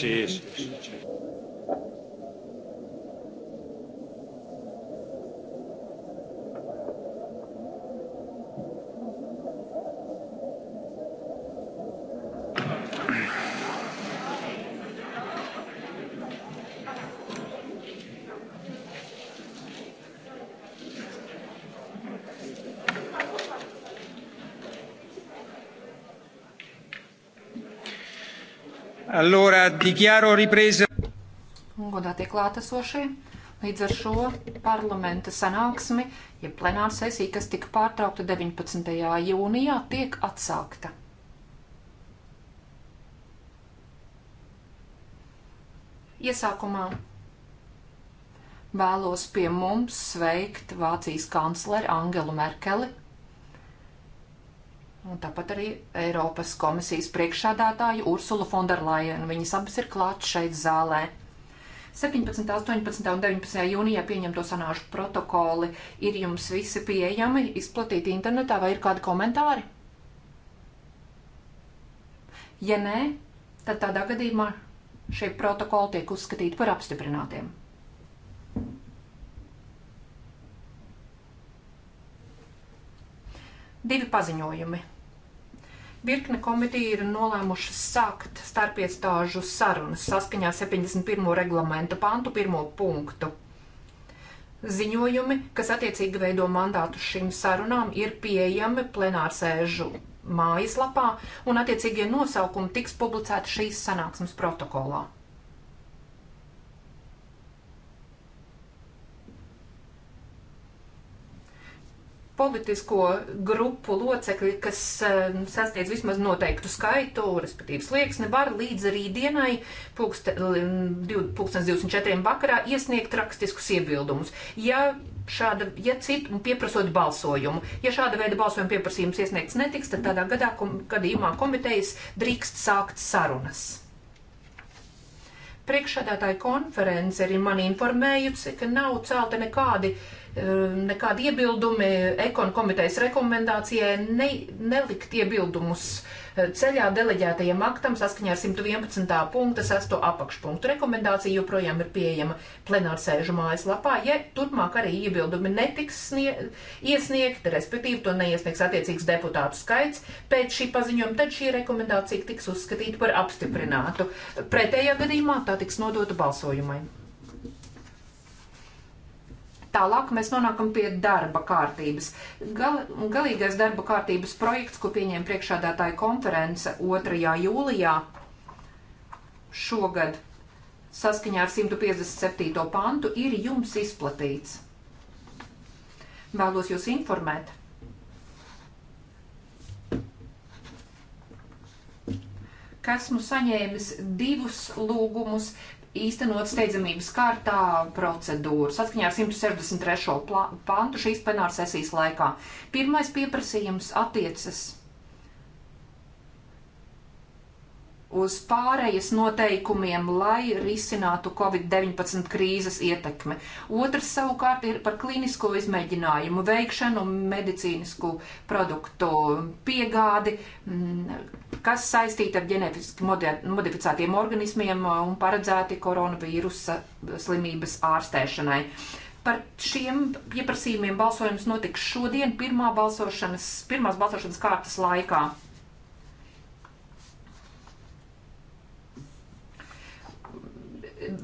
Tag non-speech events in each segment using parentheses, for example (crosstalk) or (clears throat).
sí, sí. sí. Allora, dichiaro ripresa. Godātie klātesošie, līdz ar šo parlamenta sanāksmi, ja plenāra sesija, kas tika pārtraukta 19. jūnijā, tiek atsākta. Iesākumā vēlos pie mums sveikt Vācijas kancleri Angelu Merkeli tāpat arī Eiropas komisijas priekšādātāju Ursulu Fonderlainu. Viņas abas ir klāt šeit zālē. 17, 18 un 19 jūnijā pieņemto sanāšu protokoli ir jums visi pieejami, izplatīti internetā, vai ir kādi komentāri? Ja nē, tad tādā gadījumā šie protokoli tiek uzskatīti par apstiprinātiem. Divi paziņojumi. Virkne komiteja ir nolēmuši sākt starpiestāžu sarunas saskaņā 71. reglamenta pantu pirmo punktu. Ziņojumi, kas attiecīgi veido mandātu šīm sarunām, ir pieejami plenārsēžu mājaslapā, un attiecīgie nosaukumi tiks publicēti šīs sanāksmes protokolā. politisko grupu locekļi, kas eh, sasniedz vismaz noteiktu skaitu, respektīvi slieksni, var līdz rītdienai, pulkstens 24. vakarā, iesniegt rakstiskus iebildumus. Ja šāda, ja citu pieprasot balsojumu. Ja šāda veida balsojuma pieprasījums iesniegts netiks, tad tādā gadā, gadījumā komitejas drīkst sākt sarunas. Priekšādātāja konference arī man informējusi, ka nav celta nekādi uh, Ehm, nekādi iebildumi ekonu komitejas rekomendācijai ne, nelikt iebildumus eh, ceļā deleģētajam aktam saskaņā ar 111. punkta 6. apakšpunktu. Rekomendācija joprojām ir pieejama plenārsēžu mājaslapā, ja turpmāk arī iebildumi netiks snie, iesniegti, respektīvi to neiesniegs attiecīgs deputātu skaits pēc šī paziņojuma, tad šī rekomendācija tiks uzskatīta par apstiprinātu. Pretējā gadījumā tā tiks nodota balsojumai. Tālāk mēs nonākam pie darba kārtības. Gal, galīgais darba kārtības projekts, ko pieņēma priekšādātāja konference 2. jūlijā šogad saskaņā ar 157. pantu ir jums izplatīts. Vēlos jūs informēt, ka esmu saņēmis divus lūgumus īstenot steidzamības kārtā procedūru saskaņā ar 163. pantu šīs plenāras sesijas laikā. Pirmais pieprasījums attiecas uz pārējas noteikumiem, lai risinātu Covid-19 krīzes ietekmi. Otrs savukārt ir par klīnisko izmēģinājumu veikšanu un medicīnisku produktu piegādi, mm, kas saistīti ar ģenētiski modificētiem organismiem un paredzēti koronavīrusa slimības ārstēšanai. Par šiem pieprasījumiem balsojums notiks šodien pirmā balsošanas, pirmās balsošanas kārtas laikā.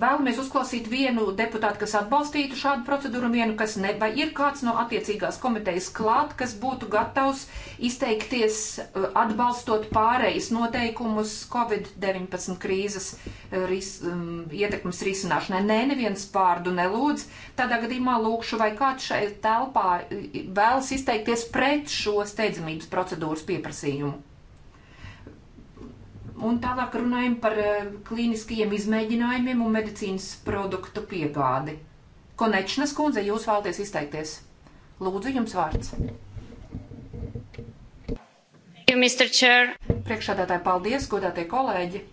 vēlamies uzklausīt vienu deputātu, kas atbalstītu šādu procedūru, vienu, kas ne, vai ir kāds no attiecīgās komitejas klāt, kas būtu gatavs izteikties eh, atbalstot pārejas noteikumus Covid-19 krīzes eh, ris, um, ietekmes risināšanai. Nē, neviens pārdu nelūdz. Tādā gadījumā lūkšu, vai kāds šai telpā eh, vēlas izteikties pret šo steidzamības procedūras pieprasījumu. Un tālāk runājam par eh, klīniskajiem izmēģinājumiem un medicīnas produktu piegādi. Konečnas kundze, jūs vēlaties izteikties. Lūdzu, jums vārds. Priekšādātāji, paldies, godātie kolēģi!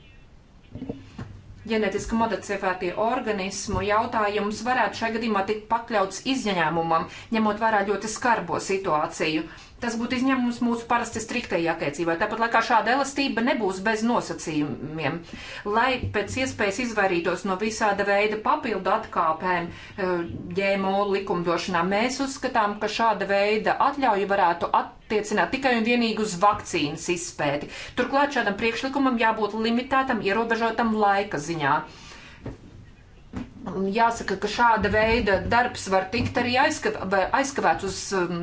ģenētiski modificētie organismu jautājums varētu šajā gadījumā tikt pakļauts izņēmumam, ņemot vērā ļoti skarbo situāciju. Tas būtu izņēmums mūsu parasti striktajai attiecībai. Tāpat laikā šāda elastība nebūs bez nosacījumiem. Lai pēc iespējas izvairītos no visāda veida papildu atkāpēm eh, ģēmo likumdošanā, mēs uzskatām, ka šāda veida atļauja varētu attiecināt tikai un vienīgi uz vakcīnas izpēti. Turklāt šādam priekšlikumam jābūt limitētam, ierobežotam laika ziņā. Jāsaka, ka šāda veida darbs var tikt arī aizkavēts uz um,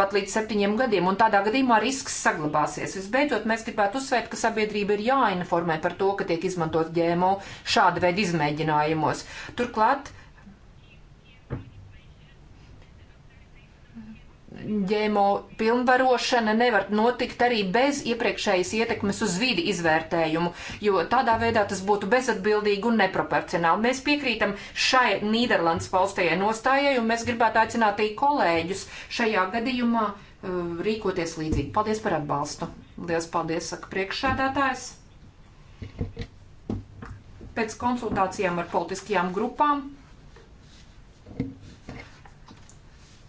pat līdz septiņiem gadiem, un tādā gadījumā risks saglabāsies. Visbeidzot, mēs gribētu uzsvērt, ka sabiedrība ir jāinformē par to, ka tiek izmantot ģēmo šāda veida izmēģinājumos. Turklāt, uh, ģēmo pilnvarošana nevar notikt arī bez iepriekšējas ietekmes uz vidi izvērtējumu, jo tādā veidā tas būtu bezatbildīgi un neproporcionāli. Mēs piekrītam šai Nīderlandes paustajai nostājai, un mēs gribētu aicināt arī kolēģus šajā gadījumā uh, rīkoties līdzīgi. Paldies par atbalstu. Lielas paldies, saka priekšsēdētājs. Pēc konsultācijām ar politiskajām grupām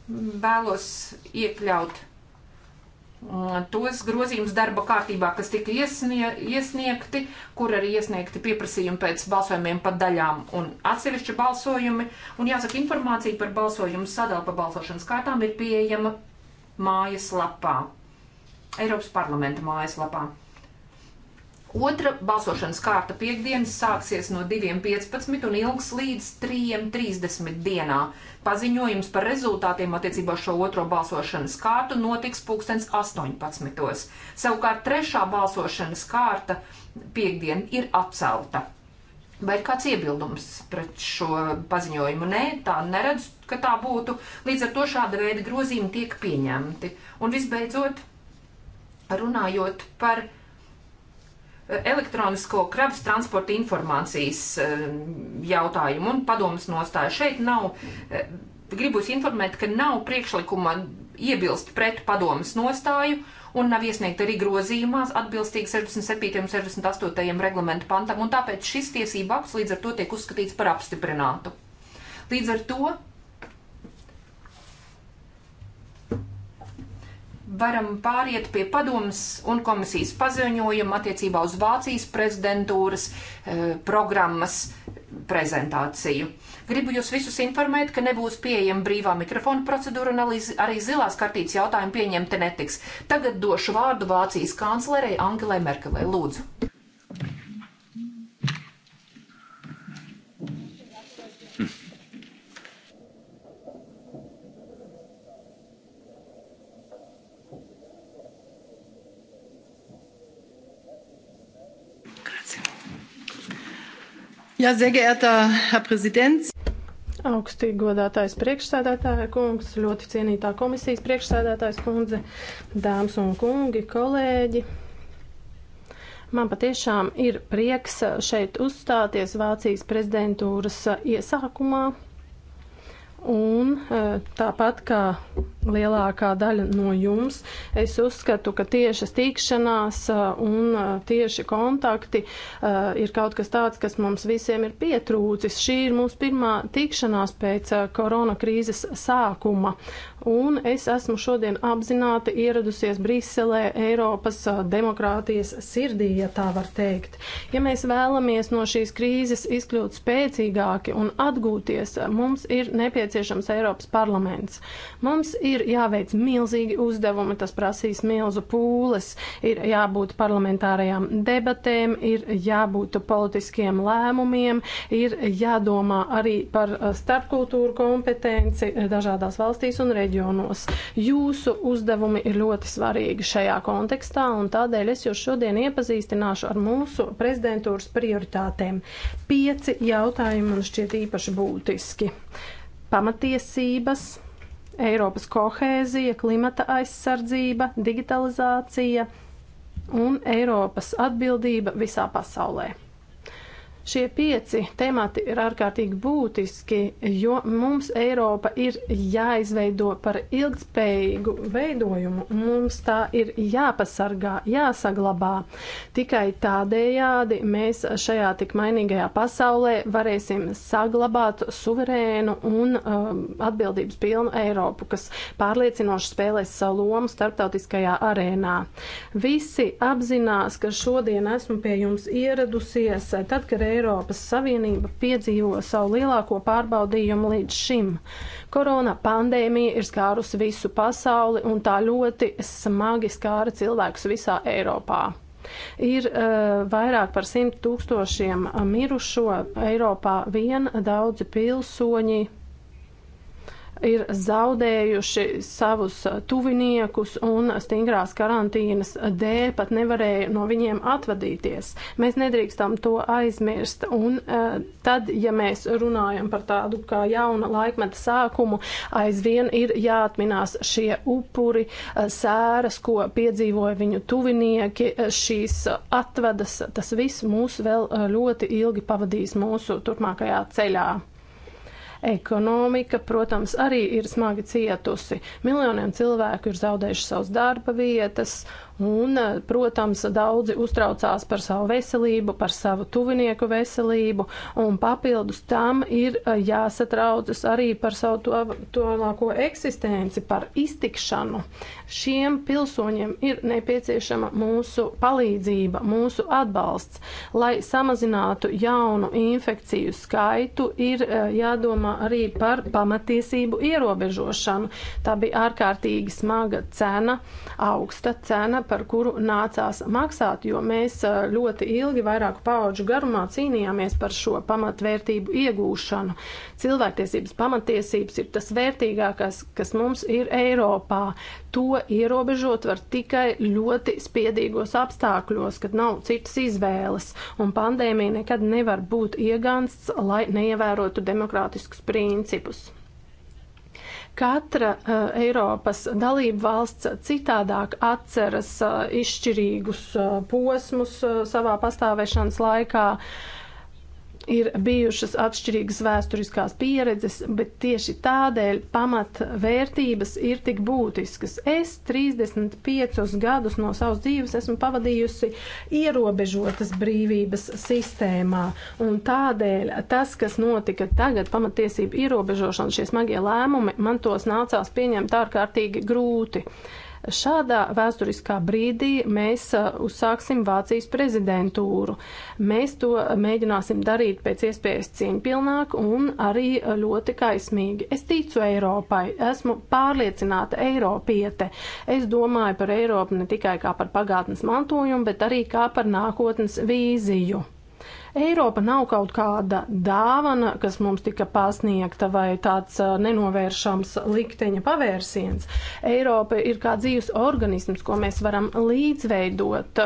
vēlos iekļaut uh, tos grozījumus darba kārtībā, kas tika iesnie, iesniegti, kur arī iesniegti pieprasījumi pēc balsojumiem pa daļām un atsevišķi balsojumi. Un jāsaka, informācija par balsojumu sadalu pa balsošanas kārtām ir pieejama mājas lapā, Eiropas parlamenta mājas lapā. Otra balsošanas kārta piekdienas sāksies no 2.15 un ilgs līdz 3.30 dienā. Paziņojums par rezultātiem attiecībā šo otro balsošanas kārtu notiks 2018. Savukārt trešā balsošanas kārta piekdiena ir atcelta. Vai ir kāds iebildums pret šo paziņojumu? Nē, tā neredz, ka tā būtu. Līdz ar to šāda veida grozījumi tiek pieņemti. Un visbeidzot, runājot par elektronisko kravas transporta informācijas eh, jautājumu un padomas nostāju. Šeit nav, eh, gribu jūs informēt, ka nav priekšlikuma iebilst pret padomas nostāju un nav iesniegt arī grozījumās atbilstīgi 67. un 68. reglamentu pantam, un tāpēc šis tiesību akts līdz ar to tiek uzskatīts par apstiprinātu. Līdz ar to varam pāriet pie padomas un komisijas paziņojuma attiecībā uz Vācijas prezidentūras e, programmas prezentāciju. Gribu jūs visus informēt, ka nebūs pieejama brīvā mikrofona procedūra un arī zilās kartītes jautājumu pieņemti netiks. Tagad došu vārdu Vācijas kanclerei Angelai Merkelei. Lūdzu! Jā, ja, sehr geehrter Herr Präsident! Augstīgi godātais priekšsēdētāja kungs, ļoti cienītā komisijas priekšsēdētājs kundze, dāmas un kungi, kolēģi. Man patiešām ir prieks šeit uzstāties Vācijas prezidentūras iesākumā. Un eh, tāpat kā lielākā daļa no jums. Es uzskatu, ka tiešas tikšanās uh, un uh, tieši kontakti uh, ir kaut kas tāds, kas mums visiem ir pietrūcis. Šī ir mūsu pirmā tikšanās pēc korona krīzes sākuma. Un es esmu šodien apzināti ieradusies Briselē, Eiropas demokrātijas sirdī, ja tā var teikt. Ja mēs vēlamies no šīs krīzes izkļūt spēcīgāki un atgūties, mums ir nepieciešams Eiropas parlaments. Mums ir ir jāveic milzīgi uzdevumi, tas prasīs milzu pūles, ir jābūt parlamentārajām debatēm, ir jābūt politiskiem lēmumiem, ir jādomā arī par eh, starpkultūru kompetenci eh, dažādās valstīs un reģionos. Jūsu uzdevumi ir ļoti svarīgi šajā kontekstā, un tādēļ es jūs šodien iepazīstināšu ar mūsu prezidentūras prioritātēm. Pieci jautājumi man šķiet īpaši būtiski. Pamatiesības, Eiropas kohēzija, klimata aizsardzība, digitalizācija un Eiropas atbildība visā pasaulē. Šie pieci temati ir ārkārtīgi būtiski, jo mums Eiropa ir jāizveido par ilgspējīgu veidojumu. Mums tā ir jāpasargā, jāsaglabā. Tikai tādējādi mēs šajā tik mainīgajā pasaulē varēsim saglabāt suverēnu un um, atbildības pilnu Eiropu, kas pārliecinoši spēlēs savu lomu starptautiskajā arēnā. Visi apzinās, ka šodien esmu pie jums ieradusies, tad, kad Eiropas Savienība piedzīvo savu lielāko pārbaudījumu līdz šim. Korona pandēmija ir skārusi visu pasauli un tā ļoti smagi skāra cilvēkus visā Eiropā. Ir uh, vairāk par simt tūkstošiem mirušo Eiropā vien, daudzi pilsoņi ir zaudējuši savus tuviniekus un stingrās karantīnas dēļ pat nevarēja no viņiem atvadīties. Mēs nedrīkstam to aizmirst. Un eh, tad, ja mēs runājam par tādu kā jauna laikmeta sākumu, aizvien ir jāatminās šie upuri, eh, sēras, ko piedzīvoja viņu tuvinieki, eh, šīs atvadas, tas viss mūs vēl ļoti ilgi pavadīs mūsu turpmākajā ceļā ekonomika, protams, arī ir smagi cietusi. Miljoniem cilvēku ir zaudējuši savus darba vietas Un, eh, protams, daudzi uztraucās par savu veselību, par savu tuvinieku veselību, un papildus tam ir eh, jāsatraucas arī par savu to, tolāko eksistenci, par iztikšanu. Šiem pilsoņiem ir nepieciešama mūsu palīdzība, mūsu atbalsts. Lai samazinātu jaunu infekciju skaitu, ir eh, jādomā arī par pamatiesību ierobežošanu. Tā bija ārkārtīgi smaga cena, augsta cena par kuru nācās maksāt, jo mēs ļoti ilgi, vairāku pauģu garumā cīnījāmies par šo pamatvērtību iegūšanu. Cilvēktiesības pamatiesības ir tas vērtīgākais, kas mums ir Eiropā. To ierobežot var tikai ļoti spiedīgos apstākļos, kad nav citas izvēles, un pandēmija nekad nevar būt iegansts, lai neievērotu demokrātiskus principus. Katra uh, Eiropas dalība valsts citādāk atceras uh, izšķirīgus uh, posmus uh, savā pastāvēšanas laikā. Uh, ir bijušas atšķirīgas vēsturiskās pieredzes, bet tieši tādēļ pamatvērtības ir tik būtiskas. Es 35 gadus no savas dzīves esmu pavadījusi ierobežotas brīvības sistēmā, un tādēļ tas, kas notika tagad, pamatiesību ierobežošana, šie smagie lēmumi, man tos nācās pieņemt ārkārtīgi grūti. Uh, Šādā vēsturiskā brīdī mēs uh, uzsāksim Vācijas prezidentūru. Mēs to mēģināsim darīt pēc iespējas cieņpilnāk un arī uh, ļoti kaismīgi. Es ticu Eiropai, esmu pārliecināta Eiropiete. Es domāju par Eiropu ne tikai kā par pagātnes mantojumu, bet arī kā par nākotnes vīziju. Eiropa nav kaut kāda dāvana, kas mums tika pasniegta vai tāds nenovēršams likteņa pavērsiens. Eiropa ir kā dzīves organisms, ko mēs varam līdzveidot.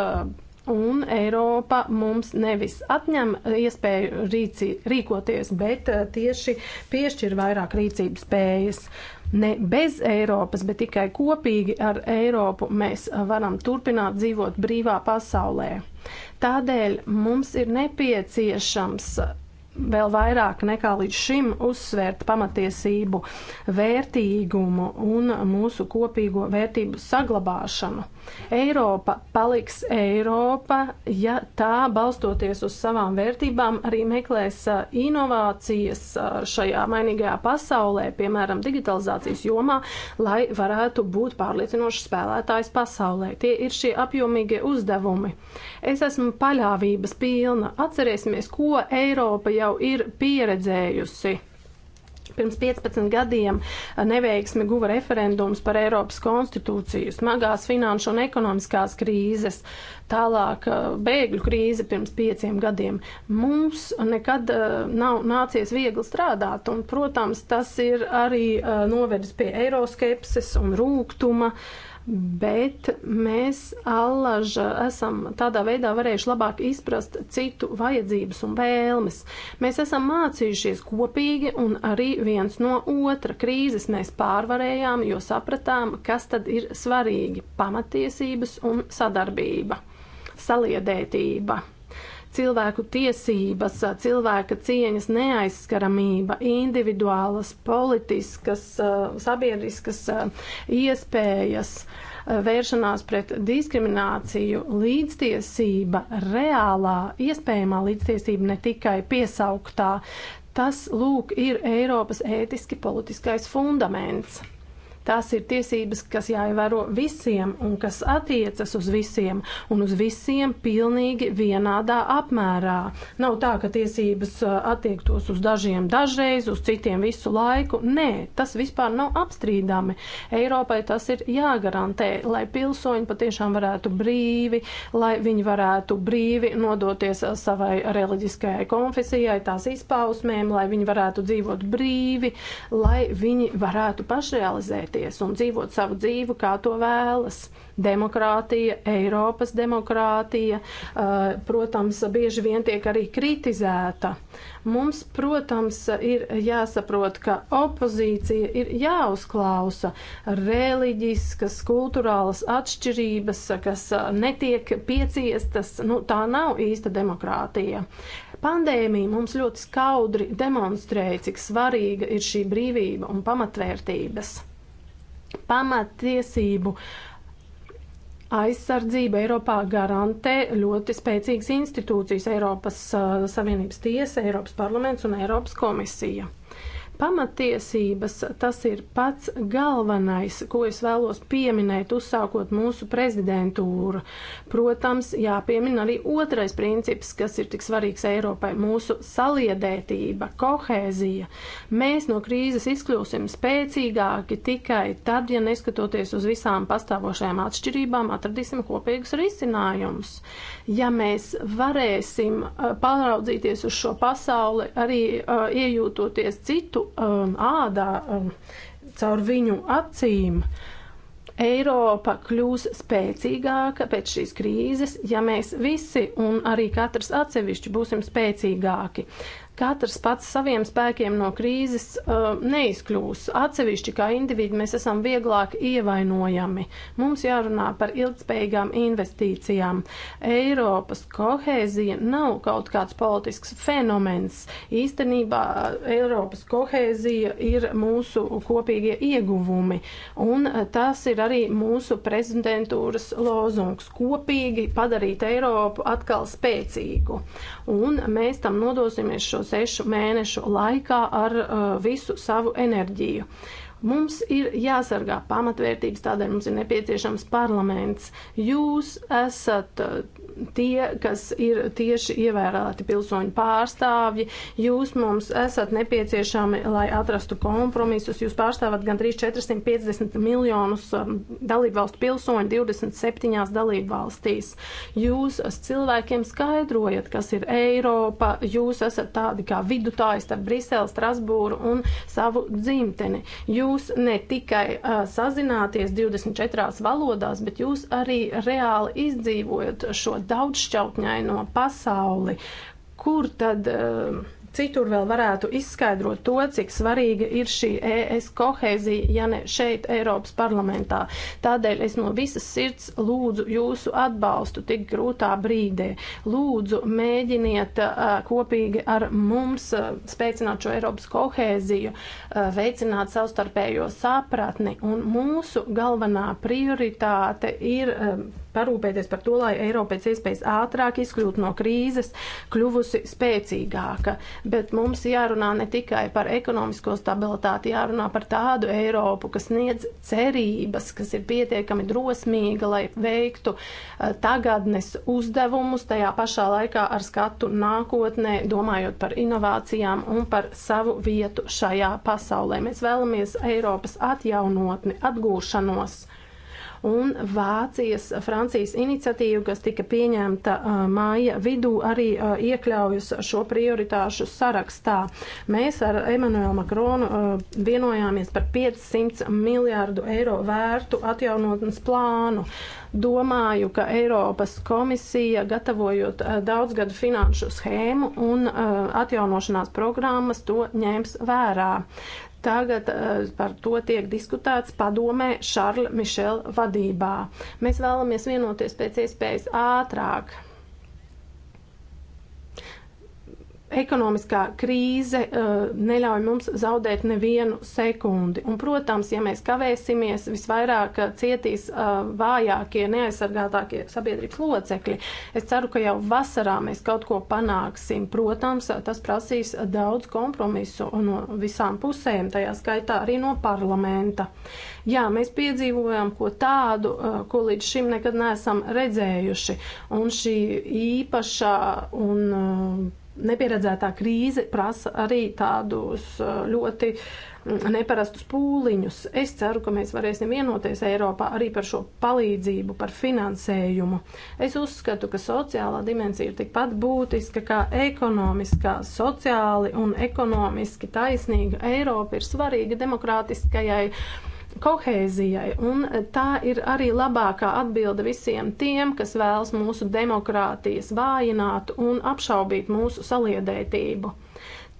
Un Eiropa mums nevis atņem iespēju rīci, rīkoties, bet tieši piešķir vairāk rīcības spējas ne bez Eiropas, bet tikai kopīgi ar Eiropu mēs varam turpināt dzīvot brīvā pasaulē. Tādēļ mums ir nepieciešams vēl vairāk nekā līdz šim uzsvērt pamatiesību vērtīgumu un mūsu kopīgo vērtību saglabāšanu. Eiropa paliks Eiropa, ja tā balstoties uz savām vērtībām arī meklēs inovācijas šajā mainīgajā pasaulē, piemēram, digitalizācijas jomā, lai varētu būt pārliecinošs spēlētājs pasaulē. Tie ir šie apjomīgie uzdevumi. Es esmu paļāvības pilna. Atcerēsimies, ko Eiropa jau ir pieredzējusi pirms 15 gadiem neveiksmi guva referendums par Eiropas konstitūciju, smagās finanšu un ekonomiskās krīzes, tālāk eh, bēgļu krīze pirms pieciem gadiem. Mums nekad eh, nav nācies viegli strādāt, un, protams, tas ir arī eh, novedis pie eiroskepses un rūgtuma. Uh, Bet mēs allaža esam tādā veidā varējuši labāk izprast citu vajadzības un vēlmes. Mēs esam mācījušies kopīgi un arī viens no otra krīzes mēs pārvarējām, jo sapratām, kas tad ir svarīgi - pamatiesības un sadarbība, saliedētība cilvēku tiesības, cilvēka cieņas neaizskaramība, individuālas, politiskas, eh, sabiedriskas eh, iespējas, eh, vēršanās pret diskrimināciju, līdztiesība, reālā, iespējamā līdztiesība, ne tikai piesauktā. Tas, lūk, ir Eiropas ētiski politiskais fundaments. Tās ir tiesības, kas jāievēro visiem un kas attiecas uz visiem un uz visiem pilnīgi vienādā apmērā. Nav tā, ka tiesības uh, attiektos uz dažiem dažreiz, uz citiem visu laiku. Nē, tas vispār nav apstrīdami. Eiropai tas ir jāgarantē, lai pilsoņi patiešām varētu brīvi, lai viņi varētu brīvi nodoties uh, savai reliģiskajai konfesijai, tās izpausmēm, lai viņi varētu dzīvot brīvi, lai viņi varētu pašrealizēties vēlēties un dzīvot savu dzīvi, kā to vēlas. Demokrātija, Eiropas demokrātija, uh, protams, bieži vien tiek arī kritizēta. Mums, protams, ir jāsaprot, ka opozīcija ir jāuzklausa reliģiskas, kulturālas atšķirības, kas uh, netiek pieciestas, nu, tā nav īsta demokrātija. Pandēmija mums ļoti skaudri demonstrēja, cik svarīga ir šī brīvība un pamatvērtības. Pamattiesību aizsardzība Eiropā garantē ļoti spēcīgas institūcijas - Eiropas uh, Savienības tiesa, Eiropas parlaments un Eiropas komisija. Pamatiesības tas ir pats galvenais, ko es vēlos pieminēt, uzsākot mūsu prezidentūru. Protams, jāpiemin arī otrais princips, kas ir tik svarīgs Eiropai - mūsu saliedētība, kohēzija. Mēs no krīzes izkļūsim spēcīgāki tikai tad, ja neskatoties uz visām pastāvošajām atšķirībām, atradīsim kopīgus risinājumus. Ja mēs varēsim uh, paraudzīties uz šo pasauli, arī uh, iejūtoties citu um, ādā, um, caur viņu acīm. Eiropa kļūs spēcīgāka pēc šīs krīzes, ja mēs visi un arī katrs atsevišķi būsim spēcīgāki. Katrs pats saviem spēkiem no krīzes uh, neizkļūs. Atsevišķi kā individi mēs esam vieglāk ievainojami. Mums jārunā par ilgspējīgām investīcijām. Eiropas kohēzija nav kaut kāds politisks fenomens. Īstenībā uh, Eiropas kohēzija ir mūsu kopīgie ieguvumi. Un uh, tas ir arī mūsu prezidentūras lozungs - kopīgi padarīt Eiropu atkal spēcīgu. Un mēs tam nodosimies šos sešu mēnešu laikā ar uh, visu savu enerģiju. Mums ir jāsargā pamatvērtības, tādēļ mums ir nepieciešams parlaments. Jūs esat uh, tie, kas ir tieši ievēlēti pilsoņu pārstāvji, jūs mums esat nepieciešami, lai atrastu kompromisus. Jūs pārstāvat gandrīz 450 miljonus um, dalību valstu pilsoņu 27 dalību valstīs. Jūs cilvēkiem skaidrojat, kas ir Eiropa, jūs esat tādi kā vidutājs starp Briseli, Strasbūru un savu dzimteni. Jūs ne tikai uh, sazināties 24 valodās, bet jūs arī reāli izdzīvojat šo daudzšķautņaino pasauli, kur tad uh, citur vēl varētu izskaidrot to, cik svarīga ir šī ES kohēzija, ja ne šeit Eiropas parlamentā. Tādēļ es no visas sirds lūdzu jūsu atbalstu tik grūtā brīdē. Lūdzu, mēģiniet uh, kopīgi ar mums uh, spēcināt šo Eiropas kohēziju, uh, veicināt savstarpējo sapratni, un mūsu galvenā prioritāte ir. Uh, parūpēties par to, lai Eiropa pēc iespējas ātrāk izkļūtu no krīzes, kļuvusi spēcīgāka. Bet mums jārunā ne tikai par ekonomisko stabilitāti, jārunā par tādu Eiropu, kas sniedz cerības, kas ir pietiekami drosmīga, lai veiktu eh, tagadnes uzdevumus, tajā pašā laikā ar skatu nākotnē, domājot par inovācijām un par savu vietu šajā pasaulē. Mēs vēlamies Eiropas atjaunotni, atgūšanos un Vācijas, Francijas iniciatīva, kas tika pieņemta uh, māja vidū, arī uh, iekļaujas šo prioritāšu sarakstā. Mēs ar Emanuelu Makronu uh, vienojāmies par 500 miljārdu eiro vērtu atjaunotnes plānu. Domāju, ka Eiropas komisija, gatavojot uh, daudzgadu finanšu schēmu un uh, atjaunošanās programmas, to ņems vērā. Tagad uh, par to tiek diskutēts padomē Šarla Mišela vadībā. Mēs vēlamies vienoties pēc iespējas ātrāk. ekonomiskā krīze uh, neļauj mums zaudēt nevienu sekundi. Un, protams, ja mēs kavēsimies, visvairāk eh, cietīs uh, vājākie, neaizsargātākie sabiedrības locekļi. Es ceru, ka jau vasarā mēs kaut ko panāksim. Protams, tas prasīs daudz kompromisu no visām pusēm, tajā skaitā arī no parlamenta. Jā, mēs piedzīvojam ko tādu, uh, ko līdz šim nekad neesam redzējuši. Un šī īpašā un nepieredzētā krīze prasa arī tādus uh, ļoti mm, neparastus pūliņus. Es ceru, ka mēs varēsim vienoties Eiropā arī par šo palīdzību, par finansējumu. Es uzskatu, ka sociālā dimensija ir tikpat būtiska kā ekonomiskā. Sociāli un ekonomiski taisnīga Eiropa ir svarīga demokrātiskajai kohēzijai, un tā ir arī labākā atbilde visiem tiem, kas vēlas mūsu demokrātijas vājināt un apšaubīt mūsu saliedētību.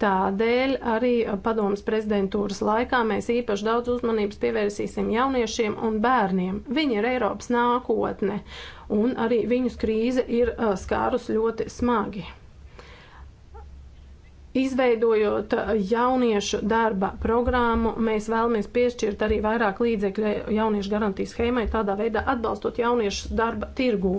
Tādēļ arī padomas prezidentūras laikā mēs īpaši daudz uzmanības pievērsīsim jauniešiem un bērniem. Viņi ir Eiropas nākotne, un arī viņus krīze ir skārus ļoti smagi. Izveidojot jauniešu darba programmu, mēs vēlamies piešķirt arī vairāk līdzekļu jauniešu garantijas schēmai, tādā veidā atbalstot jauniešus darba tirgū.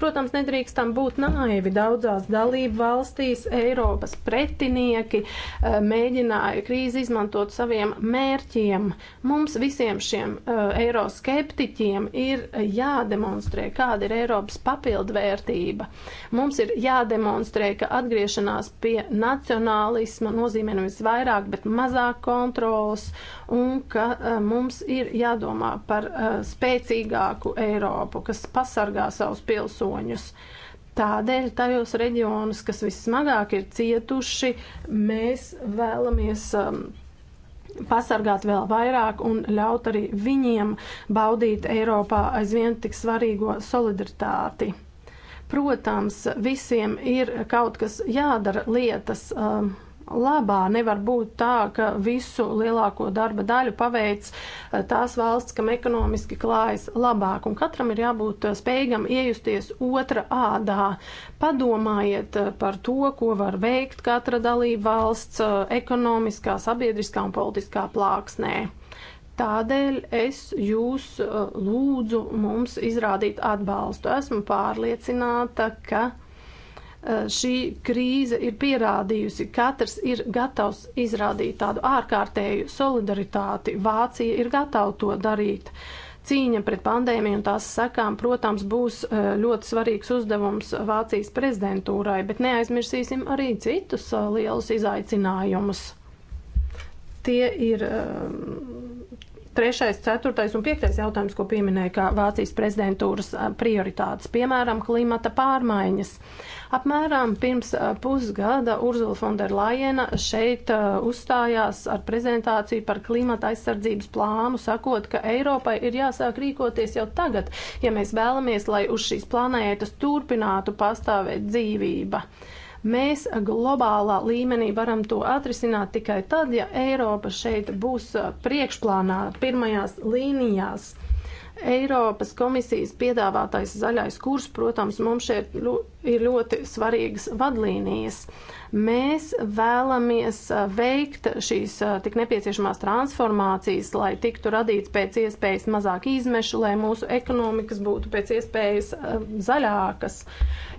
Protams, nedrīkstam būt naivi. Daudzās dalību valstīs Eiropas pretinieki eh, mēģināja krīzi izmantot saviem mērķiem. Mums visiem šiem eh, eiroskeptiķiem ir jādemonstrē, kāda ir Eiropas papildvērtība. Mums ir jādemonstrē, ka atgriešanās pie nacionālajiem nacionālisma nozīmē nevis vairāk, bet mazāk kontrols, un ka uh, mums ir jādomā par uh, spēcīgāku Eiropu, kas pasargā savus pilsoņus. Tādēļ tajos reģionus, kas vissmagāk ir cietuši, mēs vēlamies. Um, pasargāt vēl vairāk un ļaut arī viņiem baudīt Eiropā aizvien tik svarīgo solidaritāti. Protams, visiem ir kaut kas jādara lietas. Um, labā. Nevar būt tā, ka visu lielāko darba daļu paveic uh, tās valsts, kam ekonomiski klājas labāk, un katram ir jābūt uh, spējīgam iejusties otra ādā. Padomājiet uh, par to, ko var veikt katra dalība valsts ekonomiskā, sabiedriskā un politiskā plāksnē. Tādēļ es jūs uh, lūdzu mums izrādīt atbalstu. Esmu pārliecināta, ka uh, šī krīze ir pierādījusi, katrs ir gatavs izrādīt tādu ārkārtēju solidaritāti. Vācija ir gatava to darīt. Cīņa pret pandēmiju un tās sekām, protams, būs uh, ļoti svarīgs uzdevums Vācijas prezidentūrai, bet neaizmirsīsim arī citus lielus izaicinājumus. Tie ir um, Trešais, ceturtais un piektais jautājums, ko pieminēja kā Vācijas prezidentūras prioritātes, piemēram, klimata pārmaiņas. Apmēram pirms pusgada Urzula Fonderlajena šeit uzstājās ar prezentāciju par klimata aizsardzības plānu, sakot, ka Eiropai ir jāsāk rīkoties jau tagad, ja mēs vēlamies, lai uz šīs planētas turpinātu pastāvēt dzīvība. Uh, Mēs globālā līmenī varam to atrisināt tikai tad, ja Eiropa šeit būs uh, priekšplānā, pirmajās līnijās. Eiropas komisijas piedāvātais zaļais kurs, protams, mums šeit ir ļoti svarīgas vadlīnijas. Mēs vēlamies uh, veikt šīs uh, tik nepieciešamās transformācijas, lai tiktu radīts pēc iespējas mazāk izmešu, lai mūsu ekonomikas būtu pēc iespējas uh, zaļākas.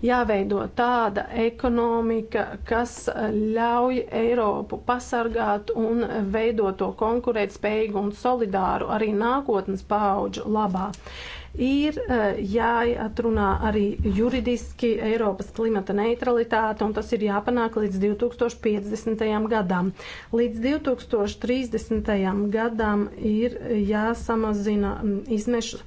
Jāveido tāda ekonomika, kas ļauj Eiropu pasargāt un veidot to konkurētspējīgu un solidāru arī nākotnes paudžu labā. Ir eh, jāatrunā arī juridiski Eiropas klimata neutralitāte, un tas ir jāpanāk līdz 2050. gadam. Līdz 2030. gadam ir jāsamazina mm, izmešu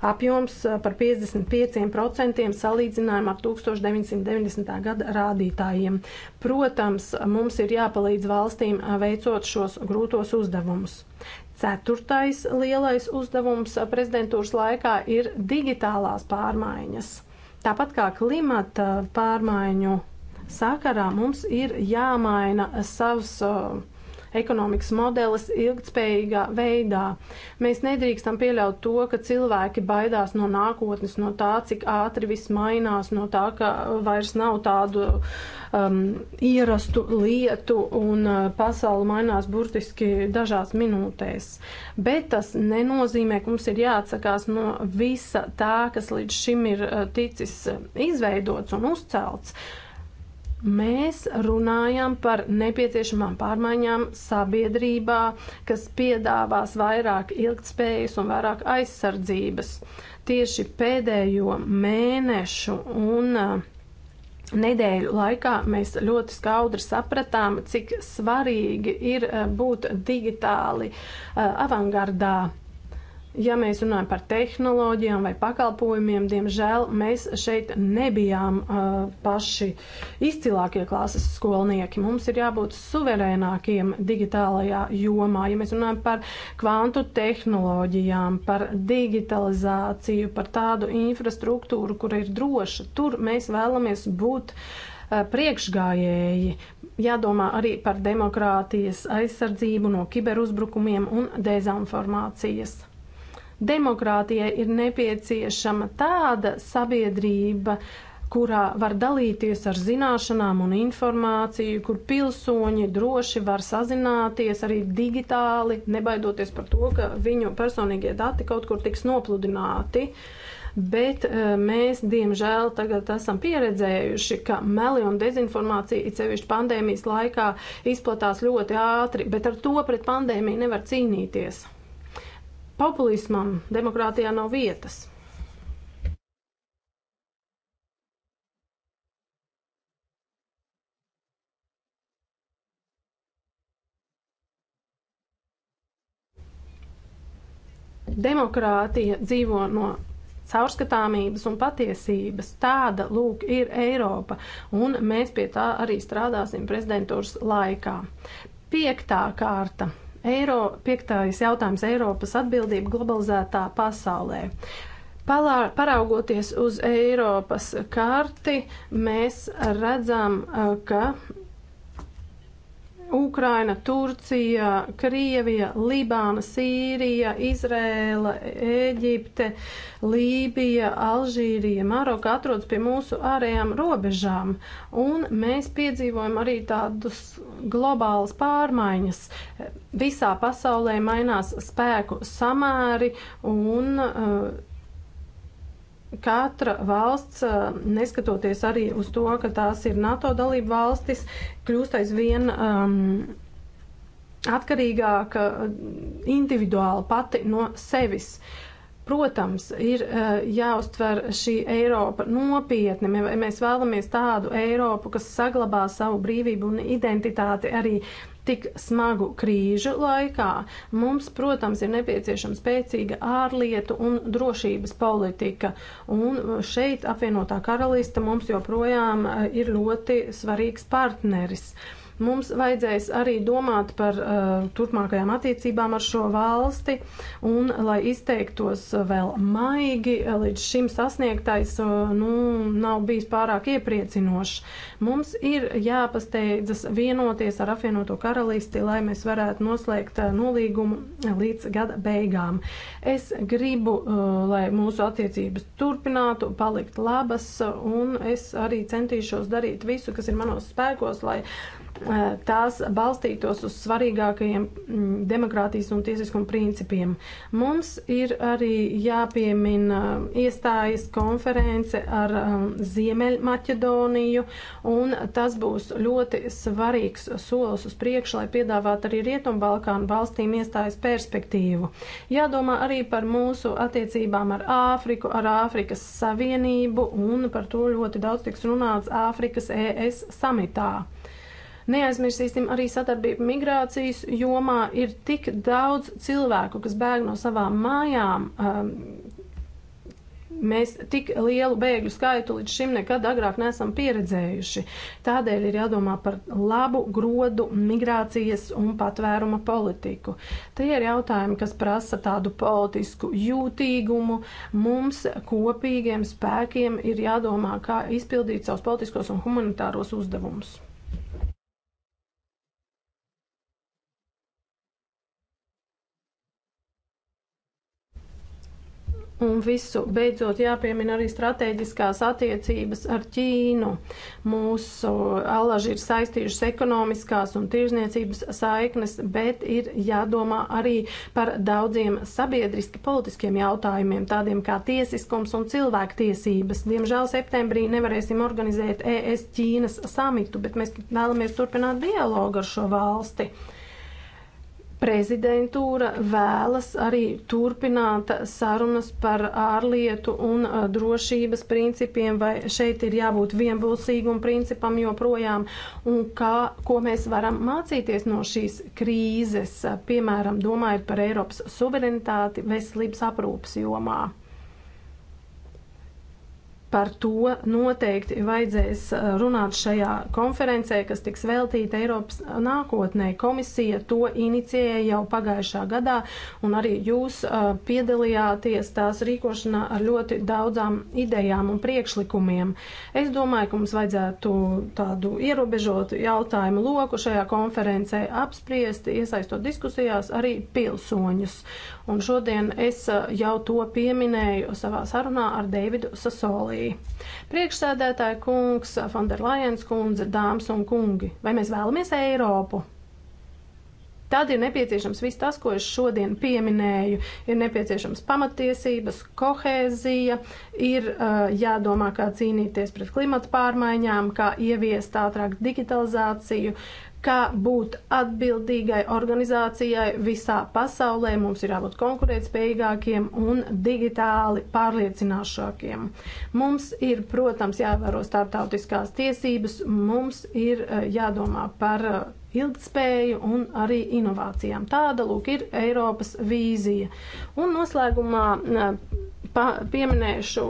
apjoms eh, par 55% salīdzinājumā ar 1990. gada rādītājiem. Protams, mums ir jāpalīdz valstīm eh, veicot šos grūtos uzdevumus. Ceturtais lielais uzdevums prezidentūras laikā ir digitālās pārmaiņas. Tāpat kā klimata pārmaiņu sakarā mums ir jāmaina savs uh, ekonomikas modeles ilgtspējīgā veidā. Mēs nedrīkstam pieļaut to, ka cilvēki baidās no nākotnes, no tā, cik ātri viss mainās, no tā, ka vairs nav tādu um, ierastu lietu un uh, pasauli mainās burtiski dažās minūtēs. Bet tas nenozīmē, ka mums ir jāatsakās no visa tā, kas līdz šim ir uh, ticis uh, izveidots un uzcelts. Uh, Mēs runājam par nepieciešamām pārmaiņām sabiedrībā, kas piedāvās vairāk ilgtspējas un vairāk aizsardzības. Tieši pēdējo mēnešu un uh, nedēļu laikā mēs ļoti skaudri sapratām, cik svarīgi ir uh, būt digitāli uh, avangardā. Ja mēs runājam par tehnoloģijām vai pakalpojumiem, diemžēl mēs šeit nebijām uh, paši izcilākie klases skolnieki. Mums ir jābūt suverēnākiem digitālajā jomā. Ja mēs runājam par kvantu tehnoloģijām, par digitalizāciju, par tādu infrastruktūru, kura ir droša, tur mēs vēlamies būt uh, priekšgājēji, jādomā arī par demokrātijas aizsardzību no kiberuzbrukumiem un dezinformācijas. Demokrātijai ir nepieciešama tāda sabiedrība, kurā var dalīties ar zināšanām un informāciju, kur pilsoņi droši var sazināties arī digitāli, nebaidoties par to, ka viņu personīgie dati kaut kur tiks nopludināti. Bet eh, mēs, diemžēl, tagad esam pieredzējuši, ka meli un dezinformācija, it sevišķi pandēmijas laikā, izplatās ļoti ātri, bet ar to pret pandēmiju nevar cīnīties. Populismam demokrātijā nav vietas. Demokrātija dzīvo no caurskatāmības un patiesības. Tāda, lūk, ir Eiropa, un mēs pie tā arī strādāsim prezidentūras laikā. Piektā kārta Eiro, piektais jautājums - Eiropas atbildība globalizētā pasaulē. Palā, paraugoties uz Eiropas karti, mēs redzam, eh, ka Ukraina, Turcija, Krievija, Libāna, Sīrija, Izrēla, Ēģipte, Lībija, Alžīrija, Maroka atrodas pie mūsu ārējām robežām. Un mēs piedzīvojam arī tādus globālas pārmaiņas. Visā pasaulē mainās spēku samēri un uh, katra valsts, neskatoties arī uz to, ka tās ir NATO dalība valstis, kļūst aizvien um, atkarīgāka individuāli pati no sevis. Protams, ir uh, jāuztver šī Eiropa nopietni. Mēs vēlamies tādu Eiropu, kas saglabā savu brīvību un identitāti arī uh, tik smagu krīžu laikā. Mums, protams, ir nepieciešama spēcīga ārlietu un drošības politika, un šeit apvienotā karalista mums joprojām eh, ir ļoti svarīgs partneris. Uh, Mums vajadzēs arī domāt par uh, turpmākajām attiecībām ar šo valsti un, lai izteiktos uh, vēl maigi, uh, līdz šim sasniegtais uh, nu, nav bijis pārāk iepriecinošs. Mums ir jāpasteidzas vienoties ar apvienoto karalisti, lai mēs varētu noslēgt uh, nolīgumu uh, līdz gada beigām. Es gribu, uh, lai mūsu attiecības turpinātu, palikt labas un es arī centīšos darīt visu, kas ir manos spēkos, lai Eh, tās balstītos uz svarīgākajiem mm, demokrātijas un tiesiskuma principiem. Mums ir arī jāpiemina iestājas konference ar um, Ziemeļmaķedoniju, un tas būs ļoti svarīgs solis uz priekšu, lai piedāvātu arī Rietumbalkānu valstīm iestājas perspektīvu. Jādomā arī par mūsu attiecībām ar Āfriku, ar Āfrikas Savienību, un par to ļoti daudz tiks runāts Āfrikas ES samitā. Neaizmirsīsim arī sadarbību migrācijas jomā. Ir tik daudz cilvēku, kas bēg no savām mājām. Um, Mēs tik lielu bēgļu skaitu līdz šim nekad agrāk neesam pieredzējuši. Tādēļ ir jādomā par labu grodu migrācijas un patvēruma politiku. Tie ir jautājumi, kas prasa tādu politisku jūtīgumu. Mums kopīgiem spēkiem ir jādomā, kā izpildīt savus politiskos un humanitāros uzdevumus. Un visu beidzot jāpiemina arī strateģiskās attiecības ar Ķīnu. Mūsu allaži ir saistījušas ekonomiskās un tirzniecības saiknes, bet ir jādomā arī par daudziem sabiedriski politiskiem jautājumiem, tādiem kā tiesiskums un cilvēktiesības. Diemžēl septembrī nevarēsim organizēt ES Ķīnas samitu, bet mēs vēlamies turpināt dialogu ar šo valsti. Prezidentūra vēlas arī turpināt sarunas par ārlietu un uh, drošības principiem, vai šeit ir jābūt vienbalsīgum principam joprojām, un kā, ko mēs varam mācīties no šīs krīzes, piemēram, domājot par Eiropas suverenitāti veselības aprūpas jomā. Par to noteikti vajadzēs uh, runāt šajā konferencē, kas tiks veltīta Eiropas nākotnē. Komisija to inicijēja jau pagājušā gadā, un arī jūs uh, piedalījāties tās rīkošanā ar ļoti daudzām idejām un priekšlikumiem. Es domāju, ka mums vajadzētu tādu ierobežotu jautājumu loku šajā konferencē apspriest, iesaistot diskusijās arī pilsoņus. Un šodien es jau to pieminēju savā sarunā ar Deividu Sasolī. Priekšsēdētāja kungs, Fonderlajens kundze, dāmas un kungi, vai mēs vēlamies Eiropu? Tad ir nepieciešams viss tas, ko es šodien pieminēju. Ir nepieciešams pamatiesības, kohēzija, ir uh, jādomā, kā cīnīties pret klimata pārmaiņām, kā ieviest ātrāk digitalizāciju, kā būt atbildīgai organizācijai visā pasaulē. Mums ir jābūt konkurētspējīgākiem un digitāli pārliecinošākiem. Mums ir, protams, jāvēro starptautiskās tiesības, mums ir eh, jādomā par eh, ilgtspēju un arī inovācijām. Tāda, lūk, ir Eiropas vīzija. Un noslēgumā eh, pa, pieminēšu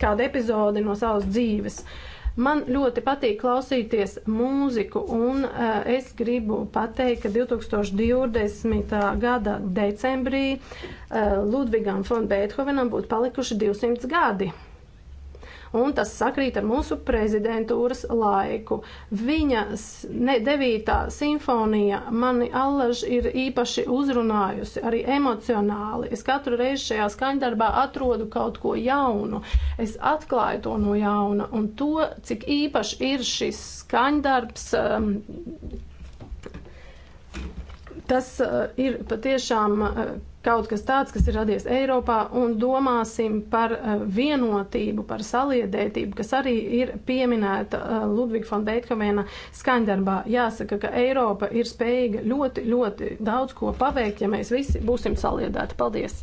kādu epizodi no savas dzīves. Uh, Man ļoti patīk klausīties mūziku, un uh, es gribu pateikt, ka 2020. gada decembrī uh, Ludvigam von Beethovenam būtu palikuši 200 gadi un tas sakrīt ar mūsu prezidentūras laiku. Viņa ne, devītā simfonija mani allaž ir īpaši uzrunājusi, arī emocionāli. Es katru reizi šajā skaņdarbā atrodu kaut ko jaunu. Es atklāju to no jauna, un to, cik īpaši ir šis skaņdarbs, um, tas uh, ir patiešām. Uh, kaut kas tāds, kas ir radies Eiropā, un domāsim par eh, vienotību, par saliedētību, kas arī ir pieminēta eh, Ludviga von Beethovena skaņdarbā. Jāsaka, ka Eiropa ir spējīga ļoti, ļoti daudz ko paveikt, ja mēs visi būsim saliedēti. Paldies!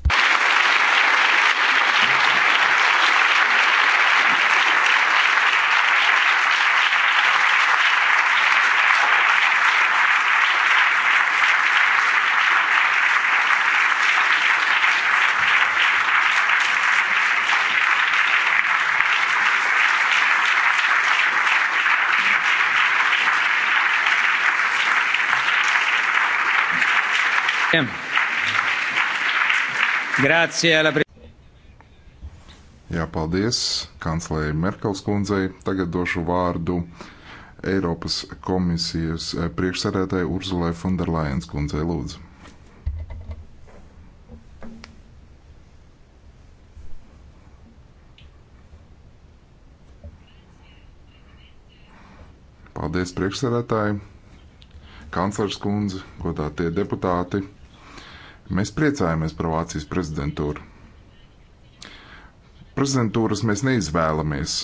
Grācie, labri. Jā, paldies kanclērai Merkels kundzei. Tagad došu vārdu Eiropas komisijas eh, priekšsēdētāji Urzulai Funderlajens kundzei lūdzu. Paldies priekšsēdētāji, kanclers kundze, godātie deputāti. Mēs priecājamies par Vācijas prezidentūru. Prezidentūras mēs neizvēlamies.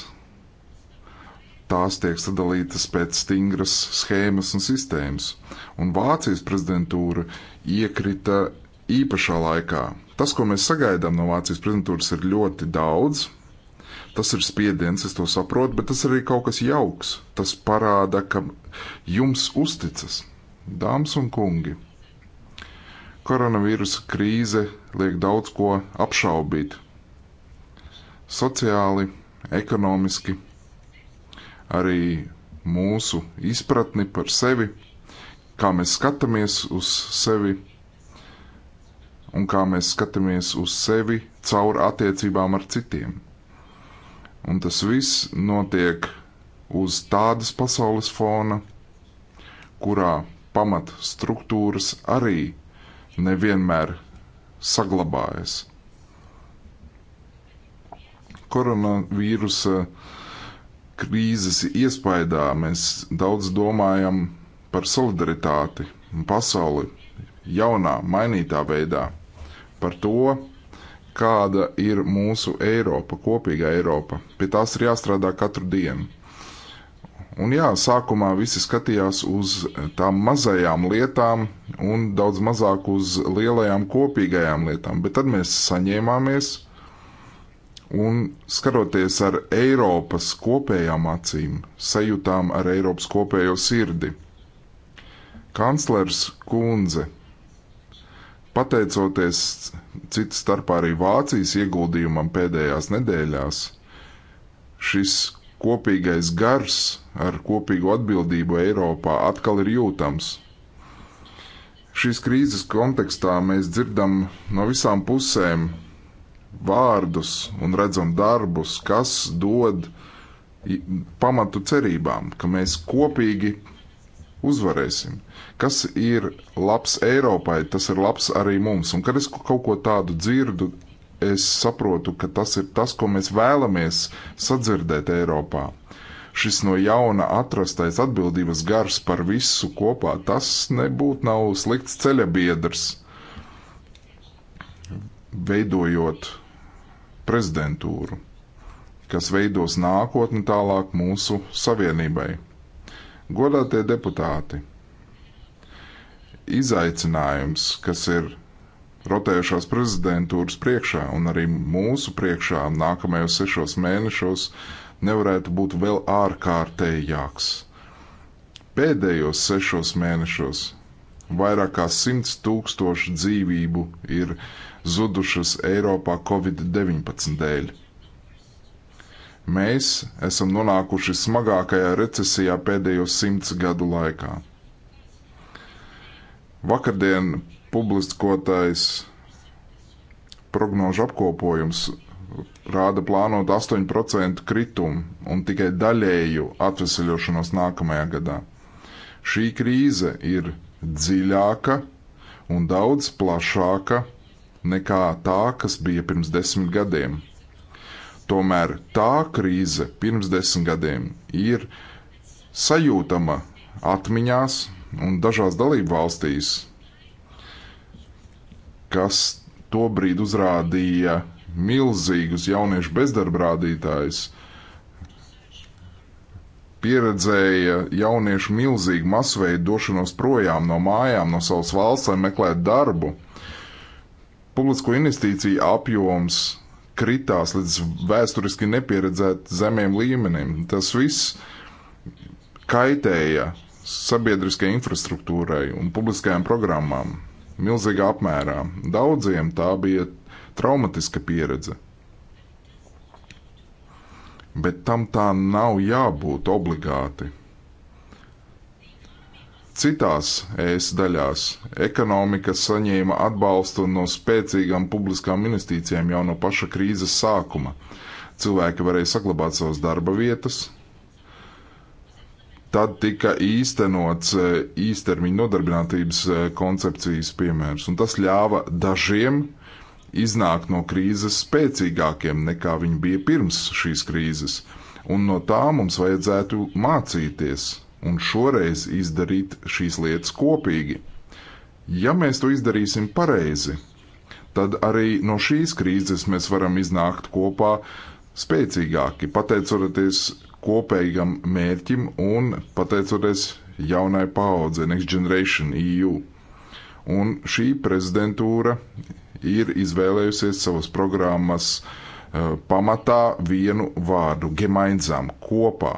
Tās tiek sadalītas pēc stingras schēmas un sistēmas, un Vācijas prezidentūra iekrita īpašā laikā. Tas, ko mēs sagaidām no Vācijas prezidentūras, ir ļoti daudz. Tas ir spiediens, es to saprotu, bet tas ir arī kaut kas jauks. Tas parāda, ka jums uzticas, dāmas un kungi. Koronavīrusa krīze liek daudz ko apšaubīt. Sociāli, ekonomiski, arī mūsu izpratni par sevi, kā mēs skatāmies uz sevi un kā mēs skatāmies uz sevi caur attiecībām ar citiem. Un tas viss notiek uz tādas pasaules fona, kurā pamat struktūras arī nevienmēr saglabājas. Koronavīrusa krīzes iespaidā mēs daudz domājam par solidaritāti un pasauli jaunā, mainītā veidā, par to, kāda ir mūsu Eiropa, kopīga Eiropa. Pie tās ir jāstrādā katru dienu. Un jā, sākumā visi skatījās uz tām mazajām lietām un daudz mazāk uz lielajām kopīgajām lietām, bet tad mēs saņēmāmies un skatoties ar Eiropas kopējām acīm, sajūtām ar Eiropas kopējo sirdi. Kanclers Kunze, pateicoties citas starpā arī Vācijas ieguldījumam pēdējās nedēļās, šis kopīgais gars ar kopīgu atbildību Eiropā atkal ir jūtams. Šīs krīzes kontekstā mēs dzirdam no visām pusēm vārdus un redzam darbus, kas dod pamatu cerībām, ka mēs kopīgi uzvarēsim. Kas ir labs Eiropai, tas ir labs arī mums. Un kad es kaut ko tādu dzirdu, es saprotu, ka tas ir tas, ko mēs vēlamies sadzirdēt Eiropā. Šis no jauna atrastais atbildības gars par visu kopā, tas nebūtu nav slikts ceļabiedrs, veidojot prezidentūru, kas veidos nākotni tālāk mūsu savienībai. Godātie deputāti, izaicinājums, kas ir rotējušās prezidentūras priekšā un arī mūsu priekšā nākamajos sešos mēnešos nevarētu būt vēl ārkārtējāks. Pēdējos sešos mēnešos vairāk kā 100 tūkstoši dzīvību ir zudušas Eiropā Covid-19 dēļ. Mēs esam nonākuši smagākajā recesijā pēdējo simts gadu laikā. Vakardien publiskotais prognožu apkopojums rāda plānot 8% kritumu un tikai daļēju atvesaļošanos nākamajā gadā. Šī krīze ir dziļāka un daudz plašāka nekā tā, kas bija pirms desmit gadiem. Tomēr tā krīze pirms desmit gadiem ir sajūtama atmiņās un dažās dalību valstīs kas tobrīd uzrādīja milzīgus jauniešu bezdarba rādītājus, pieredzēja jauniešu milzīgu masveidu došanos projām no mājām, no savas valsts, lai meklētu darbu. Publisko investīciju apjoms kritās līdz vēsturiski nepieredzēt zemiem līmenim. Tas viss kaitēja sabiedriskajai infrastruktūrai un publiskajām programmām milzīgā apmērā. Daudziem tā bija traumatiska pieredze. Bet tam tā nav jābūt obligāti. Citās ES daļās ekonomika saņēma atbalstu no spēcīgām publiskām investīcijām jau no paša krīzes sākuma. Cilvēki varēja saglabāt savas darba vietas, tad tika īstenots e, īstermiņa nodarbinātības e, koncepcijas piemērs, un tas ļāva dažiem iznākt no krīzes spēcīgākiem nekā viņi bija pirms šīs krīzes, un no tā mums vajadzētu mācīties un šoreiz izdarīt šīs lietas kopīgi. Ja mēs to izdarīsim pareizi, tad arī no šīs krīzes mēs varam iznākt kopā spēcīgāki, pateicoties kopīgam mērķim un pateicoties jaunai paudze Next Generation EU. Un šī prezidentūra ir izvēlējusies savas programmas uh, pamatā vienu vārdu - gemainzām kopā.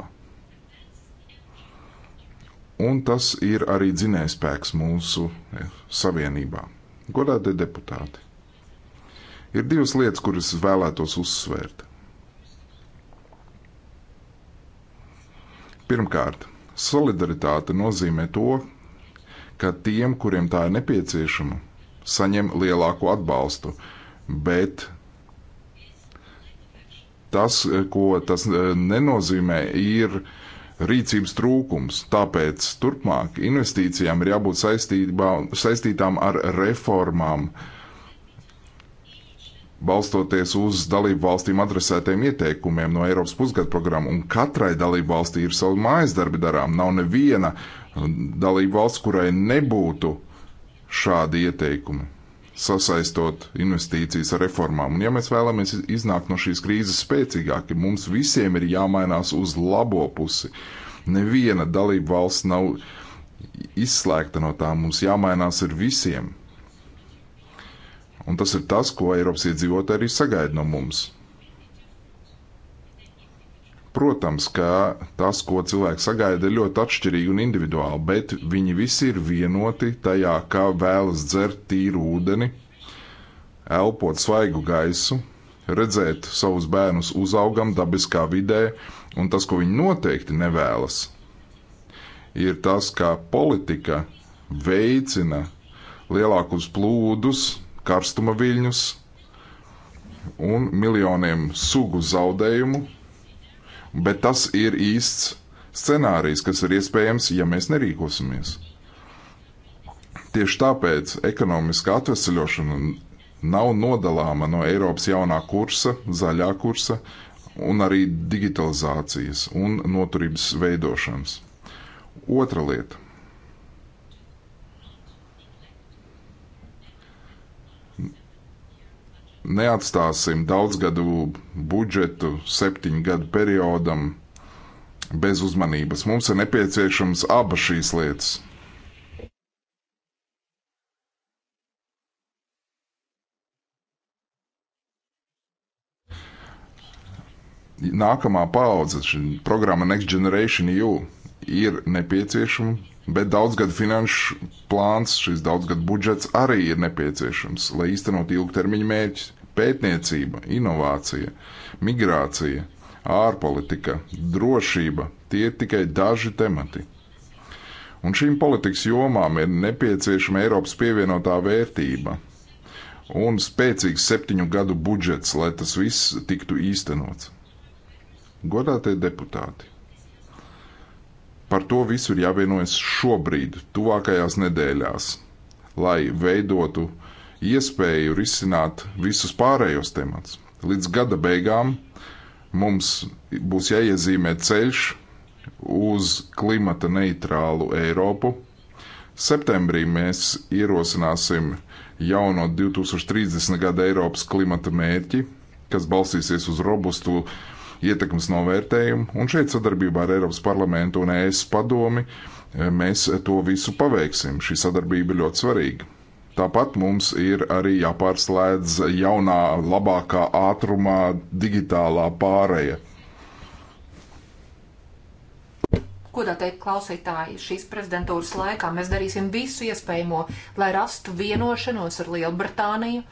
Un tas ir arī dzinējspēks mūsu eh, savienībā. Godātie deputāti, ir divas lietas, kuras vēlētos uzsvērt. Pirmkārt, solidaritāte nozīmē to, ka tiem, kuriem tā ir nepieciešama, saņem lielāku atbalstu, bet tas, ko tas e, nenozīmē, ir rīcības trūkums. Tāpēc turpmāk investīcijām ir jābūt saistībā, saistītām ar reformām, uh, balstoties uz dalību valstīm adresētiem ieteikumiem no Eiropas pusgadu programmu, un katrai dalību valstī ir savi mājas darbi darām. Nav neviena uh, dalību valsts, kurai nebūtu šādi ieteikumi, sasaistot investīcijas ar reformām. Un ja mēs vēlamies iznākt no šīs krīzes spēcīgāki, mums visiem ir jāmainās uz labo pusi. Neviena dalību valsts nav izslēgta no tā, mums jāmainās ar visiem. Un tas ir tas, ko Eiropas iedzīvotāji arī sagaida no mums. Protams, ka tas, ko cilvēki sagaida, ir ļoti atšķirīgi un individuāli, bet viņi visi ir vienoti tajā, kā vēlas dzert tīru ūdeni, elpot svaigu gaisu, redzēt savus bērnus uzaugam dabiskā vidē, un tas, ko viņi noteikti nevēlas, ir tas, kā politika veicina lielākus plūdus karstuma viļņus un miljoniem sugu zaudējumu, bet tas ir īsts scenārijs, kas ir iespējams, ja mēs nerīkosimies. Tieši tāpēc ekonomiskā atvesaļošana nav nodalāma no Eiropas jaunā kursa, zaļā kursa un arī digitalizācijas un noturības veidošanas. Otra lieta neatstāsim daudzgadu budžetu septiņu gadu periodam bez uzmanības. Mums ir nepieciešams abas šīs lietas. Nākamā paudze, šī programma Next Generation EU, ir nepieciešama, bet daudzgad finanšu plāns, šis daudzgad budžets arī ir nepieciešams, lai īstenot ilgtermiņa mērķus pētniecība, inovācija, migrācija, ārpolitika, drošība - tie ir tikai daži temati. Un šīm politikas jomām ir nepieciešama Eiropas pievienotā vērtība un spēcīgs septiņu gadu budžets, lai tas viss tiktu īstenots. Godātie deputāti! Par to visu ir jāvienojas šobrīd, tuvākajās nedēļās, lai veidotu uh, iespēju risināt visus pārējos temats. Līdz gada beigām mums būs jāiezīmē ceļš uz klimata neitrālu Eiropu. Septembrī mēs ierosināsim jauno 2030. gada Eiropas klimata mērķi, kas balstīsies uz robustu ietekmes novērtējumu, un šeit sadarbībā ar Eiropas parlamentu un ES padomi e, mēs to visu paveiksim. Šī sadarbība ir ļoti svarīga. Tāpat mums ir arī jāpārslēdz jaunā, labākā ātrumā digitālā pāreja. Ko tā teikt klausītāji? Šīs prezidentūras laikā mēs darīsim visu iespējamo, lai rastu vienošanos ar Lielbritāniju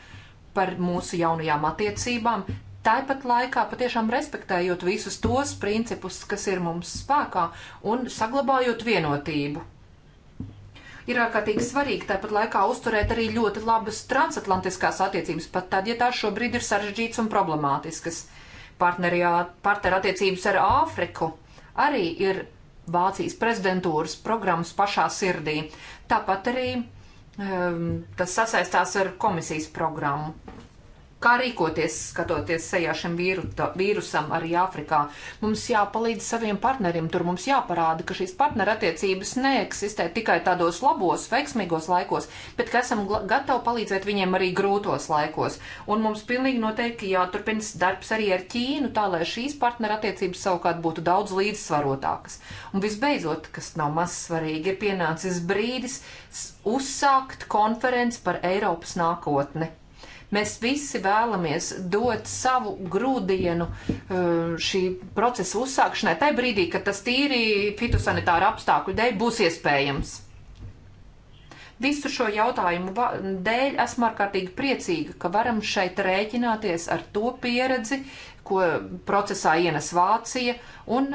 par mūsu jaunajām attiecībām, tāpat laikā patiešām respektējot visus tos principus, kas ir mums spēkā un saglabājot vienotību ir ārkārtīgi svarīgi tāpat laikā uzturēt arī ļoti labas transatlantiskās attiecības, pat tad, ja tās šobrīd ir sarežģītas un problemātiskas. Partneru attiecības ar Āfriku arī ir Vācijas prezidentūras programmas pašā sirdī. Tāpat arī um, tas sasaistās ar komisijas programmu. Kā rīkoties, skatoties sejā šim vīruta, vīrusam arī Āfrikā? Mums jāpalīdz saviem partneriem, tur mums jāparāda, ka šīs partnerattiecības neeksistē tikai tādos labos, veiksmīgos laikos, bet ka esam gatavi palīdzēt viņiem arī grūtos laikos. Un mums pilnīgi noteikti jāturpina darbs arī ar Ķīnu, tā lai šīs partnerattiecības savukārt būtu daudz līdzsvarotākas. Un visbeidzot, kas nav maz svarīgi, ir pienācis brīdis uzsākt konferenci par Eiropas nākotni. Mēs visi vēlamies dot savu grūdienu uh, šī procesa uzsākšanai, tajā brīdī, kad tas tīri fitosanitāra apstākļu dēļ būs iespējams. Visu šo jautājumu dēļ esmu ārkārtīgi priecīga, ka varam šeit rēķināties ar to pieredzi, ko procesā ienes Vācija. Un,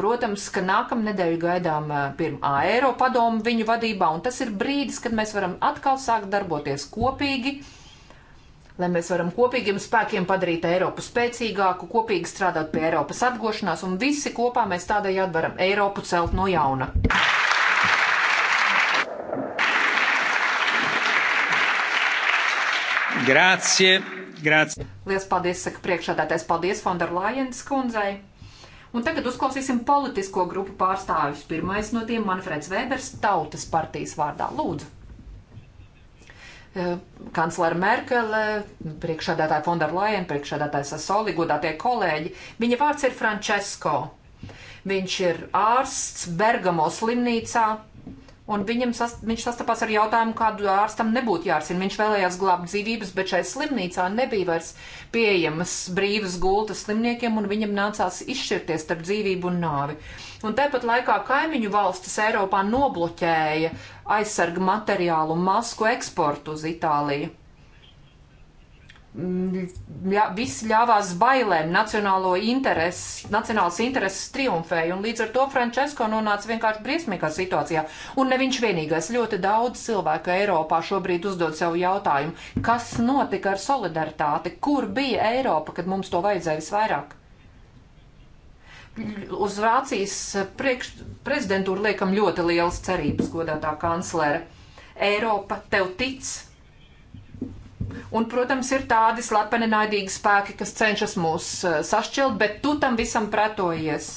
protams, ka nākamnedēļ gaidām uh, pirmā Eiropadomu viņu vadībā, un tas ir brīdis, kad mēs varam atkal sākt darboties kopīgi lai mēs varam kopīgiem spēkiem padarīt Eiropu spēcīgāku, kopīgi strādāt pie Eiropas atgošanās, un visi kopā mēs tādējādi varam Eiropu celt no jauna. Grācie, grācie. Lielas paldies, saka priekšādātais, paldies Fonderlajenas kundzei. Un tagad uzklausīsim politisko grupu pārstāvjus. Pirmais no tiem Manfreds Vēbers tautas partijas vārdā. Lūdzu! kanclere Merkele, priekšādātāja Fonda Lajena, priekšādātāja Sasoli, godātie kolēģi. Viņa vārds ir Francesco. Viņš ir ārsts Bergamo slimnīcā, Un viņam sast, viņš sastapās ar jautājumu, kādu ārstam nebūtu jārisina. Viņš vēlējās glābt dzīvības, bet šai slimnīcā nebija vairs pieejamas brīvas gultas slimniekiem, un viņam nācās izšķirties starp dzīvību un nāvi. Un tāpat laikā kaimiņu valstis Eiropā nobloķēja aizsarga materiālu un masku eksportu uz Itāliju. Jā, mm, visi ļāvās bailēm, nacionālo intereses, nacionālas intereses triumfēja, un līdz ar to Francesko nonāca vienkārši briesmīgā situācijā. Un ne viņš vienīgais, ļoti daudz cilvēku Eiropā šobrīd uzdod sev jautājumu, kas notika ar solidaritāti, kur bija Eiropa, kad mums to vajadzēja visvairāk uz Vācijas priekš, prezidentūru liekam ļoti lielas cerības, godātā kanclere. Eiropa tev tic. Un, protams, ir tādi slepeni naidīgi spēki, kas cenšas mūs eh, sašķelt, bet tu tam visam pretojies.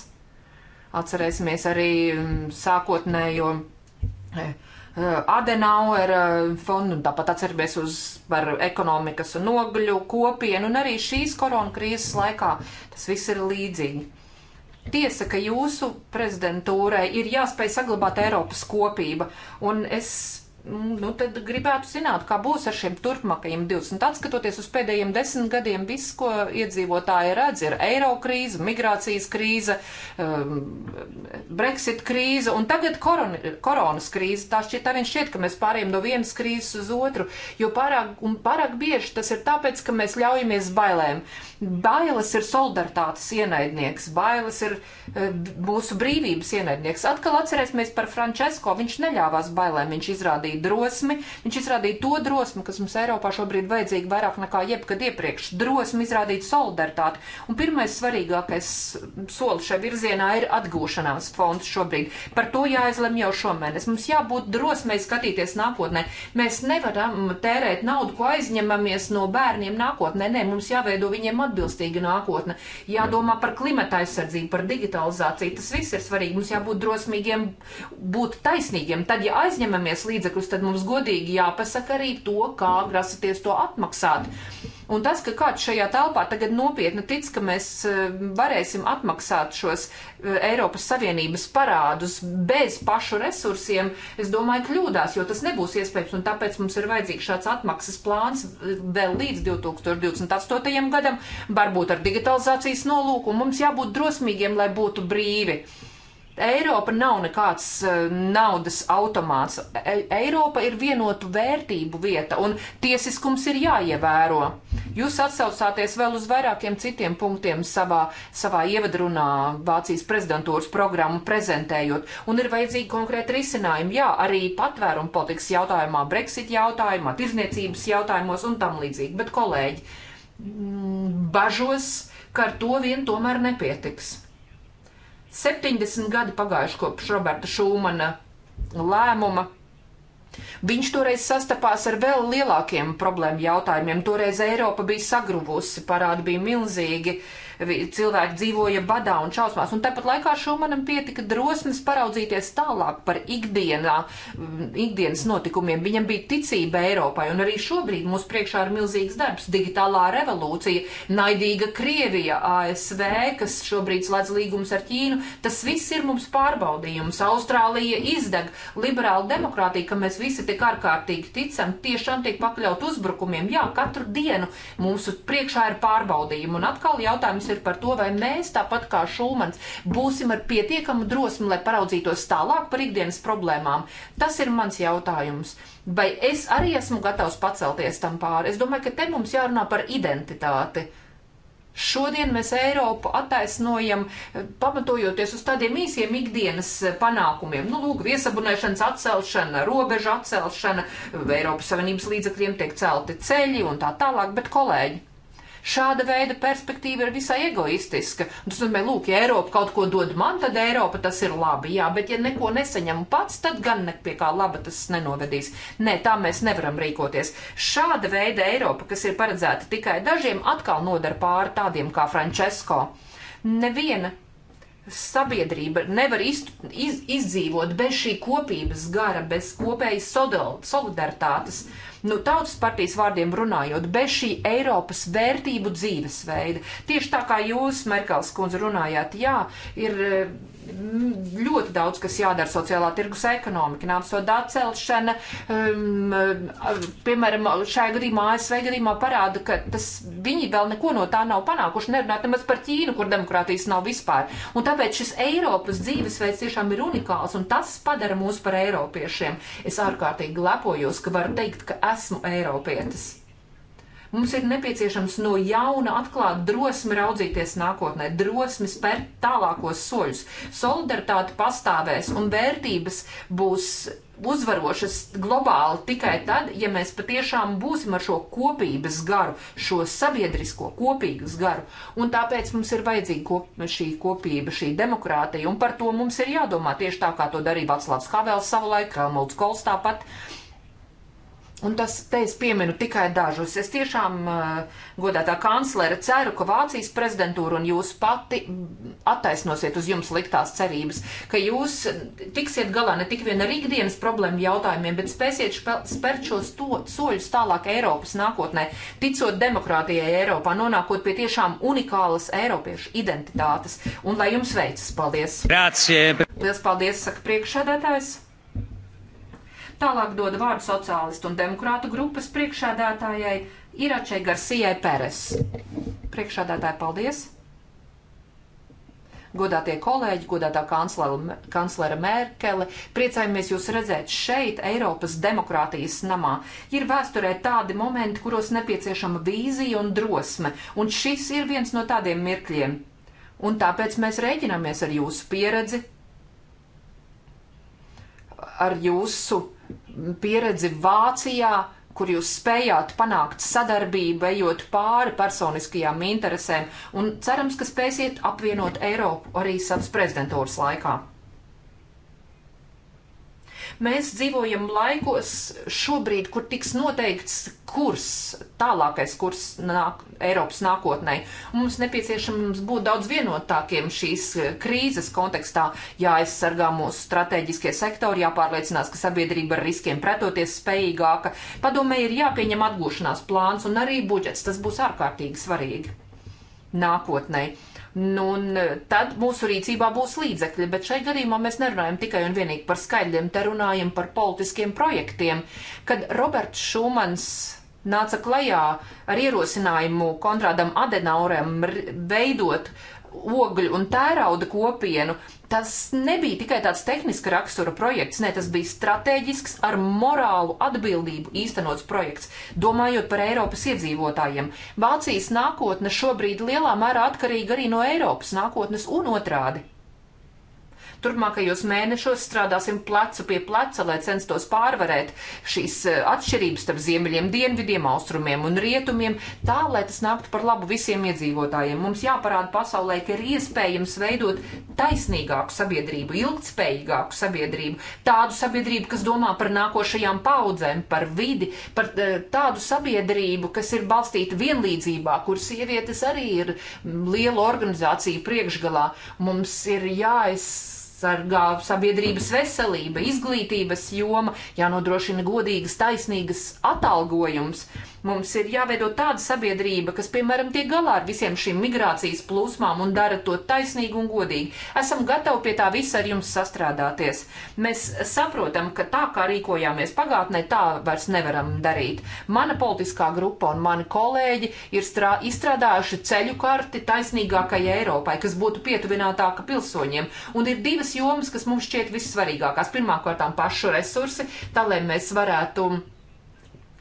Atcerēsimies arī mm, sākotnējo eh, eh, Adenauera fondu, un tāpat atcerēsimies uz par ekonomikas un ogļu kopienu, un arī šīs koronakrīzes laikā tas viss ir līdzīgi Tiesa, ka jūsu prezidentūrai ir jāspēj saglabāt Eiropas kopība, un es Mm, nu, tad gribētu zināt, kā būs ar šiem turpmākajiem 20. Atskatoties uz pēdējiem desmit gadiem, viss, ko iedzīvotāji redz, ir eiro krīze, migrācijas krīze, um, Brexit krīze un tagad korona, koronas krīze. Tā šķiet arī šķiet, ka mēs pārējām no vienas krīzes uz otru, jo pārāk, pārāk bieži tas ir tāpēc, ka mēs ļaujamies bailēm. Bailes ir solidaritātes ienaidnieks, bailes ir eh, mūsu brīvības ienaidnieks. Atkal atcerēsimies par Francesko, viņš neļāvās bailēm, viņš izrādīja izrādīja drosmi, viņš izrādīja to drosmi, kas mums Eiropā šobrīd vajadzīga vairāk nekā jebkad iepriekš - drosmi izrādīt solidaritāti. Un pirmais svarīgākais solis šajā virzienā ir atgūšanās fonds šobrīd. Par to jāizlem jau šomēnes. Mums jābūt drosmei skatīties nākotnē. Mēs nevaram tērēt naudu, ko aizņemamies no bērniem nākotnē. Nē, mums jāveido viņiem atbilstīga nākotne. Jādomā par klimata aizsardzību, par digitalizāciju. Tas viss ir svarīgi. Mums jābūt drosmīgiem, būt taisnīgiem. Tad, ja aizņemamies līdzekļus, līdzekļus, tad mums godīgi jāpasaka arī to, kā grasaties to atmaksāt. Un tas, ka kāds šajā telpā tagad nopietni tic, ka mēs eh, varēsim atmaksāt šos eh, Eiropas Savienības parādus bez pašu resursiem, es domāju, kļūdās, jo tas nebūs iespējams. Un tāpēc mums ir vajadzīgs šāds atmaksas plāns vēl līdz 2028. gadam, varbūt ar digitalizācijas nolūku. Mums jābūt drosmīgiem, lai būtu brīvi. Eiropa nav nekāds eh, naudas automāts. E, Eiropa ir vienotu vērtību vieta un tiesiskums ir jāievēro. Jūs atsaucāties vēl uz vairākiem citiem punktiem savā, savā ievadrunā Vācijas prezidentūras programmu prezentējot, un ir vajadzīgi konkrēti risinājumi, jā, arī patvērumu politikas jautājumā, Brexit jautājumā, tirzniecības jautājumos un tam līdzīgi. Bet, kolēģi, bažos, ka ar to vien tomēr nepietiks. 70 gadi pagājuši kopš Roberta Šūmana lēmuma. Viņš toreiz sastapās ar vēl lielākiem problēmu jautājumiem. Toreiz Eiropa bija sagruvusi, parādi bija milzīgi. Uh, cilvēki dzīvoja badā un šausmās. Un tāpat laikā Šumanam pietika drosmes paraudzīties tālāk par ikdienā, mm, ikdienas notikumiem. Viņam bija ticība Eiropai, un arī šobrīd mums priekšā ir milzīgs darbs - digitālā revolūcija, naidīga Krievija, ASV, kas šobrīd slēdz līgumus ar Ķīnu. Tas viss ir mums pārbaudījums. Austrālija izdeg, liberāla demokrātija, kam mēs visi tik ārkārtīgi ticam, tiešām tiek pakļaut uzbrukumiem. Jā, katru dienu mūsu priekšā ir pārbaudījumi. Un atkal jautājums jautājums ir par to, vai mēs, tāpat kā Šulmans, būsim ar pietiekamu drosmi, lai paraudzītos tālāk par ikdienas problēmām. Tas ir mans jautājums. Vai es arī esmu gatavs pacelties tam pāri? Es domāju, ka te mums jārunā par identitāti. Šodien mēs Eiropu attaisnojam, eh, pamatojoties uz tādiem īsiem ikdienas eh, panākumiem. Nu, lūk, viesabunēšanas atcelšana, robeža atcelšana, eh, Eiropas Savienības līdzakļiem tiek celti ceļi un tā tālāk, bet kolēģi. Šāda veida perspektīva ir visai egoistiska. Tas nozīmē, lūk, ja Eiropa kaut ko dod man, tad Eiropa tas ir labi, jā, bet ja neko nesaņemu pats, tad gan ne pie kā laba tas nenovedīs. Nē, tā mēs nevaram rīkoties. Šāda veida Eiropa, kas ir paredzēta tikai dažiem, atkal nodara pāri tādiem kā Francesco. Neviena sabiedrība nevar iz, iz, izdzīvot bez šī kopības gara, bez kopējas solidaritātes. Mm nu, tautas partijas vārdiem runājot, bez šī Eiropas vērtību dzīvesveida. Tieši tā kā jūs, Merkels kundze, runājāt, jā, ir Mm, ļoti daudz, kas jādara sociālā tirgus ekonomika, nāpsoda atcelšana, um, uh, piemēram, šajā gadījumā, ASV gadījumā parāda, ka tas viņi vēl neko no tā nav panākuši, nerunāt nemaz par Ķīnu, kur demokrātijas nav vispār. Un tāpēc šis Eiropas dzīvesveids tiešām ir unikāls, un tas padara mūs par eiropiešiem. Es ārkārtīgi lepojos, ka varu teikt, ka esmu eiropietis. Mums ir nepieciešams no jauna atklāt drosmi raudzīties nākotnē, drosmi spērt tālākos soļus. Solidaritāte pastāvēs un vērtības būs uzvarošas globāli tikai tad, ja mēs patiešām būsim ar šo kopības garu, šo sabiedrisko kopīgas garu. Un tāpēc mums ir vajadzīga kop šī kopība, šī demokrātija, un par to mums ir jādomā tieši tā, kā to darīja Vaclavs Havels savulaik, Helmuts Kols tāpat. Uh, Un tas te es pieminu tikai dažus. Es tiešām, uh, godātā kanclere, ceru, ka Vācijas prezidentūra un jūs pati attaisnosiet uz jums liktās cerības, ka jūs tiksiet galā ne tik vien ar ikdienas problēmu jautājumiem, bet spēsiet spērt šos to, soļus tālāk Eiropas nākotnē, ticot demokrātijai Eiropā, nonākot pie tiešām unikālas Eiropiešu identitātes. Un lai jums veicas, paldies! Grācie! Liels paldies, saka priekšsēdētājs! Tālāk dod vārdu sociālistu un demokrātu grupas priekšādātājai Iračai Garcijai Peres. Priekšādātāji, paldies! godātie kolēģi, godātā kanclera, kanclera Merkele, priecājamies jūs redzēt šeit, Eiropas demokrātijas namā. Ir vēsturē tādi momenti, kuros nepieciešama vīzija un drosme, un šis ir viens no tādiem mirkļiem. Un tāpēc mēs rēķinamies ar jūsu pieredzi, ar jūsu pieredzi Vācijā, kur jūs spējāt panākt sadarbību, ejot pāri personiskajām interesēm, un cerams, ka spēsiet apvienot Eiropu arī savas prezidentūras laikā. Mēs dzīvojam laikos šobrīd, kur tiks noteikts kurs, tālākais kurs nāk, Eiropas nākotnē. Mums nepieciešams būt daudz vienotākiem šīs e, krīzes kontekstā, jāaizsargā mūsu strateģiskie sektori, jāpārliecinās, ka sabiedrība ar riskiem pretoties spējīgāka. Padomē ir jāpieņem atgūšanās plāns un arī budžets. Tas būs ārkārtīgi svarīgi nākotnē. Nu, un e, tad mūsu rīcībā būs līdzekļi, bet šai gadījumā mēs nerunājam tikai un vienīgi par skaidriem, te runājam par politiskiem projektiem. Kad Roberts Šumans nāca klajā ar ierosinājumu kontrādam Adenauram veidot uh, ogļu un tērauda kopienu. Tas nebija tikai tāds tehniska rakstura projekts, ne, tas bija strateģisks, ar morālu atbildību īstenots projekts, domājot par Eiropas iedzīvotājiem. Vācijas nākotne šobrīd lielā mērā atkarīga arī no Eiropas nākotnes un otrādi. Turpmākajos mēnešos strādāsim plecu pie pleca, lai censtos pārvarēt šīs e, atšķirības starp ziemeļiem, dienvidiem, austrumiem un rietumiem, tā, lai tas nāktu par labu visiem iedzīvotājiem. Mums jāparāda pasaulē, ka ir iespējams veidot taisnīgāku sabiedrību, ilgtspējīgāku sabiedrību, tādu sabiedrību, kas domā par nākošajām paudzēm, par vidi, par e, tādu sabiedrību, kas ir balstīta vienlīdzībā, kur sievietes arī ir liela organizācija priekšgalā. Mums ir jāiz jāaizsargā sabiedrības veselība, izglītības joma, jānodrošina godīgas, taisnīgas atalgojums. Mums ir jāveido tāda sabiedrība, kas, piemēram, tiek galā ar visiem šīm migrācijas plūsmām un dara to taisnīgi un godīgi. Esam gatavi pie tā visa ar jums sastrādāties. Mēs saprotam, ka tā kā rīkojāmies pagātnē, tā vairs nevaram darīt. Mana politiskā grupa un mani kolēģi ir strā, izstrādājuši ceļu karti taisnīgākai Eiropai, kas būtu pietuvinātāka pilsoņiem. Un ir divas jomas, kas mums šķiet vissvarīgākās. Pirmkārt, pašu resursi, tā lai mēs varētu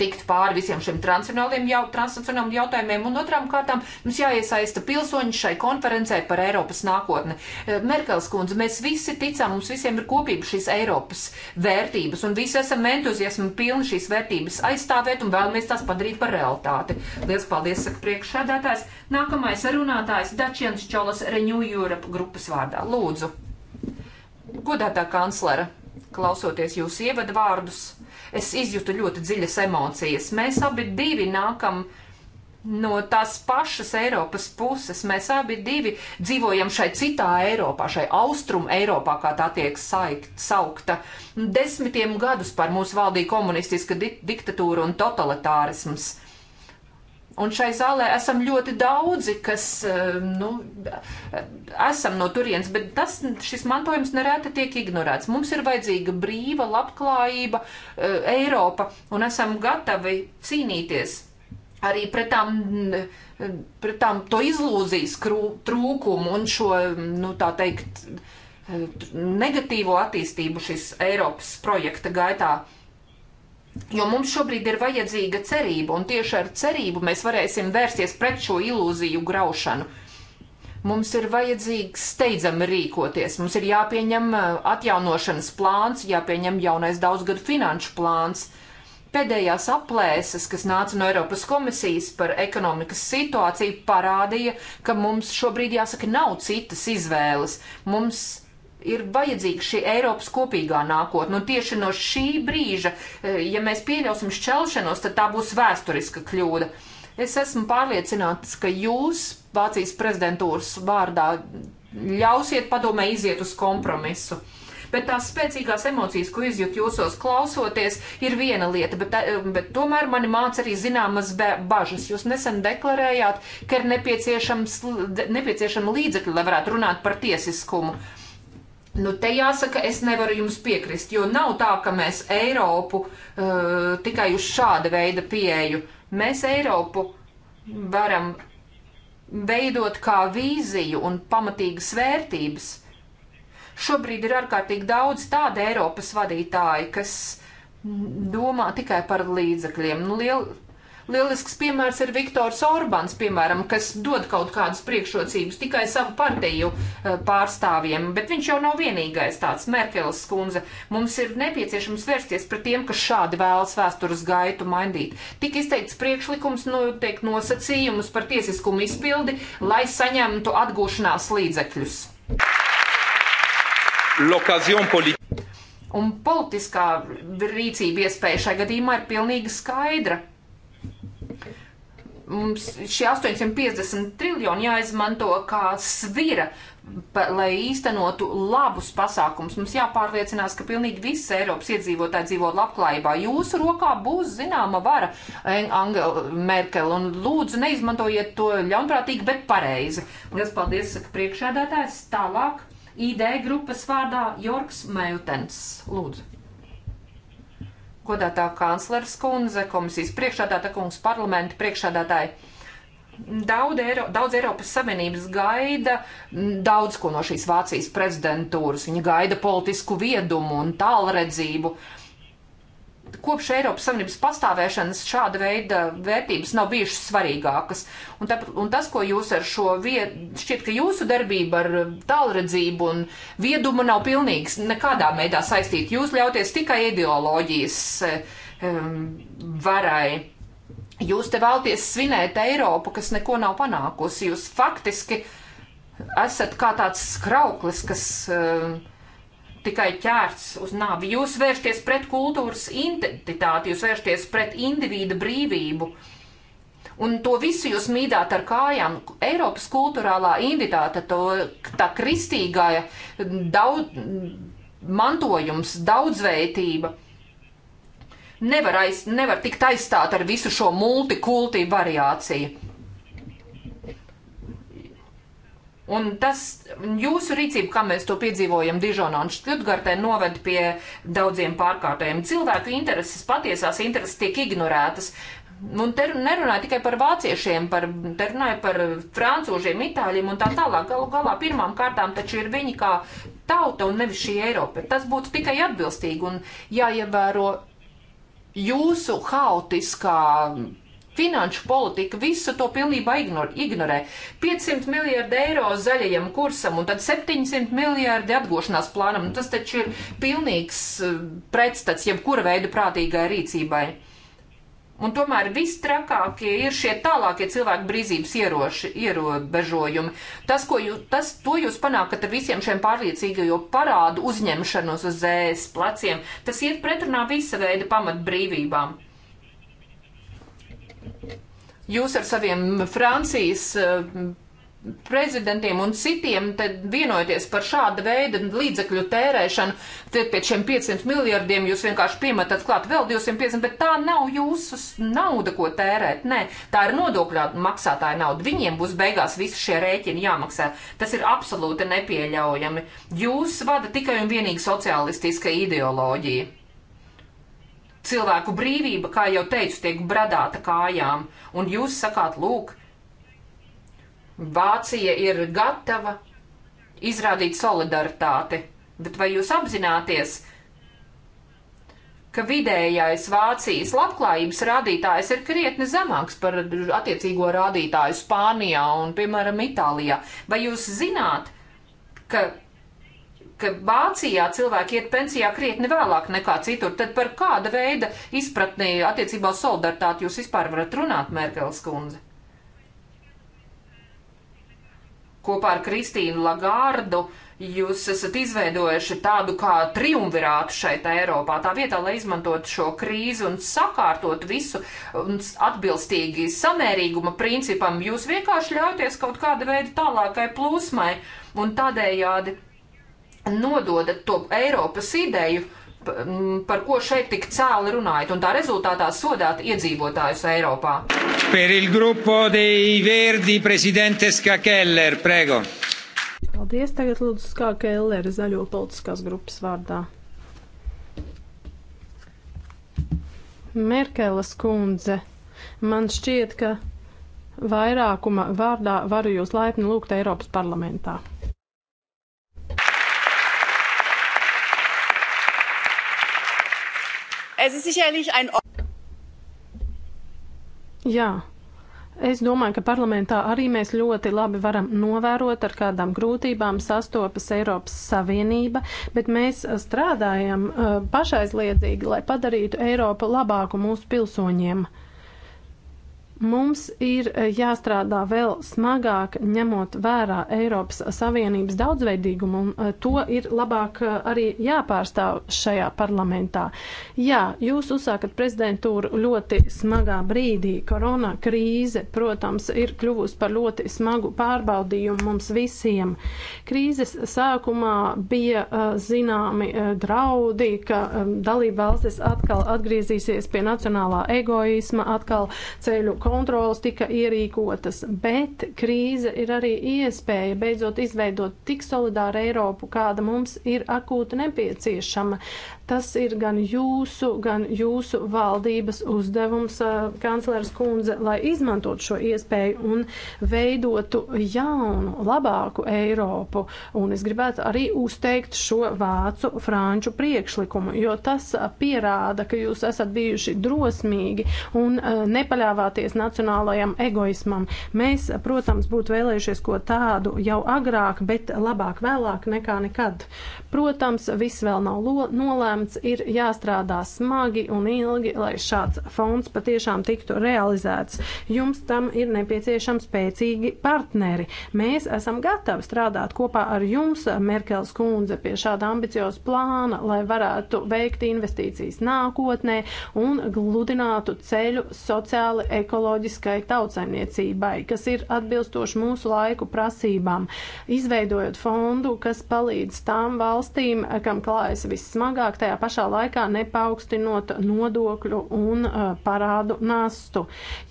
tikt pāri visiem šiem transnacionāliem jau, jautājumiem, un otrām kārtām mums jāiesaista pilsoņi šai konferencē par Eiropas nākotni. E, Merkels kundze, mēs visi ticam, mums visiem ir kopība šīs Eiropas vērtības, un visi esam entuziasmi pilni šīs vērtības aizstāvēt un vēlamies tās padarīt par realitāti. Lielas paldies, saka priekšsādātājs. Nākamais runātājs Dačians Čolas Renew Europe grupas vārdā. Lūdzu, godātā kanclera klausoties jūsu ievadvārdus, es izjūtu ļoti dziļas emocijas. Mēs abi divi nākam no tās pašas Eiropas puses. Mēs abi divi dzīvojam šai citā Eiropā, šai austrumu Eiropā, kā tā tiek saikt, saukta. Desmitiem gadus par mūsu valdīja komunistiska di diktatūra un totalitārisms. Un šai zālē esam ļoti daudzi, kas eh, nu, esam no turienes, bet tas, šis mantojums nereti tiek ignorēts. Mums ir vajadzīga brīva, labklājība, eh, Eiropa, un esam gatavi cīnīties arī pret tām, pret tām to izlūzijas trūkumu un šo, nu, tā teikt, eh, negatīvo attīstību šis Eiropas projekta gaitā Jo mums šobrīd ir vajadzīga cerība, un tieši ar cerību mēs varēsim vērsties pret šo ilūziju graušanu. Mums ir vajadzīgs steidzami rīkoties, mums ir jāpieņem eh, atjaunošanas plāns, jāpieņem jaunais daudzgadu finanšu plāns. Pēdējās aplēses, kas nāca no Eiropas komisijas par ekonomikas situāciju, parādīja, ka mums šobrīd jāsaka nav citas izvēles. Mums ir vajadzīga šī Eiropas kopīgā nākotne. Un tieši no šī brīža, e, ja mēs pieļausim šķelšanos, tad tā būs vēsturiska kļūda. Es esmu pārliecināts, ka jūs Vācijas prezidentūras vārdā ļausiet padomē iziet uz kompromisu. Bet tās spēcīgās emocijas, ko izjūt jūsos klausoties, ir viena lieta, bet, e, bet tomēr mani māca arī zināmas bažas. Jūs nesen deklarējāt, ka ir nepieciešams, nepieciešama līdzekļi, lai varētu runāt par tiesiskumu. Uh, Nu, te jāsaka, es nevaru jums piekrist, jo nav tā, ka mēs Eiropu uh, tikai uz šāda veida pieeju. Mēs Eiropu varam veidot kā vīziju un pamatīgas vērtības. Šobrīd ir ārkārtīgi daudz tādu Eiropas vadītāju, kas domā tikai par līdzekļiem. Nu, liel, Lielisks piemērs ir Viktors Orbāns, piemēram, kas dod kaut kādas priekšrocības tikai savu partiju eh, pārstāvjiem, bet viņš jau nav vienīgais tāds Merkeles skundze. Mums ir nepieciešams vērsties pret tiem, kas šādi vēlas vēstures gaitu mainīt. Tik izteikts priekšlikums, nu, teikt, nosacījumus par tiesiskumu izpildi, lai saņemtu atgūšanās līdzekļus. L'occasion politique. Un politiskā rīcība iespēja šajā gadījumā ir pilnīgi skaidra mums šie 850 triljoni jāizmanto kā svira, pa, lai īstenotu labus pasākums. Mums jāpārliecinās, ka pilnīgi visi Eiropas iedzīvotāji dzīvo labklājībā. Jūsu rokā būs zināma vara, Angela Merkel, un lūdzu neizmantojiet to ļaunprātīgi, bet pareizi. Liels paldies, saka priekšēdētājs. Tālāk ID grupas vārdā Jorgs Meutens. Lūdzu godātā kanclera skundze, komisijas priekšādātā kungs, parlamenta priekšādātāji. Daudz, Eiro, daudz Eiropas Savienības gaida daudz ko no šīs Vācijas prezidentūras. Viņa gaida politisku viedumu un tālredzību. Uh, kopš Eiropas Savienības pastāvēšanas šāda veida vērtības nav bijušas svarīgākas. Un, tā, un tas, ko jūs ar šo vietu, šķiet, ka jūsu darbība ar uh, tālredzību un viedumu nav pilnīgs nekādā veidā saistīta. Jūs ļauties tikai ideoloģijas uh, um, varai. Jūs te vēlties svinēt Eiropu, kas neko nav panākusi. Jūs faktiski esat kā tāds skrauklis, kas. Um, tikai ķērts uz nāvi. Jūs vēršaties pret kultūras identitāti, jūs vēršaties pret individu brīvību. Un to visu jūs mīdāt ar kājām. Eiropas kultūrālā identitāte, to, tā kristīgā daudz, mantojums, daudzveidība nevar, aiz, nevar tikt aizstāt ar visu šo multikultīvu variāciju. Un tas jūsu rīcība, kā mēs to piedzīvojam Dižonā un Štutgartē, noved pie daudziem pārkārtojumiem. Cilvēku intereses, patiesās intereses tiek ignorētas. Nu, un te nerunāju tikai par vāciešiem, par, te runāju par francūžiem, itāļiem un tā tālāk. Galu galā pirmām kārtām taču ir viņi kā tauta un nevis šī Eiropa. Tas būtu tikai atbilstīgi un jāievēro jūsu haotiskā Finanšu politika visu to pilnībā ignor, ignorē. 500 miljardi eiro zaļajam kursam un tad 700 miljardi atgošanās plānam. Nu, tas taču ir pilnīgs eh, pretstats jebkura veida prātīgai rīcībai. Un tomēr viss trakākie ir šie tālākie cilvēku brīvības ieroši, ierobežojumi. Tas, ko jūs, tas, to jūs panākat ar visiem šiem pārliecīgajo parādu uzņemšanos uz zēs pleciem, tas iet pretrunā visa veida pamatbrīvībām. Jūs ar saviem Francijas eh, prezidentiem un citiem vienoties par šāda veida līdzekļu tērēšanu, tad pie šiem 500 miljardiem jūs vienkārši piemetat klāt vēl 250, bet tā nav jūsu nauda, ko tērēt. Nē, tā ir nodokļu maksātāja nauda. Viņiem būs beigās visi šie rēķini jāmaksā. Tas ir absolūti nepieļaujami. Jūs vada tikai un vienīgi socialistiska ideoloģija cilvēku brīvība, kā jau teicu, tiek bradāta kājām. Un jūs sakāt, lūk, Vācija ir gatava izrādīt solidaritāti, bet vai jūs apzināties, ka vidējais Vācijas labklājības rādītājs ir krietni zemāks par attiecīgo rādītāju Spānijā un, piemēram, Itālijā? Vai jūs zināt, ka ka Vācijā cilvēki iet pensijā krietni vēlāk nekā citur, tad par kāda veida izpratnī attiecībā uz solidaritāti jūs vispār varat runāt, Merkels kundze? Kopā ar Kristīnu Lagārdu jūs esat izveidojuši tādu kā triumvirātu šeit Eiropā, tā vietā, lai izmantotu šo krīzi un sakārtot visu un atbilstīgi samērīguma principam, jūs vienkārši ļauties kaut kāda veida tālākai plūsmai un tādējādi nododat to Eiropas ideju, par ko šeit tik cēli runājat, un tā rezultātā sodāt iedzīvotājus Eiropā. Per il gruppo dei Verdi, prezidente Skakeller, prego. Paldies, tagad lūdzu Skakeller, zaļo politiskās grupas vārdā. Merkeles kundze, man šķiet, ka vairākuma vārdā varu jūs laipni lūgt Eiropas parlamentā. es ist sicherlich ein. Jā. Es domāju, ka parlamentā arī mēs ļoti labi varam novērot, ar kādām grūtībām sastopas Eiropas Savienība, bet mēs uh, strādājam uh, pašaizliedzīgi, lai padarītu Eiropu labāku mūsu pilsoņiem. Mums ir eh, jāstrādā vēl smagāk, ņemot vērā Eiropas Savienības daudzveidīgumu, un eh, to ir labāk eh, arī jāpārstāv šajā parlamentā. Jā, jūs uzsākat prezidentūru ļoti smagā brīdī. Korona krīze, protams, ir kļuvusi par ļoti smagu pārbaudījumu mums visiem. Krīzes sākumā bija zināmi draudi, ka dalība valstis atkal atgriezīsies pie nacionālā egoisma, atkal ceļu kontrolas tika ierīkotas, bet krīze ir arī iespēja beidzot izveidot tik solidāru Eiropu, kāda mums ir akūti nepieciešama. Tas ir gan jūsu, gan jūsu valdības uzdevums, kanclers kundze, lai izmantot šo iespēju un veidotu jaunu, labāku Eiropu. Un es gribētu arī uzteikt šo vācu franču priekšlikumu, jo tas pierāda, ka jūs esat bijuši drosmīgi un nepaļāvāties nacionālajam egoismam. Mēs, protams, būtu vēlējušies ko tādu jau agrāk, bet labāk vēlāk nekā nekad. Protams, viss vēl nav nolēmts, ir jāstrādā smagi un ilgi, lai šāds fonds patiešām tiktu realizēts. Jums tam ir nepieciešami spēcīgi partneri. Mēs esam gatavi strādāt kopā ar jums, Merkels kundze, pie šāda ambicioza plāna, lai varētu veikt investīcijas nākotnē un gludinātu ceļu sociāli ekoloģiskai tautsaimniecībai, kas ir atbilstoši mūsu laiku prasībām, izveidojot fondu, kas palīdz tām valstīm, valstīm, kam klājas vissmagāk, tajā pašā laikā nepaukstinot nodokļu un uh, parādu nastu.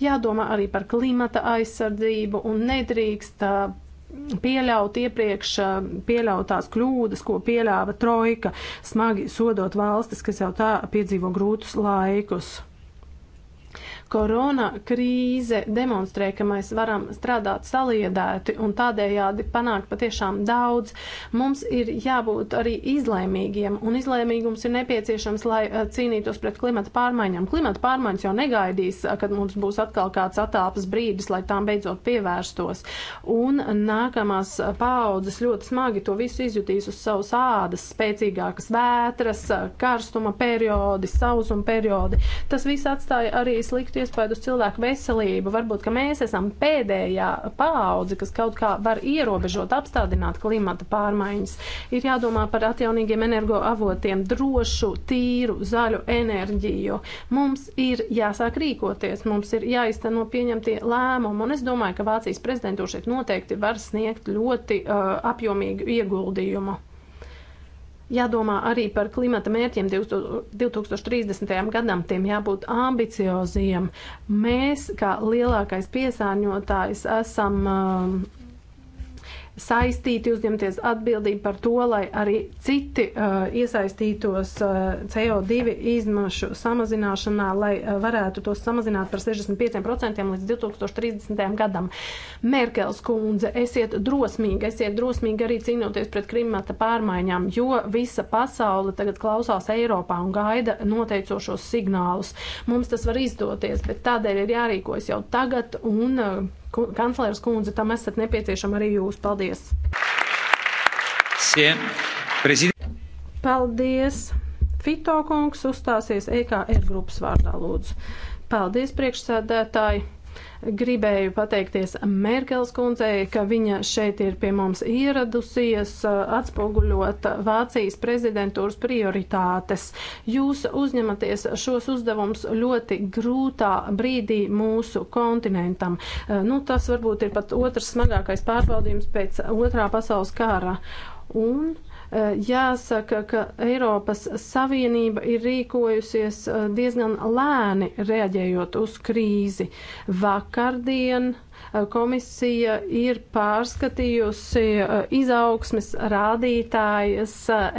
Jādomā arī par klimata aizsardzību un nedrīkst uh, pieļaut iepriekš uh, pieļautās kļūdas, ko pieļāva trojka, smagi sodot valstis, kas jau tā piedzīvo grūtus laikus. Korona krīze demonstrē, ka mēs varam strādāt saliedēti un tādējādi panākt patiešām daudz. Mums ir jābūt arī izlēmīgiem, un izlēmīgums ir nepieciešams, lai eh, cīnītos pret klimata pārmaiņām. Klimata pārmaiņas jau negaidīs, eh, kad mums būs atkal kāds atāpas brīdis, lai tām beidzot pievērstos. Un nākamās paaudzes ļoti smagi to visu izjutīs uz savas ādas, spēcīgākas vētras, karstuma periodi, sausuma periodi. Tas viss atstāja arī sliktu nodarītu iespēju uz cilvēku veselību. Varbūt, ka mēs esam pēdējā paudze, kas kaut kā var ierobežot, apstādināt klimata pārmaiņas. Ir jādomā par atjaunīgiem energoavotiem, drošu, tīru, zaļu enerģiju. Mums ir jāsāk rīkoties, mums ir jāizteno pieņemtie lēmumi, un es domāju, ka Vācijas prezidentūra šeit noteikti var sniegt ļoti uh, apjomīgu ieguldījumu. Jādomā arī par klimata mērķiem 2030. gadam, tiem jābūt ambicioziem. Mēs, kā lielākais piesārņotājs, esam um, saistīti uzņemties atbildību par to, lai arī citi uh, iesaistītos uh, CO2 izmašu samazināšanā, lai uh, varētu tos samazināt par 65% līdz 2030. gadam. Merkels kundze, esiet drosmīgi, esiet drosmīgi arī cīnoties pret klimata pārmaiņām, jo visa pasaule tagad klausās Eiropā un gaida noteicošos signālus. Mums tas var izdoties, bet tādēļ ir jārīkojas jau tagad un. Uh, kanclers kundze, tam esat nepieciešama arī jūs. Paldies! Paldies! Fito kungs uzstāsies EKR grupas vārdā, lūdzu. Paldies, priekšsēdētāji! Gribēju pateikties Merkels kundzei, ka viņa šeit ir pie mums ieradusies, atspoguļot Vācijas prezidentūras prioritātes. Jūs uzņematies šos uzdevums ļoti grūtā brīdī mūsu kontinentam. Nu, tas varbūt ir pat otrs smagākais pārbaudījums pēc otrā pasaules kara. Un Jāsaka, ka Eiropas Savienība ir rīkojusies eh, diezgan lēni reaģējot uz krīzi. Vakardien eh, komisija ir pārskatījusi eh, izaugsmes rādītājas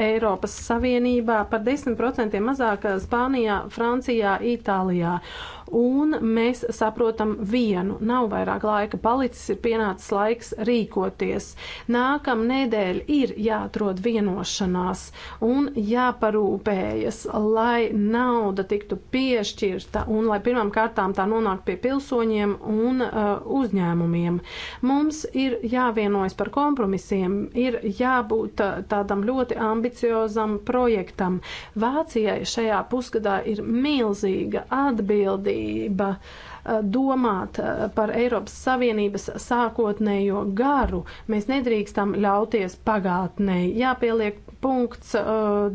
Eiropas Savienībā par 10% mazāk Spānijā, Francijā, Itālijā un mēs saprotam vienu. Nav vairāk laika palicis, ir pienācis laiks rīkoties. Nākam nedēļ ir jāatrod vienošanās un jāparūpējas, lai nauda tiktu piešķirta un lai pirmām kārtām tā nonāk pie pilsoņiem un uh, uzņēmumiem. Mums ir jāvienojas par kompromisiem, ir jābūt uh, tādam ļoti ambiciozam projektam. Vācijai šajā pusgadā ir milzīga atbildība prasība eh, domāt eh, par Eiropas Savienības sākotnējo garu. Mēs nedrīkstam ļauties pagātnē. Jāpieliek punkts eh,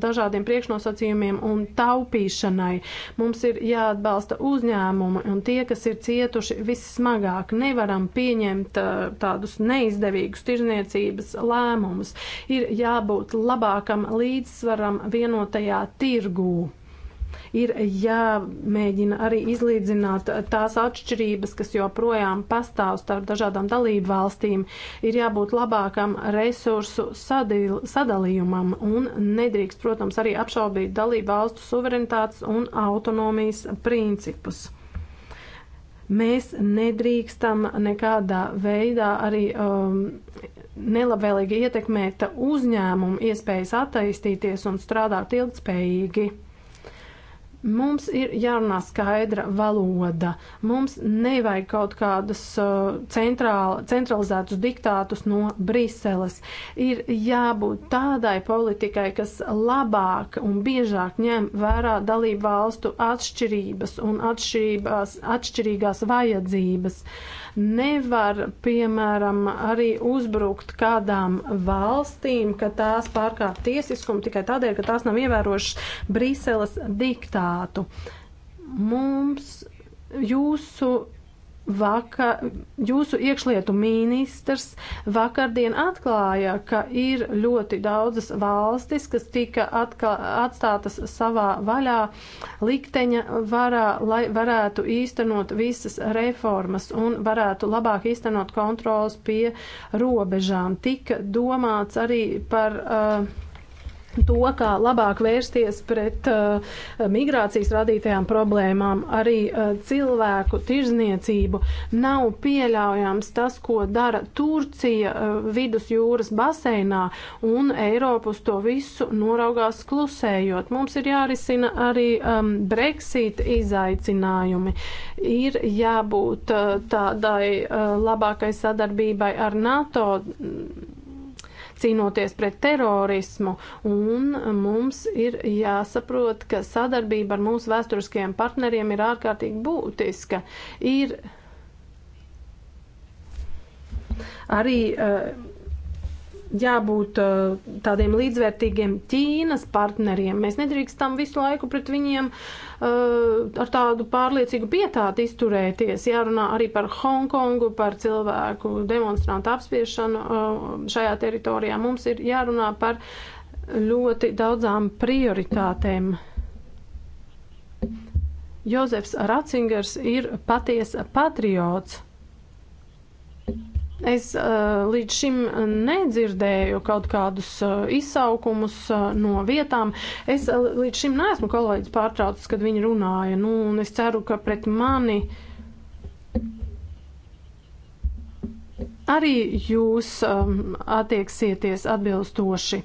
dažādiem priekšnosacījumiem un taupīšanai. Mums ir jāatbalsta uzņēmumi un tie, kas ir cietuši vissmagāk. Nevaram pieņemt tādus neizdevīgus tirzniecības lēmumus. Ir jābūt labākam līdzsvaram vienotajā tirgū. Ir jāmēģina arī izlīdzināt tās atšķirības, kas joprojām pastāv starp dažādām dalību valstīm. Ir jābūt labākam resursu sadil, sadalījumam un nedrīkst, protams, arī apšaubīt dalību valstu suverenitātes un autonomijas principus mēs nedrīkstam nekādā veidā arī um, nelabvēlīgi ietekmēt uzņēmumu iespējas attīstīties un strādāt ilgspējīgi. Mums ir jārunā skaidra valoda. Mums nevajag kaut kādus uh, centrāl, centralizētus diktātus no Briseles. Ir jābūt tādai politikai, kas labāk un biežāk ņem vērā dalību valstu atšķirības un atšķirībās, atšķirīgās vajadzības. Uh, Nevar, piemēram, arī uzbrukt kādām valstīm, ka tās pārkāp tiesiskumu tikai tādēļ, ka tās nav ievērošas Briseles diktātu. Mums jūsu Vaka, jūsu iekšlietu ministrs vakardien atklāja, ka ir ļoti daudzas valstis, kas tika atkā, atstātas savā vaļā, likteņa varā, lai varētu īstenot visas reformas un varētu labāk īstenot kontrols pie robežām. Tika domāts arī par. Uh, to, kā labāk vērsties pret uh, migrācijas radītajām problēmām, arī uh, cilvēku tirzniecību. Nav pieļaujams tas, ko dara Turcija uh, vidusjūras baseinā, un Eiropa uz to visu noraugās klusējot. Mums ir jārisina arī um, Brexit izaicinājumi. Ir jābūt uh, tādai uh, labākai sadarbībai ar NATO. Mm, cīnoties pret terorismu, un mums ir jāsaprot, ka sadarbība ar mūsu vēsturiskajiem partneriem ir ārkārtīgi būtiska. Ir arī uh, jābūt uh, tādiem līdzvērtīgiem Ķīnas partneriem. Mēs nedrīkstam visu laiku pret viņiem uh, ar tādu pārliecīgu pietātu izturēties. Jārunā arī par Hongkongu, par cilvēku demonstrantu apspiešanu uh, šajā teritorijā. Mums ir jārunā par ļoti daudzām prioritātēm. Jozefs Ratzingers ir patiesa patriots. Es uh, līdz šim nedzirdēju kaut kādus uh, izsaukumus uh, no vietām. Es uh, līdz šim neesmu kolēģis pārtraucis, kad viņi runāja. Nu, un es ceru, ka pret mani arī jūs um, attieksieties atbilstoši.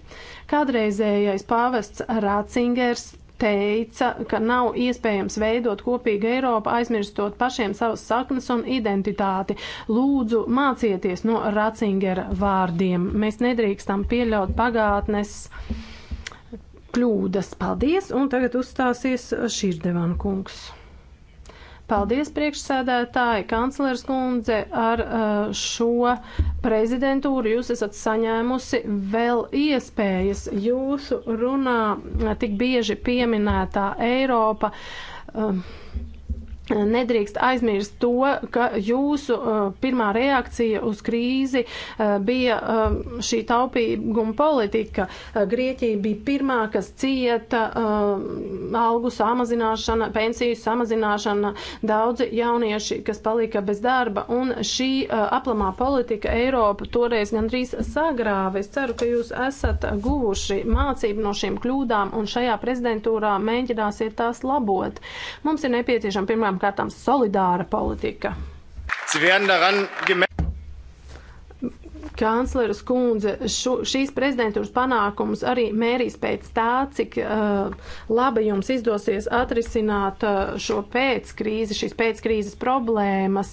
Kādreizējais pāvests Rācingers teica, ka nav iespējams veidot kopīgu Eiropu, aizmirstot pašiem savas saknes un identitāti. Lūdzu, mācieties no Ratzingera vārdiem. Mēs nedrīkstam pieļaut pagātnes kļūdas. Paldies, un tagad uzstāsies Šīrdevana kungs. Paldies, priekšsēdētāji, kanclers kundze, ar uh, šo prezidentūru jūs esat saņēmusi vēl iespējas. Jūsu runā tik bieži pieminētā Eiropa. Um, Nedrīkst aizmirst to, ka jūsu uh, pirmā reakcija uz krīzi uh, bija uh, šī taupīguma politika. Uh, Grieķija bija pirmā, kas cieta uh, algu samazināšana, pensiju samazināšana, daudzi jaunieši, kas palika bez darba, un šī uh, aplamā politika Eiropa toreiz gandrīz sagrāva. Es ceru, ka jūs esat guvuši mācību no šiem kļūdām, un šajā prezidentūrā mēģināsiet tās labot. Mums ir nepieciešama pirmā Pirmām kārtām solidāra politika. Kanclera skundze šo, šīs prezidentūras panākums arī mērīs pēc tā, cik uh, labi jums izdosies atrisināt uh, šo pēckrīzi, šīs pēckrīzes problēmas.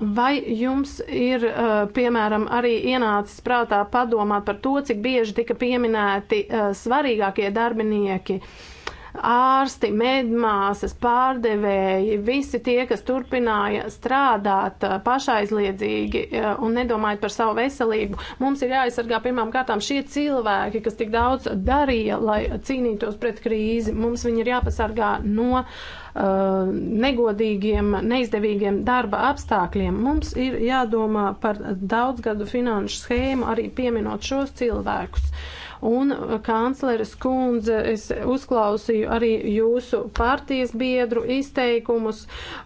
Vai jums ir, uh, piemēram, arī ienācis prātā padomāt par to, cik bieži tika pieminēti uh, svarīgākie darbinieki? Uh, ārsti, medmāsas, pārdevēji, visi tie, kas turpināja strādāt uh, pašaizliedzīgi uh, un nedomājot par savu veselību, mums ir jāaizsargā pirmām kārtām šie cilvēki, kas tik daudz darīja, lai cīnītos pret krīzi. Mums viņi ir jāpasargā no uh, negodīgiem, neizdevīgiem darba apstākļiem. Mums ir jādomā par daudzgadu finanšu schēmu, arī pieminot šos cilvēkus. Uh, Un, uh, kancleres kundze, es uzklausīju arī jūsu partijas biedru izteikumus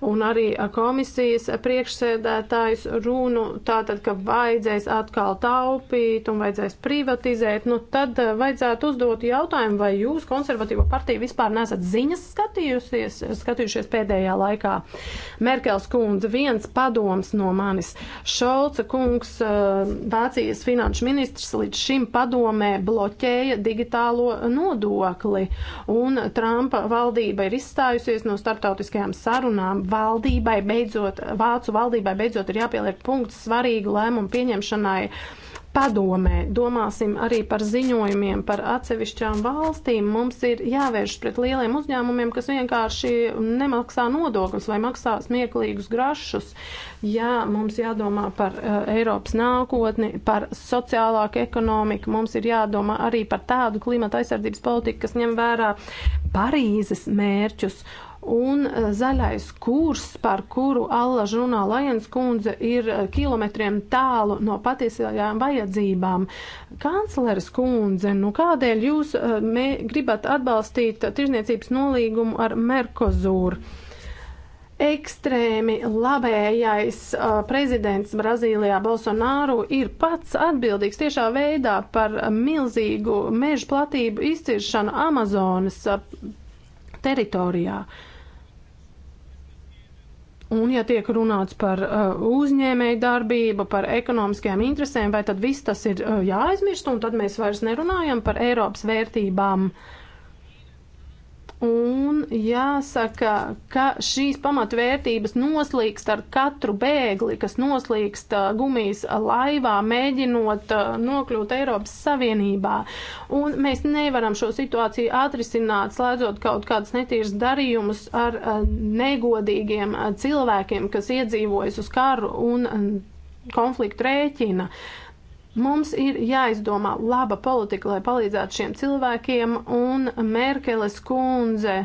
un arī uh, komisijas priekšsēdētājs runu, tātad, ka vajadzēs atkal taupīt un vajadzēs privatizēt. Nu, tad uh, vajadzētu uzdot jautājumu, vai jūs konservatīvo partiju vispār nesat ziņas skatījusies, skatījušies pēdējā laikā. Merkels kundze, viens padoms no manis. Šolca kungs, Vācijas finanšu ministrs, līdz šim padomē bloķēja bloķēja digitālo nodokli. Un Trumpa valdība ir izstājusies no starptautiskajām sarunām. Valdībai beidzot, Vācu valdībai beidzot ir jāpieliek punkts svarīgu lēmumu pieņemšanai padomē. Domāsim arī par ziņojumiem par atsevišķām valstīm. Mums ir jāvērš pret lieliem uzņēmumiem, kas vienkārši nemaksā nodokļus vai maksā smieklīgus grašus. Jā, mums jādomā par uh, Eiropas nākotni, par sociālāku ekonomiku. Mums ir jādomā arī par tādu klimata aizsardzības politiku, kas ņem vērā Parīzes mērķus Un eh, zaļais kurs, par kuru Alla žurnā Lajens kundze ir eh, kilometriem tālu no patiesajām vajadzībām. Kancleres kundze, nu kādēļ jūs eh, mē, gribat atbalstīt tirzniecības nolīgumu ar Merkozūru? Ekstrēmi labējais uh, prezidents Brazīlijā Bolsonaro ir pats atbildīgs tiešā veidā par milzīgu meža platību izciršanu Amazonas uh, teritorijā. Uh, Un, ja tiek runāts par uh, uzņēmēju darbību, par ekonomiskajām interesēm, vai tad viss tas ir uh, jāaizmirst, un tad mēs vairs nerunājam par Eiropas vērtībām. Uh, Un jāsaka, ka šīs pamatvērtības noslīkst ar katru bēgli, kas noslīkst uh, gumijas laivā, mēģinot uh, nokļūt Eiropas Savienībā. Un mēs nevaram šo situāciju atrisināt, slēdzot kaut kādus netīrus darījumus ar uh, negodīgiem cilvēkiem, kas iedzīvojas uz karu un um, konfliktu rēķina. Uh, Mums ir jāizdomā laba politika, lai palīdzētu šiem cilvēkiem, un Merkeles kundze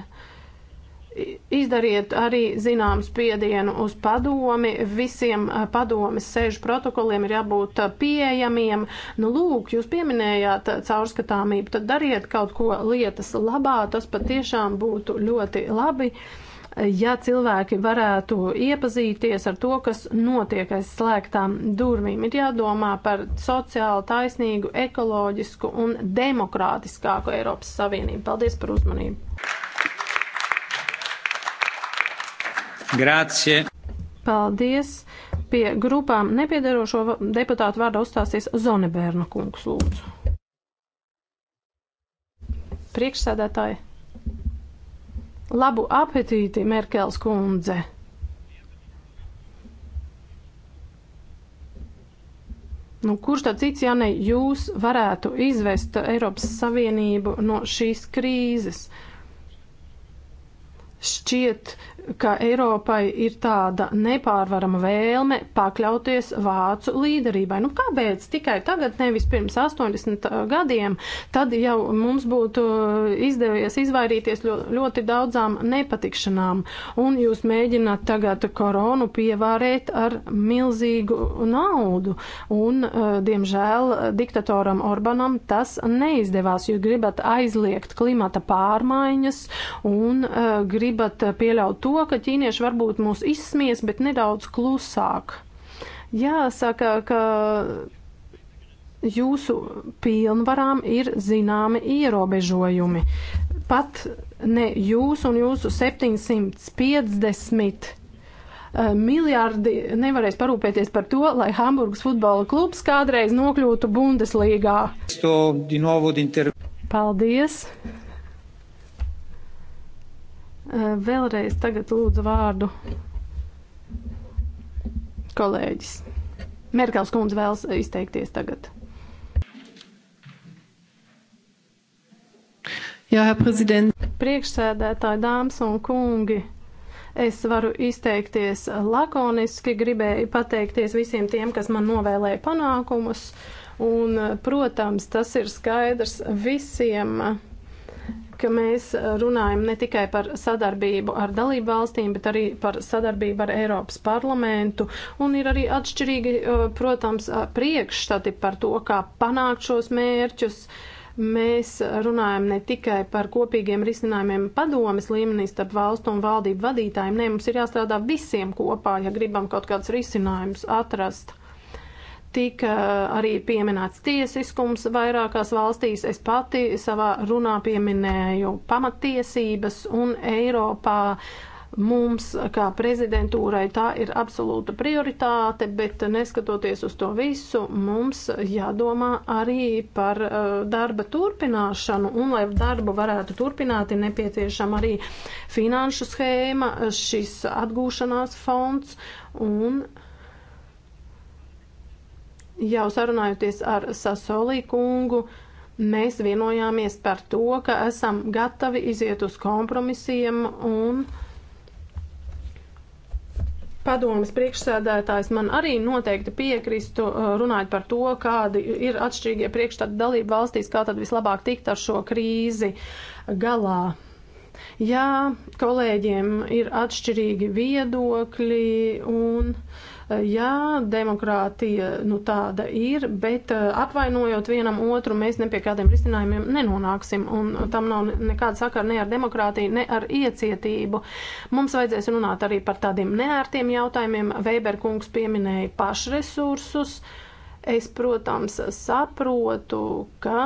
izdariet arī zināmu spiedienu uz padomi. Visiem padomes sēžu protokoliem ir jābūt pieejamiem. Nu, lūk, jūs pieminējāt caurskatāmību, tad dariet kaut ko lietas labā, tas patiešām būtu ļoti labi. Uh, ja cilvēki varētu iepazīties ar to, kas notiek aiz slēgtām durvīm. Ir jādomā par sociāli taisnīgu, ekoloģisku un demokrātiskāku Eiropas Savienību. Paldies par uzmanību! Grācie! Paldies! Pie grupām nepiedarošo deputātu vārdā uzstāsies Zonebērna kungs lūdzu. Priekšsēdētāji! Labu apetīti, Merkels kundze! Nu, kurš tad cits, ja ne jūs, varētu izvest Eiropas Savienību no šīs krīzes? Šķiet, ka Eiropai ir tāda nepārvarama vēlme pakļauties vācu līderībai. Nu, kāpēc tikai tagad, nevis pirms 80 uh, gadiem, tad jau mums būtu uh, izdevies izvairīties ļoti daudzām nepatikšanām, un jūs mēģināt tagad koronu pievārēt ar milzīgu naudu, un, uh, diemžēl, diktatoram Orbanam tas neizdevās, jo gribat aizliegt klimata pārmaiņas un gribat pieļaut to, to, ka ķīnieši varbūt mūs izsmies, bet nedaudz klusāk. Jāsaka, ka jūsu pilnvarām ir zināmi ierobežojumi. Pat ne jūs un jūsu 750 eh, miljardi nevarēs parūpēties par to, lai Hamburgas futbola klubs kādreiz nokļūtu Bundeslīgā. Paldies! Eh, vēlreiz tagad lūdzu vārdu kolēģis. Merkels kundze vēlas izteikties tagad. Jā, prezident. Priekšsēdētāji, dāmas un kungi, es varu izteikties lakoniski, gribēju pateikties visiem tiem, kas man novēlēja panākumus, un, protams, tas ir skaidrs visiem ka mēs uh, runājam ne tikai par sadarbību ar dalību valstīm, bet arī par sadarbību ar Eiropas parlamentu. Un ir arī atšķirīgi, uh, protams, uh, priekšstati par to, kā panākt šos mērķus mēs runājam ne tikai par kopīgiem risinājumiem padomes līmenī starp valstu un valdību vadītājiem, nē, mums ir jāstrādā visiem kopā, ja gribam kaut kādus risinājumus atrast. Tika eh, arī pieminēts tiesiskums vairākās valstīs. Es pati savā runā pieminēju pamatiesības un Eiropā mums, kā prezidentūrai, tā ir absolūta prioritāte, bet neskatoties uz to visu, mums jādomā arī par uh, darba turpināšanu, un lai darbu varētu turpināt, ir nepieciešama arī finanšu schēma, šis atgūšanās fonds un jau sarunājoties ar Sasolī kungu, mēs vienojāmies par to, ka esam gatavi iziet uz kompromisiem un padomas priekšsēdētājs man arī noteikti piekristu uh, runājot par to, kādi ir atšķirīgie priekšstati dalību valstīs, kā tad vislabāk tikt ar šo krīzi galā. Jā, kolēģiem ir atšķirīgi viedokļi un. Uh, Jā, demokrātija nu, tāda ir, bet eh, apvainojot vienam otru, mēs ne pie kādiem risinājumiem nenonāksim. Un tam nav nekāda sakara ne ar demokrātiju, ne ar iecietību. Mums vajadzēs runāt arī par tādiem neērtiem jautājumiem. Vēberkungs pieminēja pašresursus. Es, protams, saprotu, ka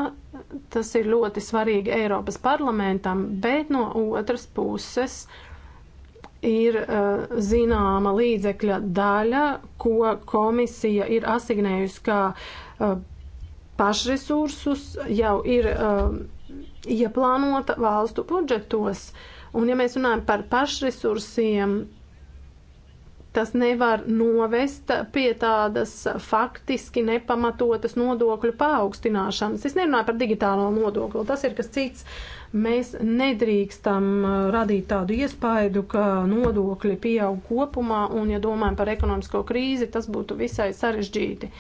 tas ir ļoti svarīgi Eiropas parlamentam, bet no otras puses. Uh, ir uh, zināma līdzekļa daļa, ko komisija ir asignējusi kā uh, pašresursus, jau ir uh, ieplānota valstu budžetos. Un ja mēs runājam par pašresursiem, tas nevar novest pie tādas faktiski nepamatotas nodokļu paaugstināšanas. Es nerunāju par digitālo nodokli, tas ir kas cits. Mēs nedrīkstam uh, radīt tādu iespaidu, ka nodokļi pieaug kopumā, un, ja domājam par ekonomisko krīzi, tas būtu visai sarežģīti.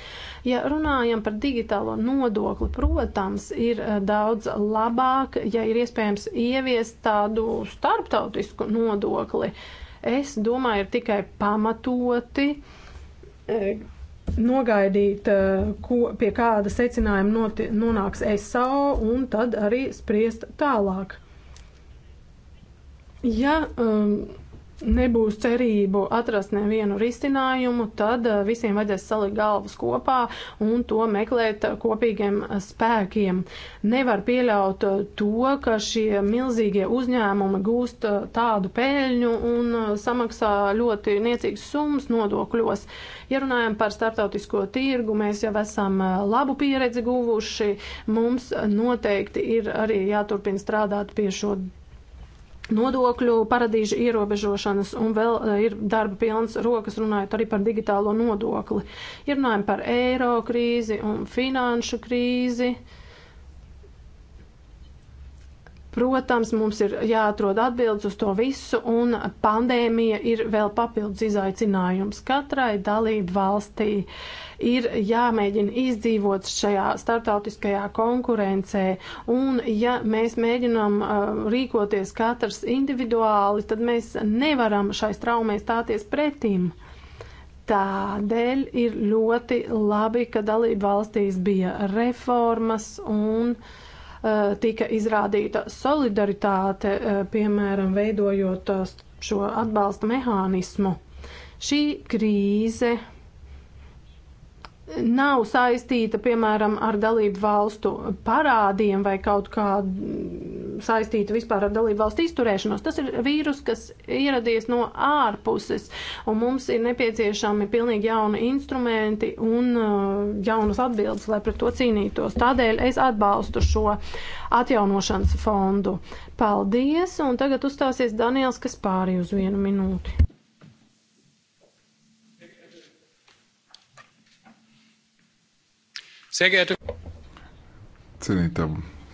Ja runājam par digitālo nodokli, protams, ir uh, daudz labāk, ja ir iespējams ieviest tādu starptautisku nodokli. Uh, es domāju, ir tikai pamatoti e, nogaidīt, e, ko, pie kāda secinājuma noti, nonāks SAO un tad arī spriest tālāk. Ja um, nebūs cerību atrast nevienu risinājumu, tad eh, visiem vajadzēs salikt galvas kopā un to meklēt eh, kopīgiem eh, spēkiem. Nevar pieļaut to, ka šie milzīgie uzņēmumi gūst tādu peļņu un samaksā ļoti niecīgas summas nodokļos. Ja runājam par starptautisko tirgu, mēs jau esam labu pieredzi guvuši. Mums noteikti ir arī jāturpina strādāt pie šo nodokļu paradīžu ierobežošanas un vēl e, ir darba pilns rokas runājot arī par digitālo nodokli. Ja runājam par eiro krīzi un finanšu krīzi, protams, mums ir jāatrod atbildes uz to visu un pandēmija ir vēl papildus izaicinājums katrai dalību valstī. Uh, ir jāmēģina izdzīvot šajā startautiskajā konkurencē. Un ja mēs mēģinām uh, rīkoties katrs individuāli, tad mēs nevaram šai straumē stāties pretim. Tādēļ ir ļoti labi, ka dalība valstīs bija reformas un uh, tika izrādīta solidaritāte, uh, piemēram, veidojot uh, šo atbalsta mehānismu. Šī krīze nav saistīta, piemēram, ar dalību valstu parādiem vai kaut kā saistīta vispār ar dalību valstu izturēšanos. Tas ir vīrus, kas ieradies no ārpuses, un mums ir nepieciešami pilnīgi jauni instrumenti un uh, jaunas atbildes, lai pret to cīnītos. Tādēļ es atbalstu šo atjaunošanas fondu. Paldies, un tagad uzstāsies Daniels Kaspāri uz vienu minūti. Siegiet! Cienītam,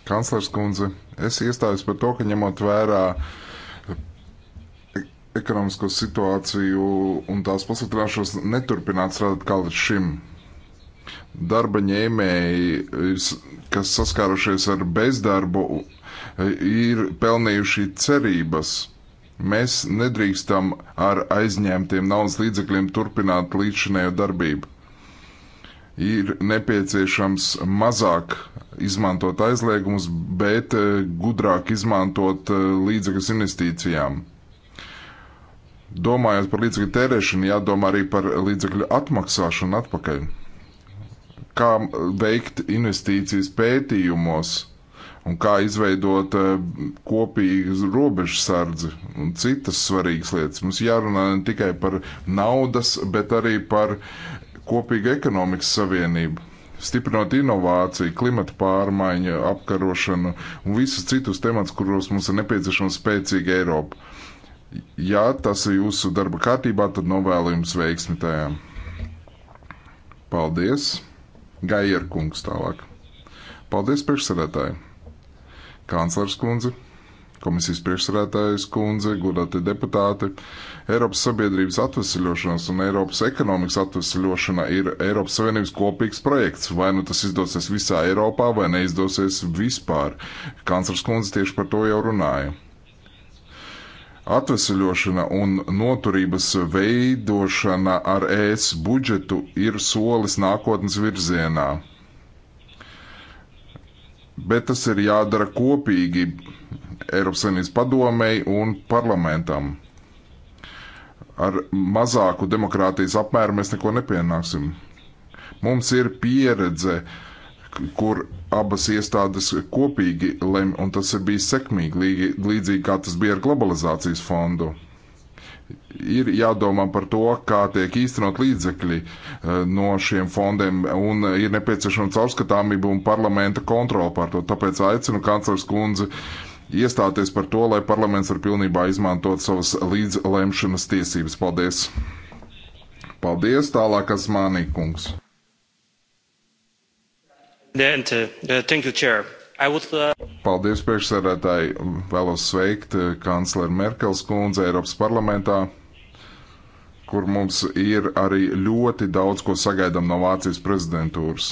kanclers kundze, es iestājos par to, ka ņemot vērā e, ekonomisko situāciju un tās pasliktināšanos neturpināt strādāt kā līdz šim. Darba ņēmēji, e, kas saskārušies ar bezdarbu, e, ir pelnījuši cerības. Mēs nedrīkstam ar aizņemtiem naudas līdzekļiem turpināt līdzinējo darbību ir nepieciešams mazāk izmantot aizliegumus, bet eh, gudrāk izmantot eh, līdzekļus investīcijām. Domājot par līdzekļu tērēšanu, jādomā arī par līdzekļu atmaksāšanu atpakaļ. Kā veikt investīcijas pētījumos un kā izveidot eh, kopīgu robežu sardzi un citas svarīgas lietas. Mums jārunā ne tikai par naudas, bet arī par kopīga ekonomikas savienība, stiprinot inovāciju, klimata pārmaiņu, apkarošanu un visus citus temats, kuros mums ir nepieciešama spēcīga Eiropa. Ja tas ir jūsu darba kārtībā, tad novēlu jums veiksmi tajā. Paldies! Gaierkungs tālāk. Paldies priekšsēdētāji! Kanclers kundze! komisijas priekšsarētājas kundze, godāti deputāti. Eiropas sabiedrības atvesļošanās un Eiropas ekonomikas atvesļošana ir Eiropas Savienības kopīgs projekts. Vai nu tas izdosies visā Eiropā, vai neizdosies vispār. Kanclers kundze tieši par to jau runāja atvesaļošana un noturības veidošana ar ES budžetu ir solis nākotnes virzienā. Bet tas ir jādara kopīgi, Eiropas Savienības padomei un parlamentam. Ar mazāku demokrātijas apmēru mēs neko nepienāksim. Mums ir pieredze, kur abas iestādes kopīgi lem, un tas ir bijis sekmīgi, līdzīgi kā tas bija ar globalizācijas fondu. Ir jādomā par to, kā tiek īstenot līdzekļi eh, no šiem fondiem, un ir nepieciešama caurskatāmība un parlamenta kontrola pār to. Tāpēc aicinu kanclers kundzi uh, iestāties par to, lai parlaments var pilnībā izmantot savas līdzlemšanas tiesības. Paldies! Paldies! Tālāk, kas manī kungs. Uh, uh, uh, Paldies, priekšsēdētāji! Vēlos sveikt kancleru Merkels kundzi Eiropas parlamentā kur mums ir arī ļoti daudz ko sagaidām no Vācijas prezidentūras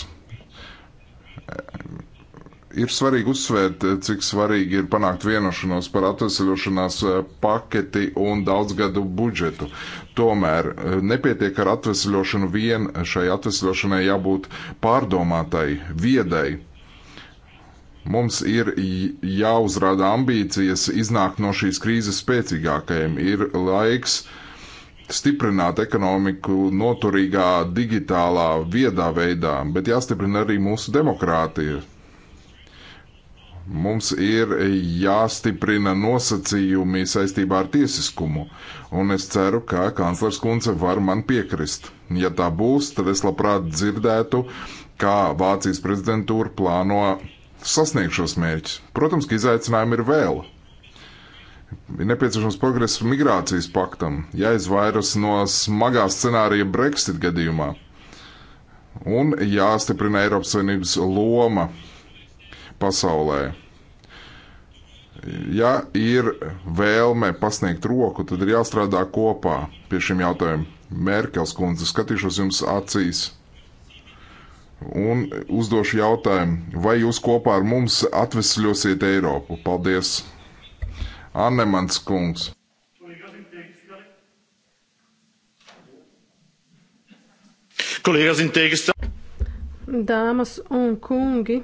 ir svarīgi uzsvērt, cik svarīgi ir panākt vienošanos par atvesaļošanās eh, paketi un daudzgadu budžetu. Tomēr eh, nepietiek ar atvesaļošanu vien, šai atvesaļošanai jābūt pārdomātai, viedai. Mums ir jāuzrāda ambīcijas iznākt no šīs krīzes spēcīgākajiem. Ir laiks stiprināt ekonomiku noturīgā, digitālā, viedā veidā, bet jāstiprina arī mūsu demokrātija Mums ir jāstiprina nosacījumi saistībā ar tiesiskumu, un es ceru, ka kanclers kundze var man piekrist. Ja tā būs, tad es labprāt dzirdētu, kā Vācijas prezidentūra plāno sasniegt šos mērķus. Protams, ka izaicinājumi ir vēl. Ir nepieciešams progress migrācijas paktam, jāizvairās no smagā scenārija Brexit gadījumā un jāstiprina Eiropas Savienības loma pasaulē. Ja ir vēlme pasniegt roku, tad ir jāstrādā kopā pie šiem jautājumiem. Merkels kundze, skatīšos jums acīs un uzdošu jautājumu, vai jūs kopā ar mums atvesļosiet Eiropu? Paldies! Annemans kungs! Dāmas un kungi,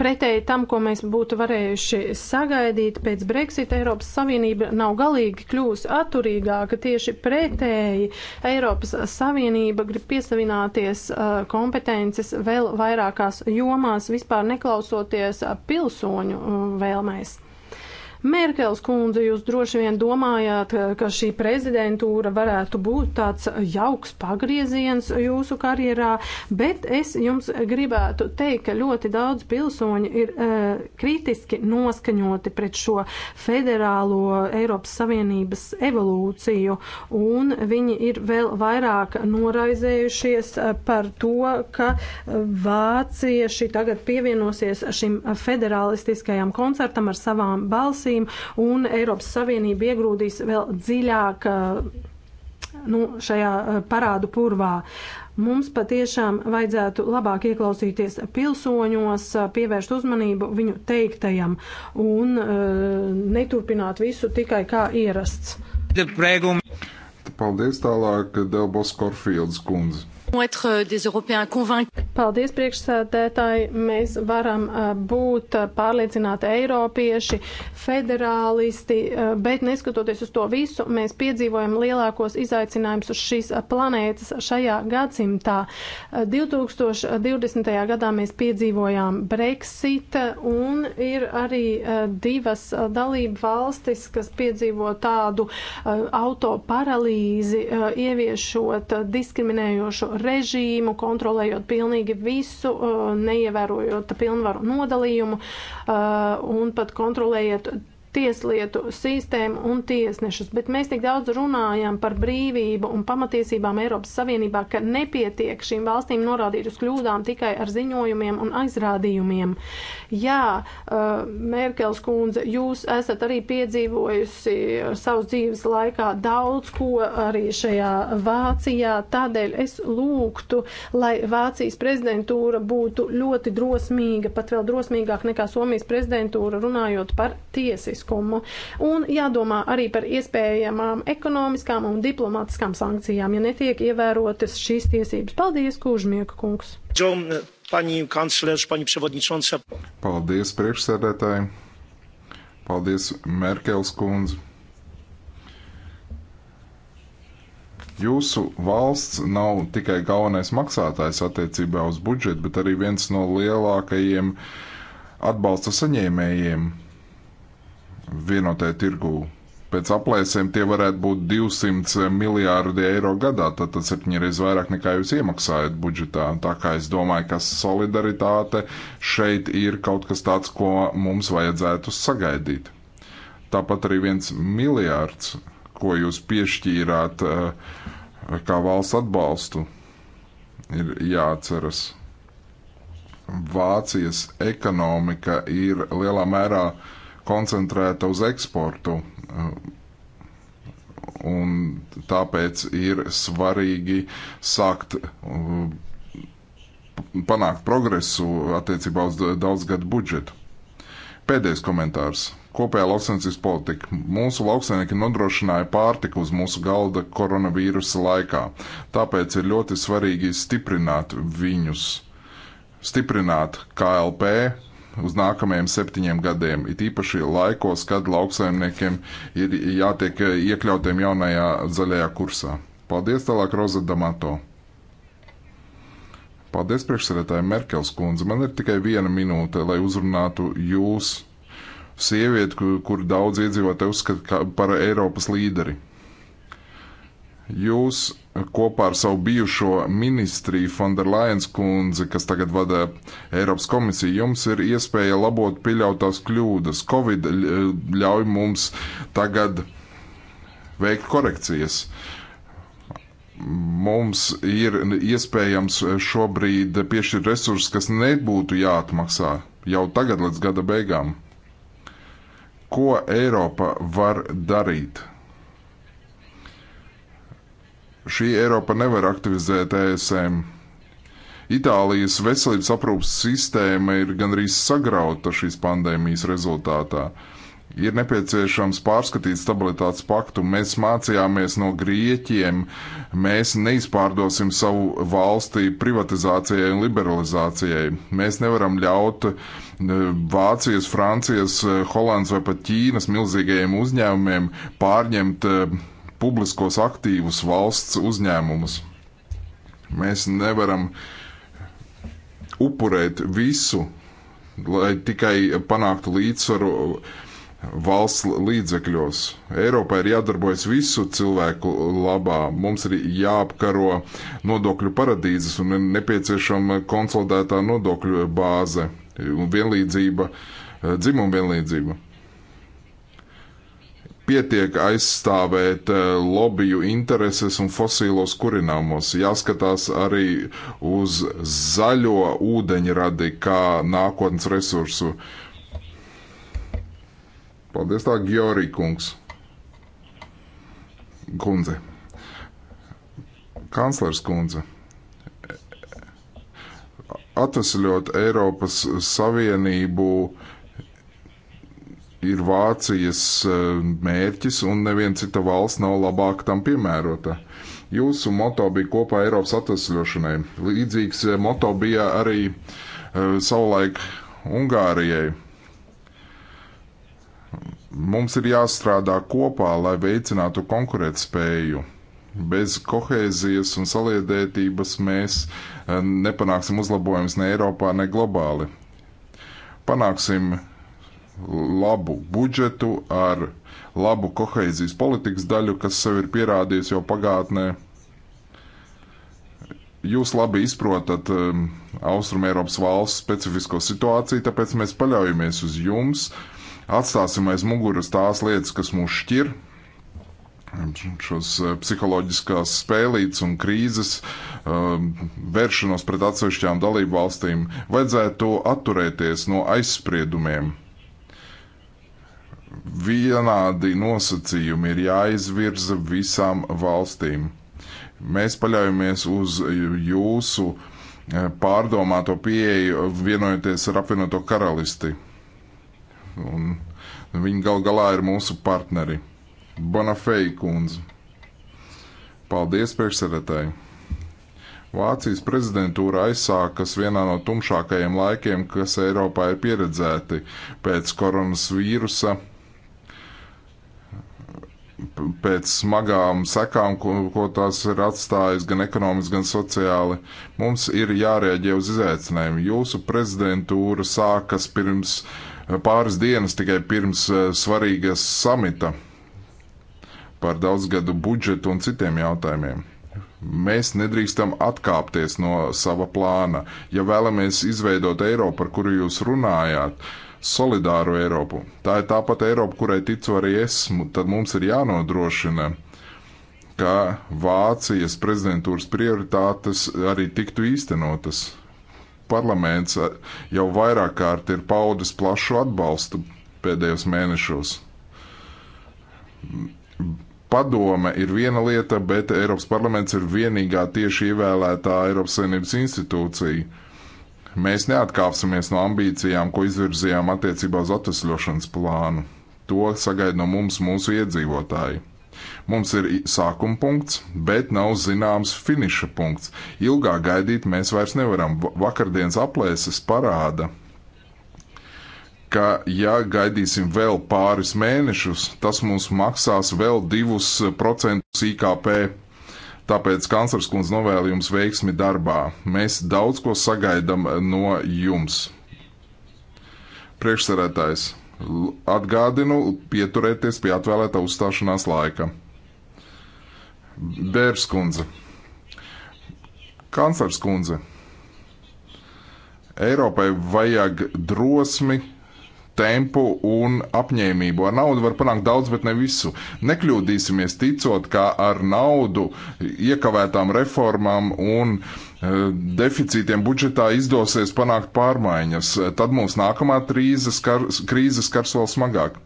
Pretēji tam, ko mēs būtu varējuši sagaidīt pēc Brexit, Eiropas Savienība nav galīgi kļūs atturīgāka. Tieši pretēji Eiropas Savienība grib piesavināties uh, kompetences vēl vairākās jomās, vispār neklausoties uh, pilsoņu uh, vēlmēs. Merkels kundze, jūs droši vien domājāt, ka šī prezidentūra varētu būt tāds jauks pagrieziens jūsu karjerā, bet es jums gribētu teikt, ka ļoti daudz pilsoņi ir uh, kritiski noskaņoti pret šo federālo Eiropas Savienības evolūciju, un viņi ir vēl vairāk noraizējušies par to, ka vācieši tagad pievienosies šim federālistiskajam koncertam ar savām balsīm valstīm, un Eiropas Savienība iegrūdīs vēl dziļāk eh, nu, šajā eh, parādu purvā. Mums patiešām vajadzētu labāk ieklausīties pilsoņos, eh, pievērst uzmanību viņu teiktajam un uh, neturpināt visu tikai kā ierasts. Paldies tālāk, Delbos Korfields kundze. Euh, Paldies, priekšsēdētāji. Mēs varam uh, būt uh, pārliecināti eiropieši, federālisti, uh, bet neskatoties uz to visu, mēs piedzīvojam lielākos izaicinājumus uz šīs planētas šajā gadsimtā. 2020. gadā mēs piedzīvojām Brexit un ir arī divas dalību valstis, kas piedzīvo tādu autoparalīzi, ieviešot diskriminējošu režīmu, kontrolējot pilnīgi visu, uh, neievērojot pilnvaru nodalījumu uh, un pat kontrolējot tieslietu sistēmu un tiesnešus, bet mēs tik daudz runājam par brīvību un pamatiesībām Eiropas Savienībā, ka nepietiek šīm valstīm norādīt uz kļūdām tikai ar ziņojumiem un aizrādījumiem. Jā, uh, Merkels kundze, jūs esat arī piedzīvojusi uh, savas dzīves laikā daudz ko arī šajā Vācijā, tādēļ es lūgtu, lai Vācijas prezidentūra būtu ļoti drosmīga, pat vēl drosmīgāk nekā Somijas prezidentūra runājot par tiesisku lieliskumu. Un jādomā arī par iespējamām ekonomiskām un diplomātiskām sankcijām, ja netiek ievērotas šīs tiesības. Paldies, Kūžmieka kungs! John, pani kanclerz, pani przewodnicząca. Paldies, priekšsēdētāji! Paldies, Merkels kundze! Jūsu valsts nav tikai galvenais maksātājs attiecībā uz budžetu, bet arī viens no lielākajiem atbalsta saņēmējiem vienotai tirgū. Pēc aplēsēm tie varētu būt 200 miljārdi eiro gadā, tad tas septiņreiz vairāk nekā jūs iemaksājat budžetā. Tā kā es domāju, ka solidaritāte šeit ir kaut kas tāds, ko mums vajadzētu sagaidīt. Tāpat arī viens miljārds, ko jūs piešķīrāt eh, kā valsts atbalstu, ir jāatceras. Vācijas ekonomika ir lielā mērā uh, koncentrēta uz eksportu. Un tāpēc ir svarīgi sākt uh, panākt progresu attiecībā uz daudzgadu budžetu. Pēdējais komentārs kopējā lauksaimniecības politika. Mūsu lauksaimnieki nodrošināja pārtiku uz mūsu galda koronavīrusa laikā. Tāpēc ir ļoti svarīgi stiprināt viņus. Stiprināt KLP, uz nākamajiem septiņiem gadiem, it īpaši laikos, kad lauksaimniekiem ir jātiek iekļautiem jaunajā zaļajā kursā. Paldies tālāk Roza Damato. Paldies priekšsēdētāji Merkels kundze. Man ir tikai viena minūte, lai uzrunātu jūs, sievieti, kur, kur daudz iedzīvotāji uzskata par Eiropas līderi. Jūs kopā ar savu bijušo ministriju Fonderlajens kundzi, kas tagad vada Eiropas komisiju, jums ir iespēja labot pieļautās kļūdas. Covid eh, ļauj mums tagad veikt korekcijas. Mums ir iespējams šobrīd piešķirt resursus, kas nebūtu jāatmaksā jau tagad līdz gada beigām. Ko Eiropa var darīt? Šī Eiropa nevar aktivizēt ESM. Itālijas veselības aprūpas sistēma ir gandrīz sagrauta šīs pandēmijas rezultātā. Ir nepieciešams pārskatīt stabilitātes paktu. Mēs mācījāmies no grieķiem, mēs neizpārdosim savu valsti privatizācijai un liberalizācijai. Mēs nevaram ļaut eh, Vācijas, Francijas, eh, Holandas vai pat Ķīnas milzīgajiem uzņēmumiem pārņemt eh, publiskos aktīvus valsts uzņēmumus. Mēs nevaram upurēt visu, lai tikai panāktu līdzsvaru valsts līdzekļos. Eiropā ir jādarbojas visu cilvēku labā. Mums ir jāapkaro nodokļu paradīzes un ir nepieciešama konsolidētā nodokļu bāze un vienlīdzība, eh, dzimuma vienlīdzība pietiek aizstāvēt eh, lobiju intereses un fosīlos kurināmos. Jāskatās arī uz zaļo ūdeņradi kā nākotnes resursu. Paldies tā, Gjorī kungs. Kundze. Kanclers kundze. Atvesļot Eiropas Savienību uh, ir Vācijas eh, mērķis, un neviena cita valsts nav labāk tam piemērota. Jūsu moto bija kopā Eiropas atvesļošanai. Līdzīgs eh, moto bija arī uh, savulaik Ungārijai. Mums ir jāstrādā kopā, lai veicinātu konkurētspēju. Bez kohēzijas un saliedētības mēs uh, nepanāksim uzlabojumus ne Eiropā, ne globāli. Panāksim labu budžetu, ar labu koheizijas politikas daļu, kas sev ir pierādījusi jau pagātnē. Jūs labi izprotat um, Austrumēropas valsts specifisko situāciju, tāpēc mēs paļaujamies uz jums. Atstāsim aiz muguras tās lietas, kas mūs šķir, šos uh, psiholoģiskās spēlītas un krīzes um, vēršanos pret atsevišķām dalību valstīm, vajadzētu atturēties no aizspriedumiem vienādi nosacījumi ir jāizvirza visām valstīm. Mēs paļaujamies uz jūsu eh, pārdomāto pieeju, vienojoties ar apvienoto karalisti. Un viņi gal galā ir mūsu partneri. Bonafei kundze. Paldies priekšsēdētāji! Vācijas prezidentūra aizsākas vienā no tumšākajiem laikiem, kas Eiropā ir pieredzēti pēc koronavīrusa pēc smagām sekām, ko, ko tās ir atstājis gan ekonomiski, gan sociāli. Mums ir jārēģē uz izaicinājumu. Jūsu prezidentūra sākas pirms pāris dienas, tikai pirms eh, svarīgas samita par daudzgadu budžetu un citiem jautājumiem. Mēs nedrīkstam atkāpties no sava plāna. Ja vēlamies izveidot Eiropu, par kuru jūs runājāt, uh, solidāru Eiropu. Tā ir tāpat Eiropa, kurai ticu arī es, tad mums ir jānodrošina, ka Vācijas prezidentūras prioritātes arī tiktu īstenotas. Parlaments eh, jau vairāk kārt ir paudis plašu atbalstu pēdējos mēnešos. Padome ir viena lieta, bet Eiropas parlaments ir vienīgā tieši ievēlētā Eiropas Savienības institūcija Mēs neatkāpsimies no ambīcijām, ko izvirzījām attiecībā uz atvesļošanas plānu. To sagaida no mums mūsu iedzīvotāji. Mums ir sākuma punkts, bet nav zināms finiša punkts. Ilgāk gaidīt mēs vairs nevaram. Vakardienas aplēses parāda, ka, ja gaidīsim vēl pāris mēnešus, tas mums maksās vēl 2% IKP Tāpēc kanclers kundze novēlu jums veiksmi darbā. Mēs daudz ko sagaidām no jums. Priekšsarētājs atgādinu pieturēties pie atvēlētā uzstāšanās laika. Bērs kundze. Kanclers kundze. Eiropai vajag drosmi tempu un apņēmību. Ar naudu var panākt daudz, bet ne visu. Nekļūdīsimies ticot, ka ar naudu iekavētām reformām un e, deficītiem budžetā izdosies panākt pārmaiņas. Tad mums nākamā skar, krīze skars vēl smagāk.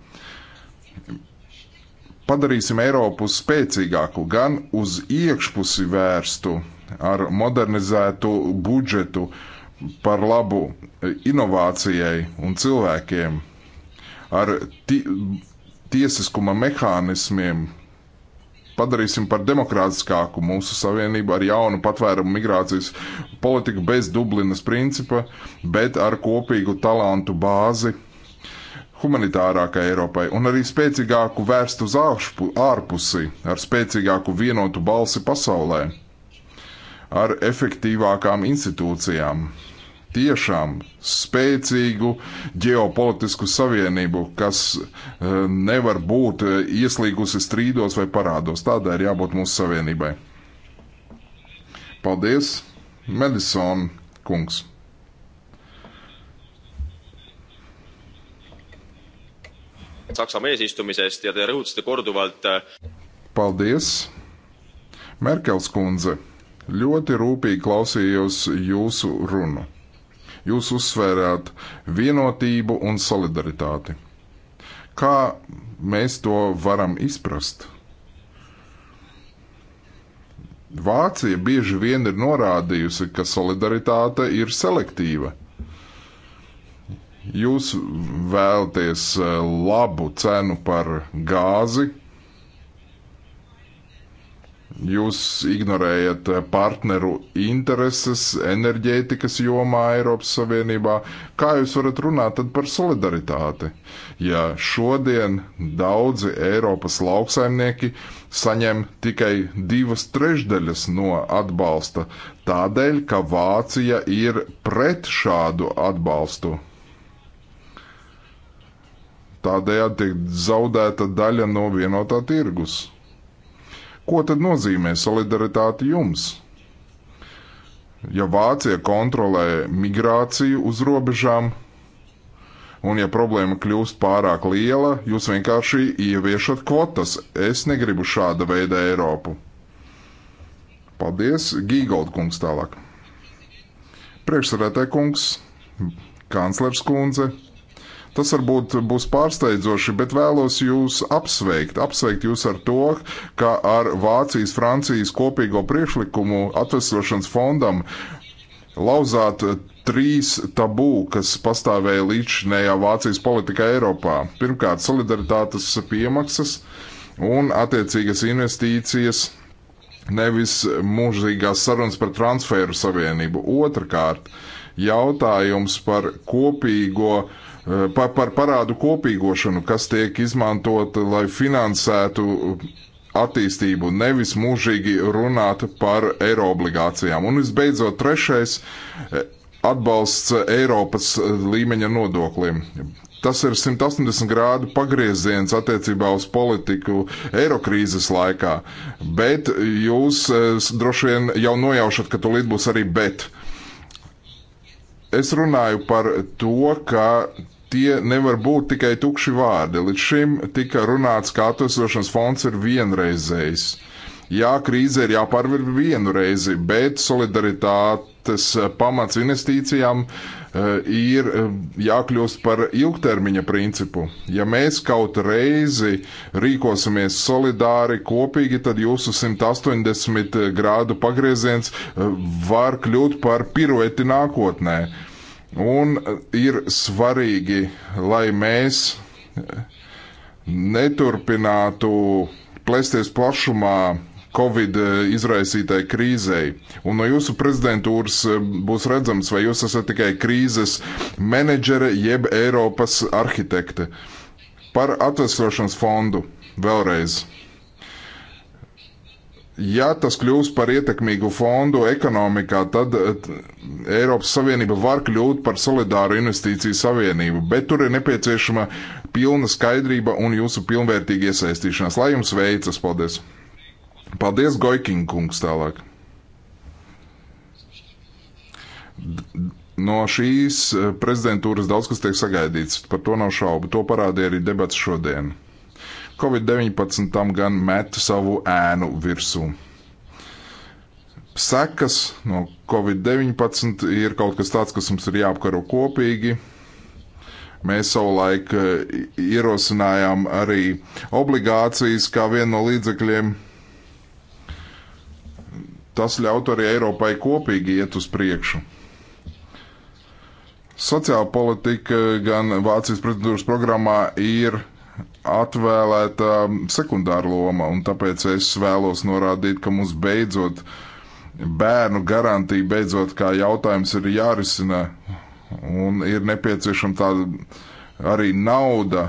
Padarīsim Eiropu spēcīgāku, gan uz iekšpusi vērstu, ar modernizētu budžetu, uh, par labu inovācijai un cilvēkiem ar ti tiesiskuma mehānismiem. Padarīsim par demokrātiskāku mūsu savienību ar jaunu patvērumu migrācijas politiku bez Dublinas principa, bet ar kopīgu talantu bāzi humanitārākai Eiropai un arī spēcīgāku vērstu uz ārpusi, ar spēcīgāku vienotu balsi pasaulē ar efektīvākām institūcijām. Tiešām spēcīgu ģeopolitisku savienību, kas eh, nevar būt eh, ieslīgusi strīdos vai parādos. Tādai ir jābūt mūsu savienībai. Paldies, Medison kungs! Saksamaa eesistumisest ja te rõhutasite korduvalt. Eh, Paldies, Merkels kundze. Ļoti rūpīgi klausījos jūsu runu. Jūs uzsvērāt vienotību un solidaritāti. Kā mēs to varam izprast? Vācija bieži vien ir norādījusi, ka solidaritāte ir selektīva. Jūs vēlaties eh, labu cenu par gāzi, Jūs ignorējat partneru intereses enerģētikas jomā Eiropas Savienībā. Kā jūs varat runāt par solidaritāti, ja šodien daudzi Eiropas lauksaimnieki saņem tikai divas trešdaļas no atbalsta tādēļ, ka Vācija ir pret šādu atbalstu? Tādējādi tiek zaudēta daļa no vienotā tirgus. Ko tad nozīmē solidaritāte jums? Ja Vācija kontrolē migrāciju uz robežām, un ja problēma kļūst pārāk liela, jūs vienkārši ieviešat kvotas. Es negribu šāda veida Eiropu. Paldies, Gīgold kungs tālāk. Priekšsarētē kungs, kanclers kundze Tas varbūt būs pārsteidzoši, bet vēlos jūs apsveikt. Apsveikt jūs ar to, ka ar Vācijas, Francijas kopīgo priekšlikumu atvesļošanas fondam lauzāt trīs tabū, kas pastāvēja līdzinējā Vācijas politikā Eiropā. Pirmkārt, solidaritātes piemaksas un attiecīgas investīcijas, nevis mūžīgās sarunas par transferu savienību. Otrakārt, jautājums par kopīgo uh, Eh, pa, par parādu kopīgošanu, kas tiek izmantota, lai finansētu attīstību, nevis mūžīgi runāt par eiro obligācijām. Un visbeidzot, trešais eh, - atbalsts Eiropas eh, līmeņa nodokliem. Tas ir 180 grādu pagrieziens attiecībā uz politiku eiro krīzes laikā, bet jūs droši vien jau nojaušat, ka tulīt būs arī bet. Es runāju par to, ka tie nevar būt tikai tukši vārdi. Līdz šim tika runāts, ka atvesošanas fonds ir vienreizējs. Jā, krīze ir jāpārvar vienu reizi, bet solidaritātes pamats investīcijām e, ir e, jākļūst par ilgtermiņa principu. Ja mēs kaut reizi rīkosimies solidāri kopīgi, tad jūsu 180 grādu pagrieziens e, var kļūt par pirueti nākotnē Un ir svarīgi, lai mēs neturpinātu plēsties plašumā Covid izraisītai krīzei. Un no jūsu prezidentūras eh, būs redzams, vai jūs esat tikai krīzes menedžere jeb Eiropas arhitekte. Par atvesļošanas fondu vēlreiz ja tas kļūs par ietekmīgu fondu ekonomikā, tad eh, Eiropas Savienība var kļūt par solidāru investīciju savienību, bet tur ir nepieciešama pilna skaidrība un jūsu pilnvērtīga iesaistīšanās. Lai jums veicas, paldies! Paldies, Goiking kungs, tālāk! No šīs eh, prezidentūras daudz kas tiek sagaidīts, par to nav šaubu, to parādīja arī debats šodien. Covid-19 tam gan met savu ēnu virsū. Sekas no Covid-19 ir kaut kas tāds, kas mums ir jāapkaro kopīgi. Mēs savulaik e, ierosinājām arī obligācijas kā vienu no līdzekļiem tas ļautu arī Eiropai kopīgi iet uz priekšu. Sociāla politika gan Vācijas prezidentūras programmā ir atvēlēta sekundāra loma, un tāpēc es vēlos norādīt, ka mums beidzot bērnu garantija beidzot kā jautājums ir jārisina, un ir nepieciešama tāda arī nauda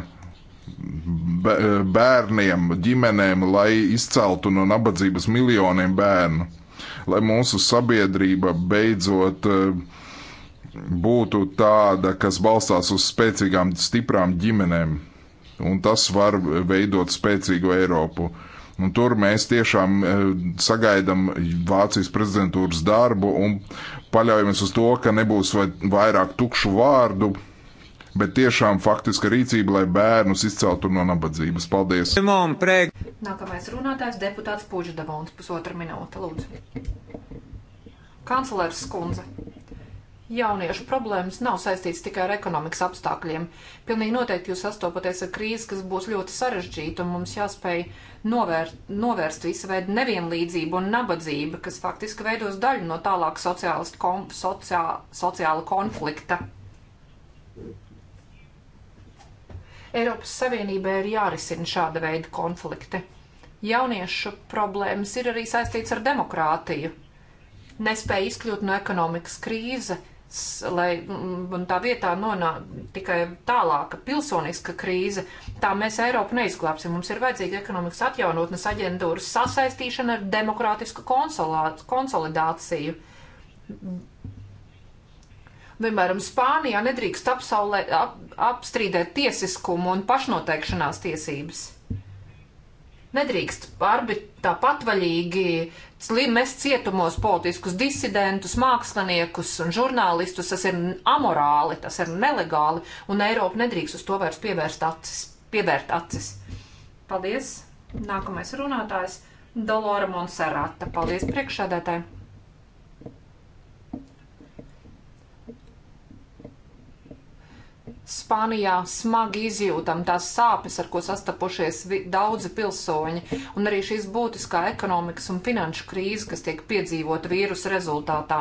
bērniem, ģimenēm, lai izceltu no nabadzības miljoniem bērnu, lai mūsu sabiedrība beidzot būtu tāda, kas balstās uz spēcīgām, stiprām ģimenēm un tas var veidot spēcīgu Eiropu. Un tur mēs tiešām eh, sagaidām Vācijas prezidentūras darbu un paļaujamies uz to, ka nebūs vairāk tukšu vārdu, bet tiešām faktiska rīcība, lai bērnus izceltu no nabadzības. Paldies! Nākamais runātājs deputāts Puģa Davons, pusotra minūte, lūdzu. Kanclers Skundze jauniešu problēmas nav saistīts tikai ar ekonomikas apstākļiem. Pilnīgi noteikti jūs sastopaties ar krīzi, kas būs ļoti sarežģīta, un mums jāspēj novēr, novērst visu veidu nevienlīdzību un nabadzību, kas faktiski veidos daļu no tālāk kon, sociā, sociāla konflikta. Eiropas Savienībai ir jārisina šāda veida konflikti. Jauniešu problēmas ir arī saistīts ar demokrātiju nespēja izkļūt no ekonomikas krīze, lai mm, tā vietā nonāk tikai tālāka pilsoniska krīze, tā mēs Eiropu neizglābsim. Mums ir vajadzīga ekonomikas atjaunotnes aģentūras sasaistīšana ar demokrātisku konsolidāciju. Piemēram, Spānijā nedrīkst apsaulē, ap, apstrīdēt tiesiskumu un pašnoteikšanās tiesības. Nedrīkst arbit, tā patvaļīgi uh, mest cietumos politiskus disidentus, māksliniekus un žurnālistus. Tas ir amorāli, tas ir nelegāli, un Eiropa nedrīkst uz to vairs pievērst acis. Pievērt acis. Paldies! Nākamais runātājs - Dolora Monserrata. Paldies priekšādētāji! Spānijā smagi izjūtam tās sāpes, ar ko sastapušies daudzi pilsoņi, un arī šīs būtiskā ekonomikas un finanšu krīze, kas tiek piedzīvota vīrusa rezultātā.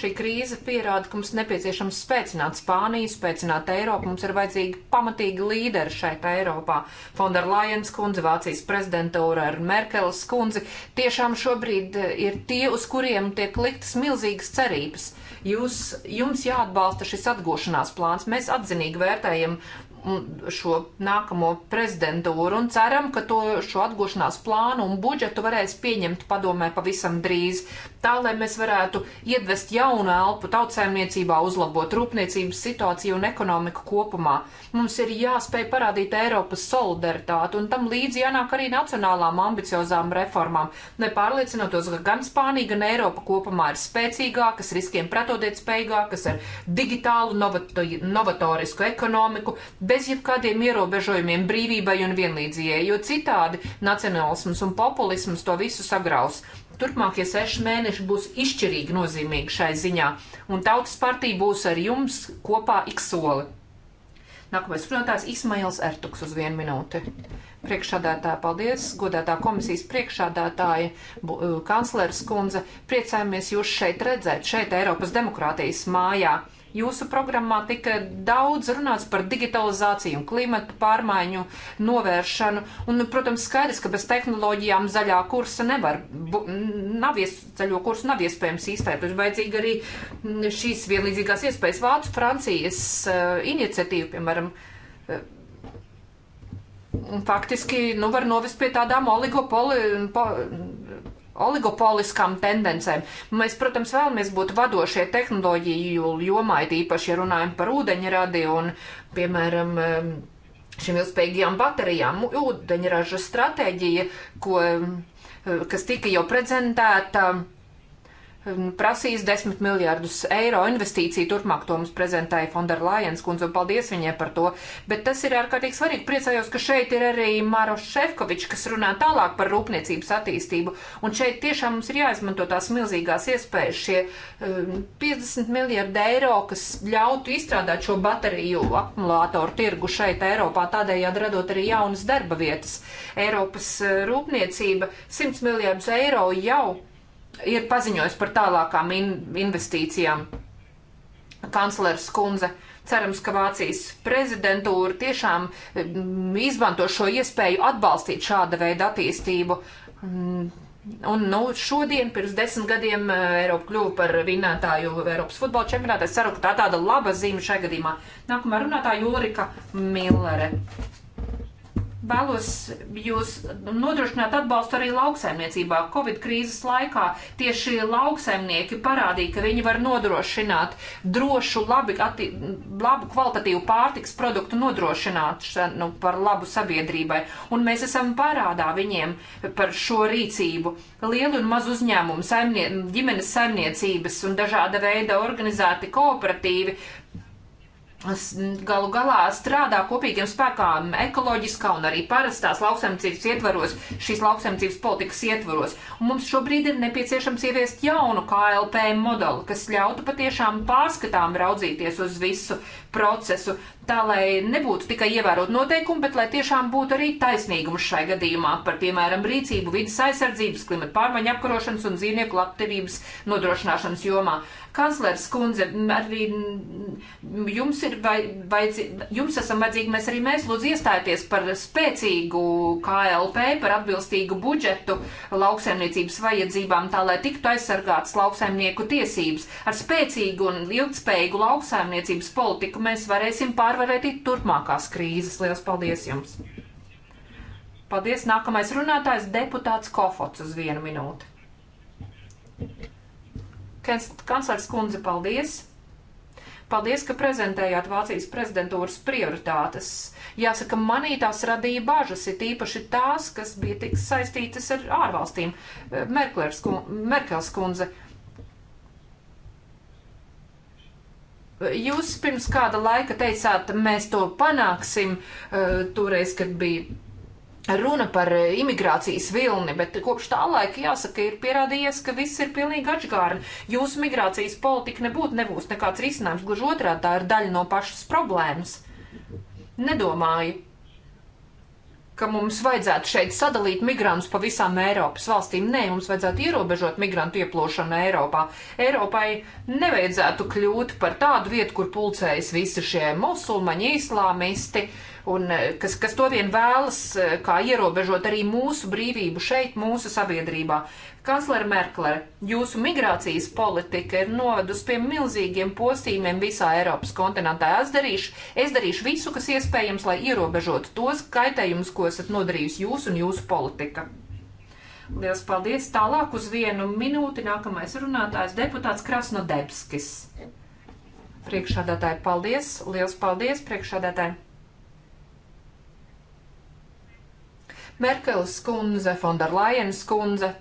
Šī krīze pierāda, ka mums nepieciešams spēcināt Spāniju, spēcināt Eiropu, mums ir vajadzīgi pamatīgi līderi šeit Eiropā. Fonda Lajens kundze, Vācijas prezidentūra ar Merkeles kundzi tiešām šobrīd eh, ir tie, uz kuriem tiek liktas milzīgas cerības Jūs, jums jāatbalsta šis atgūšanās plāns. Mēs atzinīgi vērtējam mm, šo nākamo prezidentūru un ceram, ka to, šo atgūšanās plānu un budžetu varēs pieņemt padomē pavisam drīz tā, lai mēs varētu iedvest jaunu elpu tautsēmniecībā, uzlabot rūpniecības situāciju un ekonomiku kopumā. Mums ir jāspēj parādīt Eiropas solidaritāti, un tam līdzi jānāk arī nacionālām ambiciozām reformām, lai pārliecinātos, ka gan Spānija, gan Eiropa kopumā ir spēcīgākas, riskiem pretodiet spējīgākas, ar digitālu, novato, novatorisku ekonomiku, bez jebkādiem ierobežojumiem brīvībai un vienlīdzījai, jo citādi nacionālisms un populisms to visu sagraus. Turpmākie seši mēneši būs izšķirīgi nozīmīgi šai ziņā, un Tautas partija būs ar jums kopā ik soli. Nākamais runātājs Ismails Ertuks uz vienu minūti. Priekšādātāja, paldies, godātā komisijas priekšādātāja, eh, kanclers kundze, priecājamies jūs šeit redzēt, šeit Eiropas demokrātijas mājā. Jūsu programmā tika daudz runāts par digitalizāciju un klimatu pārmaiņu novēršanu. Un, protams, skaidrs, ka bez tehnoloģijām zaļā kursa nevar, bu, nav ies, zaļo kursu nav iespējams īstēt. Ir vajadzīga arī šīs vienlīdzīgās iespējas Vācu, Francijas uh, iniciatīva, piemēram. Uh, faktiski nu, var novest pie tādām oligopoli po, oligopoliskām tendencēm. Mēs, protams, vēlamies būt vadošie tehnoloģiju jomā, it īpaši, ja runājam par ūdeņradi un, piemēram, šīm ilgspējīgajām baterijām. Ūdeņraža stratēģija, ko, kas tika jau prezentēta Ehm, prasīs 10 miljārdus eiro investīciju. Turpmāk to mums prezentēja Fonda Lajens kundze, un paldies viņai par to. Bet tas ir ārkārtīgi svarīgi. Priecājos, ka šeit ir arī Māro Šefkovičs, kas runā tālāk par rūpniecības attīstību. Un šeit tiešām mums ir jāizmanto tās milzīgās iespējas, šie um, 50 miljārdi eiro, kas ļautu izstrādāt šo bateriju akumulātoru tirgu šeit Eiropā, tādējādi radot arī jaunas darba vietas. Eiropas eh, rūpniecība 100 miljārdus eiro jau ir paziņojis par tālākām in investīcijām. Kanclers Kunze. Cerams, ka Vācijas prezidentūra tiešām mm, izmanto šo iespēju atbalstīt šāda veida attīstību. Mm, un nu, šodien, pirms desmit gadiem, eh, Eiropa kļuva par vinnētāju Eiropas futbola čempionātā. Es ceru, ka tā tāda laba zīme šajā gadījumā. Nākamā runātāja Ulrika Millere. Vēlos jūs nodrošināt atbalstu arī lauksaimniecībā. Covid krīzes laikā tieši lauksaimnieki parādīja, ka viņi var nodrošināt drošu, labi, atti, labu kvalitatīvu pārtiks produktu nodrošināšanu par labu sabiedrībai. Un mēs esam parādā viņiem par šo rīcību. Lielu un mazu uzņēmumu, saimnie, ģimenes saimniecības un dažāda veida organizēti kooperatīvi galu galā strādā kopīgiem spēkām ekoloģiskā un arī parastās lauksaimniecības ietvaros, šīs lauksaimniecības politikas ietvaros. Un mums šobrīd ir nepieciešams ieviest jaunu KLP modeli, kas ļautu patiešām pārskatām raudzīties uz visu procesu, tā lai nebūtu tikai ievērot noteikumi, bet lai tiešām būtu arī taisnīgums šai gadījumā par, piemēram, rīcību vidas aizsardzības, klimata pārmaiņu apkarošanas un dzīvnieku labturības nodrošināšanas jomā. Kanclers kundze, arī jums ir ir vajadzīgi, jums esam vajadzīgi, mēs arī mēs lūdzu iestājieties par spēcīgu KLP, par atbilstīgu budžetu lauksaimniecības vajadzībām, tā lai tiktu aizsargāts lauksaimnieku tiesības. Ar spēcīgu un ilgspējīgu lauksaimniecības politiku mēs varēsim pārvarēt turpmākās krīzes. Lielas paldies jums! Paldies! Nākamais runātājs deputāts Kofots uz vienu minūti. Kanclers kundze, paldies! Paldies, ka prezentējāt Vācijas prezidentūras prioritātes. Jāsaka, manī tās radīja bažas, ir tīpaši tās, kas bija tik saistītas ar ārvalstīm. Eh, Merkels kundze. Jūs pirms kāda laika teicāt, mēs to panāksim, eh, toreiz, kad bija runa par eh, imigrācijas vilni, bet kopš tā laika jāsaka, ir pierādījies, ka viss ir pilnīgi atžgārni. Jūsu migrācijas politika nebūtu nebūs nekāds risinājums, gluži otrā tā ir daļa no pašas problēmas. Nedomāju, ka mums vajadzētu šeit sadalīt migrantus pa visām Eiropas valstīm. Nē, mums vajadzētu ierobežot migrantu ieplošanu Eiropā. Eiropai nevajadzētu kļūt par tādu vietu, kur pulcējas visi šie musulmaņi, islāmisti, un eh, kas, kas to vien vēlas, eh, kā ierobežot arī mūsu brīvību šeit, mūsu sabiedrībā. Kanclere Merklere, jūsu migrācijas politika ir novedusi pie milzīgiem postījumiem visā Eiropas kontinentā. Es darīšu, es darīšu visu, kas iespējams, lai ierobežotu tos kaitējumus, ko esat nodarījusi jūs un jūsu politika. Lielas paldies! Tālāk uz vienu minūti nākamais runātājs deputāts Krasnodebskis. Priekšādātāji, paldies! Lielas paldies, priekšādātāji! Merkels skundze, Fonderlajenas skundze,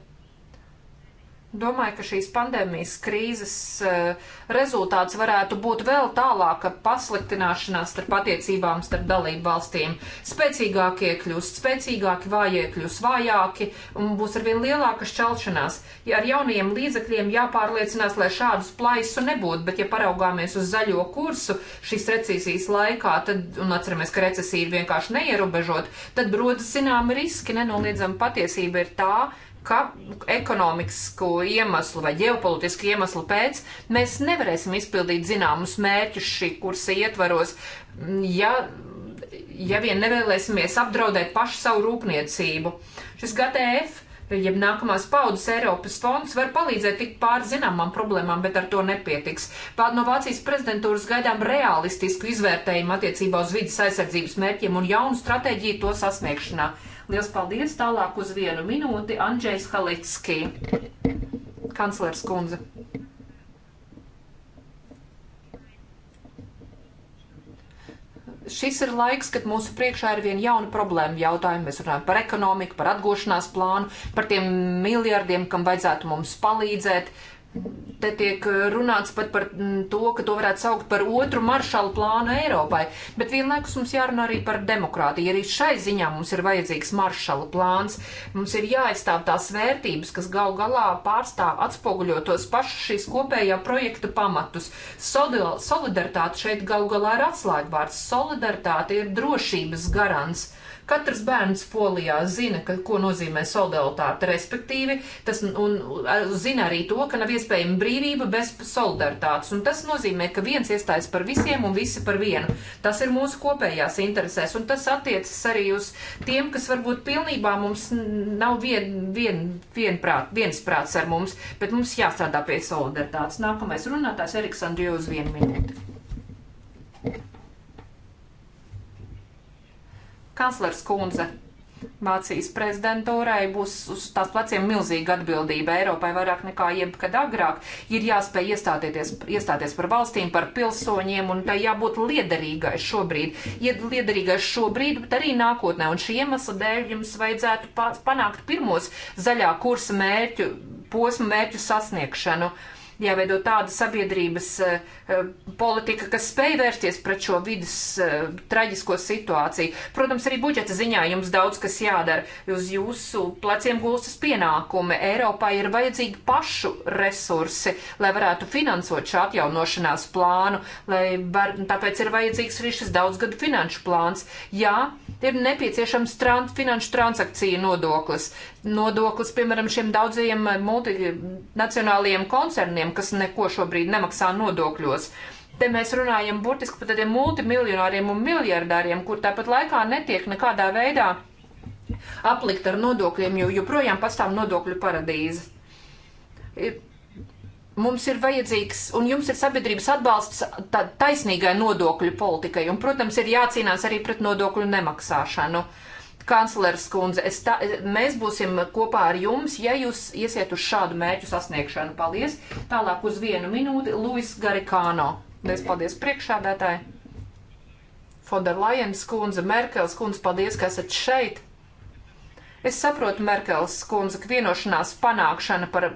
Domāju, ka šīs pandēmijas krīzes eh, rezultāts varētu būt vēl tālāka pasliktināšanās starp attiecībām starp dalību valstīm. Spēcīgākie kļūst spēcīgāki, vājie kļūst vājāki un būs arvien lielāka šķelšanās. Ja ar jaunajiem līdzekļiem jāpārliecinās, lai šādus plaisu nebūtu, bet ja paraugāmies uz zaļo kursu šīs recesijas laikā, tad, un atceramies, ka recesija ir vienkārši neierobežot, tad rodas zināmi riski, nenoliedzama patiesība ir tā, ka ekonomisku iemeslu vai ģeopolitisku iemeslu pēc mēs nevarēsim izpildīt zināmus mērķus šī kursa ietvaros, ja, ja vien nevēlēsimies apdraudēt pašu savu rūpniecību. Šis GTF jeb nākamās paudzes Eiropas fonds var palīdzēt tik pār zināmām problēmām, bet ar to nepietiks. Pār no Vācijas prezidentūras gaidām realistisku izvērtējumu attiecībā uz vidas aizsardzības mērķiem un jaunu stratēģiju to sasniegšanā. Lielas paldies! Tālāk uz vienu minūti Andrzejs Halicki, kanclers kundze. šis ir laiks, kad mūsu priekšā ir vien jauna problēma jautājumi. Mēs runājam par ekonomiku, par atgošanās plānu, par tiem miljardiem, kam vajadzētu mums palīdzēt. Uh, Te tiek eh, runāts pat par mm, to, ka to varētu saukt par otru maršalu plānu Eiropai, bet vienlaikus mums jārunā arī par demokrātiju. Arī šai ziņā mums ir vajadzīgs maršala plāns. Mums ir jāaizstāv tās vērtības, kas gal galā pārstāv atspoguļo tos pašus šīs kopējā projekta pamatus. Solidaritāte šeit gal galā ir atslēgvārds. Solidaritāte ir drošības garants. Katrs bērns polijā zina, ka, ko nozīmē solidaritāte, respektīvi, tas, un zina arī to, ka nav iespējama brīvība bez solidaritātes. Un tas nozīmē, ka viens iestājas par visiem un visi par vienu. Tas ir mūsu kopējās interesēs, un tas attiecas arī uz tiem, kas varbūt pilnībā mums nav vien, vien, vienprāt, viensprāts ar mums, bet mums jāstrādā pie solidaritātes. Nākamais runātājs Eriks Andrijos vienu minūti. Kanclers kundze, Vācijas prezidentūrai būs uz tās pleciem milzīga atbildība Eiropai vairāk nekā jebkad agrāk. Ir jāspēj iestāties, iestāties par valstīm, par pilsoņiem, un tai jābūt liederīgai šobrīd. Ir liederīgai šobrīd, bet arī nākotnē, un šī iemesla dēļ jums vajadzētu panākt pirmos zaļā kursa mērķu, posmu mērķu sasniegšanu. Uh, jāveido tāda sabiedrības eh, politika, kas spēj vērsties pret šo vidas eh, traģisko situāciju. Protams, arī budžeta ziņā jums daudz kas jādara. Uz jūsu pleciem gulstas pienākumi. Eiropā ir vajadzīgi pašu resursi, lai varētu finansot šo atjaunošanās plānu, lai var, tāpēc ir vajadzīgs arī šis daudzgadu finanšu plāns. Jā, ir nepieciešams tran finanšu transakciju nodoklis nodoklis, piemēram, šiem daudzajiem multinacionālajiem koncerniem, kas neko šobrīd nemaksā nodokļos. Te mēs runājam burtiski par tādiem multimiljonāriem un miljardāriem, kur tāpat laikā netiek nekādā veidā aplikt ar nodokļiem, jo joprojām pastāv nodokļu paradīze. Mums ir vajadzīgs, un jums ir sabiedrības atbalsts taisnīgai nodokļu politikai, un, protams, ir jācīnās arī pret nodokļu nemaksāšanu. Uh, kanclers kundze, ta, mēs būsim kopā ar jums, ja jūs iesiet uz šādu mērķu sasniegšanu. Paldies! Tālāk uz vienu minūti Luis Garikāno. Mēs paldies priekšādētāji. Fonderlajens kundze, Merkels kundze, paldies, ka esat šeit! Es saprotu, Merkels kundze, ka vienošanās panākšana par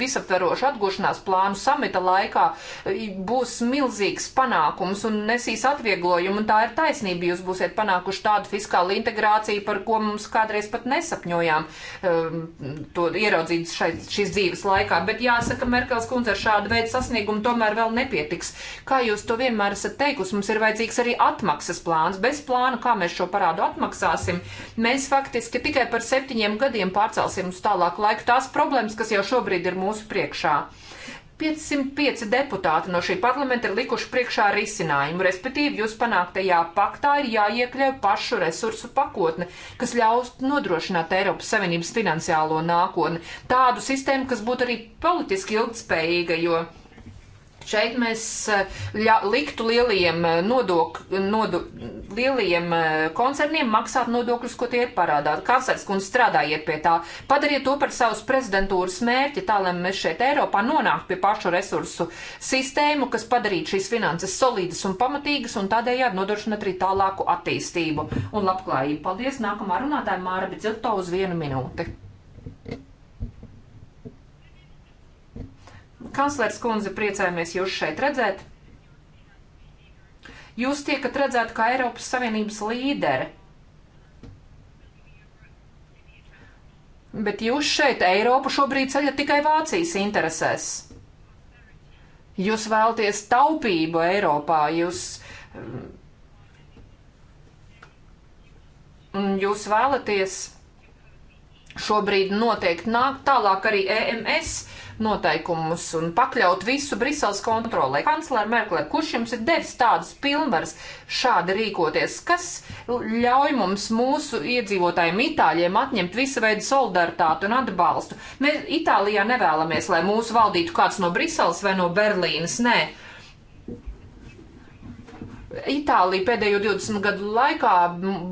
visaptverošu atgūšanās plānu samita laikā e, būs milzīgs panākums un nesīs atvieglojumu, un tā ir taisnība. Jūs būsiet panākuši tādu fiskālu integrāciju, par ko mums kādreiz pat nesapņojām um, to ieraudzīt šeit, šīs dzīves laikā. Bet jāsaka, Merkels kundze, ar šādu veidu sasniegumu tomēr vēl nepietiks. Kā jūs to vienmēr esat teikusi, mums ir vajadzīgs arī atmaksas plāns. Bez plāna, kā mēs šo parādu atmaksāsim, mēs faktiski tikai par septiņiem gadiem pārcelsim uz tālāku laiku tās problēmas, kas jau šobrīd ir mūsu priekšā. 505 deputāti no šī parlamenta ir likuši priekšā risinājumu, respektīvi jūs panāktajā paktā ir jāiekļauj pašu resursu pakotne, kas ļaus nodrošināt Eiropas Savienības finansiālo nākotni. Tādu sistēmu, kas būtu arī politiski ilgspējīga, jo Šeit mēs eh, ļa, liktu lielajiem, eh, nodok, nodo, lielajiem eh, koncerniem maksāt nodokļus, ko tie ir parādā. Kanclers kundze strādājiet pie tā. Padariet to par savus prezidentūras mērķi, tā lai mēs šeit Eiropā nonāktu pie pašu resursu sistēmu, kas padarītu šīs finanses solīdas un pamatīgas un tādējādi nodrošināt arī tālāku attīstību un labklājību. Paldies! Nākamā runātāja Māra Bidzilto uz vienu minūti. Kanclers kundze, priecājamies jūs šeit redzēt. Jūs tiekat redzēta kā Eiropas Savienības līdere. Bet jūs šeit, Eiropu, šobrīd ceļat tikai Vācijas interesēs. Jūs vēlaties taupību Eiropā, jūs, jūs vēlaties šobrīd noteikti nākt tālāk arī EMS noteikumus un pakļaut visu Briseles kontrolē. Kanclere Merkle, kurš jums ir devis tādas pilnvaras šādi rīkoties, kas ļauj mums mūsu iedzīvotājiem Itāļiem atņemt visu veidu solidaritātu un atbalstu? Mēs Itālijā nevēlamies, lai mūsu valdītu kāds no Briseles vai no Berlīnas, nē. Itālija pēdējo 20 gadu laikā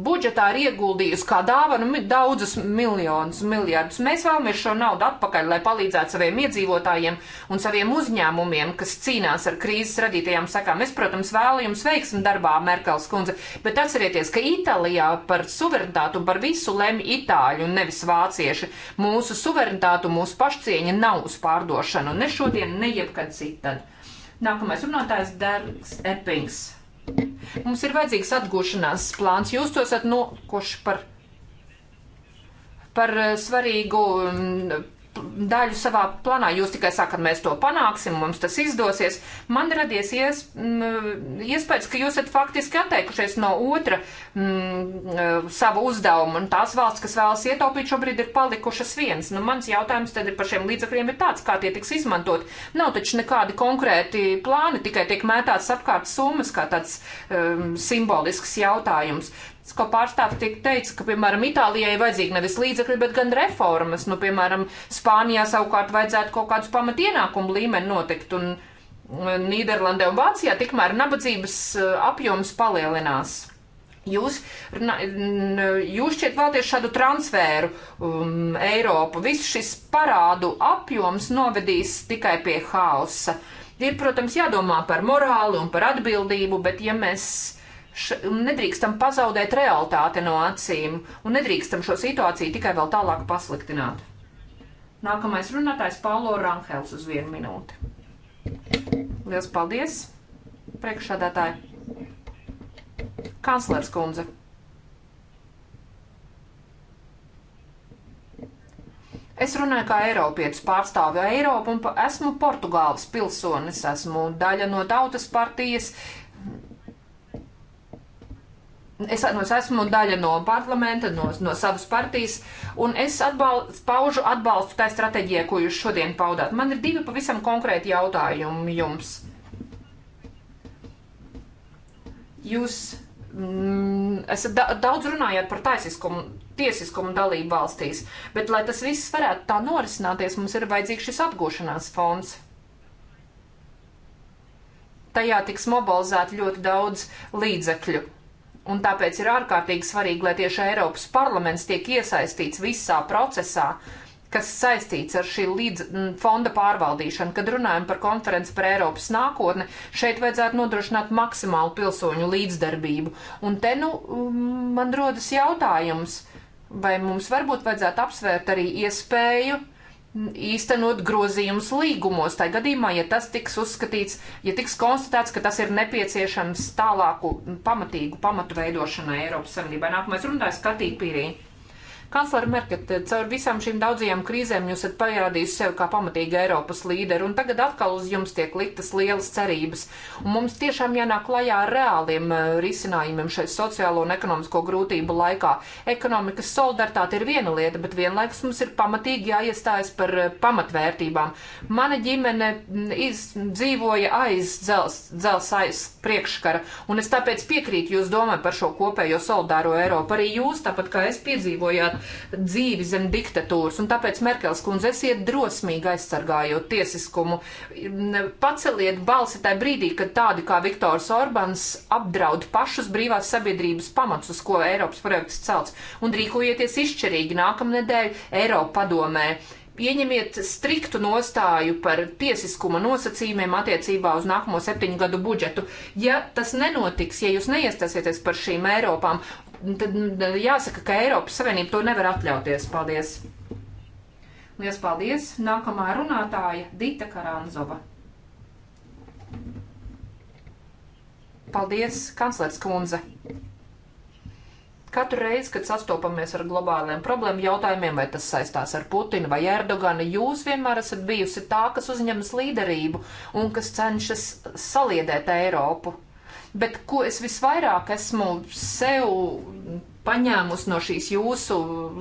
budžetā ir ieguldījusi kā dāvanu daudzus miljonus, miljardus. Mēs vēlamies šo naudu atpakaļ, lai palīdzētu saviem iedzīvotājiem un saviem uzņēmumiem, kas cīnās ar krīzes radītajām sakām. Es, protams, vēlu jums veiksmi darbā, Merkels kundze, bet atcerieties, ka Itālijā par suverenitātu un par visu lemj Itāļu un nevis vācieši. Mūsu suverenitātu, mūsu pašcieņa nav uz pārdošanu ne šodien, ne jebkad citad. Nākamais runātājs Dergs Epings. Mums ir vajadzīgs atgūšanās plāns. Jūs to esat nokoši par, par eh, svarīgu mm, daļu savā plānā. Jūs tikai sakat, mēs to panāksim, mums tas izdosies. Man radies ies, m, iespējas, ka jūs esat faktiski atteikušies no otra m, e, sava uzdevuma, un tās valsts, kas vēlas ietaupīt, šobrīd ir palikušas viens. Nu, mans jautājums tad ir par šiem līdzekļiem ir tāds, kā tie tiks izmantot. Nav taču nekādi konkrēti plāni, tikai tiek mētāts apkārt summas kā tāds um, simbolisks jautājums ko pārstāvi tiek teica, ka, piemēram, Itālijai vajadzīgi nevis līdzekļi, bet gan reformas. Nu, piemēram, Spānijā savukārt vajadzētu kaut kādus pamatienākumu līmeni notikt, un Nīderlandē un Vācijā tikmēr nabadzības eh, apjoms palielinās. Jūs, jūs šķiet vēlaties šādu transferu um, Eiropu. Viss šis parādu apjoms novedīs tikai pie hausa. Ir, protams, jādomā par morāli un par atbildību, bet ja mēs š, nedrīkstam pazaudēt realitāti no acīm un nedrīkstam šo situāciju tikai vēl tālāk pasliktināt. Nākamais runātājs Paulo Ranhels uz vienu minūti. Lielas paldies, priekšsādātāji. Kanclers kundze. Es runāju kā Eiropietis, pārstāvu Eiropu un pa, esmu Portugāles pilsonis, esmu daļa no tautas partijas, Es atnos, nu, esmu daļa no parlamenta, no, no savas partijas, un es atbal, paužu atbalstu tai stratēģijai, ko jūs šodien paudāt. Man ir divi pavisam konkrēti jautājumi jums. Jūs mm, esat da, daudz runājāt par taisiskumu, tiesiskumu dalību valstīs, bet, lai tas viss varētu tā norisināties, mums ir vajadzīgs šis atgūšanās fonds tajā tiks mobilizēti ļoti daudz līdzekļu. Un tāpēc ir ārkārtīgi svarīgi, lai tieši Eiropas parlaments tiek iesaistīts visā procesā, kas saistīts ar šī līdz, fonda pārvaldīšanu. Kad runājam par konferenci par Eiropas nākotni, šeit vajadzētu nodrošināt maksimālu pilsoņu līdzdarbību. Un te nu man rodas jautājums, vai mums varbūt vajadzētu apsvērt arī iespēju uh, īstenot grozījumus līgumos, tai gadījumā, ja tas tiks uzskatīts, ja tiks konstatēts, ka tas ir nepieciešams tālāku pamatīgu pamatu veidošanai Eiropas Savienībai. Nākamais runātājs Katī Pirī. Kanclere Merkete, caur visām šīm daudzajām krīzēm jūs esat parādījis sevi kā pamatīgu Eiropas līderi, un tagad atkal uz jums tiek liktas lielas cerības. Un mums tiešām jānāk klajā ar reāliem eh, risinājumiem šai sociālo un ekonomisko grūtību laikā. Ekonomikas solidaritāte ir viena lieta, bet vienlaikus mums ir pamatīgi jāiestājas par eh, pamatvērtībām. Mana ģimene mm, iz, dzīvoja aiz dzels, dzels aiz priekškara, un es tāpēc piekrītu jūs domāju par šo kopējo solidāro Eiropu. Arī jūs, tāpat kā es, piedzīvojāt dzīvi zem diktatūras. Un tāpēc Merkels kundze esiet drosmīgi aizsargājot tiesiskumu. Paceliet balsi tajā brīdī, kad tādi kā Viktors Orbans apdraud pašus brīvās sabiedrības pamats, uz ko Eiropas projekts celts. Un rīkojieties izšķirīgi nākamnedēļ Eiropa padomē pieņemiet striktu nostāju par tiesiskuma nosacījumiem attiecībā uz nākamo septiņu gadu budžetu. Ja tas nenotiks, ja jūs neiestāsieties par šīm Eiropām Nu, tad nu, jāsaka, ka Eiropas Savienība to nevar atļauties. Paldies! Lielas paldies! Nākamā runātāja Dita Karanzova. Paldies, kanclers Kunze! Katru reizi, kad sastopamies ar globāliem problēmu jautājumiem, vai tas saistās ar Putinu vai Erdoganu, jūs vienmēr esat bijusi tā, kas uzņemas līderību un kas cenšas saliedēt Eiropu bet ko es visvairāk esmu sev paņēmusi no šīs jūsu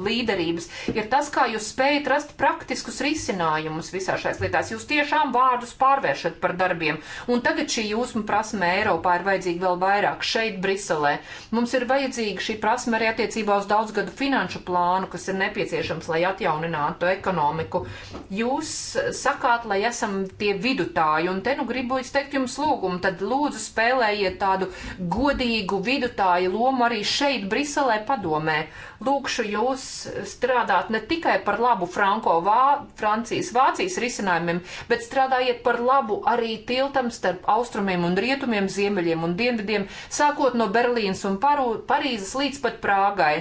līderības, ir tas, kā jūs spējat rast praktiskus risinājumus visā šais lietās. Jūs tiešām vārdus pārvēršat par darbiem. Un tagad šī jūsma prasme Eiropā ir vajadzīga vēl vairāk šeit, Briselē. Mums ir vajadzīga šī prasme arī attiecībā uz daudzgadu finanšu plānu, kas ir nepieciešams, lai atjauninātu ekonomiku. Jūs sakāt, lai esam tie vidutāji, un te nu gribu izteikt jums lūgumu, tad lūdzu spēlējiet tādu godīgu vidutāju lomu arī šeit, Briselē lai padomē. Lūkšu jūs strādāt ne tikai par labu Franko, Vā, Francijas, Vācijas risinājumiem, bet strādājiet par labu arī tiltam starp austrumiem un rietumiem, ziemeļiem un dienvidiem, sākot no Berlīnas un Paru, Parīzes līdz pat Prāgai.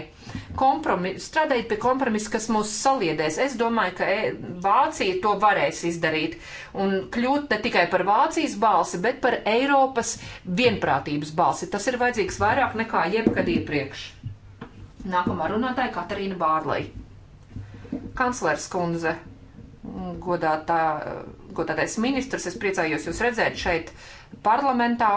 Kompromis, strādājiet pie kompromisa, kas mūs saliedēs. Es domāju, ka e, Vācija to varēs izdarīt un kļūt ne tikai par Vācijas balsi, bet par Eiropas vienprātības balsi. Tas ir vajadzīgs vairāk nekā jebkad iepriekš. Nākamā runātāja Katarīna Bārlai. Kanclers kundze, godātā, godātais ministrs, es priecājos jūs redzēt šeit parlamentā.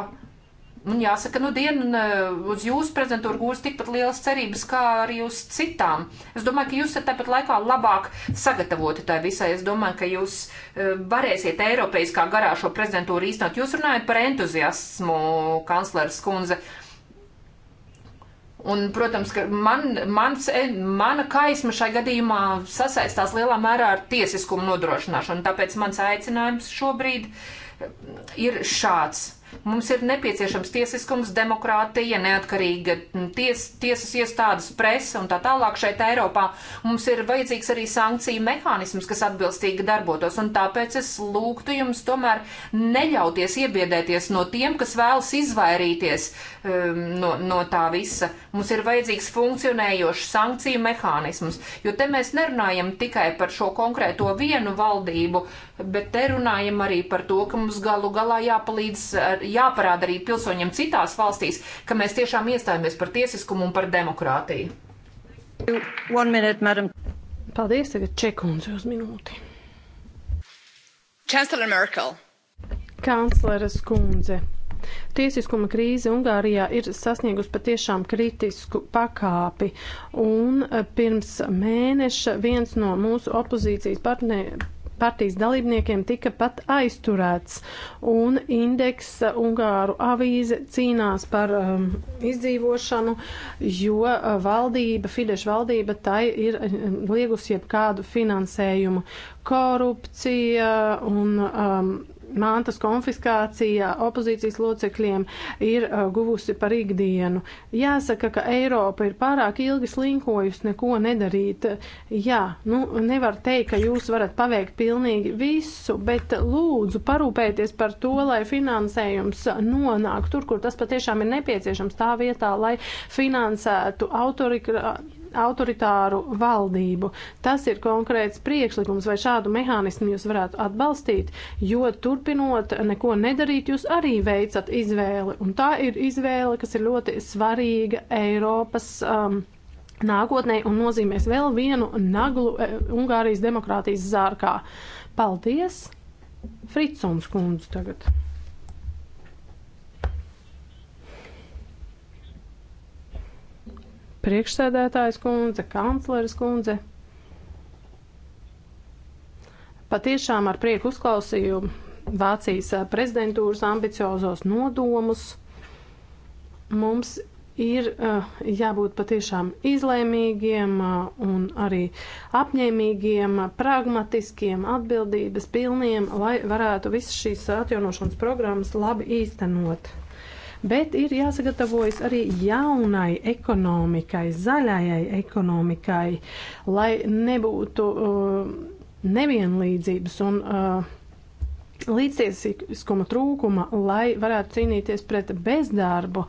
Un jāsaka, nu, diena eh, uz jūsu prezentūru gūst tikpat lielas cerības, kā arī uz citām. Es domāju, ka jūs esat tāpat laikā labāk sagatavoti tai visai. Es domāju, ka jūs eh, varēsiet Eiropeiskā garā šo prezentūru īstenot. Jūs runājat par entuziasmu, kanclers kundze. Uh, Un, protams, ka man, mans, e, mana kaisma šai gadījumā sasaistās lielā mērā ar tiesiskumu nodrošināšanu. Tāpēc mans aicinājums šobrīd ir šāds. Mums ir nepieciešams tiesiskums, demokrātija, neatkarīga ties, tiesas iestādes, presa un tā tālāk šeit Eiropā. Mums ir vajadzīgs arī sankciju mehānisms, kas atbilstīgi darbotos, un tāpēc es lūgtu jums tomēr neļauties iebiedēties no tiem, kas vēlas izvairīties um, no, no tā visa. Mums ir vajadzīgs funkcionējošs sankciju mehānisms, jo te mēs nerunājam tikai par šo konkrēto vienu valdību, uh, bet te runājam arī par to, ka mums galu galā jāpalīdz, jāparāda arī pilsoņiem citās valstīs, ka mēs tiešām iestājamies par tiesiskumu un par demokrātiju. One minute, madam. Paldies, tagad čekundze uz minūti. Chancellor Merkel. Kancleres kundze. Tiesiskuma krīze Ungārijā ir sasniegusi patiešām kritisku pakāpi, un eh, pirms mēneša viens no mūsu opozīcijas partneriem partijas dalībniekiem tika pat aizturēts. Un indeks Ungāru avīze cīnās par um, izdzīvošanu, jo uh, valdība, Fidesz valdība, tai ir uh, liegusi jebkādu finansējumu. Korupcija un. Um, mantas konfiskācija opozīcijas locekļiem ir uh, guvusi par ikdienu. Jāsaka, ka Eiropa ir pārāk ilgi slinkojusi neko nedarīt. Jā, nu nevar teikt, ka jūs varat paveikt pilnīgi visu, bet lūdzu parūpēties par to, lai finansējums nonāk tur, kur tas patiešām ir nepieciešams tā vietā, lai finansētu autorikrātu autoritāru valdību. Tas ir konkrēts priekšlikums, vai šādu mehānismu jūs varētu atbalstīt, jo turpinot neko nedarīt, jūs arī veicat izvēli. Un tā ir izvēle, kas ir ļoti svarīga Eiropas. Um, Nākotnē un nozīmēs vēl vienu naglu e, Ungārijas demokrātijas zārkā. Paldies! Fritsons kundze tagad. priekšsēdētājs kundze, kancleres kundze. Patiešām ar prieku uzklausīju Vācijas prezidentūras ambiciozos nodomus. Mums ir eh, jābūt patiešām izlēmīgiem eh, un arī apņēmīgiem, pragmatiskiem, atbildības pilniem, lai varētu visas šīs atjaunošanas programmas labi īstenot bet ir jāsagatavojas arī jaunai ekonomikai, zaļajai ekonomikai, lai nebūtu uh, nevienlīdzības un uh, līdztiesiskuma trūkuma, lai varētu cīnīties pret bezdarbu.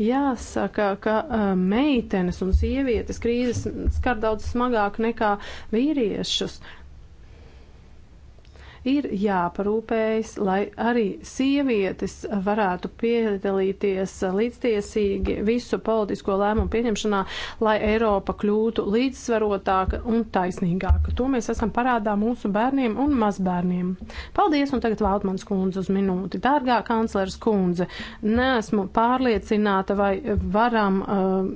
Jāsaka, ka uh, meitenes un sievietes krīzes skar daudz smagāk nekā vīriešus ir jāparūpējas, lai arī sievietes varētu piedalīties līdztiesīgi visu politisko lēmumu pieņemšanā, lai Eiropa kļūtu līdzsvarotāka un taisnīgāka. To mēs esam parādā mūsu bērniem un mazbērniem. Paldies, un tagad Valdmans kundze uz minūti. Dārgā kanclers kundze, neesmu pārliecināta, vai varam. Uh,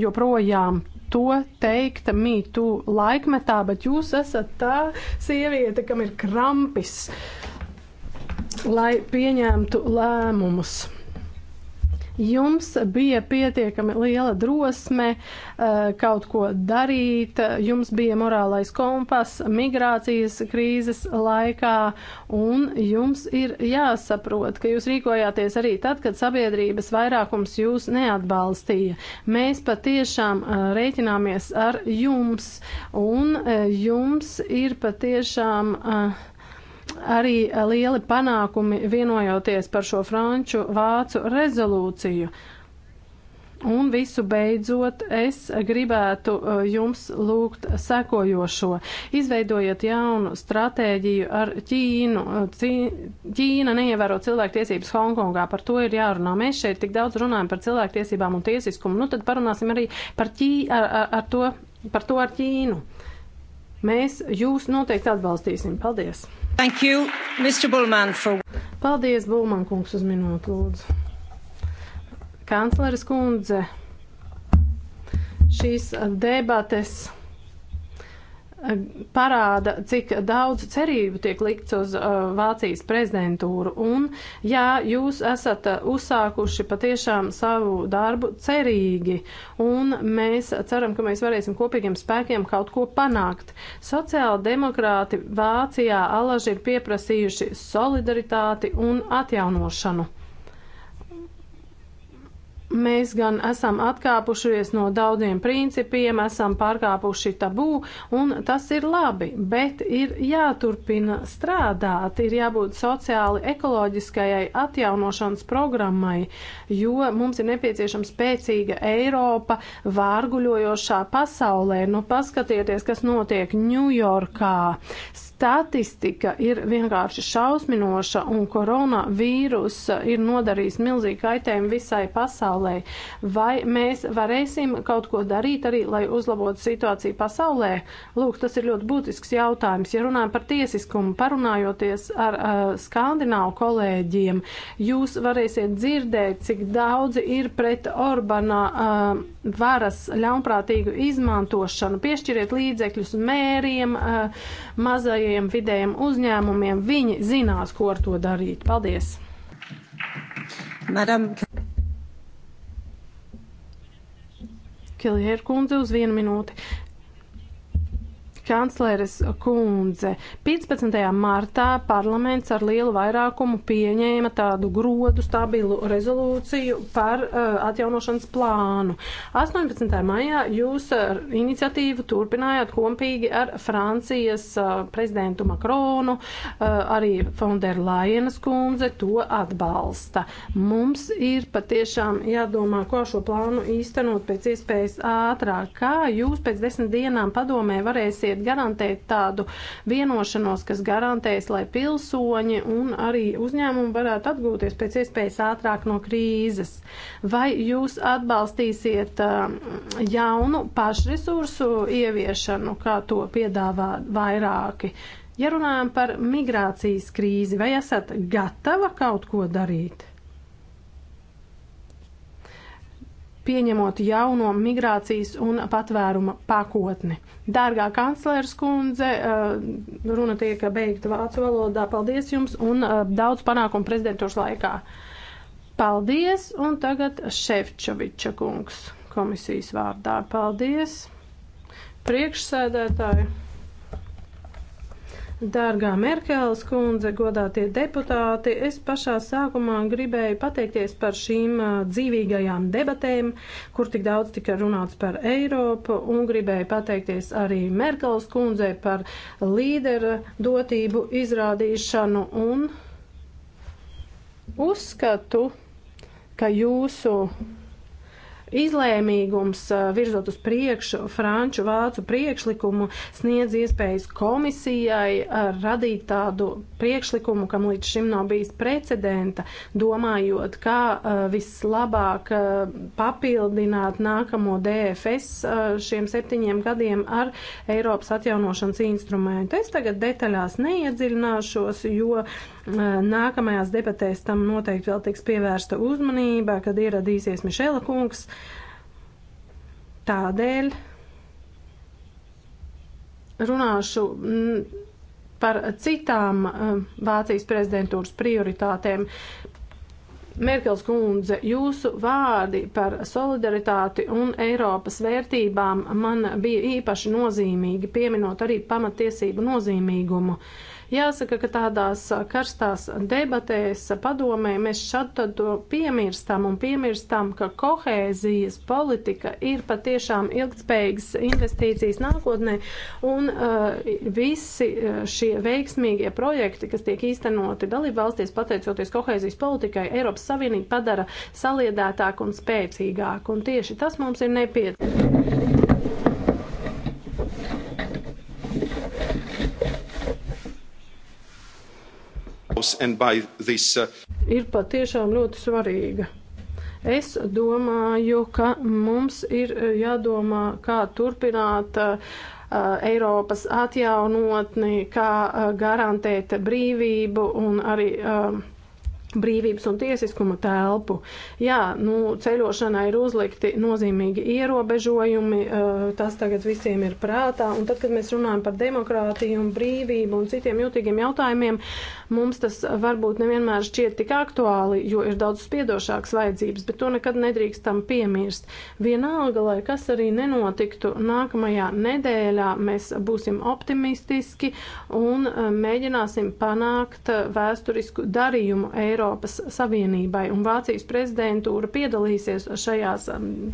joprojām to teikt mītū laikmetā, bet jūs esat tā sieviete, kam ir krampis, lai pieņemtu lēmumus. Jums bija pietiekami liela drosme eh, kaut ko darīt, jums bija morālais kompas migrācijas krīzes laikā, un jums ir jāsaprot, ka jūs rīkojāties arī tad, kad sabiedrības vairākums jūs neatbalstīja. Mēs patiešām eh, rēķināmies ar jums, un eh, jums ir patiešām. Uh, arī eh, lieli panākumi vienojoties par šo franču vācu rezolūciju. Un visu beidzot, es gribētu eh, jums lūgt sekojošo. Izveidojiet jaunu stratēģiju ar Ķīnu. Eh, Ķīna neievēro cilvēktiesības Hongkongā, par to ir jārunā. Mēs šeit tik daudz runājam par cilvēktiesībām un tiesiskumu, nu tad parunāsim arī par, ķī, ar, ar, ar to, par to ar Ķīnu. Uh, Mēs jūs noteikti atbalstīsim. Paldies! Thank you, Mr. Bullman, for... Paldies, Bulman kungs, uz minūtu lūdzu. Kancleres kundze, šīs debates parāda, cik daudz cerību tiek likts uz uh, Vācijas prezidentūru. Un, jā, jūs esat uzsākuši patiešām savu darbu cerīgi, un mēs ceram, ka mēs varēsim kopīgiem spēkiem kaut ko panākt. Sociāla demokrāti Vācijā alaži ir pieprasījuši solidaritāti un atjaunošanu. Mēs gan esam atkāpušies no daudziem principiem, esam pārkāpuši tabū, un tas ir labi, bet ir jāturpina strādāt, ir jābūt sociāli ekoloģiskajai atjaunošanas programmai, jo mums ir nepieciešama spēcīga Eiropa vārguļojošā pasaulē. Nu, paskatieties, kas notiek Ņujorkā statistika ir vienkārši šausminoša un koronavīrus ir nodarījis milzīgi kaitējumu visai pasaulē. Vai mēs varēsim kaut ko darīt arī, lai uzlabotu situāciju pasaulē? Lūk, tas ir ļoti būtisks jautājums. Ja runājam par tiesiskumu, parunājoties ar uh, skandināvu kolēģiem, jūs varēsiet dzirdēt, cik daudzi ir pret Orbana uh, varas ļaunprātīgu izmantošanu. Piešķiriet līdzekļus mēriem, uh, mazajiem mazajiem vidējiem uzņēmumiem. Viņi zinās, ko ar to darīt. Paldies! Madam. Kiljer kundze uz vienu minūti kancleres kundze. 15. martā parlaments ar lielu vairākumu pieņēma tādu grodu stabilu rezolūciju par uh, atjaunošanas plānu. 18. maijā jūs uh, iniciatīvu turpinājāt kompīgi ar Francijas uh, prezidentu Makronu, uh, arī Fonder Lajenas kundze to atbalsta. Mums ir patiešām jādomā, ko šo plānu īstenot pēc iespējas ātrāk. Kā jūs pēc desmit dienām padomē varēsiet bet garantēt tādu vienošanos, kas garantēs, lai pilsoņi un arī uzņēmumi varētu atgūties pēc iespējas ātrāk no krīzes. Vai jūs atbalstīsiet um, jaunu pašresursu ieviešanu, kā to piedāvā vairāki? Ja runājam par migrācijas krīzi, vai esat gatava kaut ko darīt? pieņemot jauno migrācijas un patvēruma pakotni. Dārgā kanclērs kundze, eh, runa tiek beigta vācu valodā. Paldies jums un eh, daudz panākumu prezidentūras laikā. Paldies, un tagad Ševčoviča kungs komisijas vārdā. Paldies, priekšsēdētāji! Dārgā Merkels kundze, godātie deputāti, es pašā sākumā gribēju pateikties par šīm dzīvīgajām debatēm, kur tik daudz tika runāts par Eiropu, un gribēju pateikties arī Merkels kundze par līdera dotību izrādīšanu, un uzskatu, ka jūsu Izlēmīgums virzot uz priekšu franču vācu priekšlikumu sniedz iespējas komisijai radīt tādu priekšlikumu, kam līdz šim nav bijis precedenta, domājot, kā vislabāk papildināt nākamo DFS šiem septiņiem gadiem ar Eiropas atjaunošanas instrumentu. Es tagad detaļās neiedziļināšos, jo Eh, nākamajās debatēs tam noteikti vēl tiks pievērsta uzmanība, kad ieradīsies Mišela kungs. Tādēļ runāšu mm, par citām eh, Vācijas prezidentūras prioritātēm. Merkels kundze, jūsu vārdi par solidaritāti un Eiropas vērtībām man bija īpaši nozīmīgi, pieminot arī pamatiesību nozīmīgumu. Uh, Jāsaka, ka tādās karstās debatēs padomē mēs šad tad to piemirstam un piemirstam, ka kohēzijas politika ir patiešām ilgtspējīgas investīcijas nākotnē un uh, visi uh, šie veiksmīgie projekti, kas tiek īstenoti dalību valstīs pateicoties kohēzijas politikai, Eiropas Savienība padara saliedētāku un spēcīgāku. Un tieši tas mums ir nepieciešams. house and by this. Uh... Ir patiešām ļoti svarīga. Es domāju, ka mums ir uh, jādomā, kā turpināt uh, uh, Eiropas atjaunotni, kā uh, garantēt brīvību un arī. Uh, brīvības un tiesiskuma telpu. Jā, nu, ceļošanai ir uzlikti nozīmīgi ierobežojumi, uh, tas tagad visiem ir prātā, un tad, kad mēs runājam par demokrātiju un brīvību un citiem jūtīgiem jautājumiem, Mums tas varbūt nevienmēr šķiet tik aktuāli, jo ir daudz spiedošāks vajadzības, bet to nekad nedrīkstam piemirst. Vienalga, lai kas arī nenotiktu, nākamajā nedēļā mēs būsim optimistiski un e, mēģināsim panākt e, vēsturisku darījumu Eiropas Savienībai. Un Vācijas prezidentūra piedalīsies šajās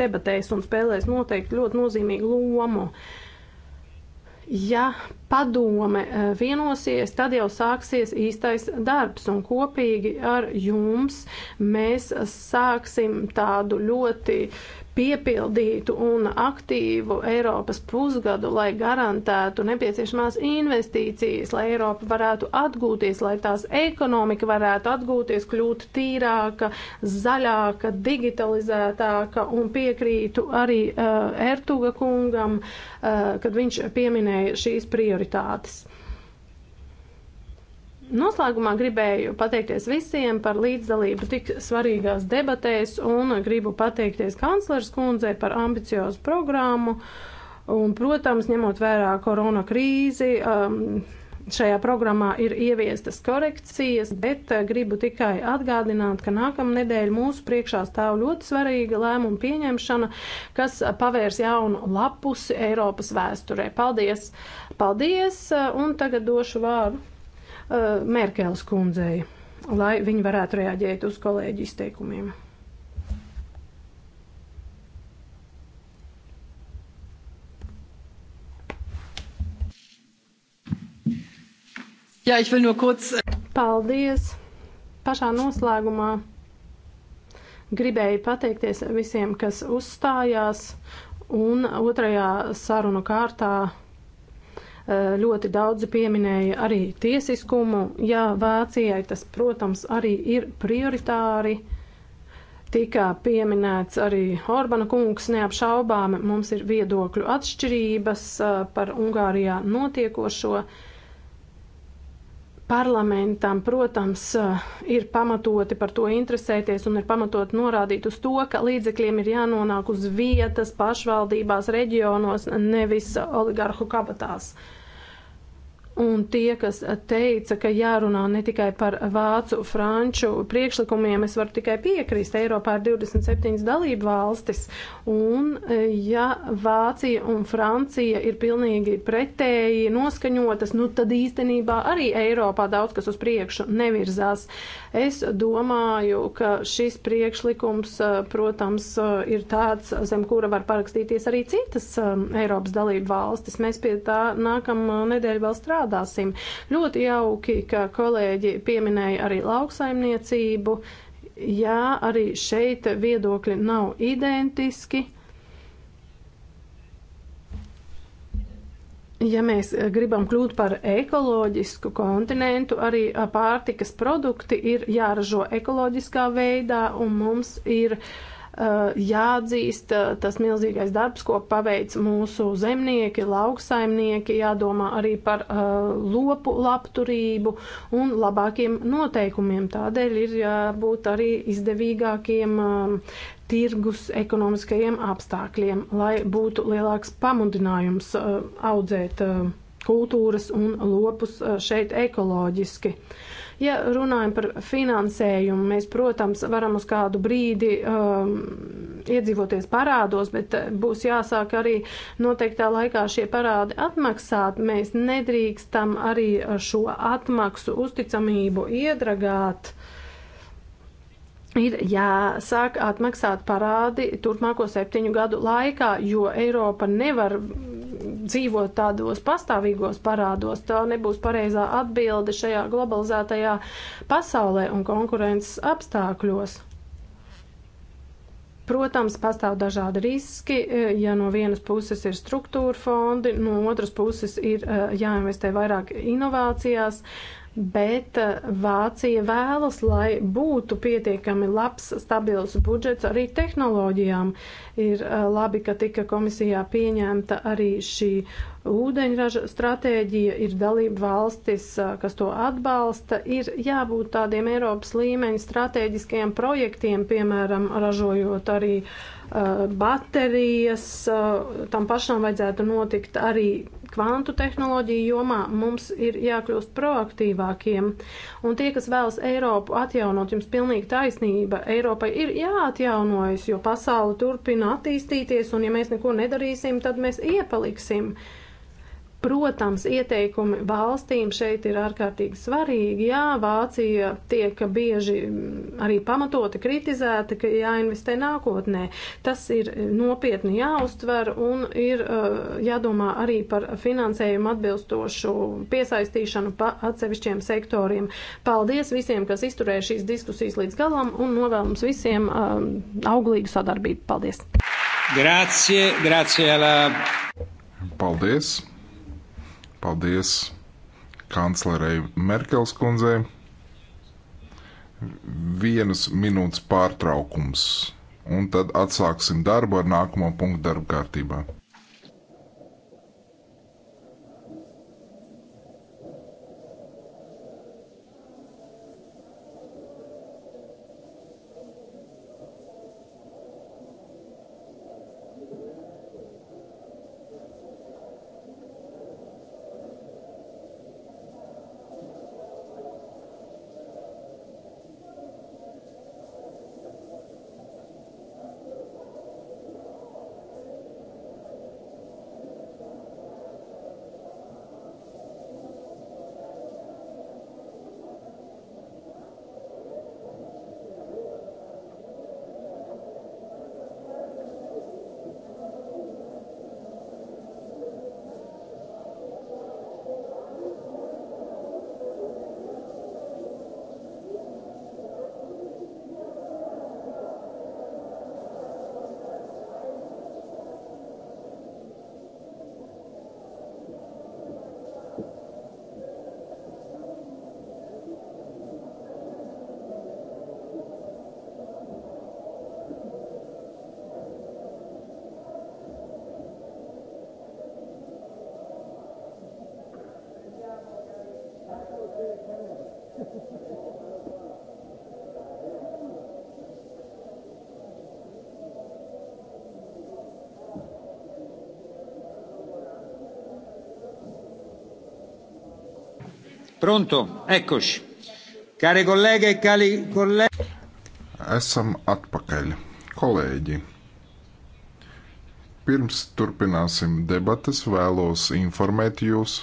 debatēs un spēlēs noteikti ļoti nozīmīgu lomu. Ja padome eh, vienosies, tad jau sāksies īstais darbs, un kopīgi ar jums mēs sāksim tādu ļoti piepildītu un aktīvu Eiropas pusgadu, lai garantētu nepieciešamās investīcijas, lai Eiropa varētu atgūties, lai tās ekonomika varētu atgūties, kļūt tīrāka, zaļāka, digitalizētāka un piekrītu arī uh, Ertuga kungam, uh, kad viņš pieminēja šīs prioritātes. Noslēgumā gribēju pateikties visiem par līdzdalību tik svarīgās debatēs un gribu pateikties kanclers kundzei par ambiciozu programmu un, protams, ņemot vērā korona krīzi, um, šajā programmā ir ieviestas korekcijas, bet uh, gribu tikai atgādināt, ka nākamnedēļ mūsu priekšā stāv ļoti svarīga lēmuma pieņemšana, kas pavērs jaunu lapusi Eiropas vēsturē. Paldies! Paldies! Un tagad došu vārdu Uh, Merkels kundzei, lai viņi varētu reaģēt uz kolēģi izteikumiem. Jā, ich will nur kurz. Äh, Paldies! Pašā noslēgumā gribēju pateikties visiem, kas uzstājās, un otrajā sarunu kārtā Eh, ļoti daudzi pieminēja arī tiesiskumu. Jā, Vācijai tas, protams, arī ir prioritāri. Tikā pieminēts arī Orbana kungs neapšaubāmi. Mums ir viedokļu atšķirības eh, par Ungārijā notiekošo parlamentam, protams, eh, ir pamatoti par to interesēties un ir pamatot norādīt uz to, ka līdzekļiem ir jānonāk uz vietas, pašvaldībās, reģionos, nevis oligarhu kabatās. Uh, Un tie, kas teica, ka jārunā ne tikai par vācu, franču priekšlikumiem, es varu tikai piekrist. Eiropā ir 27 dalību valstis, un ja Vācija un Francija ir pilnīgi pretēji noskaņotas, nu tad īstenībā arī Eiropā daudz kas uz priekšu nevirzās. Uh, Es domāju, ka šis priekšlikums, eh, protams, eh, ir tāds, zem kura var parakstīties arī citas eh, Eiropas dalību valstis. Mēs pie tā nākam nedēļu vēl strādāsim. Ļoti jauki, ka kolēģi pieminēja arī lauksaimniecību. Jā, arī šeit viedokļi nav identiski. ja mēs eh, gribam kļūt par ekoloģisku kontinentu, arī eh, pārtikas produkti ir jāražo ekoloģiskā veidā, un mums ir uh, Eh, jāatzīst eh, tas milzīgais darbs, ko paveic mūsu zemnieki, lauksaimnieki, jādomā arī par uh, lopu labturību un labākiem noteikumiem. Tādēļ ir jābūt arī izdevīgākiem uh, tirgus ekonomiskajiem apstākļiem, lai būtu lielāks pamudinājums uh, audzēt kultūras un lopus šeit ekoloģiski. Uh, Ja runājam par finansējumu, mēs, protams, varam uz kādu brīdi um, iedzīvoties parādos, bet eh, būs jāsāk arī noteiktā laikā šie parādi atmaksāt. Mēs nedrīkstam arī šo atmaksu uzticamību iedragāt ir jāsāk atmaksāt parādi turpmāko septiņu gadu laikā, jo Eiropa nevar dzīvot tādos pastāvīgos parādos. Tā nebūs pareizā atbilde šajā globalizētajā pasaulē un konkurences apstākļos. Protams, pastāv dažādi riski, e, ja no vienas puses ir struktūra fondi, no otras puses ir e, jāinvestē vairāk inovācijās, uh, bet eh, Vācija vēlas, lai būtu pietiekami labs, stabils budžets arī tehnoloģijām. Ir eh, labi, ka tika komisijā pieņemta arī šī ūdeņraža stratēģija, ir dalība valstis, kas to atbalsta, ir jābūt tādiem Eiropas līmeņa stratēģiskiem projektiem, piemēram, ražojot arī uh, baterijas, uh, tam pašam vajadzētu notikt arī kvantu tehnoloģiju jomā mums ir jākļūst proaktīvākiem. Un tie, kas vēlas Eiropu atjaunot, jums pilnīgi taisnība. Eiropai ir jāatjaunojas, jo pasauli turpina attīstīties, un ja mēs neko nedarīsim, tad mēs iepaliksim. Protams, ieteikumi valstīm šeit ir ārkārtīgi svarīgi. Jā, Vācija tiek bieži mm, arī pamatoti kritizēta, ka jāinvestē nākotnē. Tas ir nopietni jāuztver un ir eh, jādomā arī par finansējumu atbilstošu piesaistīšanu pa atsevišķiem sektoriem. Paldies visiem, kas izturēja šīs diskusijas līdz galam un novēlums visiem eh, auglīgu sadarbību. Paldies! Grazie, grazie alla... Paldies! Paldies kanclerei Merkels kundzei. Vienas minūtes pārtraukums, un tad atsāksim darbu ar nākamo punktu darba kārtībā. Pronto, eccoci. Care kolēģi, kari kolēģi. Esam atpakaļ. Kolēģi, pirms turpināsim debatas, vēlos informēt jūs,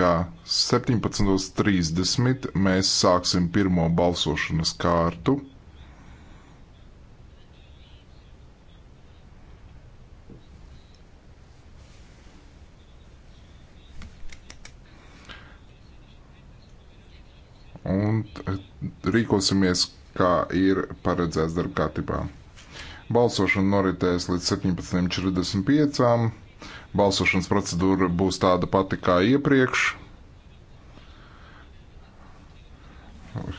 ka 17.30 mēs sāksim pirmo balsošanas kārtu rīkosimies, kā ir paredzēts darba kārtībā. Balsošana noritēs līdz 17.45. Balsošanas procedūra būs tāda pati kā iepriekš.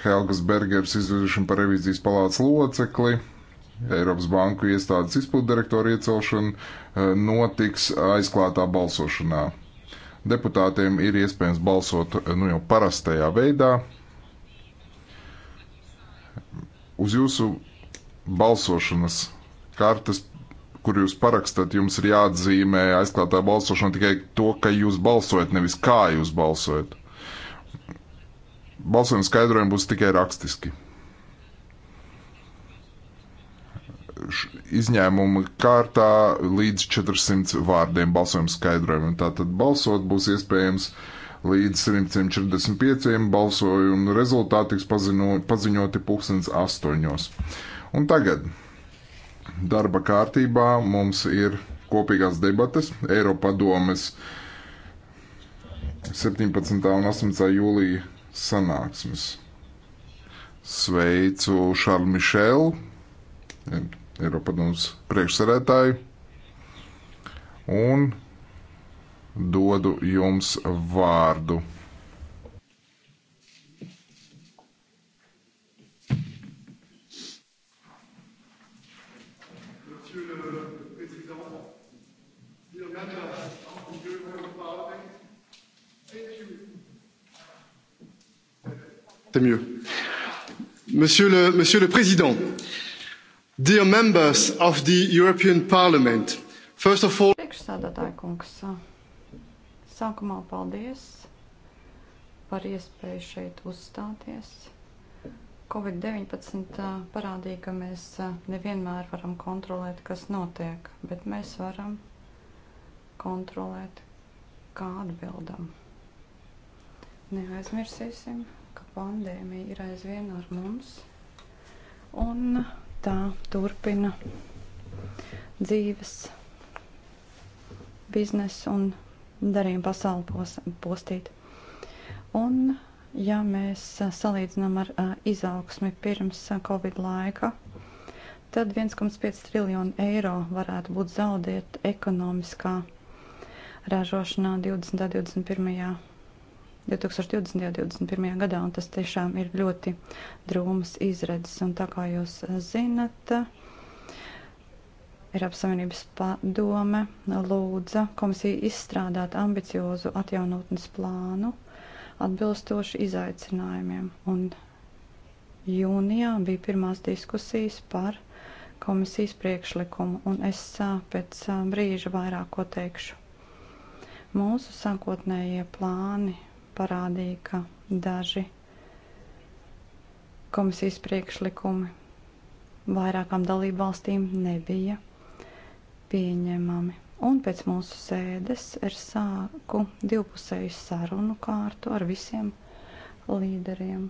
Helgas Bergers izvirzīšana par revīzijas palātas locekli. Eiropas Banku iestādes izpildirektoru iecelšana eh, notiks aizklātā balsošanā. Deputātiem ir iespējams balsot eh, nu jau parastajā veidā, Uz jūsu balsošanas kartes, kur jūs parakstat, jums ir jāatzīmē aizklātā balsošana tikai to, ka jūs balsojat, nevis kā jūs balsojat. Balsojuma skaidrojumi būs tikai rakstiski. izņēmuma kārtā līdz 400 vārdiem balsojuma skaidrojumam. Tātad balsot būs iespējams līdz 145. balsojumu rezultāti tiks paziņo, paziņoti pulkstens astoņos. Un tagad darba kārtībā mums ir kopīgās debates Eiropadomes 17. un 18. jūlija sanāksmes. Sveicu Šarlu Mišelu, Eiropadomes priekšsarētāju, un dodu jums vārdu. C'est mieux. Monsieur le, Monsieur le Président, dear members of the European Parliament, first of all. Priekšsēdētāji kungs, Sākumā paldies par iespēju šeit uzstāties. Covid-19 parādīja, ka mēs nevienmēr varam kontrolēt, kas notiek, bet mēs varam kontrolēt, kā atbildam. Neaizmirsīsim, ka pandēmija ir aizvien ar mums, un tā turpina dzīves, biznesu un darījumu pasauli pos, postīt. Un, ja mēs salīdzinām ar izaugsmi pirms Covid laika, tad 1,5 triljonu eiro varētu būt zaudēt ekonomiskā ražošanā 20. 21. 2020. un 2021. gadā, un tas tiešām ir ļoti drūmas izredzes. Un tā kā jūs zinat, uh, Eiropas Savienības padome lūdza komisiju izstrādāt ambiciozu atjaunotnes plānu atbilstoši izaicinājumiem. Un jūnijā bija pirmās diskusijas par komisijas priekšlikumu, un es pēc brīža vairāk ko teikšu. Mūsu sākotnējie plāni parādīja, ka daži komisijas priekšlikumi vairākām dalību valstīm nebija pieņemami. Un pēc mūsu sēdes es sāku divpusēju sarunu kārtu ar visiem līderiem,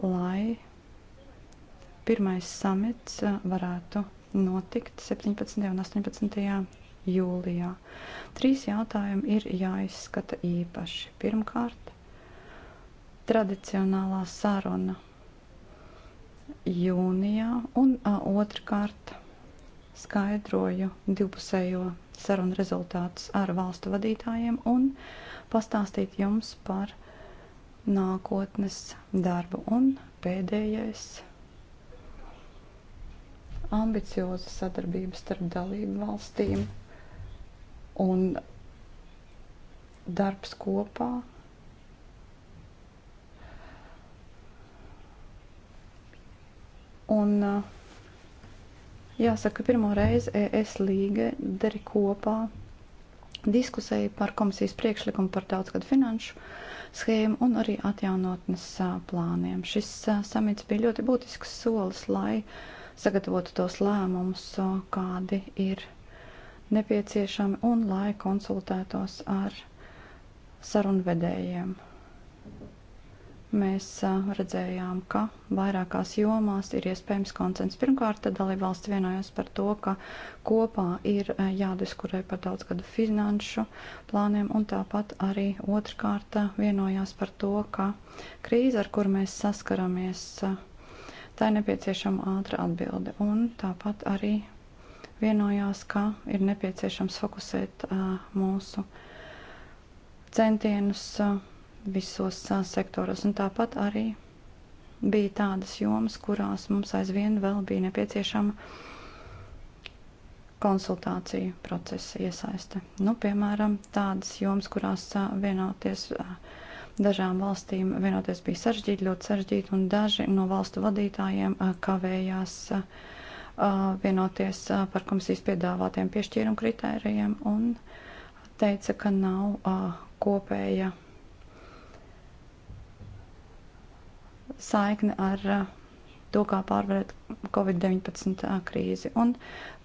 lai pirmais samits eh, varētu notikt 17. un 18. jūlijā. Trīs jautājumi ir jāizskata īpaši. Pirmkārt, tradicionālā saruna jūnijā, un a, eh, otrkārt, skaidroju divpusējo sarunu rezultātus ar valstu vadītājiem un pastāstīt jums par nākotnes darbu. Un pēdējais - ambicioza sadarbība starp dalību valstīm un darbs kopā un uh, Jāsaka, pirmo reizi es līgeri kopā diskusēju par komisijas priekšlikumu par daudzgadu finanšu schēmu un arī atjaunotnes plāniem. Šis samits bija ļoti būtisks solis, lai sagatavotu tos lēmumus, kādi ir nepieciešami un lai konsultētos ar sarunvedējiem mēs redzējām, ka vairākās jomās ir iespējams konsens. Pirmkārt, dalība valsts vienojās par to, ka kopā ir jādiskurē par daudzgadu finanšu plāniem, un tāpat arī otrkārt vienojās par to, ka krīze, ar kur mēs saskaramies, tā ir nepieciešama ātra atbilde, un tāpat arī vienojās, ka ir nepieciešams fokusēt mūsu centienus. Uh, visos sektoros. Un tāpat arī bija tādas jomas, kurās mums aizvien vēl bija nepieciešama konsultāciju procesa iesaiste. Nu, piemēram, tādas jomas, kurās vienoties dažām valstīm, vienoties bija sarežģīti, ļoti sarežģīti, un daži no valstu vadītājiem kavējās vienoties par komisijas piedāvātiem piešķīrumu kritērijiem un teica, ka nav kopēja saikne ar eh, to, kā pārvarēt Covid-19 eh, krīzi. Un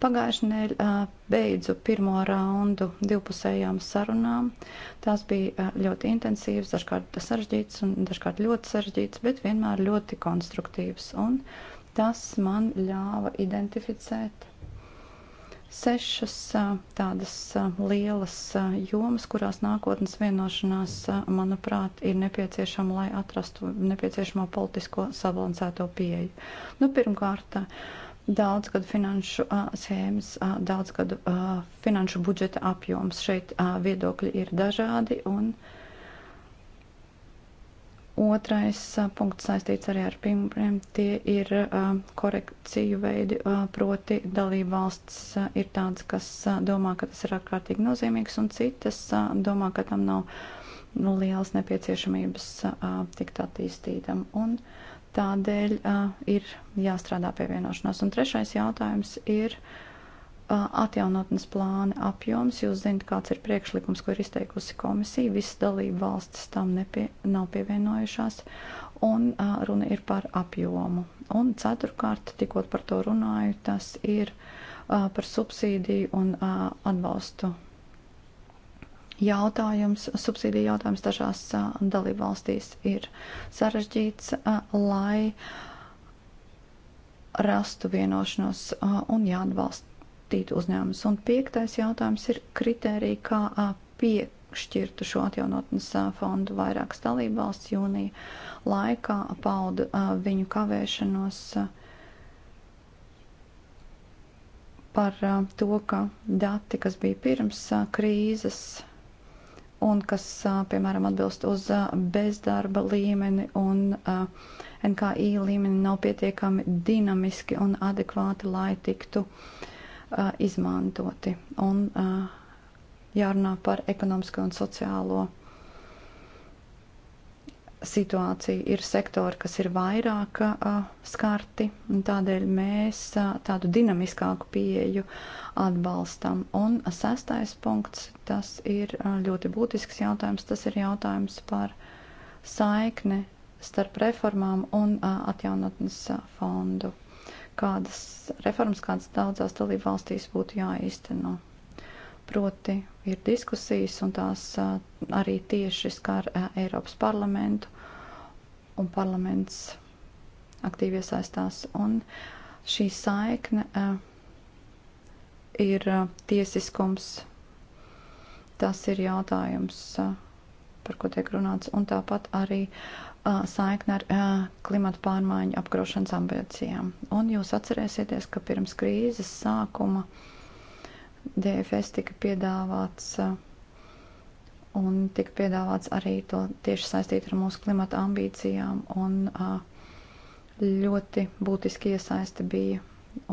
pagājušajā nedēļā eh, beidzu pirmo raundu divpusējām sarunām. Tās bija ļoti intensīvas, dažkārt sarežģītas un dažkārt ļoti sarežģītas, bet vienmēr ļoti konstruktīvas. Un tas man ļāva identificēt sešas tādas lielas jomas, kurās nākotnes vienošanās, manuprāt, ir nepieciešama, lai atrastu nepieciešamo politisko sabalansēto pieeju. Nu, pirmkārt, daudzgadu finanšu schēmas, daudzgadu finanšu budžeta apjoms. Šeit viedokļi ir dažādi un dažādi Otrais punkts saistīts arī ar pirmiem, tie ir uh, korekciju veidi, uh, proti dalība valsts uh, ir tāds, kas uh, domā, ka tas ir ārkārtīgi nozīmīgs, un citas uh, domā, ka tam nav liels nepieciešamības uh, tikt attīstītam, un tādēļ uh, ir jāstrādā pie vienošanās. Un trešais jautājums ir. Uh, atjaunotnes plāna apjoms. Jūs zināt, kāds ir priekšlikums, ko ir izteikusi komisija. Visas dalība valstis tam nepie, nav pievienojušās, un uh, runa ir par apjomu. Un ceturkārt, tikot par to runāju, tas ir uh, par subsīdiju un uh, atbalstu. Jautājums, subsīdija jautājums dažās uh, dalību valstīs ir sarežģīts, uh, lai rastu vienošanos uh, un jāatbalsta attīstīt uzņēmumus. Un piektais jautājums ir kritērija, kā piešķirtu šo atjaunotnes fondu vairākas dalībvalsts jūnija laikā pauda viņu kavēšanos par to, ka dati, kas bija pirms krīzes, un kas, piemēram, atbilst uz bezdarba līmeni un NKI līmeni, nav pietiekami dinamiski un adekvāti, lai tiktu uh, izmantoti. Un jārunā par ekonomisko un sociālo situāciju. Ir sektori, kas ir vairāk skarti, un tādēļ mēs tādu dinamiskāku pieeju atbalstam. Un sestais punkts, tas ir ļoti būtisks jautājums, tas ir jautājums par saikni starp reformām un atjaunotnes fondu kādas reformas, kādas daudzās dalību valstīs būtu jāīsteno. Proti ir diskusijas, un tās arī tieši skar Eiropas parlamentu, un parlaments aktīvi iesaistās. Un šī saikne ir tiesiskums, tas ir jautājums, par ko tiek runāts, un tāpat arī uh, Uh, saikni ar uh, klimatu pārmaiņu apkarošanas ambīcijām. Un jūs atcerēsieties, ka pirms krīzes sākuma DFS tika piedāvāts uh, un tika piedāvāts arī to tieši saistīt ar mūsu klimata ambīcijām un ļoti būtiski iesaisti bija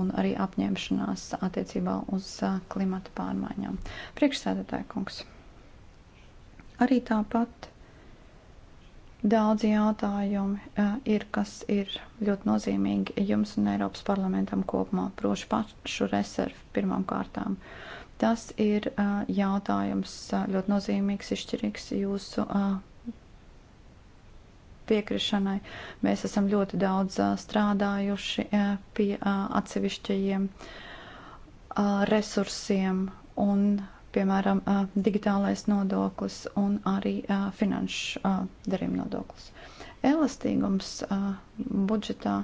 un arī apņemšanās attiecībā uz klimata pārmaiņām. Priekšsēdētāja kungs. Arī tāpat Daudzi jautājumi ir, kas ir ļoti nozīmīgi jums un Eiropas parlamentam kopumā, proši pašu reservu pirmām kārtām. Tas ir jautājums ļoti nozīmīgs, izšķirīgs jūsu piekrišanai. Mēs esam ļoti daudz strādājuši pie atsevišķajiem resursiem un piemēram, digitālais nodoklis un arī finanšu darījuma nodoklis. Elastīgums budžetā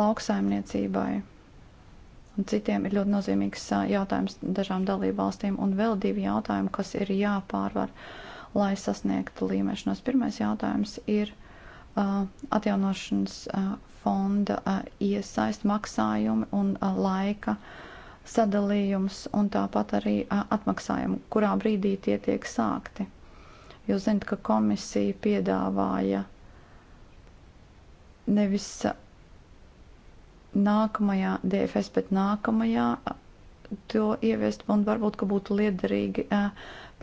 lauksaimniecībai un citiem ir ļoti nozīmīgs jautājums dažām dalību valstīm un vēl divi jautājumi, kas ir jāpārvar, lai sasniegtu līmešanos. Pirmais jautājums ir atjaunošanas fonda iesaist maksājumi un laika uh, sadalījums un tāpat arī atmaksājumi, kurā brīdī tie tiek sākti. Jūs zināt, ka komisija piedāvāja nevis nākamajā DFS, bet nākamajā to ieviest, un varbūt, ka būtu liederīgi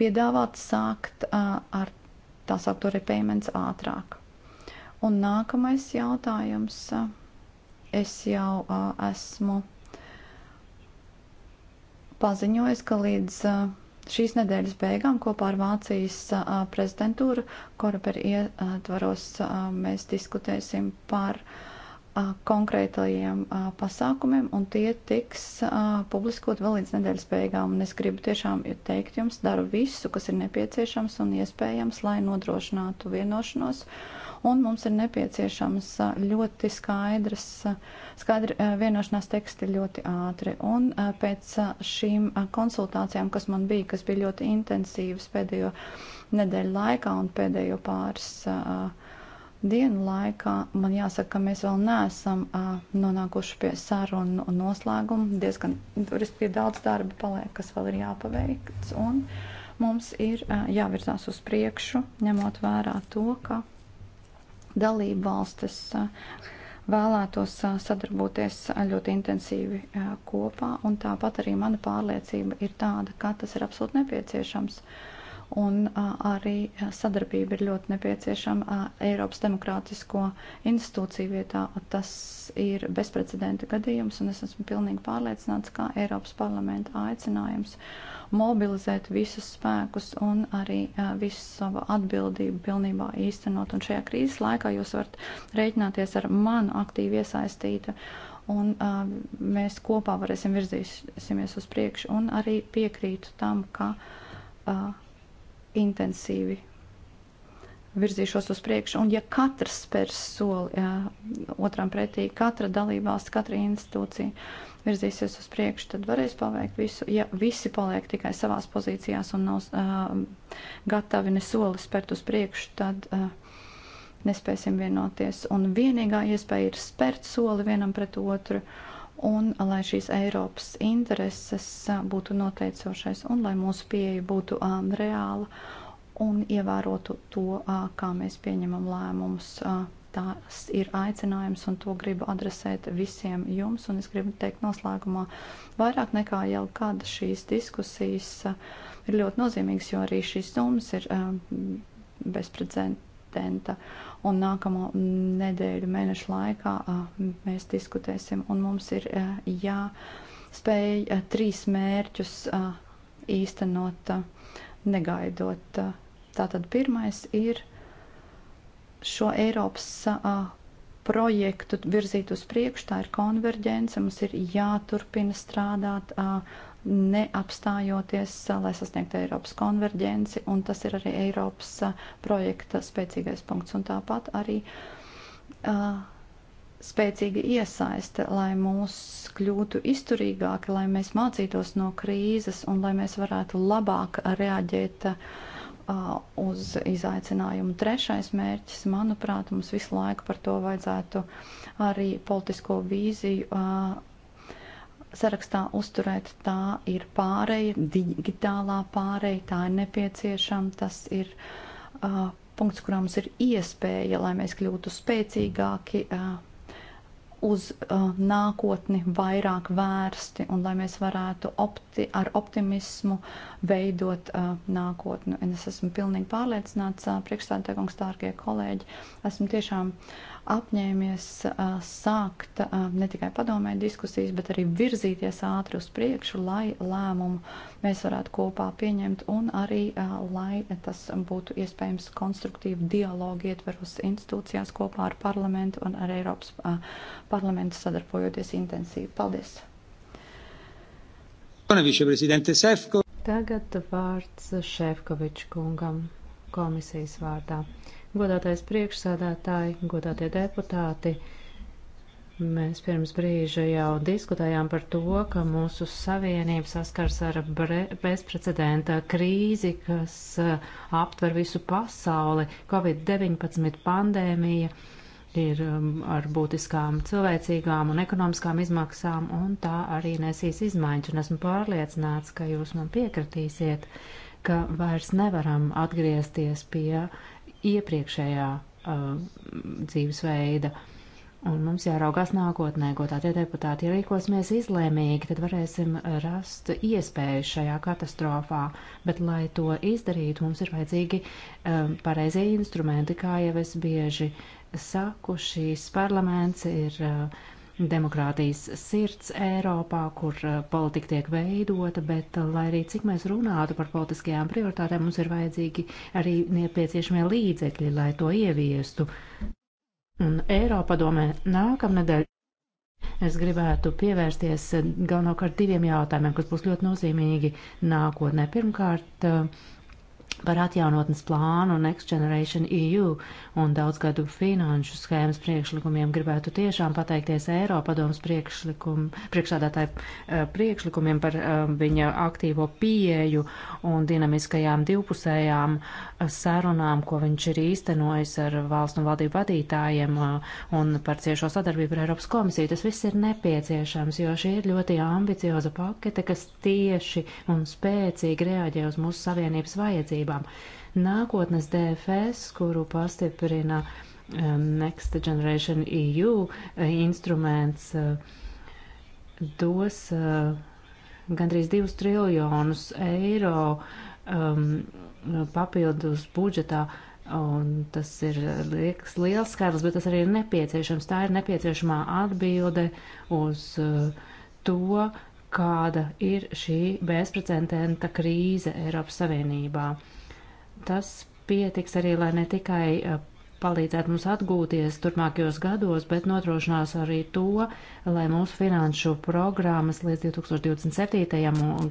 piedāvāt sākt ar tā saukto repayments ātrāk. Un nākamais jautājums. Es jau esmu paziņojis, ka līdz šīs nedēļas beigām kopā ar Vācijas prezidentūru Koreperi ietvaros mēs diskutēsim par konkrētajiem pasākumiem, un tie tiks publiskot vēl līdz nedēļas beigām. Un es gribu tiešām teikt jums, daru visu, kas ir nepieciešams un iespējams, lai nodrošinātu vienošanos. Uh, un mums ir nepieciešams ļoti skaidrs, skaidri vienošanās teksti ļoti ātri. Un pēc šīm konsultācijām, kas man bija, kas bija ļoti intensīvas pēdējo nedēļu laikā un pēdējo pāris dienu laikā, man jāsaka, ka mēs vēl neesam nonākuši pie sarunu noslēguma. Diezgan tur ir daudz darba paliek, kas vēl ir jāpaveikts. Un, mums ir jāvirzās uz priekšu, ņemot vērā to, ka dalību valstis eh, vēlētos eh, sadarboties eh, ļoti intensīvi kopā, un tāpat arī mana pārliecība ir tāda, ka tas ir absolūti nepieciešams. Un arī sadarbība ir ļoti nepieciešama Eiropas demokrātisko institūciju vietā. Tas ir bezprecedenta gadījums, un es esmu pilnīgi pārliecināts, ka Eiropas parlamenta aicinājums uh, mobilizēt visus spēkus un arī visu savu atbildību pilnībā īstenot. Un šajā krīzes laikā jūs varat rēķināties ar manu aktīvi iesaistītu un uh, mēs kopā varēsim virzīsimies uz priekšu. Un arī piekrītu tam, ka uh, intensīvi virzīšos uz priekšu. Un ja katrs spērs soli uh, otram pretī, katra dalībvalsts, katra institūcija virzīsies uz priekšu, tad varēs paveikt visu. Ja visi paliek tikai savās pozīcijās un nav uh, gatavi ne soli spērt uz priekšu, tad uh, nespēsim vienoties. Un vienīgā iespēja ir spērt soli vienam pret otru. Un lai šīs Eiropas intereses uh, būtu noteicošais, un lai mūsu pieeja būtu um, reāla un ievērotu to, uh, kā mēs pieņemam lēmumus uh, Tas ir aicinājums, un to gribu adresēt visiem jums. Un es gribu teikt noslēgumā, vairāk nekā jau kāda šīs diskusijas uh, ir ļoti nozīmīgas, jo arī šīs summas ir uh, bezprecedenta. Un nākamo nedēļu, mēnešu laikā uh, mēs diskutēsim, un mums ir jāspēj trīs mērķus īstenot, negaidot. Tātad pirmais ir šo Eiropas uh, projektu virzīt uz priekšu, tā ir konverģence, mums ir jāturpina strādāt. Uh, neapstājoties, lai sasniegtu Eiropas konverģenci, un tas ir arī Eiropas projekta spēcīgais punkts, un tāpat arī uh, spēcīga iesaiste, lai mūs kļūtu izturīgāki, lai mēs mācītos no krīzes un lai mēs varētu labāk reaģēt uh, uz izaicinājumu. Trešais mērķis, manuprāt, mums visu laiku par to vajadzētu arī politisko vīziju sarakstā uzturēt. Tā ir pāreja, digitālā pāreja, tā ir nepieciešama, tas ir punkts, kurā mums ir iespēja, lai mēs kļūtu spēcīgāki, uz uh, nākotni vairāk vērsti un lai mēs varētu opti, ar optimismu veidot uh, nākotni. Un es esmu pilnīgi pārliecināts, uh, priekšstādātāji, dārgie kolēģi, esmu tiešām uh, apņēmies sākt ne tikai padomē diskusijas, bet arī virzīties ātri uz priekšu, lai lēmumu mēs varētu kopā pieņemt un arī, lai tas būtu iespējams konstruktīvi dialogu ietveros institūcijās kopā ar parlamentu un ar Eiropas parlamentu sadarbojoties intensīvi. Paldies! Tagad vārds Šefkoviča kungam komisijas vārdā. Godātais priekšsādātāji, godātie deputāti, mēs pirms brīža jau diskutējām par to, ka mūsu savienība saskars ar bezprecedenta krīzi, kas uh, aptver visu pasauli. Covid-19 pandēmija ir um, ar būtiskām cilvēcīgām un ekonomiskām izmaksām, un tā arī nesīs izmaiņas. Un esmu pārliecināts, ka jūs man piekritīsiet, ka vairs nevaram atgriezties pie iepriekšējā uh, dzīvesveida. Un mums jāraugās nākotnē, ko tādie deputāti rīkosimies izlēmīgi, tad varēsim rast iespēju šajā katastrofā. Bet, lai to izdarītu, mums ir vajadzīgi um, pareizie instrumenti, kā jau es bieži saku, šīs parlaments ir uh, demokrātijas sirds Eiropā, kur eh, politika tiek veidota, bet eh, lai arī cik mēs runātu par politiskajām prioritātēm, mums ir vajadzīgi arī nepieciešamie līdzekļi, lai to ieviestu. Un Eiropa domē nākamnedēļ. Es gribētu pievērsties eh, galvenokārt diviem jautājumiem, kas būs ļoti nozīmīgi nākotnē. Pirmkārt, uh, par atjaunotnes plānu Next Generation EU un daudzgadu finanšu schēmas priekšlikumiem gribētu tiešām pateikties Eiropadomas priekšsādātāju eh, priekšlikumiem par eh, viņa aktīvo pieeju un dinamiskajām divpusējām eh, sarunām, ko viņš ir īstenojis ar valstu un valdību vadītājiem un par ciešo sadarbību ar Eiropas komisiju. Tas viss ir nepieciešams, jo šī ir ļoti ambicioza pakete, kas tieši un spēcīgi reaģē uz mūsu savienības vajadzību vērtībām. Nākotnes DFS, kuru pastiprina um, Next Generation EU eh, instruments, eh, dos eh, gandrīz 2 triljonus eiro um, papildus budžetā. Un tas ir liekas, liels skaidrs, bet tas arī ir nepieciešams. Tā ir nepieciešamā atbilde uz uh, to, kāda ir šī bezprecedenta krīze Eiropas Savienībā. Tas pietiks arī, lai ne tikai eh, palīdzētu mums atgūties turpmākajos gados, bet nodrošinās arī to, lai mūsu finanšu programmas līdz 2027.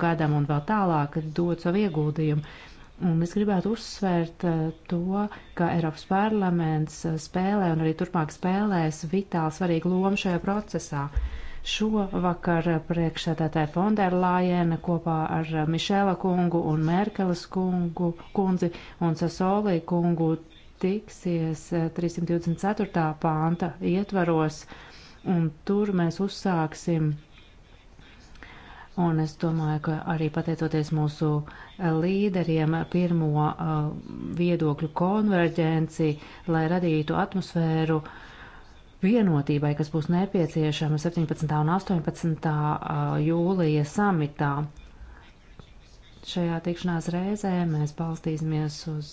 gadam un vēl tālāk dod savu ieguldījumu. Un es gribētu uzsvērt eh, to, ka Eiropas parlaments eh, spēlē un arī turpmāk spēlēs vitāli svarīgu lomu šajā procesā. Uh, Šovakar priekšsēdētāja Fonderlājēna kopā ar Mišela kungu un Merkeles kungu, kundzi un Sasolī kungu tiksies 324. pānta ietvaros, un tur mēs uzsāksim. Un es domāju, ka arī pateicoties mūsu līderiem pirmo uh, viedokļu konverģenci, lai radītu atmosfēru uh, vienotībai, kas būs nepieciešama 17. un 18. jūlija samitā. Šajā tikšanās reizē mēs balstīsimies uz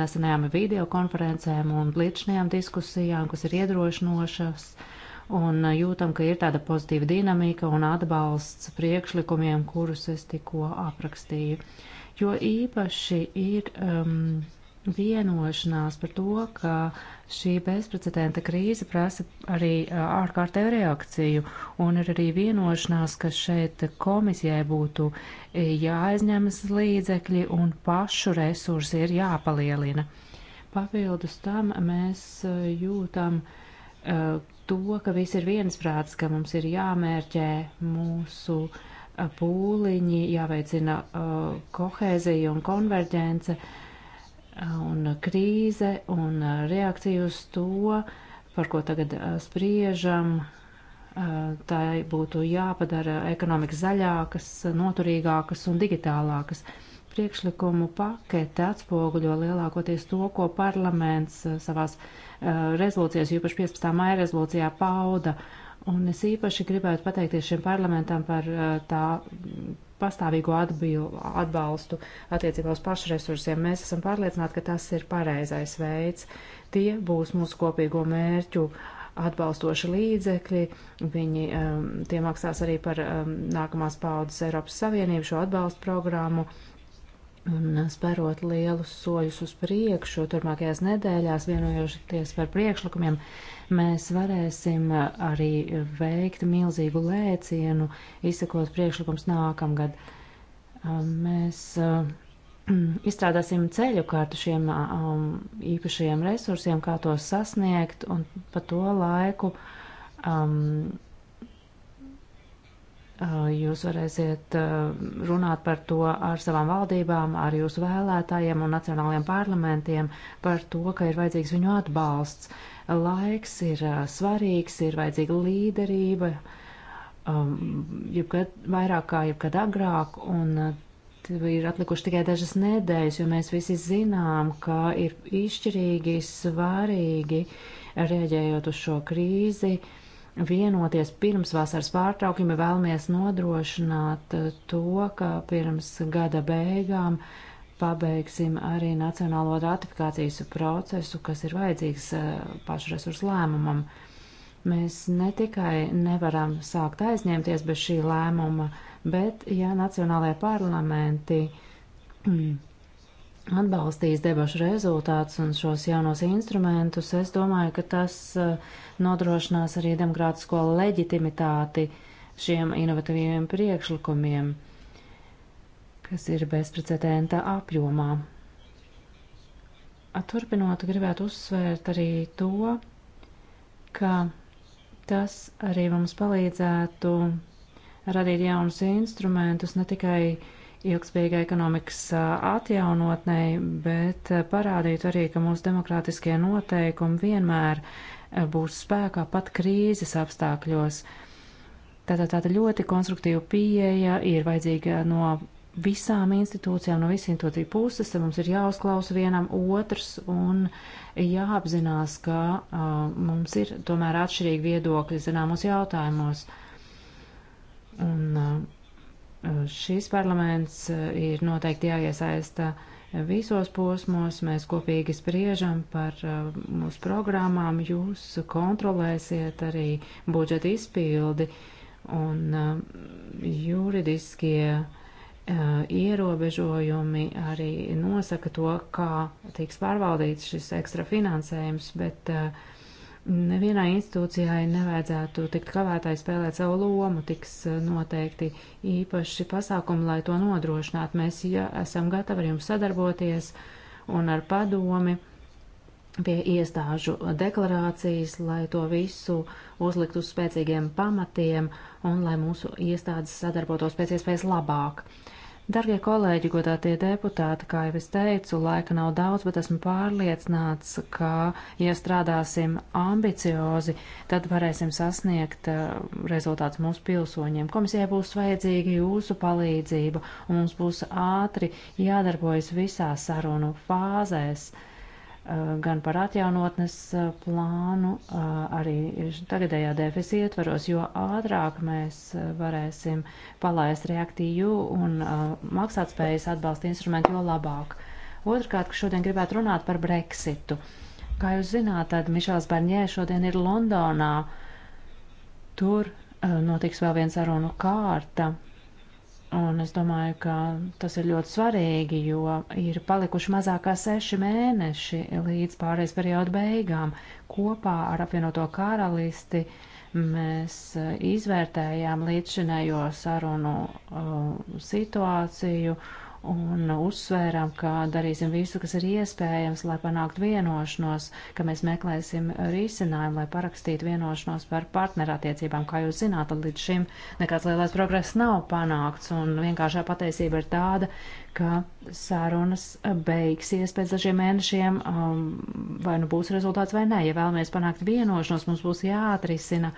nesenajām videokonferencēm un līdzinājām diskusijām, kas ir iedrošinošas, un jūtam, ka ir tāda pozitīva dinamika un atbalsts priekšlikumiem, kurus es tikko aprakstīju. Jo īpaši ir. Um, vienošanās par to, ka šī bezprecedenta krīze prasa arī ārkārtēju reakciju, un ir arī vienošanās, ka šeit komisijai būtu jāaizņemas līdzekļi un pašu resursi ir jāpalielina. Papildus tam mēs jūtam to, ka viss ir viensprāts, ka mums ir jāmērķē mūsu pūliņi, jāveicina kohēzija un konverģence. Uh, un krīze un reakcija uz to, par ko tagad uh, spriežam, uh, tā būtu jāpadara ekonomikas zaļākas, noturīgākas un digitālākas. Priekšlikumu pakete atspoguļo lielākoties to, ko parlaments uh, savās rezolūcijās, īpaši 15. maija rezolūcijā pauda. Un es īpaši gribētu pateikties šiem parlamentam par tā pastāvīgo atbil, atbalstu attiecībā uz pašresursiem. Mēs esam pārliecināti, ka tas ir pareizais veids. Tie būs mūsu kopīgo mērķu atbalstoši līdzekļi, viņi, um, tie maksās arī par um, nākamās paudzes Eiropas Savienību šo atbalstu programmu, un spērot lielus soļus uz priekšu, turpmākajās nedēļās vienojoties par priekšlikumiem, mēs varēsim arī veikt milzīgu lēcienu, izsakot priekšlikums nākamgad. Mēs (clears throat) izstrādāsim ceļu kārtu šiem īpašajiem resursiem, kā tos sasniegt, un pa to laiku um, Uh, jūs varēsiet uh, runāt par to ar savām valdībām, ar jūsu vēlētājiem un nacionālajiem parlamentiem, par to, ka ir vajadzīgs viņu atbalsts. Laiks ir uh, svarīgs, ir vajadzīga līderība, um, jebkad, vairāk kā jebkad agrāk, un ir atlikuši tikai dažas nedēļas, jo mēs visi zinām, ka ir izšķirīgi svarīgi, reaģējot uz šo krīzi, uh, vienoties pirms vasaras pārtraukuma, vēlamies nodrošināt eh, to, ka pirms gada beigām pabeigsim arī nacionālo ratifikācijas procesu, kas ir vajadzīgs eh, pašresursu lēmumam. Mēs ne tikai nevaram sākt aizņemties bez šī lēmuma, bet ja nacionālajie parlamenti mm, atbalstīs debašu rezultātus un šos jaunos instrumentus, es domāju, ka tas eh, nodrošinās arī demokrātisko leģitimitāti šiem inovatīviem priekšlikumiem, kas ir bezprecedenta apjomā. Turpinot, gribētu uzsvērt arī to, ka tas arī mums palīdzētu radīt jaunus instrumentus ne tikai uh, ilgspējīgai ekonomikas atjaunotnei, bet parādītu arī, ka mūsu demokrātiskie noteikumi vienmēr būs spēkā pat krīzes apstākļos. Tātad tāda ļoti konstruktīva pieeja ir vajadzīga no visām institūcijām, no visām institūciju puses. Mums ir jāuzklausa vienam otrs un jāapzinās, ka uh, mums ir tomēr atšķirīgi viedokļi zināmos jautājumos. Un, uh, Šis parlaments eh, ir noteikti jāiesaista visos posmos. Mēs kopīgi spriežam par eh, mūsu programmām. Jūs kontrolēsiet arī budžeta izpildi un eh, juridiskie ierobežojumi arī nosaka to, kā tiks pārvaldīts šis ekstra finansējums, bet uh, nevienai institūcijai nevajadzētu tikt kavētai spēlēt savu lomu, tiks eh, noteikti īpaši pasākumi, lai to nodrošinātu. Mēs ja esam gatavi ar jums sadarboties un ar padomi pie iestāžu deklarācijas, lai to visu uzlikt uz spēcīgiem pamatiem un lai mūsu iestādes sadarbotos pēc iespējas labāk. Uh, Darbie kolēģi, godātie deputāti, kā jau es teicu, laika nav daudz, bet esmu pārliecināts, ka, ja strādāsim ambiciozi, tad varēsim sasniegt eh, rezultāts mūsu pilsoņiem. Komisijai būs vajadzīga jūsu palīdzība, un mums būs ātri jādarbojas visās sarunu fāzēs. Eh, gan par atjaunotnes eh, plānu, eh, arī tagadējā defisi ietvaros, jo ātrāk mēs varēsim palaist reaktīju un maksātspējas atbalsta instrumentu, jo labāk. Otrkārt, ka šodien gribētu runāt par Brexitu. Kā jūs zināt, tad Mišels Barņē šodien ir Londonā. Tur notiks vēl viens sarunu kārta Un es domāju, ka tas ir ļoti svarīgi, jo ir palikuši mazākā seši mēneši līdz pārējais perioda beigām. Kopā ar apvienoto karalisti mēs eh, izvērtējām līdzšinējo sarunu uh, situāciju un uzsvērām, ka darīsim visu, kas ir iespējams, lai panāktu vienošanos, ka mēs meklēsim risinājumu, lai parakstītu vienošanos par partnerattiecībām. Kā jūs zināt, līdz šim nekāds lielais progress nav panākts, un vienkāršā patiesība ir tāda, ka sarunas beigsies pēc dažiem mēnešiem, um, vai nu būs rezultāts vai nē. Ja vēlamies panākt vienošanos, mums būs jāatrisina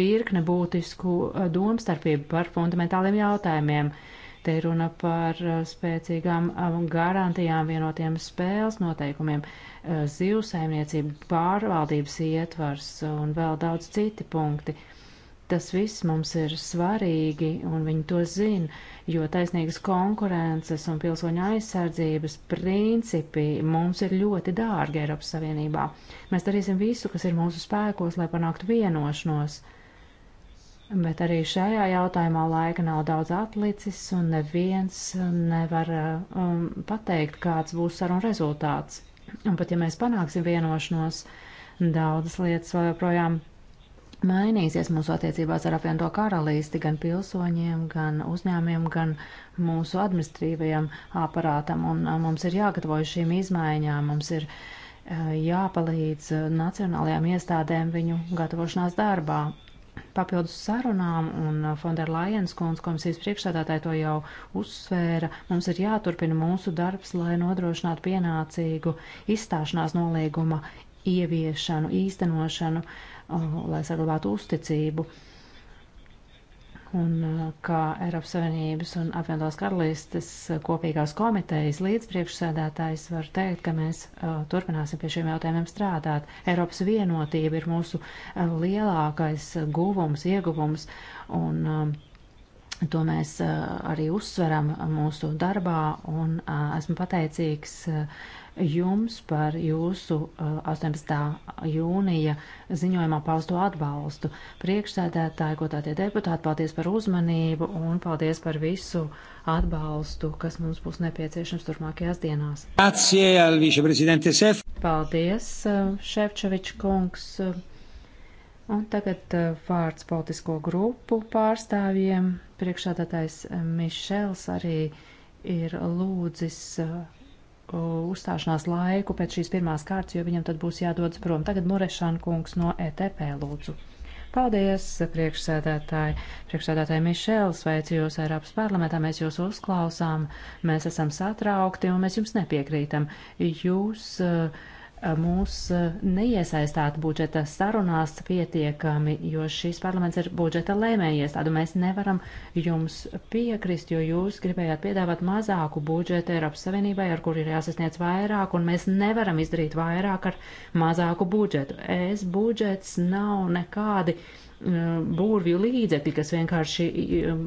virkne būtisku uh, domstarpību par fundamentāliem jautājumiem. Uh, Te ir runa par eh, spēcīgām eh, garantijām vienotiem spēles noteikumiem, eh, zivsaimniecība, pārvaldības ietvars un vēl daudz citi punkti. Tas viss mums ir svarīgi, un viņi to zina, jo taisnīgas konkurences un pilsoņa aizsardzības principi mums ir ļoti dārgi Eiropas Savienībā. Mēs darīsim visu, kas ir mūsu spēkos, lai panāktu vienošanos. Bet arī šajā jautājumā laika nav daudz atlicis, un neviens nevar um, pateikt, kāds būs saruna rezultāts. Un pat ja mēs panāksim vienošanos, daudzas lietas vēl joprojām mainīsies mūsu attiecībās ar apvienoto karalīsti, gan pilsoņiem, gan uzņēmiem, gan mūsu administrīvajam aparātam, un uh, mums ir jāgatavojas šīm izmaiņām, mums ir uh, jāpalīdz uh, nacionālajām iestādēm viņu gatavošanās darbā. Papildus sarunām, un Fonderlajens uh, kundze komisijas priekšsādātāja to jau uzsvēra, mums ir jāturpina mūsu darbs, lai nodrošinātu pienācīgu izstāšanās nolīguma ieviešanu, īstenošanu, uh, lai saglabātu uzticību. Uh, un uh, kā Eiropas Savienības un apvienotās karalistes uh, kopīgās komitejas līdzpriekšsēdētājs var teikt, ka mēs uh, turpināsim pie šiem jautājumiem strādāt. Eiropas vienotība ir mūsu uh, lielākais uh, guvums, ieguvums, un uh, to mēs arī uzsveram mūsu darbā, un esmu pateicīgs jums par jūsu 18. Uh, jūnija ziņojumā pausto atbalstu. Priekšsēdētāji, godātie deputāti, paldies par uzmanību un paldies par visu atbalstu, kas mums būs nepieciešams turpmākajās dienās. Paldies, uh, Šefčovičs kungs. Uh, un tagad vārds politisko grupu pārstāvjiem. Priekšādātais Mišels arī ir lūdzis uzstāšanās laiku pēc šīs pirmās kārtas, jo viņam tad būs jādodas prom. Tagad Morešana kungs no ETP lūdzu. Paldies, priekšsēdētāji. Priekšsēdētāji Mišēls, sveicu jūs Eiropas parlamentā, mēs jūs uzklausām, mēs esam satraukti un mēs jums nepiekrītam. Jūs uh, mūs eh, neiesaistāt budžeta sarunās pietiekami, jo šis parlaments ir budžeta lēmējies. Tādu mēs nevaram jums piekrist, jo jūs gribējāt piedāvāt mazāku budžetu Eiropas Savienībai, ar kur ir jāsasniedz vairāk, un mēs nevaram izdarīt vairāk ar mazāku budžetu. Es budžets nav nekādi Um, būrvju līdzekļi, kas vienkārši um,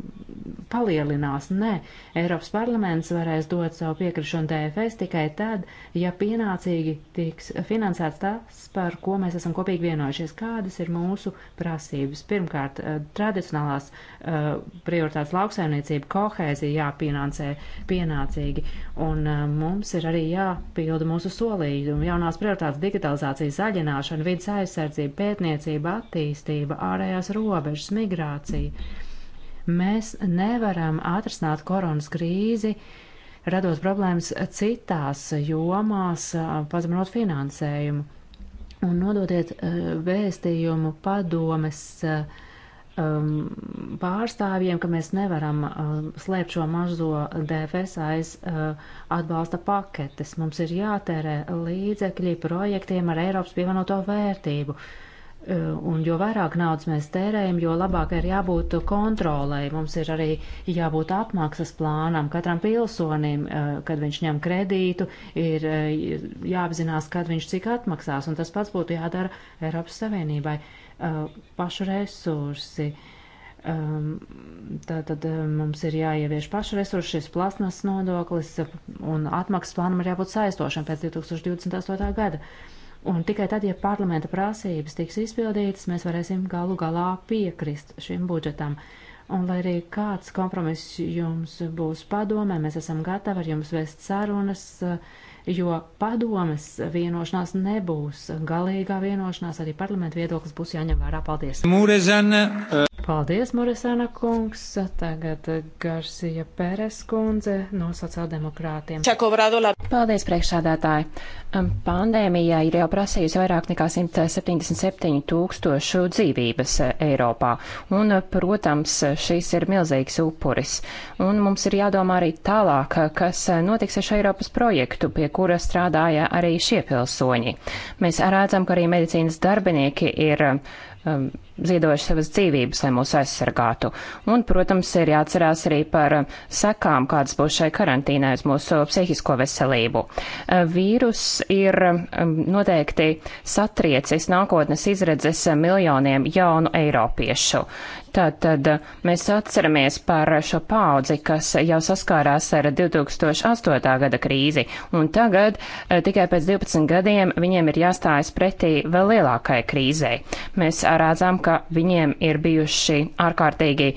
palielinās. Nē, Eiropas parlaments varēs dot savu piekrišanu DFS tikai tad, ja pienācīgi tiks finansēts tas, par ko mēs esam kopīgi vienojušies, kādas ir mūsu prasības. Pirmkārt, uh, tradicionālās uh, prioritātes lauksaimniecība, kohēzija jāpienācē pienācīgi, un uh, mums ir arī jāpilda mūsu solījumi. Jaunās prioritātes digitalizācija, zaļināšana, vidas aizsardzība, pētniecība, attīstība, ārā ārējās robežas, migrācija. Mēs nevaram atrisināt koronas krīzi, radot problēmas citās jomās, pazeminot finansējumu. Un nododiet vēstījumu padomes um, pārstāvjiem, ka mēs nevaram um, slēpt šo mazo DFS aiz uh, atbalsta paketes. Mums ir jātērē līdzekļi projektiem ar Eiropas pievienoto vērtību. Uh, Eh, un jo vairāk naudas mēs tērējam, jo labāk ir jābūt kontrolai. Mums ir arī jābūt apmaksas plānam. Katram pilsonim, eh, kad viņš ņem kredītu, ir eh, jāapzinās, kad viņš cik atmaksās. Un tas pats būtu jādara Eiropas Savienībai. Pašu resursi. Ehm, Tātad mums ir jāievieš pašu resursi, šis plasmas nodoklis un atmaksas plānam ir jābūt saistošam pēc 2028. gada. Un tikai tad, ja parlamenta prasības tiks izpildītas, mēs varēsim galu galā piekrist šim budžetam. Un lai arī kāds kompromiss jums būs padomē, mēs esam gatavi ar jums vēst sarunas, uh, jo padomes vienošanās nebūs galīgā vienošanās, arī parlamentu viedoklis būs jāņem vērā. Paldies! Mūrezana, uh... Eh, Paldies, Muresana kungs! Tagad Garcija Pēres kundze no sociāldemokrātiem. Paldies, priekšsādātāji! Pandēmijā ir jau prasījusi vairāk nekā 177 tūkstošu dzīvības eh, Eiropā, un, eh, protams, šis ir milzīgs upuris. Un mums ir jādomā arī tālāk, kas notiks ar šo Eiropas projektu, pie kura strādāja arī šie pilsoņi. Mēs redzam, ka arī medicīnas darbinieki ir um, ziedojuši savas dzīvības, lai mūs aizsargātu. Un, protams, ir jāatcerās arī par sekām, kādas būs šai karantīnai uz mūsu psihisko veselību. Vīrus ir um, noteikti satriecis nākotnes izredzes miljoniem jaunu eiropiešu. Tātad mēs atceramies par šo paudzi, kas jau saskārās ar 2008. gada krīzi, un tagad eh, tikai pēc 12 gadiem viņiem ir jāstājas pretī vēl lielākai krīzei. Mēs rādzām, ka ka viņiem ir bijuši ārkārtīgi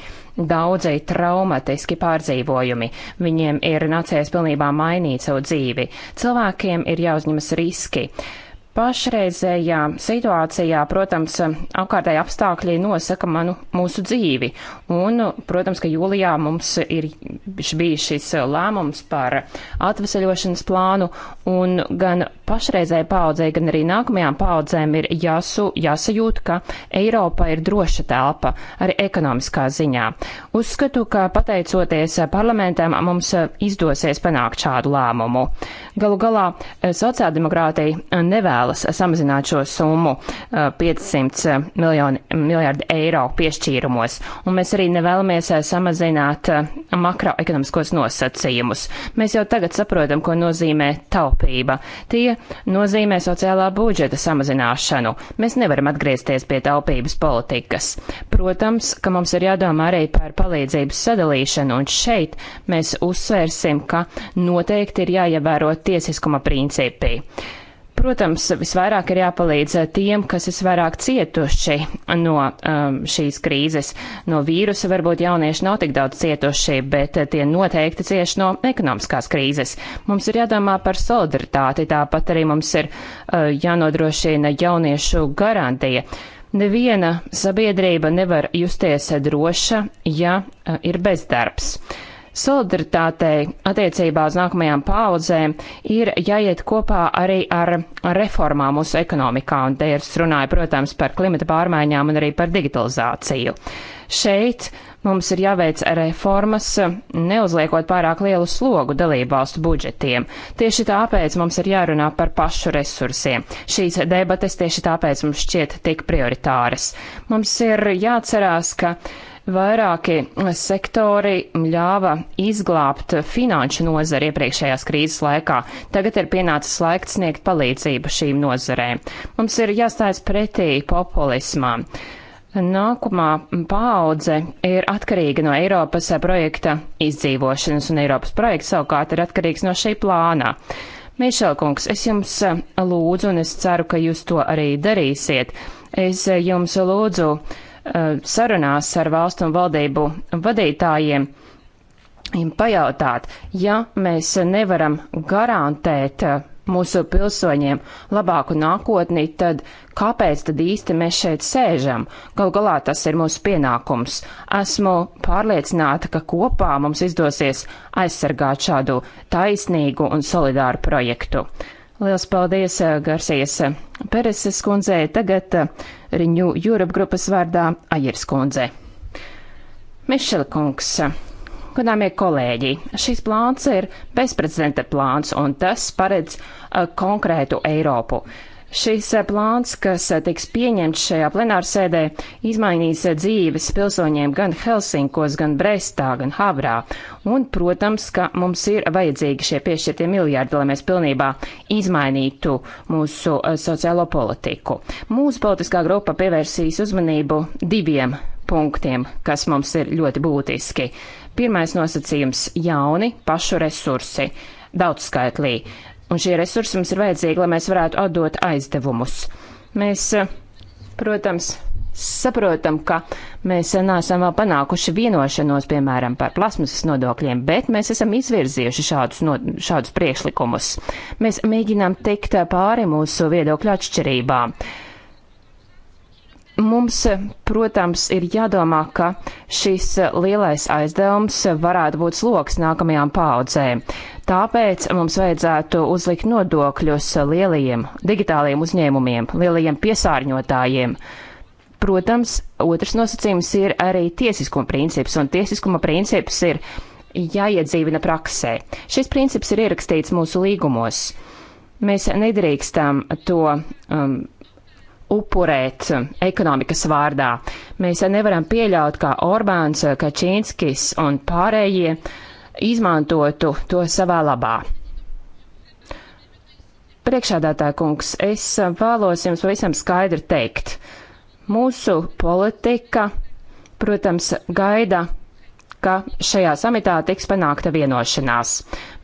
daudzi traumatiski pārdzīvojumi. Viņiem ir nācies pilnībā mainīt savu dzīvi. Cilvēkiem ir jāuzņemas riski. Pašreizējā situācijā, protams, apkārtēji apstākļi nosaka manu mūsu dzīvi, Un, protams, ka jūlijā mums ir bija šis lēmums par atvesaļošanas plānu, un gan pašreizēji paudzei, gan arī nākamajām paudzēm ir jāsu, jāsajūt, ka Eiropa ir droša telpa arī ekonomiskā ziņā. Uzskatu, ka pateicoties parlamentam mums izdosies panākt šādu lēmumu. Galu galā sociāldemokrātija nevēlas samazināt šo summu 500 eh, miljoni, miljardi eiro piešķīrumos, un mēs arī arī nevēlamies eh, samazināt eh, makroekonomiskos nosacījumus. Mēs jau tagad saprotam, ko nozīmē taupība. Tie nozīmē sociālā budžeta samazināšanu. Mēs nevaram atgriezties pie taupības politikas. Protams, ka mums ir jādomā arī par palīdzības sadalīšanu, un šeit mēs uzsvērsim, ka noteikti ir jāievēro tiesiskuma principi. Protams, visvairāk ir jāpalīdz eh, tiem, kas visvairāk cietuši no um, šīs krīzes. No vīrusa varbūt jaunieši nav tik daudz cietuši, bet eh, tie noteikti cieši no ekonomiskās krīzes. Mums ir jādomā par solidaritāti, tāpat arī mums ir uh, jānodrošina jauniešu garantija. Neviena sabiedrība nevar justies droša, ja uh, ir bezdarbs. Uh, Solidaritātei attiecībā uz nākamajām paudzēm ir jāiet kopā arī ar reformām mūsu ekonomikā, un te ir runāja, protams, par klimata pārmaiņām un arī par digitalizāciju. Šeit mums ir jāveic reformas, neuzliekot pārāk lielu slogu dalībvalstu budžetiem. Tieši tāpēc mums ir jārunā par pašu resursiem. Šīs debates tieši tāpēc mums šķiet tik prioritāras. Mums ir jāatcerās, ka Vairāki sektori ļāva izglābt finanšu nozari iepriekšējās krīzes laikā. Tagad ir pienācis laiks sniegt palīdzību šīm nozarēm. Mums ir jāstājas pretī populismām. Nākamā paudze ir atkarīga no Eiropas projekta izdzīvošanas, un Eiropas projekts savukārt ir atkarīgs no šī plānā. Mišelkungs, es jums lūdzu, un es ceru, ka jūs to arī darīsiet. Es jums lūdzu sarunās ar valstu un valdību vadītājiem pajautāt, ja mēs nevaram garantēt uh, mūsu pilsoņiem labāku nākotni, tad kāpēc tad īsti mēs šeit sēžam? Gal galā tas ir mūsu pienākums. Esmu pārliecināta, ka kopā mums izdosies aizsargāt šādu taisnīgu un solidāru projektu. Liels paldies, eh, Garsies eh, Pereses kundzei, tagad eh, Riņu Jūrap grupas vārdā Ajers kundze. Mišela kungs, Godāmie kolēģi, šis plāns ir bezprecedenta plāns, un tas paredz uh, konkrētu Eiropu. Uh, Šis eh, plāns, kas eh, tiks pieņemts šajā plenārsēdē, izmainīs eh, dzīves pilsoņiem gan Helsinkos, gan Brestā, gan Havrā. Un, protams, ka mums ir vajadzīgi šie piešķirtie miljārdi, lai mēs pilnībā izmainītu mūsu sociālo politiku. Mūsu politiskā grupa pievērsīs uzmanību diviem punktiem, kas mums ir ļoti būtiski. Pirmais nosacījums - jauni pašu resursi daudzskaitlī. Un šie resursi mums ir vajadzīgi, lai mēs varētu atdot aizdevumus. Mēs, eh, protams, saprotam, ka mēs eh, neesam vēl panākuši vienošanos, piemēram, par plasmasas nodokļiem, bet mēs esam izvirzījuši šādus, no, šādus priekšlikumus. Mēs mēģinām teikt eh, pāri mūsu viedokļu atšķirībām. Mums, protams, ir jādomā, ka šis lielais aizdevums varētu būt sloks nākamajām paudzēm. Tāpēc mums vajadzētu uzlikt nodokļus lielajiem digitālajiem uzņēmumiem, lielajiem piesārņotājiem. Protams, otrs nosacījums ir arī tiesiskuma princips, un tiesiskuma princips ir jāiedzīvina praksē. Šis princips ir ierakstīts mūsu līgumos. Mēs nedrīkstam to um, upurēt um, ekonomikas vārdā. Mēs nevaram pieļaut, kā Orbāns, Kačīnskis un pārējie uh, izmantotu to savā labā. Priekšādātā kungs, es vēlos jums pavisam skaidri teikt, mūsu politika, protams, gaida, ka šajā samitā tiks panākta vienošanās.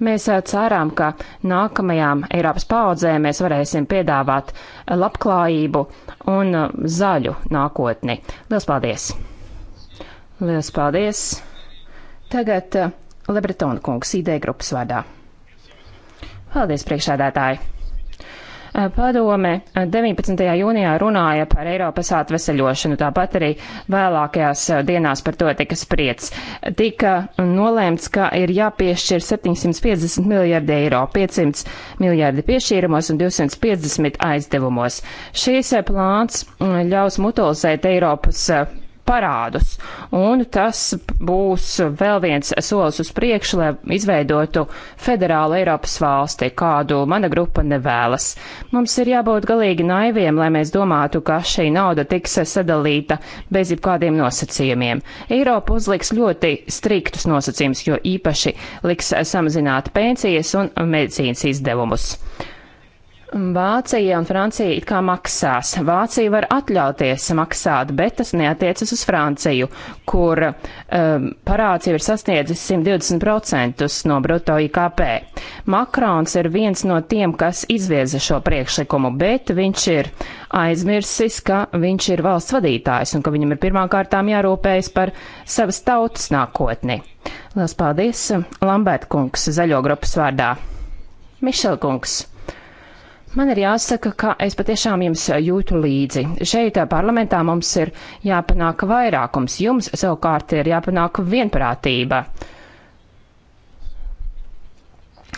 Mēs eh, cerām, ka nākamajām Eiropas paudzēm mēs varēsim piedāvāt labklājību un eh, zaļu nākotni. Lielas paldies! Lielas paldies! Tagad eh, Lebretona kungs, ideja grupas vārdā. Paldies, priekšādātāji! Padome 19. jūnijā runāja par Eiropas atveseļošanu, tāpat arī vēlākajās dienās par to tika spriedz. Tika nolēmts, ka ir jāpiešķir 750 miljardi eiro, 500 miljardi piešķīrumos un 250 aizdevumos. Šīs plāns ļaus mutualizēt Eiropas parādus. Un tas būs vēl viens solis uz priekšu, lai izveidotu federālu Eiropas valsti, kādu mana grupa nevēlas. Mums ir jābūt galīgi naiviem, lai mēs domātu, ka šī nauda tiks sadalīta bez jebkādiem nosacījumiem. Eiropa uzliks ļoti striktus nosacījumus, jo īpaši liks samazināt pensijas un medicīnas izdevumus. Vācija un Francija it kā maksās. Vācija var atļauties maksāt, bet tas neatiecas uz Franciju, kur um, parāds jau ir sasniedzis 120% no bruto IKP. Makrons ir viens no tiem, kas izvieza šo priekšlikumu, bet viņš ir aizmirsis, ka viņš ir valsts vadītājs un ka viņam ir pirmām kārtām jārūpējas par savas tautas nākotni. Lielas paldies, Lambēt kungs, zaļo grupas vārdā. Mišel kungs. Man ir jāsaka, ka es patiešām jums jūtu līdzi. Šeit parlamentā mums ir jāpanāk vairākums, jums savukārt ir jāpanāk vienprātība.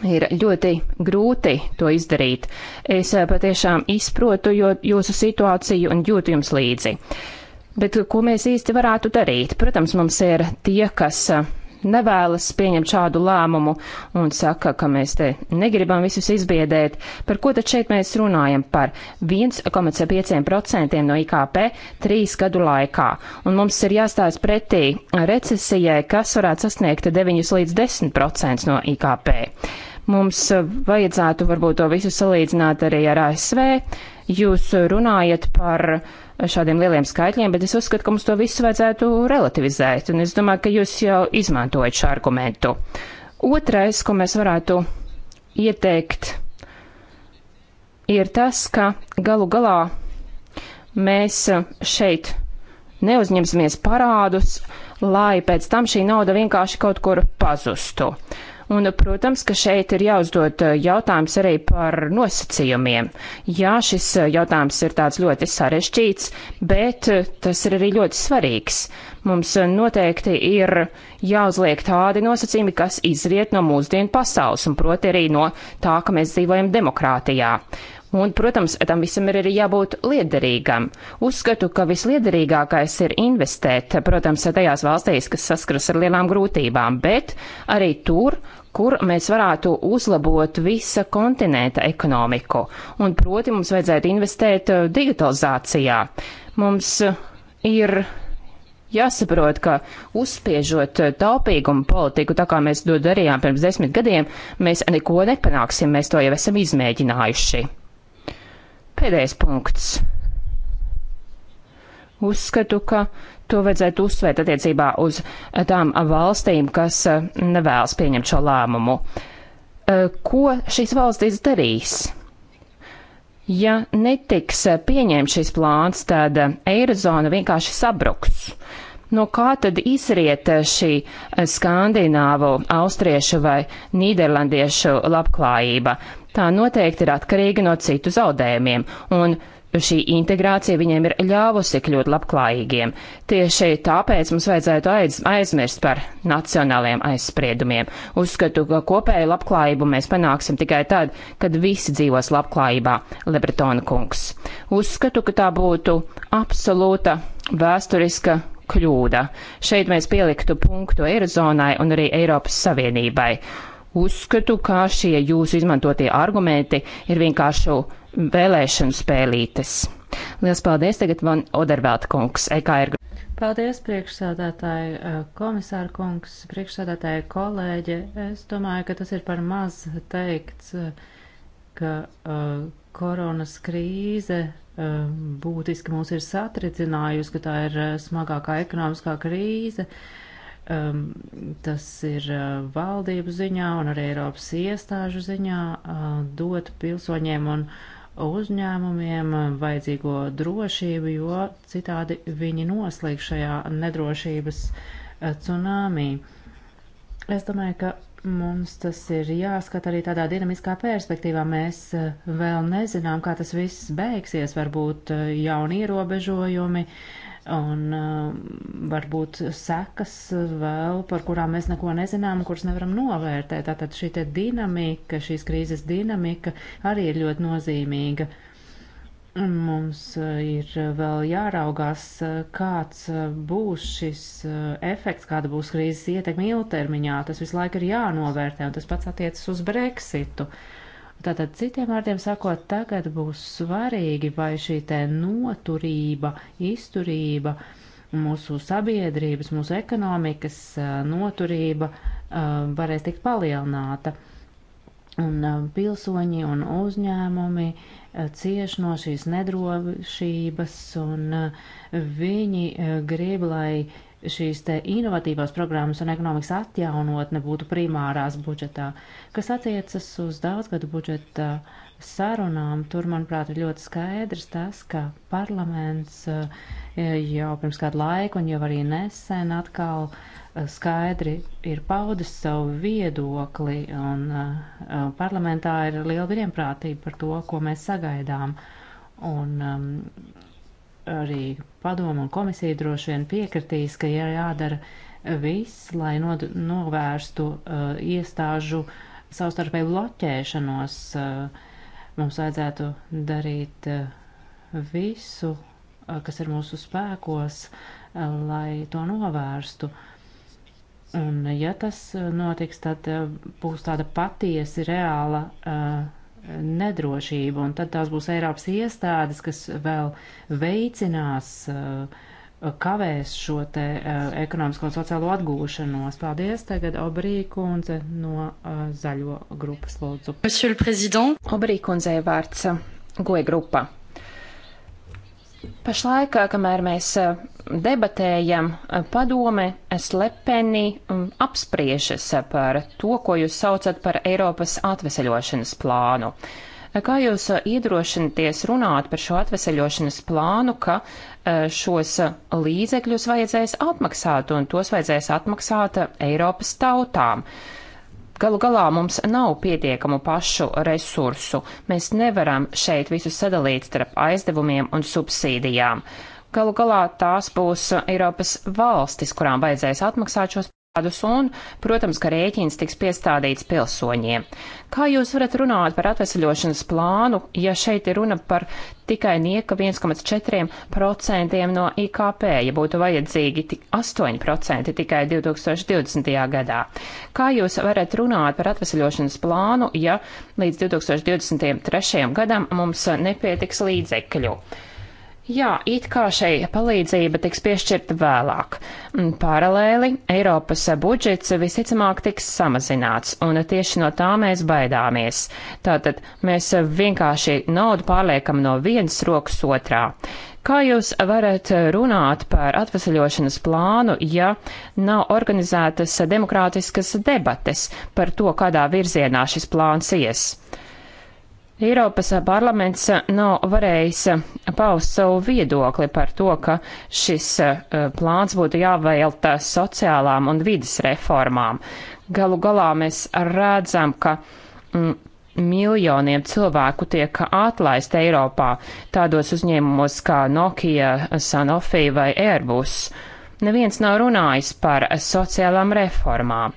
Ir ļoti grūti to izdarīt. Es patiešām izprotu jūsu situāciju un jūtu jums līdzi. Bet ko mēs īsti varētu darīt? Protams, mums ir tie, kas nevēlas pieņemt šādu lēmumu un saka, ka mēs te negribam visus izbiedēt. Par ko tad šeit mēs runājam? Par 1,5% no IKP trīs gadu laikā. Un mums ir jāstājas pretī recesijai, kas varētu sasniegt 9 līdz 10% no IKP. Mums vajadzētu varbūt to visu salīdzināt arī ar ASV. Jūs runājat par uh, šādiem lieliem skaitļiem, bet es uzskatu, ka mums to visu vajadzētu relativizēt, un es domāju, ka jūs jau izmantojat šo argumentu. Otrais, ko mēs varētu ieteikt, ir tas, ka galu galā mēs šeit neuzņemsimies parādus, lai pēc tam šī nauda vienkārši kaut kur pazustu. Uh, Un, protams, ka šeit ir jāuzdod eh, jautājums arī par nosacījumiem. Jā, šis eh, jautājums ir tāds ļoti sarežģīts, bet eh, tas ir arī ļoti svarīgs. Mums noteikti ir jāuzliek tādi nosacījumi, kas izriet no mūsdienu pasaules, un proti arī no tā, ka mēs dzīvojam demokrātijā. Un, protams, tam visam ir arī jābūt liederīgam. Uzskatu, ka visliederīgākais ir investēt, protams, tajās valstīs, kas saskaras ar lielām grūtībām, bet arī tur, kur mēs varētu uzlabot visa kontinenta ekonomiku. Un, proti, mums vajadzētu investēt eh, digitalizācijā. Mums eh, ir jāsaprot, ka uzspiežot eh, taupīgumu politiku, tā kā mēs to darījām pirms desmit gadiem, mēs neko nepanāksim, mēs to jau esam izmēģinājuši. Pēdējais punkts. Uzskatu, ka to vajadzētu uzsvērt attiecībā uz tām valstīm, kas eh, nevēlas pieņemt šo lēmumu. Eh, ko šīs valstis darīs? Ja netiks eh, pieņemts šis plāns, tad Eirozona vienkārši sabruks. No kā tad izriet šī skandināvu, austriešu vai nīderlandiešu labklājība? tā noteikti ir atkarīga no citu zaudējumiem, un šī integrācija viņiem ir ļāvusi kļūt labklājīgiem. Tieši tāpēc mums vajadzētu aiz, aizmirst par nacionāliem aizspriedumiem. Uzskatu, ka kopēju labklājību mēs panāksim tikai tad, kad visi dzīvos labklājībā, Lebretona kungs. Uzskatu, ka tā būtu absolūta vēsturiska kļūda. Šeit mēs pieliktu punktu Eirozonai un arī Eiropas Savienībai. Uzskatu, ka šie jūsu izmantotie argumenti ir vienkārši vēlēšanu spēlītes. Lielas paldies tagad man Odervēlta kungs, EKR. Paldies, priekšsādātāji eh, komisāra kungs, priekšsādātāji kolēģi. Es domāju, ka tas ir par maz teikts, ka uh, koronas krīze uh, būtiski mūs ir satricinājusi, ka tā ir smagākā ekonomiskā krīze. Uh, um, tas ir uh, valdību ziņā un arī Eiropas iestāžu ziņā uh, dot pilsoņiem un uzņēmumiem uh, vajadzīgo drošību, jo citādi viņi noslīg šajā nedrošības uh, cunāmī. Es domāju, ka mums tas ir jāskat arī tādā dinamiskā perspektīvā. Mēs uh, vēl nezinām, kā tas viss beigsies. Varbūt jauni ierobežojumi, uh, un um, varbūt sekas vēl, par kurām mēs neko nezinām, kuras nevaram novērtēt. Tātad šī te dinamika, šīs krīzes dinamika arī ir ļoti nozīmīga. Un mums uh, ir vēl jāraugās, uh, kāds uh, būs šis efekts, kāda būs krīzes ietekme ilgtermiņā. Tas visu laiku ir jānovērtē, un tas pats attiecas uz Brexitu. Uh, Tātad, citiem vārdiem sakot, tagad būs svarīgi, vai šī te noturība, izturība, mūsu sabiedrības, mūsu ekonomikas noturība varēs tikt palielināta. Un pilsoņi un uzņēmumi cieši no šīs nedrošības, un viņi grib, lai šīs te inovatīvās programmas un ekonomikas atjaunotne būtu primārās budžetā. Kas attiecas uz daudzgadu budžeta sarunām, tur, manuprāt, ir ļoti skaidrs tas, ka parlaments eh, jau pirms kādu laiku un jau arī nesen atkal eh, skaidri ir paudis savu viedokli, un eh, parlamentā ir liela vienprātība par to, ko mēs sagaidām. Un, um, arī padomu un komisija droši vien piekritīs, ka ir jādara viss, lai nod, novērstu uh, iestāžu savstarpēju bloķēšanos. Uh, mums vajadzētu darīt uh, visu, uh, kas ir mūsu spēkos, uh, lai to novērstu. Un, ja tas uh, notiks, tad uh, būs tāda patiesi reāla uh, nedrošību, un tad tās būs Eiropas iestādes, kas vēl veicinās, uh, kavēs šo te uh, ekonomisko un sociālo atgūšanos. Paldies, tagad Obrī kundze no uh, Zaļo grupas lūdzu. Obrī kundzei vārds Goja grupa. Pašlaik, kamēr mēs debatējam, padome slepeni apspriežas par to, ko jūs saucat par Eiropas atveseļošanas plānu. Kā jūs iedrošināties runāt par šo atveseļošanas plānu, ka šos līdzekļus vajadzēs atmaksāt un tos vajadzēs atmaksāt Eiropas tautām? Uh, Galu galā mums nav pietiekamu pašu resursu. Mēs nevaram šeit visu sadalīt starp aizdevumiem un subsīdijām. Galu galā tās būs Eiropas valstis, kurām vajadzēs atmaksāt šos parādus un, protams, ka rēķins tiks piestādīts pilsoņiem. Kā jūs varat runāt par atvesaļošanas plānu, ja šeit ir runa par tikai nieka 1,4% no IKP, ja būtu vajadzīgi tik 8% tikai 2020. gadā? Kā jūs varat runāt par atvesaļošanas plānu, ja līdz 2023. gadam mums nepietiks līdzekļu? Jā, it kā šai palīdzība tiks piešķirta vēlāk. Mm, paralēli Eiropas budžets visticamāk tiks samazināts, un tieši no tā mēs baidāmies. Tātad mēs vienkārši naudu pārliekam no vienas rokas otrā. Kā jūs varat runāt par atvesaļošanas plānu, ja nav organizētas demokrātiskas debates par to, kādā virzienā šis plāns ies? Eiropas parlaments nav varējis paust savu viedokli par to, ka šis eh, plāns būtu jāvēlta sociālām un vidas reformām. Galu galā mēs redzam, ka mm, miljoniem cilvēku tiek atlaist Eiropā tādos uzņēmumos kā Nokia, Sanofi vai Airbus. Neviens nav runājis par sociālām reformām.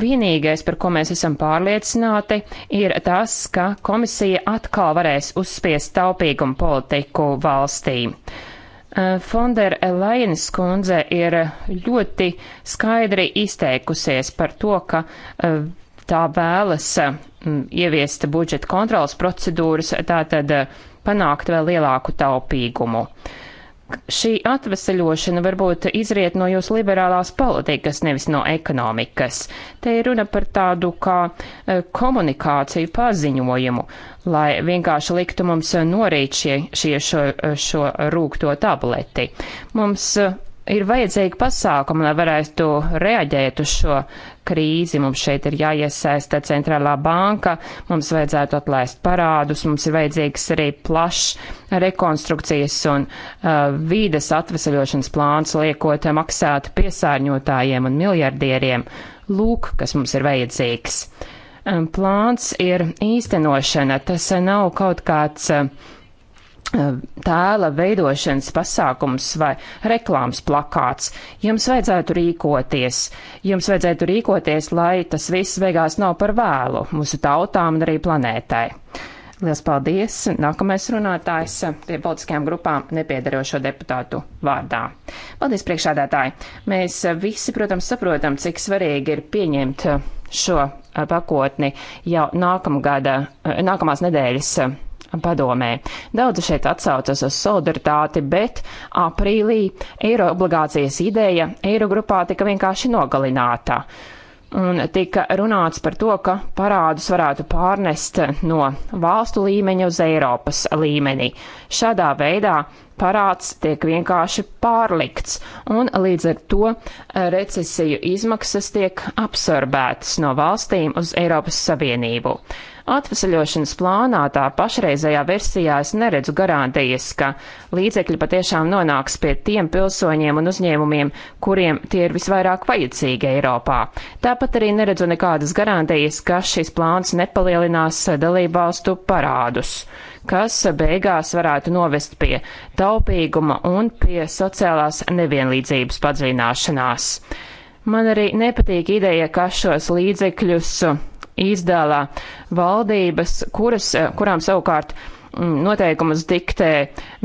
Vienīgais, par ko mēs esam pārliecināti, ir tas, ka komisija atkal varēs uzspiest taupīgumu politiku valstī. Eh, Fonder Elainas kundze ir ļoti skaidri izteikusies par to, ka eh, tā vēlas mm, ieviest budžeta kontrolas procedūras, tātad eh, panākt vēl lielāku taupīgumu. Uh, šī atveseļošana varbūt izriet no jūsu liberālās politikas, nevis no ekonomikas. Te ir runa par tādu kā e, komunikāciju paziņojumu, lai vienkārši liktu mums norīt šie, šie šo, e, šo rūkto tableti. Mums e, ir vajadzīgi pasākumi, lai varētu reaģēt uz šo krīzi. Mums šeit ir jāiesaista centrālā banka, mums vajadzētu atlaist parādus, mums ir vajadzīgs arī plašs rekonstrukcijas un uh, vīdes atvesaļošanas plāns, liekot maksāt piesārņotājiem un miljardieriem. Lūk, kas mums ir vajadzīgs. Um, plāns ir īstenošana, tas nav kaut kāds uh, tēla veidošanas pasākums vai reklāmas plakāts. Jums vajadzētu rīkoties. Jums vajadzētu rīkoties, lai tas viss beigās nav par vēlu mūsu tautām un arī planētai. Lielas paldies! Nākamais runātājs pie politiskajām grupām nepiedarošo deputātu vārdā. Paldies, priekšādātāji! Mēs visi, protams, saprotam, cik svarīgi ir pieņemt šo pakotni jau nākamgada, nākamās nedēļas padomē. Daudz šeit atsaucas uz solidaritāti, bet aprīlī eiro obligācijas ideja Eirogrupā tika vienkārši nogalināta. Un tika runāts par to, ka parādus varētu pārnest no valstu līmeņa uz Eiropas līmeni. Šādā veidā parāds tiek vienkārši pārlikts, un līdz ar to recesiju izmaksas tiek absorbētas no valstīm uz Eiropas Savienību. Atvesaļošanas plānā tā pašreizējā versijā es neredzu garantijas, ka līdzekļi patiešām nonāks pie tiem pilsoņiem un uzņēmumiem, kuriem tie ir visvairāk vajadzīgi Eiropā. Tāpat arī neredzu nekādas garantijas, ka šis plāns nepalielinās dalībvalstu parādus kas beigās varētu novest pie taupīguma un pie sociālās nevienlīdzības padziļināšanās. Man arī nepatīk ideja, ka šos līdzekļus izdala valdības, kuras, eh, kurām savukārt mm, noteikumus diktē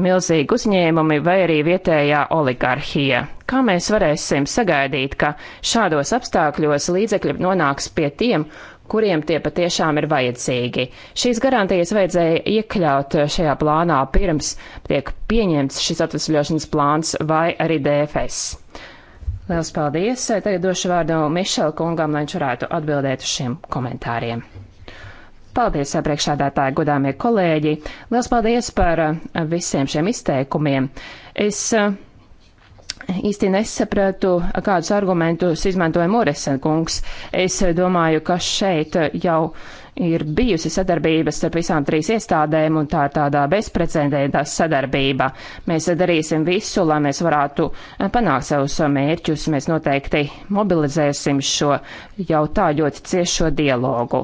milzīgi uzņēmumi vai arī vietējā oligarhija. Kā mēs varēsim sagaidīt, ka šādos apstākļos līdzekļi nonāks pie tiem, kuriem tie patiešām ir vajadzīgi. Šīs garantijas vajadzēja iekļaut šajā plānā pirms tiek pieņemts šis atvesļošanas plāns vai arī DFS. Lielas paldies! Tagad došu vārdu Mišela kungam, lai viņš varētu atbildēt uz šiem komentāriem. Paldies, priekšādātāji, godāmie kolēģi! Lielas paldies par eh, visiem šiem izteikumiem! Es eh, īsti nesapratu, kādus argumentus izmantoja Moresen kungs. Es eh, domāju, ka šeit jau ir bijusi sadarbība starp visām trīs iestādēm, un tā ir tādā bezprecedentā sadarbība. Mēs darīsim visu, lai mēs varētu eh, panākt savus eh, mērķus. Mēs noteikti mobilizēsim šo jau tā ļoti ciešo dialogu.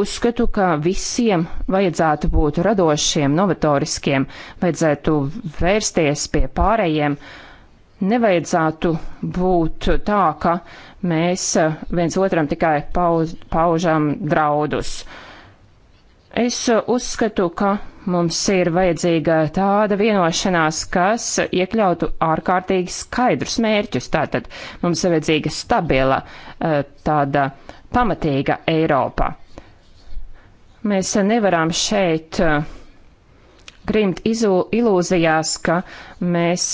Uzskatu, ka visiem vajadzētu būt radošiem, novatoriskiem, vajadzētu vērsties pie pārējiem. Nevajadzētu būt tā, ka mēs eh, viens otram tikai pauz, paužam draudus. Es eh, uzskatu, ka mums ir vajadzīga tāda vienošanās, kas iekļautu ārkārtīgi skaidrus mērķus. Tātad mums ir vajadzīga stabila, eh, tāda pamatīga Eiropa. Mēs nevaram šeit grimt ilūzijās, ka mēs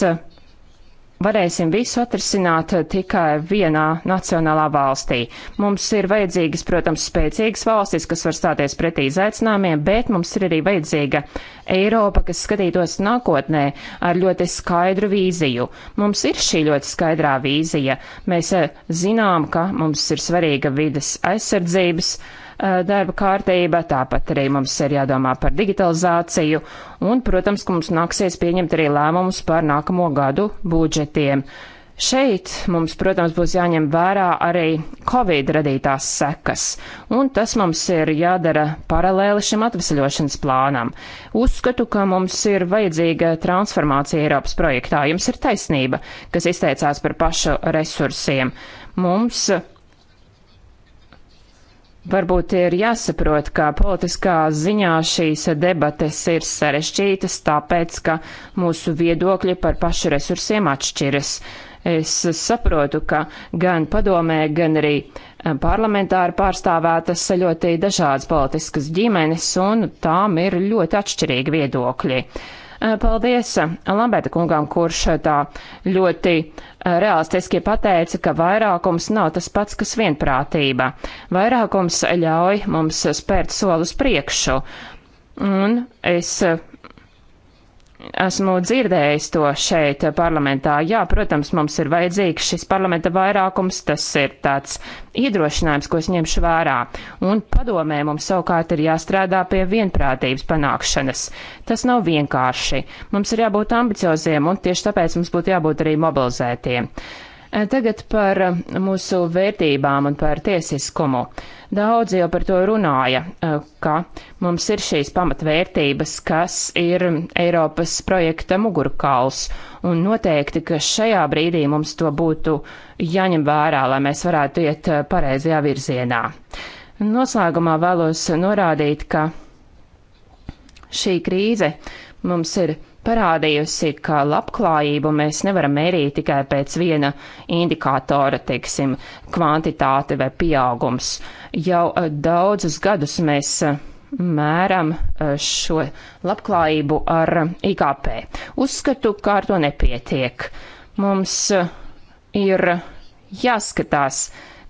varēsim visu atrisināt tikai vienā nacionālā valstī. Mums ir vajadzīgas, protams, spēcīgas valstis, kas var stāties pretī izaicinājumiem, bet mums ir arī vajadzīga Eiropa, kas skatītos nākotnē ar ļoti skaidru vīziju. Mums ir šī ļoti skaidrā vīzija. Mēs eh, zinām, ka mums ir svarīga vides aizsardzības Eh, darba kārtība, tāpat arī mums ir jādomā par digitalizāciju, un, protams, ka mums nāksies pieņemt arī lēmumus par nākamo gadu budžetiem. Šeit mums, protams, būs jāņem vērā arī Covid radītās sekas, un tas mums ir jādara paralēli šim atvesaļošanas plānam. Uzskatu, ka mums ir vajadzīga transformācija Eiropas projektā. Jums ir taisnība, kas izteicās par pašu resursiem. Mums Varbūt ir jāsaprot, ka politiskā ziņā šīs debates ir sarešķītas, tāpēc, ka mūsu viedokļi par pašu resursiem atšķiras. Es saprotu, ka gan padomē, gan arī eh, parlamentāri pārstāvētas ļoti dažādas politiskas ģimenes, un tām ir ļoti atšķirīgi viedokļi. Uh, Eh, paldies Lamberta kungam, kurš tā ļoti eh, realistiski pateica, ka vairākums nav tas pats, kas vienprātība. Vairākums ļauj mums spērt solus priekšu. Un es eh, Esmu dzirdējis to šeit parlamentā. Jā, protams, mums ir vajadzīgs šis parlamenta vairākums, tas ir tāds iedrošinājums, ko es ņemšu vērā. Un padomē mums savukārt ir jāstrādā pie vienprātības panākšanas. Tas nav vienkārši. Mums ir jābūt ambicioziem un tieši tāpēc mums būtu jābūt arī mobilizētiem. Eh, tagad par eh, mūsu vērtībām un par tiesiskumu. Daudz jau par to runāja, eh, ka mums ir šīs pamatvērtības, kas ir Eiropas projekta mugurkauls, un noteikti, ka šajā brīdī mums to būtu jāņem vērā, lai mēs varētu iet pareizajā virzienā. Noslēgumā vēlos norādīt, ka šī krīze mums ir parādījusi, ka labklājību mēs nevaram mērīt tikai pēc viena indikātora, teiksim, kvantitāte vai pieaugums. Jau eh, daudzus gadus mēs eh, mēram eh, šo labklājību ar IKP. Uzskatu, ka ar to nepietiek. Mums ir jāskatās,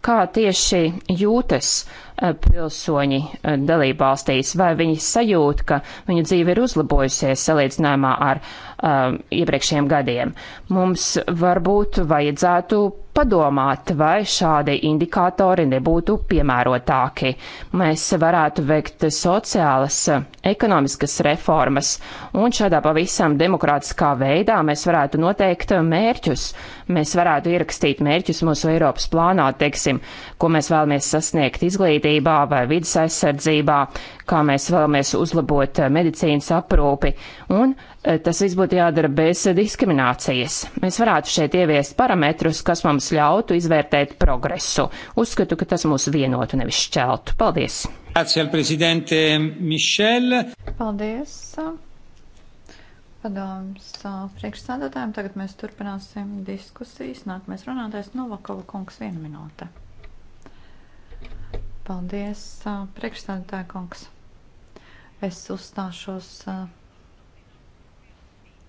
kā tieši jūtas Eh, pilsoņi eh, dalībvalstīs, vai viņi sajūt, ka viņu dzīve ir uzlabojusies salīdzinājumā ar um, iepriekšējiem gadiem. Mums varbūt vajadzētu padomāt, vai šādi indikātori nebūtu piemērotāki. Mēs varētu veikt sociālas, ekonomiskas reformas, un šādā pavisam demokrātiskā veidā mēs varētu noteikt mērķus. Mēs varētu ierakstīt mērķus mūsu Eiropas plānā, teiksim, ko mēs vēlamies sasniegt izglītībā attīstībā vai vidas aizsardzībā, kā mēs vēlamies uzlabot eh, medicīnas aprūpi, un eh, tas viss būtu jādara bez diskriminācijas. Mēs varētu šeit ieviest parametrus, kas mums ļautu izvērtēt progresu. Uzskatu, ka tas mūs vienotu, nevis šķeltu. Paldies! Paldies! Eh, padoms priekšstādātājiem. Tagad mēs turpināsim diskusijas. Nākamais runātais Novakova kungs viena minūte. Paldies, priekšstādātāja kungs. Es uzstāšos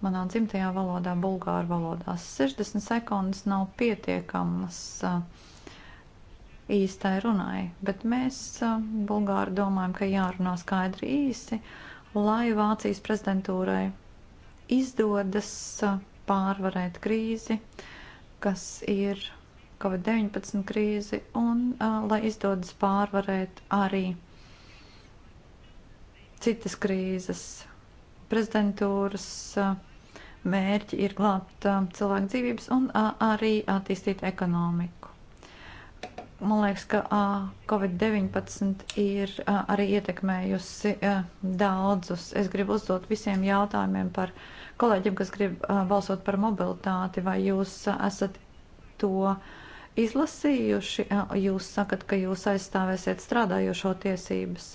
manā dzimtajā valodā, bulgāru valodā. 60 sekundes nav pietiekamas īstai runai, bet mēs, bulgāri, domājam, ka jārunā skaidri īsi, lai Vācijas prezidentūrai izdodas pārvarēt krīzi, kas ir COVID-19 krīzi un uh, lai izdodas pārvarēt arī citas krīzes. Prezidentūras uh, mērķi ir glābt uh, cilvēku dzīvības un uh, arī attīstīt ekonomiku. Man liekas, ka uh, Covid-19 ir uh, arī ietekmējusi uh, daudzus. Es gribu uzdot visiem jautājumiem par kolēģiem, kas grib uh, balsot par mobilitāti, vai jūs uh, esat to uh, izlasījuši. Jūs sakat, ka jūs aizstāvēsiet strādājošo tiesības,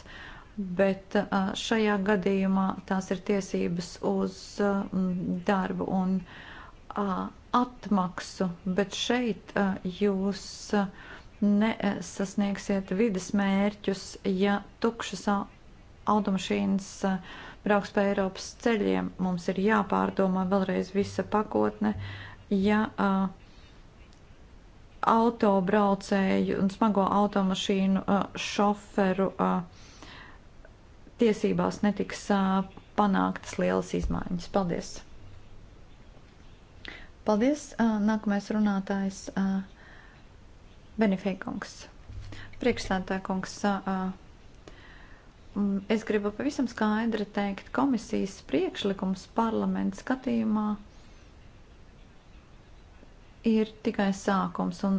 bet šajā gadījumā tās ir tiesības uz darbu un atmaksu, bet šeit jūs nesasniegsiet vidas mērķus, ja tukšas automašīnas brauks pa Eiropas ceļiem. Mums ir jāpārdomā vēlreiz visa pakotne, ja uh, autobraucēju un smago automašīnu uh, šoferu uh, tiesībās netiks uh, panāktas lielas izmaiņas. Paldies! Paldies! Nākamais runātājs Benefēkungs. Priekšsēdētājkungs, es gribu pavisam skaidri teikt, komisijas priekšlikums parlaments skatījumā ir tikai sākums, un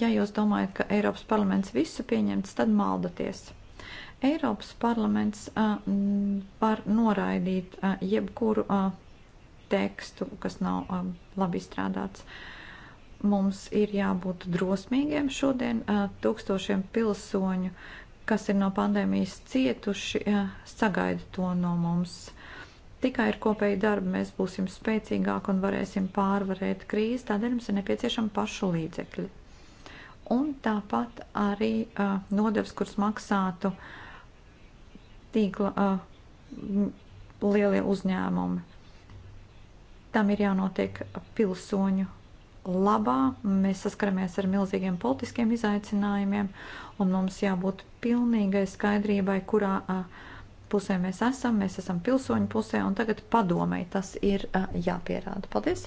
ja jūs domājat, ka Eiropas parlaments visu pieņemts, tad maldaties. Eiropas parlaments var noraidīt jebkuru tekstu, kas nav labi izstrādāts. Mums ir jābūt drosmīgiem šodien tūkstošiem pilsoņu, kas ir no pandēmijas cietuši, sagaida to no mums Tikai ar kopēju darbu mēs būsim spēcīgāki un varēsim pārvarēt krīzi, tādēļ mums ir nepieciešama pašu līdzekļi. Un tāpat arī uh, nodevs, kurus maksātu tīkla uh, lielie uzņēmumi. Tam ir jānotiek pilsoņu labā. Mēs saskaramies ar milzīgiem politiskiem izaicinājumiem, un mums jābūt pilnīgai skaidrībai, kurā uh, pusē mēs esam, mēs esam pilsoņu pusē, un tagad padomēji tas ir uh, jāpierāda. Paldies!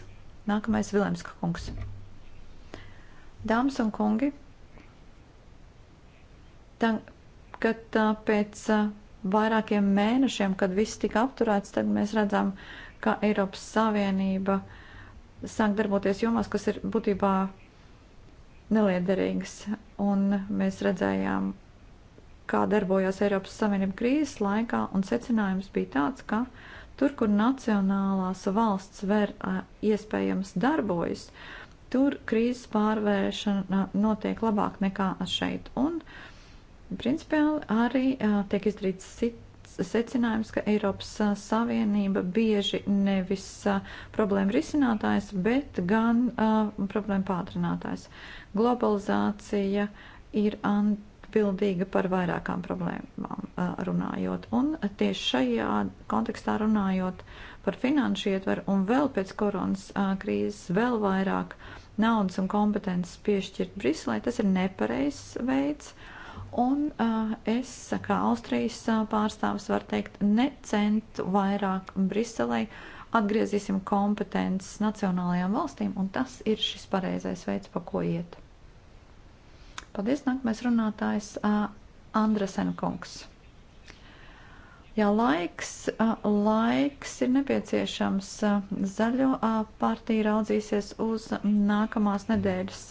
Nākamais Vilemska kungs. Dāmas un kungi, tagad uh, pēc uh, vairākiem mēnešiem, kad viss tika apturēts, tad mēs redzam, ka Eiropas Savienība sāk darboties jomās, kas ir būtībā neliederīgas, un mēs redzējām kā darbojās Eiropas Savienība krīzes laikā, un secinājums bija tāds, ka tur, kur nacionālās valsts ver iespējams darbojas, tur krīzes pārvēršana notiek labāk nekā šeit. Un, principiāli, arī tiek izdarīts sit secinājums, ka Eiropas Savienība bieži nevis problēma risinātājs, bet gan uh, problēma pātrinātājs. Globalizācija ir ant atbildīga par vairākām problēmām runājot. Un tieši šajā kontekstā runājot par finanšu ietveru un vēl pēc koronas krīzes vēl vairāk naudas un kompetences piešķirt Briselē, tas ir nepareizs veids. Un uh, es, kā Austrijas pārstāvis, varu teikt, necentu vairāk Briselē, atgriezīsim kompetences nacionālajām valstīm, un tas ir šis pareizais veids, pa ko iet. Paldies, nākamais runātājs Andresen Kungs. Jā, laiks, laiks ir nepieciešams. Zaļo partija raudzīsies uz nākamās nedēļas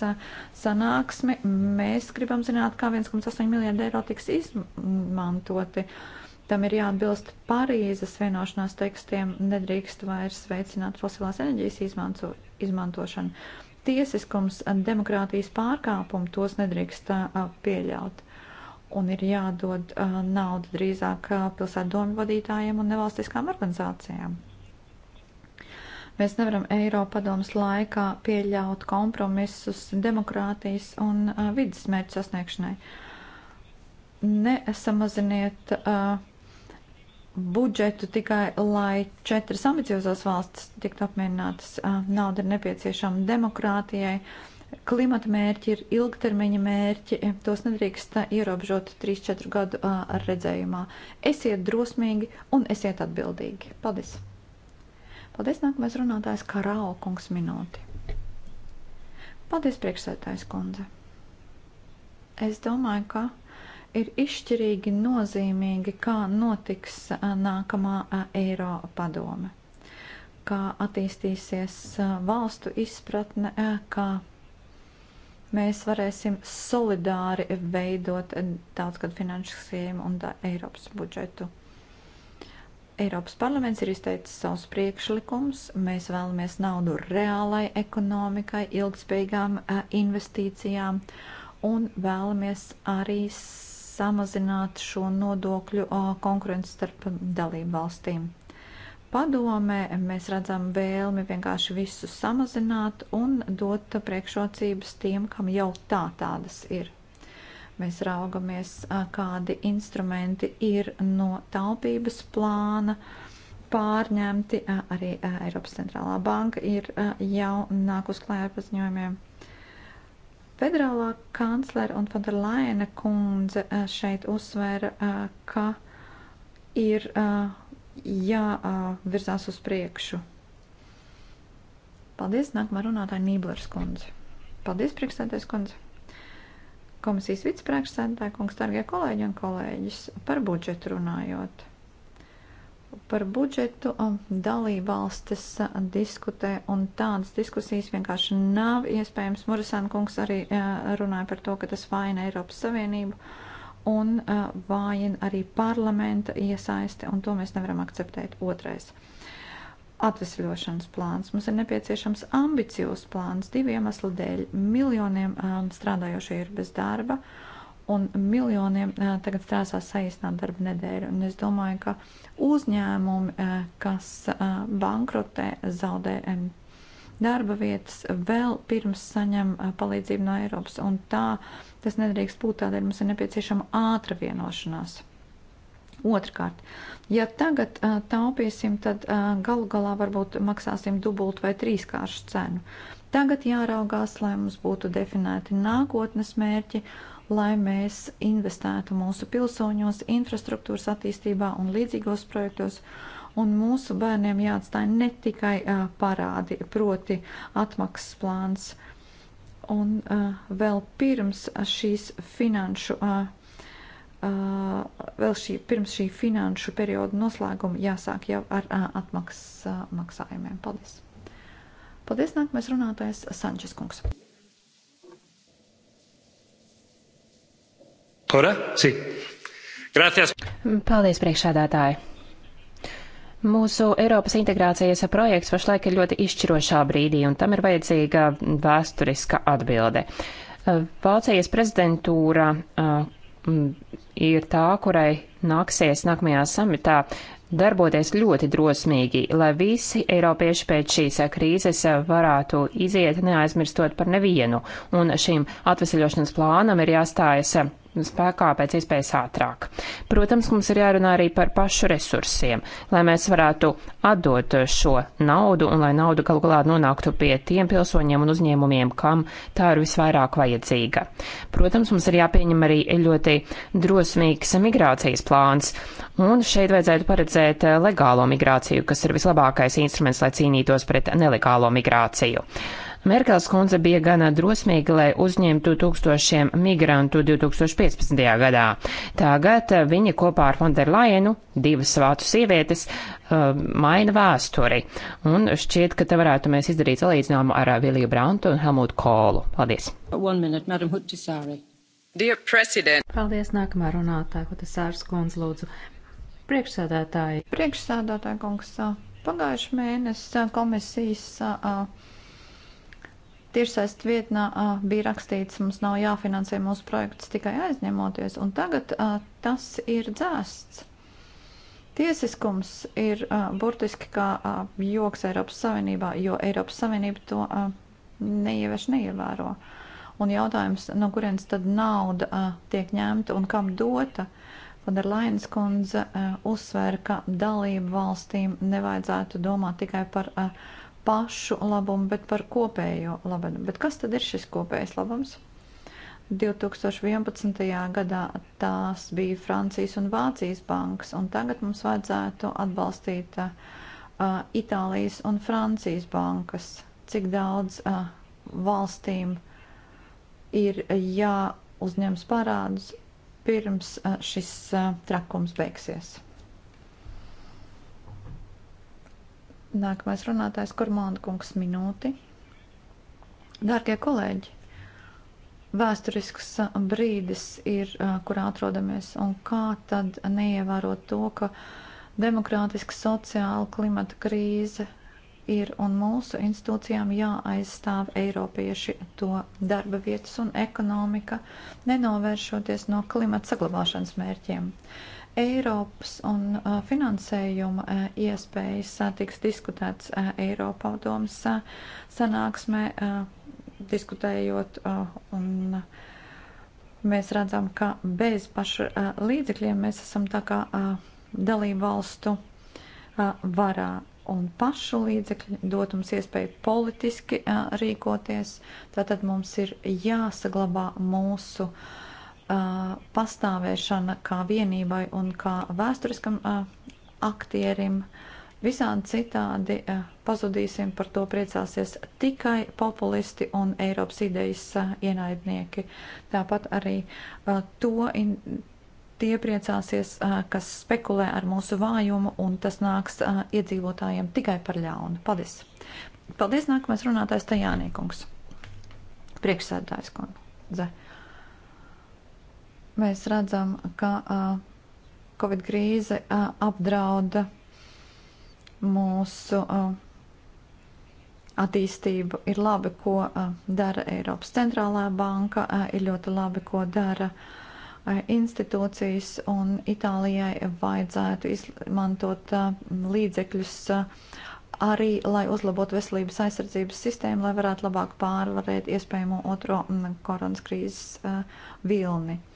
sanāksmi. Mēs gribam zināt, kā 1,8 miljārdi eiro tiks izmantoti. Tam ir jāatbilst Parīzes vienošanās tekstiem, nedrīkst vairs veicināt fosilās enerģijas izmanto, izmantošanu tiesiskums, demokrātijas pārkāpumi, tos nedrīkst pieļaut. Un ir jādod nauda drīzāk pilsētu domu vadītājiem un nevalstiskām organizācijām. Mēs nevaram Eiropa padomas laikā pieļaut kompromisus demokrātijas un vidas mērķu sasniegšanai. Nesamaziniet uh, budžetu tikai, lai četras ambiciozās valstis tiktu apmierinātas. Nauda ir nepieciešama demokrātijai. Klimata mērķi ir ilgtermiņa mērķi, tos nedrīkst ierobežot 3-4 gadu ar redzējumā. Esiet drosmīgi un esiet atbildīgi. Paldies! Paldies, nākamais runātājs Karāla kungs minūti. Paldies, priekšsētājs kundze. Es domāju, ka ir izšķirīgi nozīmīgi, kā notiks nākamā Eiro padome, kā attīstīsies valstu izpratne, kā mēs varēsim solidāri veidot daudzgad finanšu schēmu un Eiropas budžetu. Eiropas parlaments ir izteicis savus priekšlikums. Mēs vēlamies naudu reālai ekonomikai, ilgspējīgām investīcijām un vēlamies arī samazināt šo nodokļu konkurenci starp dalību valstīm. Padomē mēs redzam vēlmi vienkārši visu samazināt un dot priekšrocības tiem, kam jau tā tādas ir. Mēs raugamies, kādi instrumenti ir no taupības plāna pārņemti. Arī Eiropas centrālā banka ir jau nāk uz klājā paziņojumiem Federālā kanclera un Fonderlaina kundze eh, šeit uzsvēra, eh, ka ir eh, jāvirzās uz priekšu. Paldies, nākamā runātāja Nīblers kundze. Paldies, priekšsēdētājs kundze. Komisijas vicepriekšsēdētāja kungs, dargie kolēģi un kolēģis, par budžetu runājot par budžetu dalībvalstis diskutē, un tādas diskusijas vienkārši nav iespējams. Murisāna kungs arī runāja par to, ka tas vaina Eiropas Savienību un vājina arī parlamenta iesaisti, un to mēs nevaram akceptēt. Otrais - atvesļošanas plāns. Mums ir nepieciešams ambiciozs plāns divu iemeslu dēļ. Miljoniem strādājošie ir bez darba un miljoniem tagad strāsās saīsināt darba nedēļu. Un es domāju, ka uzņēmumi, kas bankrotē, zaudē darba vietas vēl pirms saņem palīdzību no Eiropas. Un tā tas nedrīkst būt tādēļ mums ir nepieciešama ātra vienošanās. Otrkārt, ja tagad uh, taupīsim, tad uh, galu galā varbūt maksāsim dubult vai trīskāršu cenu. Tagad jāraugās, lai mums būtu definēti nākotnes mērķi lai mēs investētu mūsu pilsoņos, infrastruktūras attīstībā un līdzīgos projektos. Un mūsu bērniem jāatstāj ne tikai uh, parādi, proti atmaksas plāns. Un uh, vēl pirms šīs finanšu uh, Uh, vēl šī, pirms šī finanšu perioda noslēguma jāsāk jau ar uh, atmaksas uh, maksājumiem. Paldies! Paldies! Nākamais runātājs Sančes kungs. Ora? Sí. Gracias. Paldies, priekšādātāji. Mūsu Eiropas integrācijas projekts pašlaik ir ļoti izšķirošā brīdī, un tam ir vajadzīga vēsturiska atbilde. Vācijas prezidentūra ir tā, kurai nāksies nākamajā samitā darboties ļoti drosmīgi, lai visi eiropieši pēc šīs krīzes varētu iziet neaizmirstot par nevienu, un šim atvesaļošanas plānam ir jāstājas spēkā pēc iespējas ātrāk. Protams, mums ir jārunā arī par pašu resursiem, lai mēs varētu atdot šo naudu un lai nauda galu galā nonāktu pie tiem pilsoņiem un uzņēmumiem, kam tā ir visvairāk vajadzīga. Protams, mums ir jāpieņem arī ļoti drosmīgs migrācijas plāns, un šeit vajadzētu paredzēt legālo migrāciju, kas ir vislabākais instruments, lai cīnītos pret nelegālo migrāciju. Merkels kundze bija gana drosmīga, lai uzņemtu tūkstošiem migrantu 2015. gadā. Tagad eh, viņa kopā ar Fonderlainu, divas vācu sievietes, eh, maina vēsturi. Un šķiet, ka te varētu mēs izdarīt salīdzinājumu ar eh, Viliju Brantu un Helmutu Kolu. Paldies! Minute, Paldies, nākamā runātāja, Hutasārs Kundze, lūdzu. Priekšsādātāji. Priekšsādātāja kungs, pagājuši mēnesi komisijas. Uh, Tiešsaist vietnā uh, bija rakstīts, mums nav jāfinansē mūsu projekts tikai aizņemoties, un tagad uh, tas ir dzēsts. Tiesiskums ir uh, burtiski kā uh, joks Eiropas Savienībā, jo Eiropas Savienība to uh, neievērš, neievēro. Un jautājums, no kurienes tad nauda uh, tiek ņemta un kam dota, Fonderlainas kundze uh, uzsvēra, ka dalību valstīm nevajadzētu domāt tikai par uh, pašu labumu, bet par kopējo labumu. Bet kas tad ir šis kopējais labums? 2011. gadā tās bija Francijas un Vācijas bankas, un tagad mums vajadzētu atbalstīt uh, Itālijas un Francijas bankas. Cik daudz uh, valstīm ir jāuzņems parādus pirms uh, šis uh, trakums beigsies? Nākamais runātājs Kormāna kungs minūti. Dārgie kolēģi, vēsturisks brīdis ir, kurā atrodamies, un kā tad neievērot to, ka demokrātiska sociāla klimata krīze ir un mūsu institūcijām jāaizstāv eiropieši to darba vietas un ekonomika, nenovēršoties no klimata saglabāšanas mērķiem. Uh, Eiropas un finansējuma iespējas tiks diskutēts Eiropadomas sanāksmē, diskutējot un mēs redzam, ka bez paša līdzekļiem mēs esam tā kā dalību valstu varā un pašu līdzekļi dot mums iespēju politiski rīkoties. Tātad mums ir jāsaglabā mūsu uh, uh, pastāvēšana kā vienībai un kā vēsturiskam uh, aktierim. Visādi citādi uh, pazudīsim, par to priecāsies tikai populisti un Eiropas idejas uh, ienaidnieki. Tāpat arī uh, to in, tie priecāsies, uh, kas spekulē ar mūsu vājumu, un tas nāks uh, iedzīvotājiem tikai par ļaunu. Paldies! Paldies, nākamais runātājs Tajānīkungs, priekšsēdētājs kundze. Mēs redzam, ka uh, Covid krīze uh, apdrauda mūsu uh, attīstību. Ir labi, ko uh, dara Eiropas centrālā banka, uh, ir ļoti labi, ko dara uh, institūcijas, un Itālijai vajadzētu izmantot uh, līdzekļus. Uh, arī, lai uzlabotu veselības aizsardzības sistēmu, lai varētu labāk pārvarēt iespējamo otro koronas krīzes vilni. Uh,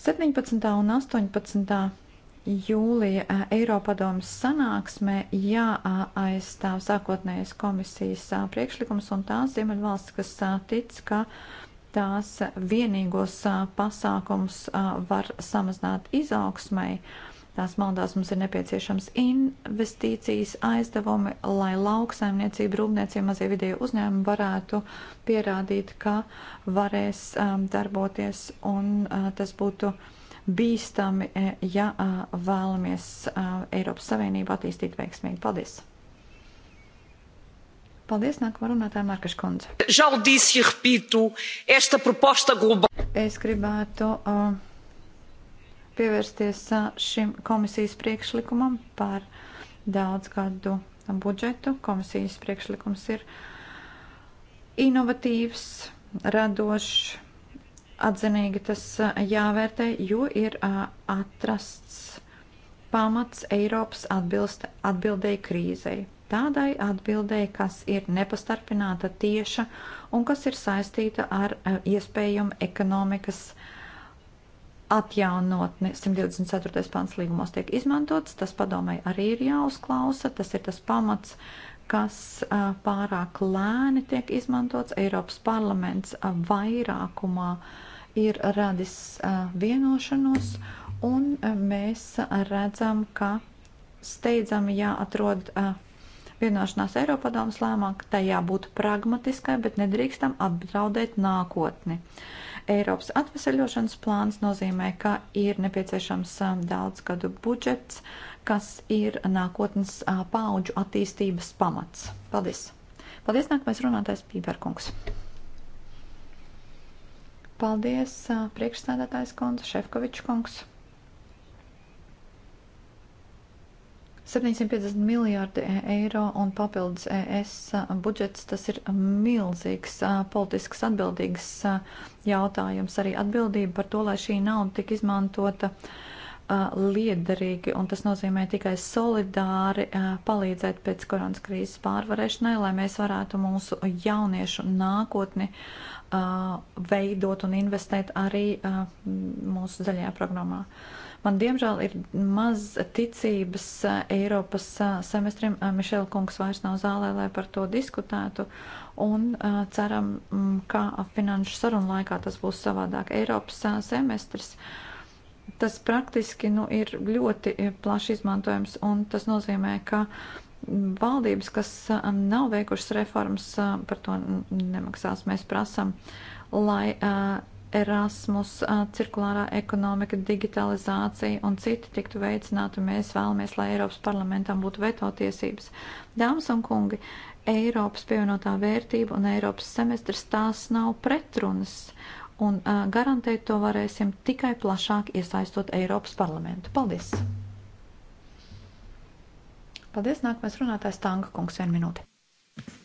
17. un 18. jūlija Eiropadomas sanāksmē jāaizstāv sākotnējais komisijas priekšlikums un tās Ziemeļvalsts, kas tic, ka tās vienīgos pasākums var samazināt izaugsmai Tās maldās mums ir nepieciešams investīcijas, aizdevumi, lai lauksaimniecība, rūpniecība, mazie vidēji uzņēmumi varētu pierādīt, ka varēs um, darboties un uh, tas būtu bīstami, e, ja uh, vēlamies uh, Eiropas Savienību attīstīt veiksmīgi. Paldies! Paldies, nākamā runātāja Markaša kundze. E es gribētu uh, pievērsties šim komisijas priekšlikumam par daudzgadu budžetu. Komisijas priekšlikums ir inovatīvs, radošs, atzinīgi tas jāvērtē, jo ir atrasts pamats Eiropas atbilst, atbildēji krīzei. Tādai atbildēji, kas ir nepastarpināta tieša un kas ir saistīta ar iespējumu ekonomikas uh, atjaunotne 124. pants līgumos tiek izmantots, tas padomai arī ir jāuzklausa, tas ir tas pamats, kas pārāk lēni tiek izmantots. Eiropas parlaments vairākumā ir radis vienošanos, un mēs redzam, ka steidzami jāatrod vienošanās Eiropadomas lēmāk, tajā būtu pragmatiskai, bet nedrīkstam apdraudēt nākotni. Uh, Eiropas atvesaļošanas plāns nozīmē, ka ir nepieciešams um, daudzgadu budžets, kas ir nākotnes uh, pauģu attīstības pamats. Paldies! Paldies, nākamais runātais Pīperkungs. Paldies, uh, priekšstādātājs kundze, Šefkovičs kungs. Šefkovič kungs. 750 miljārdi eiro un papildus ES budžets, tas ir milzīgs politisks atbildīgs jautājums, arī atbildība par to, lai šī nauda tik izmantota liederīgi, un tas nozīmē tikai solidāri palīdzēt pēc koronas krīzes pārvarēšanai, lai mēs varētu mūsu jauniešu nākotni veidot un investēt arī mūsu zaļajā programmā. Man, diemžēl, ir maz ticības eh, Eiropas eh, semestrim. Eh, Mišela kungs vairs nav zālē, lai par to diskutētu. Un ceram, mm, ka finanšu sarunu laikā tas būs savādāk. Eiropas semestris. Tas praktiski nu, ir ļoti plaši izmantojams, un tas nozīmē, ka valdības, kas nav veikušas reformas, par to nemaksās. Mēs prasam, lai Erasmus, cirkulārā ekonomika, digitalizācija un citi tiktu veicināti. Mēs vēlamies, lai Eiropas parlamentam būtu veto tiesības. Dāmas un kungi, Eiropas pievienotā vērtība un Eiropas semestrs tās nav pretrunas, un uh, garantēt to varēsim tikai plašāk iesaistot Eiropas parlamentu. Paldies! Paldies, nākamais runātājs Tanga kungs, vienu minūti.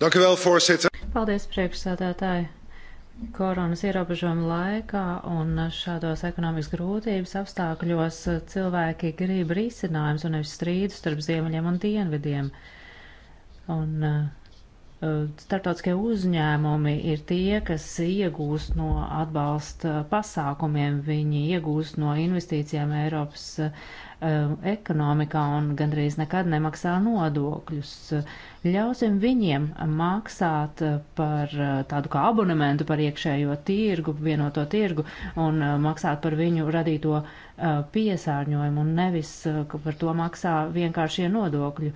Dank u wel, voorzitter. Paldies, priekšsādātāji koronas ierobežojuma laikā un šādos ekonomikas grūtības apstākļos cilvēki grib risinājums un nevis strīdus starp ziemeļiem un dienvidiem. Un uh, eh, startautiskie uzņēmumi ir tie, kas iegūst no atbalsta pasākumiem, viņi iegūst no investīcijām Eiropas uh, ekonomikā un gandrīz nekad nemaksā nodokļus. Uh, Ļausim viņiem maksāt eh, par eh, tādu kā abonementu par iekšējo tirgu, vienoto tirgu un eh, maksāt par viņu radīto piesārņojumu un nevis, ka par to maksā vienkāršie nodokļu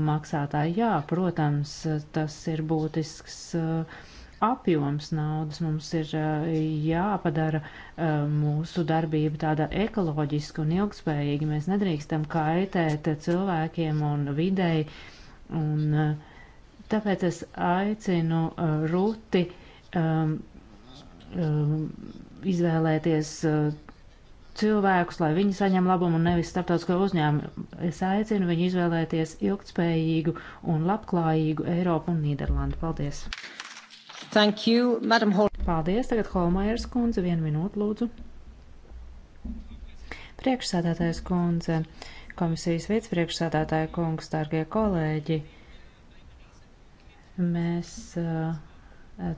maksātāji. Jā, protams, tas ir būtisks apjoms naudas mums ir jāpadara mūsu darbība tāda ekoloģiska un ilgspējīga. Mēs nedrīkstam kaitēt cilvēkiem un videi Un eh, tāpēc es aicinu eh, Ruti um, um, izvēlēties uh, cilvēkus, lai viņi saņem labumu un nevis starptautisko uzņēmumu. Es aicinu viņu izvēlēties ilgtspējīgu un labklājīgu Eiropu un Nīderlandu. Paldies! Thank you, Madam Hol. Paldies, tagad Holmajers kundze, vienu minūtu lūdzu. Priekšsādātājs kundze, komisijas vicepriekšsādātāja kungs, dārgie kolēģi. Mēs uh,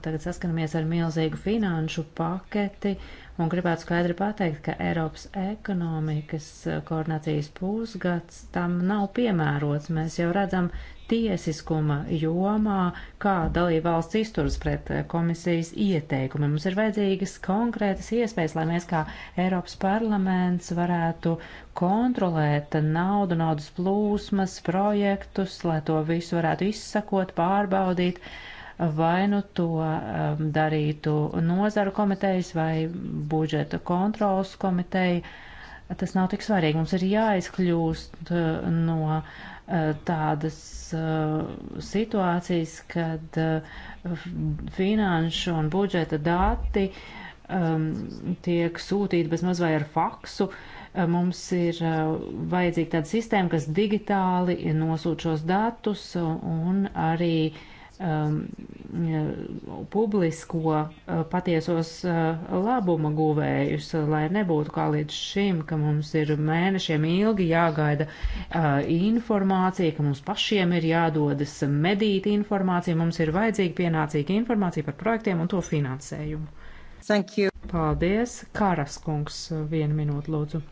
tagad saskanamies ar milzīgu finanšu paketi un gribētu skaidri pateikt, ka Eiropas ekonomikas uh, koordinācijas pusgads tam nav piemērots. Mēs jau redzam tiesiskuma jomā, kā dalība valsts izturas pret eh, komisijas ieteikumiem. Mums ir vajadzīgas konkrētas iespējas, lai mēs kā Eiropas parlaments varētu kontrolēt naudu, naudas plūsmas, projektus, lai to visu varētu izsakot, pārbaudīt vai nu to um, darītu nozaru komitejas vai budžeta kontrolas komiteja. Tas nav tik svarīgi. Mums ir jāizkļūst eh, no Eh, tādas eh, situācijas, kad eh, finanšu un budžeta dati ehm, tiek sūtīti bez maz vai ar faksu. Mums ir vajadzīga tāda sistēma, kas digitāli nosūt šos datus un arī uh, um, publisko uh, patiesos uh, labuma guvējus, lai nebūtu kā līdz šim, ka mums ir mēnešiem ilgi jāgaida uh, informācija, ka mums pašiem ir jādodas medīt informāciju, mums ir vajadzīga pienācīga informācija par projektiem un to finansējumu. Thank you. Paldies, Kāras kungs, vienu minūtu lūdzu.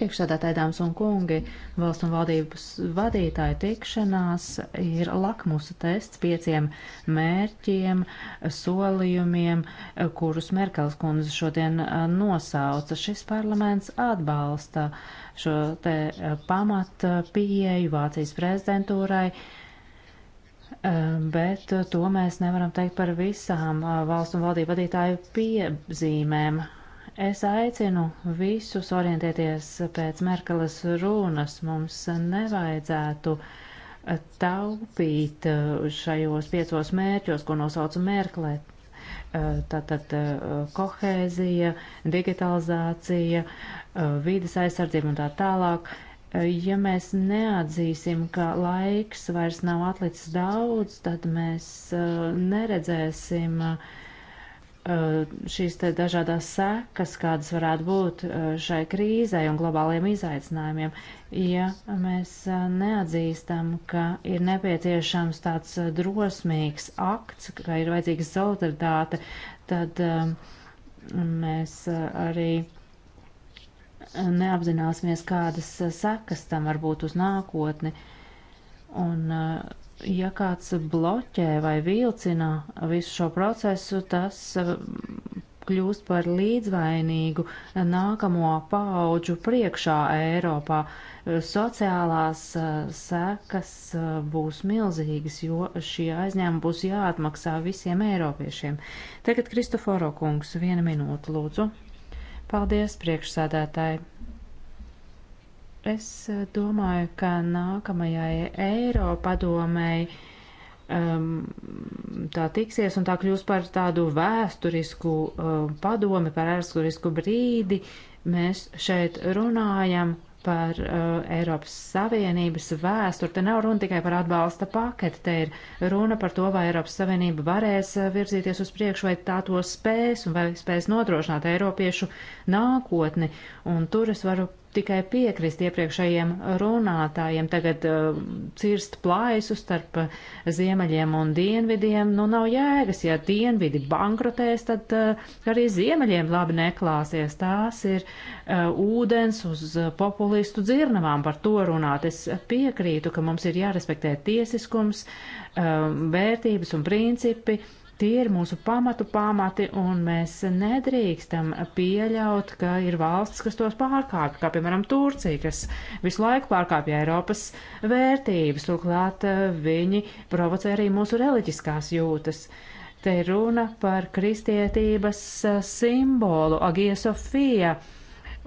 Priekšsēdētāji, dāmas un kungi, valsts un valdības vadītāja tikšanās ir lakmusa tests pieciem mērķiem, solījumiem, kurus Merkels kundze šodien nosauca. Šis parlaments atbalsta šo te pamat pieeju Vācijas prezidentūrai. Bet to mēs nevaram teikt par visām valsts un valdību vadītāju piezīmēm Es aicinu visus orientēties pēc Merkeles runas. Mums nevajadzētu eh, taupīt eh, šajos piecos mērķos, ko nosauca Merkle. Eh, tātad kohēzija, digitalizācija, vīdes aizsardzība un tā tālāk ja mēs neatzīsim, ka laiks vairs nav atlicis daudz, tad mēs uh, neredzēsim uh, Uh, šīs te dažādās sekas, kādas varētu būt uh, šai krīzai un globāliem izaicinājumiem, ja mēs uh, neatzīstam, ka ir nepieciešams tāds drosmīgs akts, ka ir vajadzīga solidaritāte, tad mēs arī neapzināsimies, kādas sekas tam var būt uz nākotni. Un uh, ja kāds bloķē vai vilcina visu šo procesu, tas mm, kļūst par līdzvainīgu nākamo paauģu priekšā Eiropā. Sociālās eh, sekas eh, būs milzīgas, jo šie aizņēmumi būs jāatmaksā visiem eiropiešiem. Tagad Kristoforo kungs, viena minūte, lūdzu. Paldies, priekšsēdētāji. Es eh, domāju, ka nākamajai Eiropadomēji um, ehm, tā tiksies un tā kļūs par tādu vēsturisku um, padomi, par vēsturisku brīdi. Mēs šeit runājam par uh, Eiropas Savienības vēsturi. Te nav runa tikai par atbalsta paketi, te ir runa par to, vai Eiropas Savienība varēs uh, virzīties uz priekšu, vai tā to spēs, un vai spēs nodrošināt Eiropiešu nākotni. Un tur es varu tikai piekrist iepriekšējiem runātājiem. Tagad uh, cirst plaisu starp ziemeļiem un dienvidiem. Nu, nav jēgas, ja dienvidi bankrotēs, tad uh, arī ziemeļiem labi neklāsies. Tās ir uh, ūdens uz populistu dzirnavām par to runāt. Es piekrītu, ka mums ir jārespektē tiesiskums, uh, vērtības un principi. Uh, Tie ir mūsu pamatu pamati, un mēs nedrīkstam pieļaut, ka ir valsts, kas tos pārkāpj, kā piemēram Turcija, kas visu laiku pārkāpj Eiropas vērtības, turklāt eh, viņi provocē arī mūsu reliģiskās jūtas. Te ir runa par kristietības eh, simbolu Agija Sofija.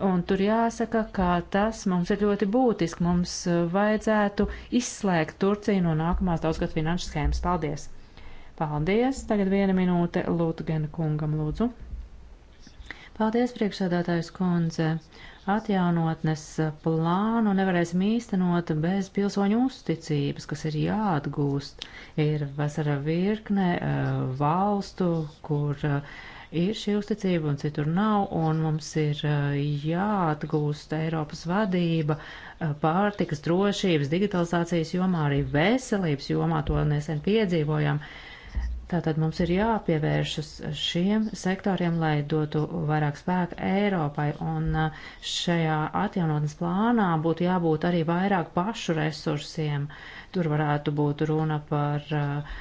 Un tur jāsaka, ka tas mums ir ļoti būtiski. Mums eh, vajadzētu izslēgt Turciju no nākamās daudzgad finanšu schēmas. Paldies! Paldies! Tagad viena minūte Lūtgen kungam lūdzu. Paldies, priekšsēdētājs kundze! Atjaunotnes plānu nevarēsim īstenot bez pilsoņu uzticības, kas ir jāatgūst. Ir vesela virkne eh, valstu, kur eh, ir šī uzticība un citur nav, un mums ir eh, jāatgūst Eiropas vadība pārtikas drošības, digitalizācijas jomā, arī veselības jomā, to nesen piedzīvojam. Uh, Tātad mums ir jāpievēršas šiem sektoriem, lai dotu vairāk spēka Eiropai, un uh, šajā atjaunotnes plānā būtu jābūt arī vairāk pašu resursiem. Tur varētu būt runa par uh,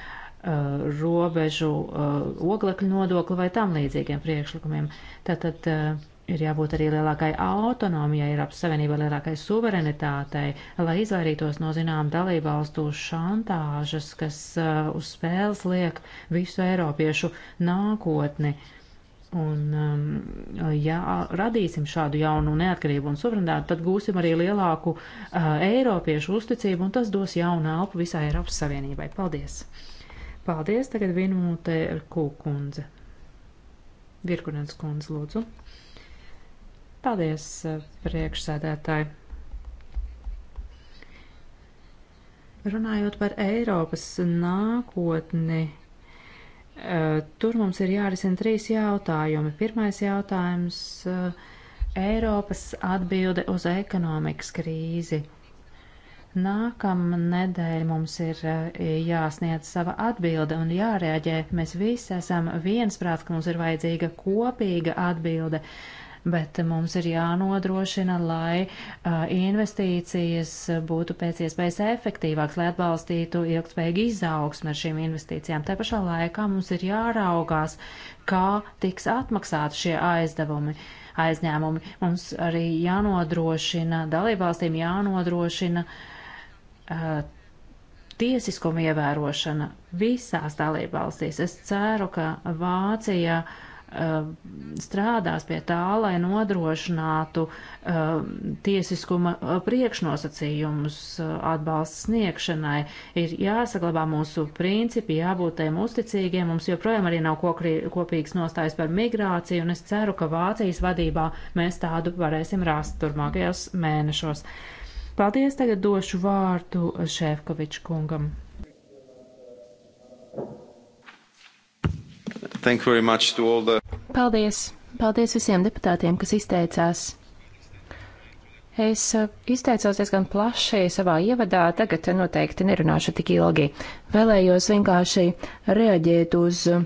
uh robežu uh, oglekļu nodokli vai tam līdzīgiem priekšlikumiem. Tātad uh, Ir jābūt arī lielākai autonomijai, Eiropas Savienībai lielākai suverenitātei, lai izvairītos no zinām dalībvalstu šantāžas, kas uh, uz spēles liek visu Eiropiešu nākotni. Un, um, ja radīsim šādu jaunu neatkarību un suverenitāti, tad gūsim arī lielāku uh, Eiropiešu uzticību, un tas dos jaunu elpu visai Eiropas Savienībai. Paldies! Paldies, tagad vienu minūtē ar kūkundze. Virkunens kundze, lūdzu. Paldies, eh, priekšsēdētāji. Runājot par Eiropas nākotni, eh, tur mums ir jārisina trīs jautājumi. Pirmais jautājums eh, - Eiropas atbilde uz ekonomikas krīzi. Nākamā nedēļa mums ir jāsniedz sava atbilde un jārēģē. Mēs visi esam viensprāts, ka mums ir vajadzīga kopīga atbilde bet mums ir jānodrošina, lai uh, investīcijas būtu pēc iespējas efektīvāks, lai atbalstītu ilgspējīgu izaugsmu ar šīm investīcijām. Te pašā laikā mums ir jāraugās, kā tiks atmaksāti šie aizdevumi. Aizņēmumi. Mums arī jānodrošina, dalībvalstīm jānodrošina uh, tiesiskuma ievērošana visās dalībvalstīs. Es ceru, ka Vācija uh, Uh, strādās pie tā, lai nodrošinātu uh, tiesiskuma uh, priekšnosacījumus atbalsts sniegšanai. Ir jāsaglabā mūsu principi, jābūt tiem uzticīgiem. Mums joprojām arī nav kopīgs nostājs par migrāciju, un es ceru, ka Vācijas vadībā mēs tādu varēsim rast turmākajos mēnešos. Paldies, tagad došu vārdu Šefkoviču kungam. Thank you. The... Paldies! Paldies visiem deputātiem, kas izteicās. Es uh, izteicos diezgan plaši savā ievadā, tagad noteikti nerunāšu tik ilgi. Vēlējos vienkārši reaģēt uz uh,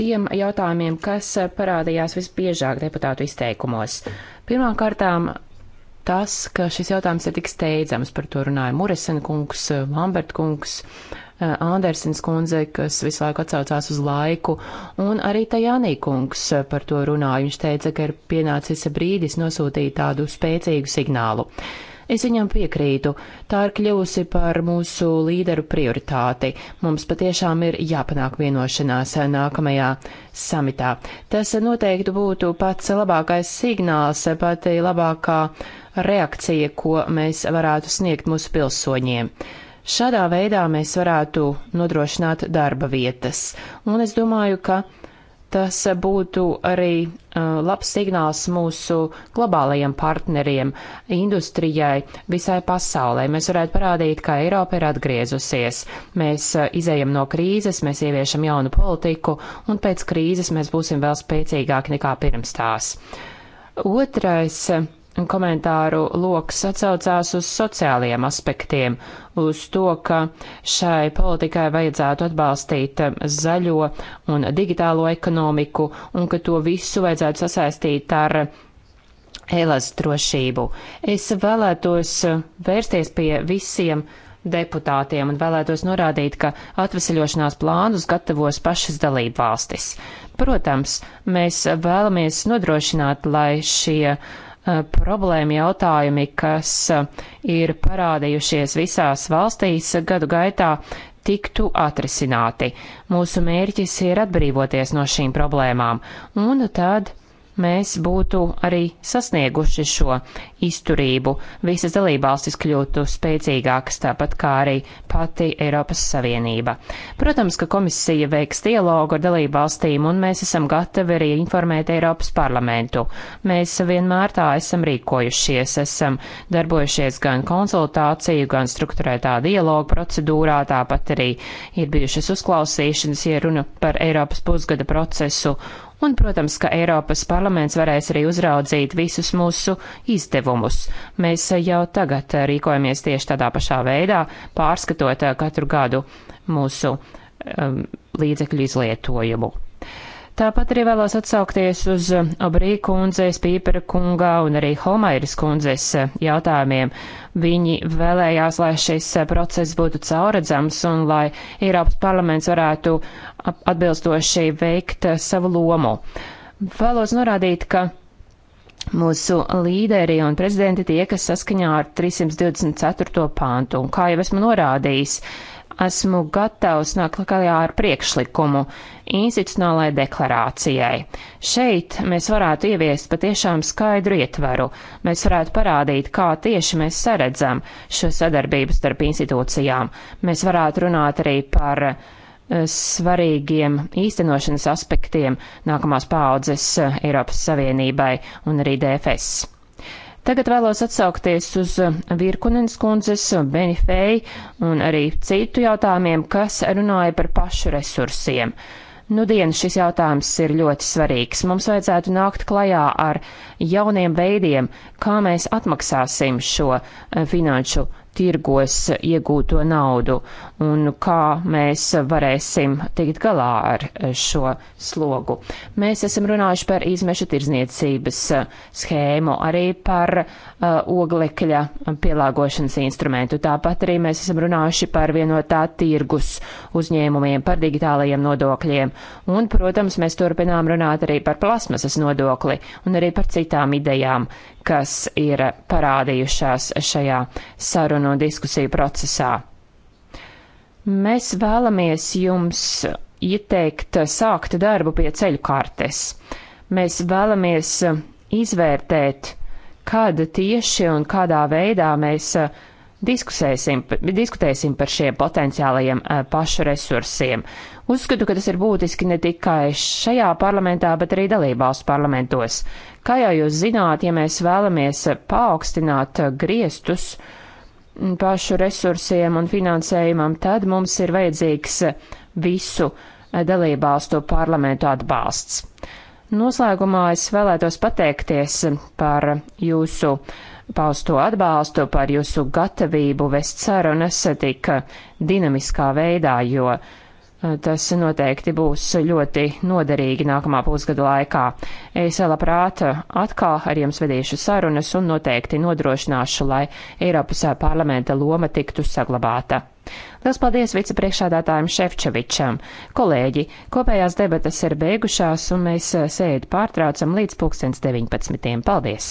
tiem jautājumiem, kas uh, parādījās visbiežāk deputātu izteikumos. Pirmkārtām, tas, ka šis jautājums ir tik steidzams, par to runāja Muresena kungs, Lambert kungs, Eh, Andersens kundze, kas visu laiku atsaucās uz laiku, un arī Tajānī kungs eh, par to runāja. Viņš teica, ka ir pienācis brīdis nosūtīt tādu spēcīgu signālu. Es viņam piekrītu, tā ir kļuvusi par mūsu līderu prioritāti. Mums patiešām ir jāpanāk vienošanās eh, nākamajā samitā. Tas noteikti būtu pats labākais signāls, pati labākā reakcija, ko mēs varētu sniegt mūsu pilsoņiem. Šādā veidā mēs varētu nodrošināt darba vietas, un es domāju, ka tas būtu arī uh, labs signāls mūsu globālajiem partneriem, industrijai, visai pasaulē. Mēs varētu parādīt, ka Eiropa ir atgriezusies. Mēs uh, izējam no krīzes, mēs ieviešam jaunu politiku, un pēc krīzes mēs būsim vēl spēcīgāki nekā pirms tās. Otrais. Uh, komentāru lokus atsaucās uz sociālajiem aspektiem, uz to, ka šai politikai vajadzētu atbalstīt um, zaļo un digitālo ekonomiku un ka to visu vajadzētu sasaistīt ar elastrošību. Es vēlētos uh, vērsties pie visiem deputātiem un vēlētos norādīt, ka atveseļošanās plānus gatavos pašas dalību valstis. Protams, mēs vēlamies nodrošināt, lai šie uh, Eh, problēma jautājumi, kas eh, ir parādījušies visās valstīs gadu gaitā, tiktu atrisināti. Mūsu mērķis ir atbrīvoties no šīm problēmām, un tad mēs būtu arī sasnieguši šo izturību, visas dalībvalstis kļūtu spēcīgākas, tāpat kā arī pati Eiropas Savienība. Protams, ka komisija veiks dialogu ar dalībvalstīm, un mēs esam gatavi arī informēt Eiropas parlamentu. Mēs vienmēr tā esam rīkojušies, esam darbojušies gan konsultāciju, gan struktūrētā dialogu procedūrā, tāpat arī ir bijušas uzklausīšanas, ja runa par Eiropas pusgada procesu Un, protams, ka Eiropas parlaments varēs arī uzraudzīt visus mūsu izdevumus. Mēs jau tagad rīkojamies tieši tādā pašā veidā, pārskatot katru gadu mūsu um, līdzekļu izlietojumu. Tāpat arī vēlos atsaukties uz eh, Obrī kundzes, Pīpera kunga un arī Homairas kundzes eh, jautājumiem. Viņi vēlējās, lai šis eh, process būtu cauredzams un lai Eiropas parlaments varētu atbilstoši veikt savu lomu. Vēlos norādīt, ka mūsu līderi un prezidenti tie, kas saskaņā ar 324. pāntu. Un kā jau esmu norādījis, esmu gatavs nākt klajā ar priekšlikumu institucionālai deklarācijai. Šeit mēs varētu ieviest patiešām skaidru ietvaru. Mēs varētu parādīt, kā tieši mēs saredzam šo sadarbību starp institūcijām. Mēs varētu runāt arī par eh, svarīgiem īstenošanas aspektiem nākamās paaudzes eh, Eiropas Savienībai un arī DFS. Tagad vēlos atsaukties uz eh, Virkunenes kundzes, Benifei un arī citu jautājumiem, kas runāja par pašu resursiem. Uh, Nu, dienas šis jautājums ir ļoti svarīgs. Mums vajadzētu nākt klajā ar jauniem veidiem, kā mēs atmaksāsim šo eh, finanšu tirgos iegūto naudu un kā mēs varēsim tikt galā ar eh, šo slogu. Mēs esam runājuši par izmešu tirzniecības eh, schēmu, arī par Uh, oglekļa pielāgošanas instrumentu. Tāpat arī mēs esam runājuši par vienotā tirgus uzņēmumiem, par digitālajiem nodokļiem. Un, protams, mēs turpinām runāt arī par plasmasas nodokli un arī par citām idejām, kas ir parādījušās šajā sarunu un diskusiju procesā. Mēs vēlamies jums ieteikt sākt darbu pie ceļu kartes. Mēs vēlamies izvērtēt kad tieši un kādā veidā mēs eh, diskusēsim, diskutēsim par šiem potenciālajiem eh, pašu resursiem. Uzskatu, ka tas ir būtiski ne tikai šajā parlamentā, bet arī dalībvalstu parlamentos. Kā jau jūs zināt, ja mēs vēlamies paaugstināt eh, griestus pašu resursiem un finansējumam, tad mums ir vajadzīgs visu dalībvalstu parlamentu atbalsts. Noslēgumā es vēlētos pateikties par jūsu pausto atbalstu, par jūsu gatavību vest sarunas tik dinamiskā veidā, jo eh, tas noteikti būs ļoti noderīgi nākamā pusgada laikā. Es labprāt atkal ar jums vedīšu sarunas un noteikti nodrošināšu, lai Eiropas parlamenta loma tiktu saglabāta. Lielas paldies vicepriekšādātājiem Šefčovičam. Kolēģi, kopējās debatas ir beigušās un mēs eh, sēdi pārtraucam līdz pulkstens 19. Paldies!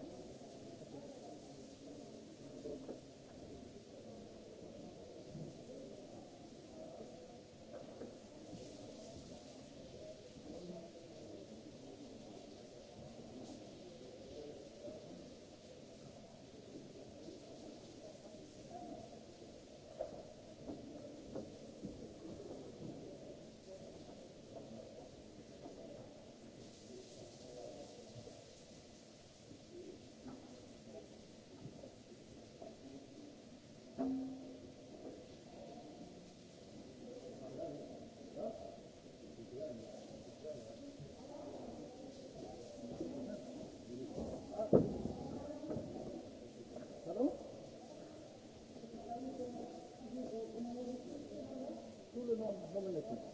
Thank you.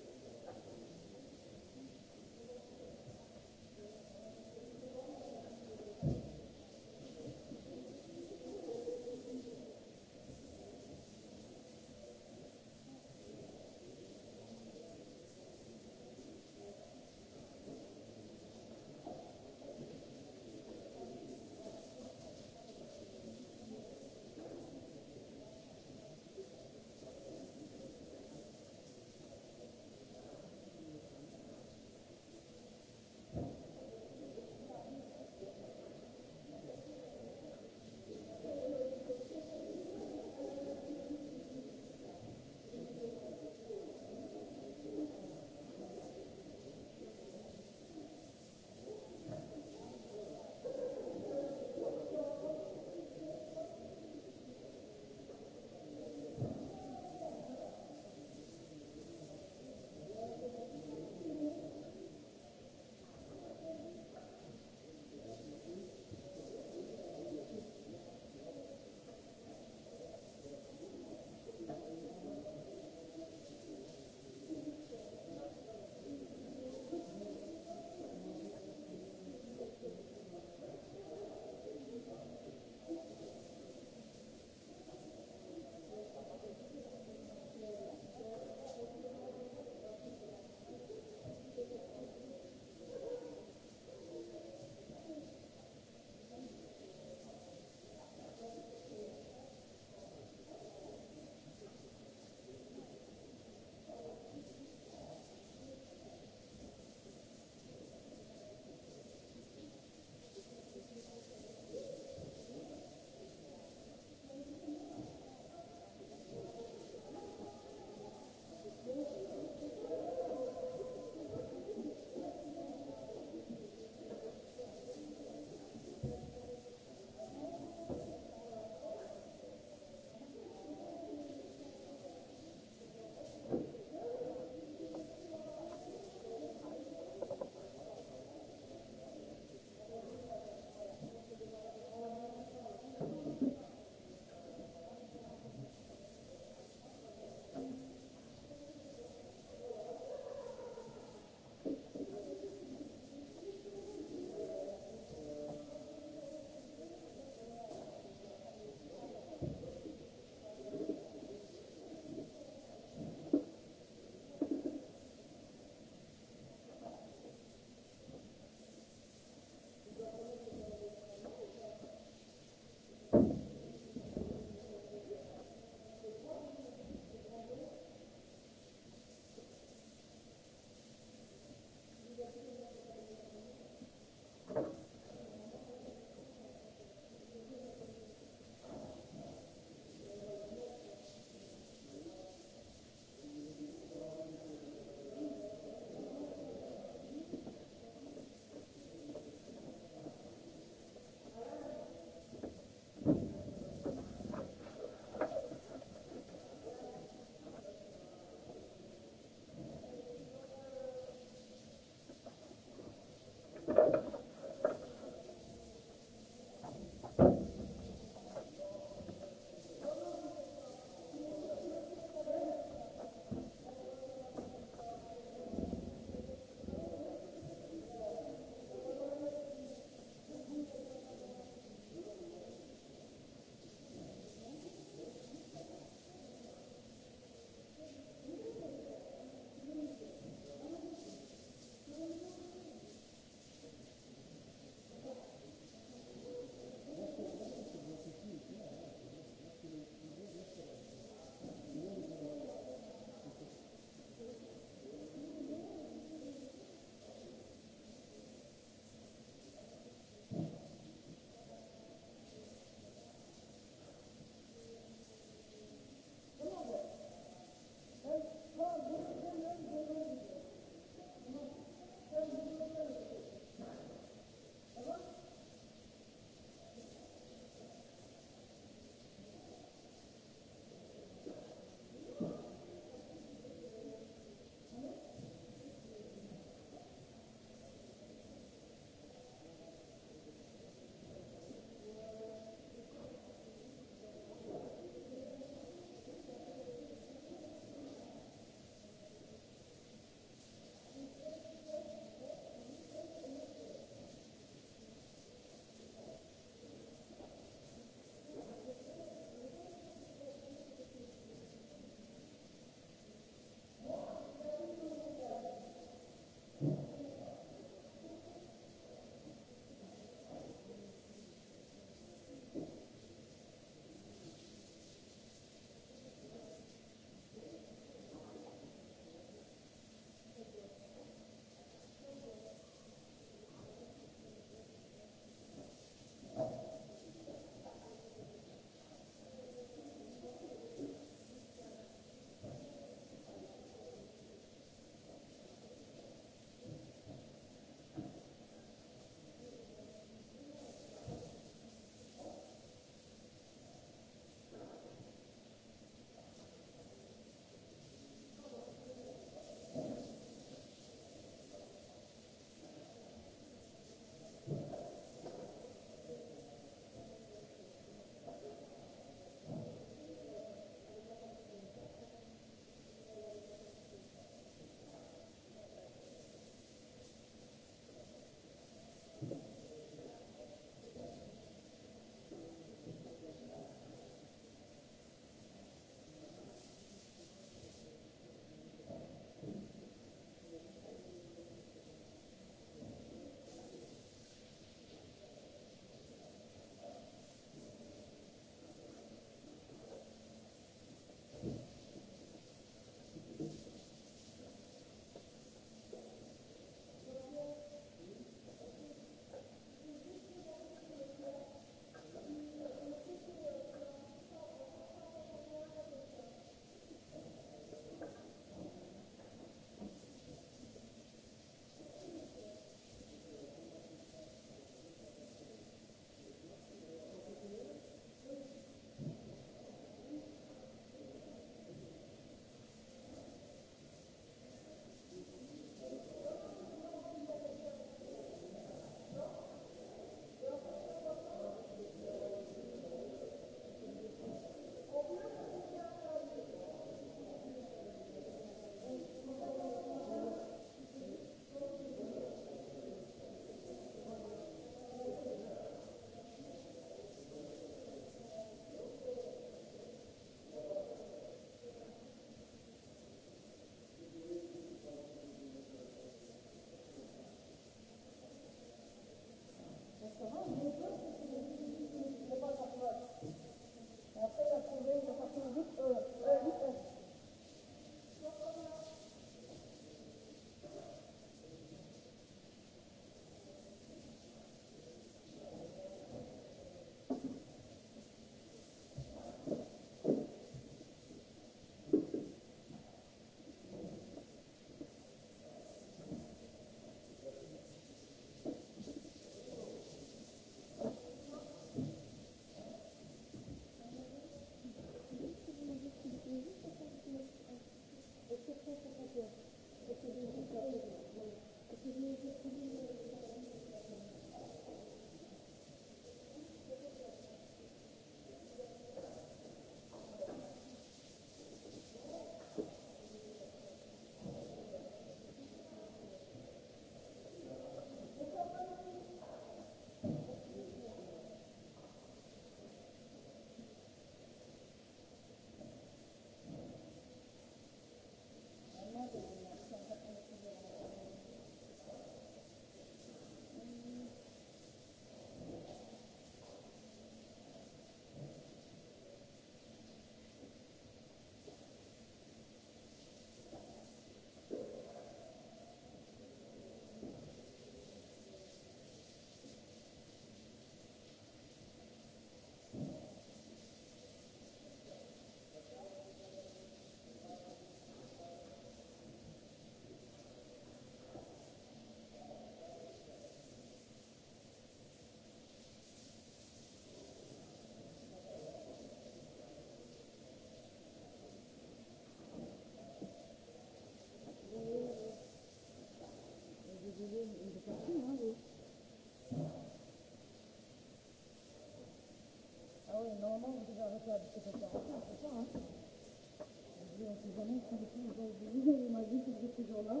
البنات بتيجوا وبيجوا ويمازيكوا بيتجوا لها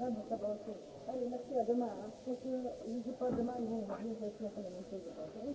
انا طبعا اي نحكي يا جماعه يجي بعد ما يهون بيجي يحلم من كل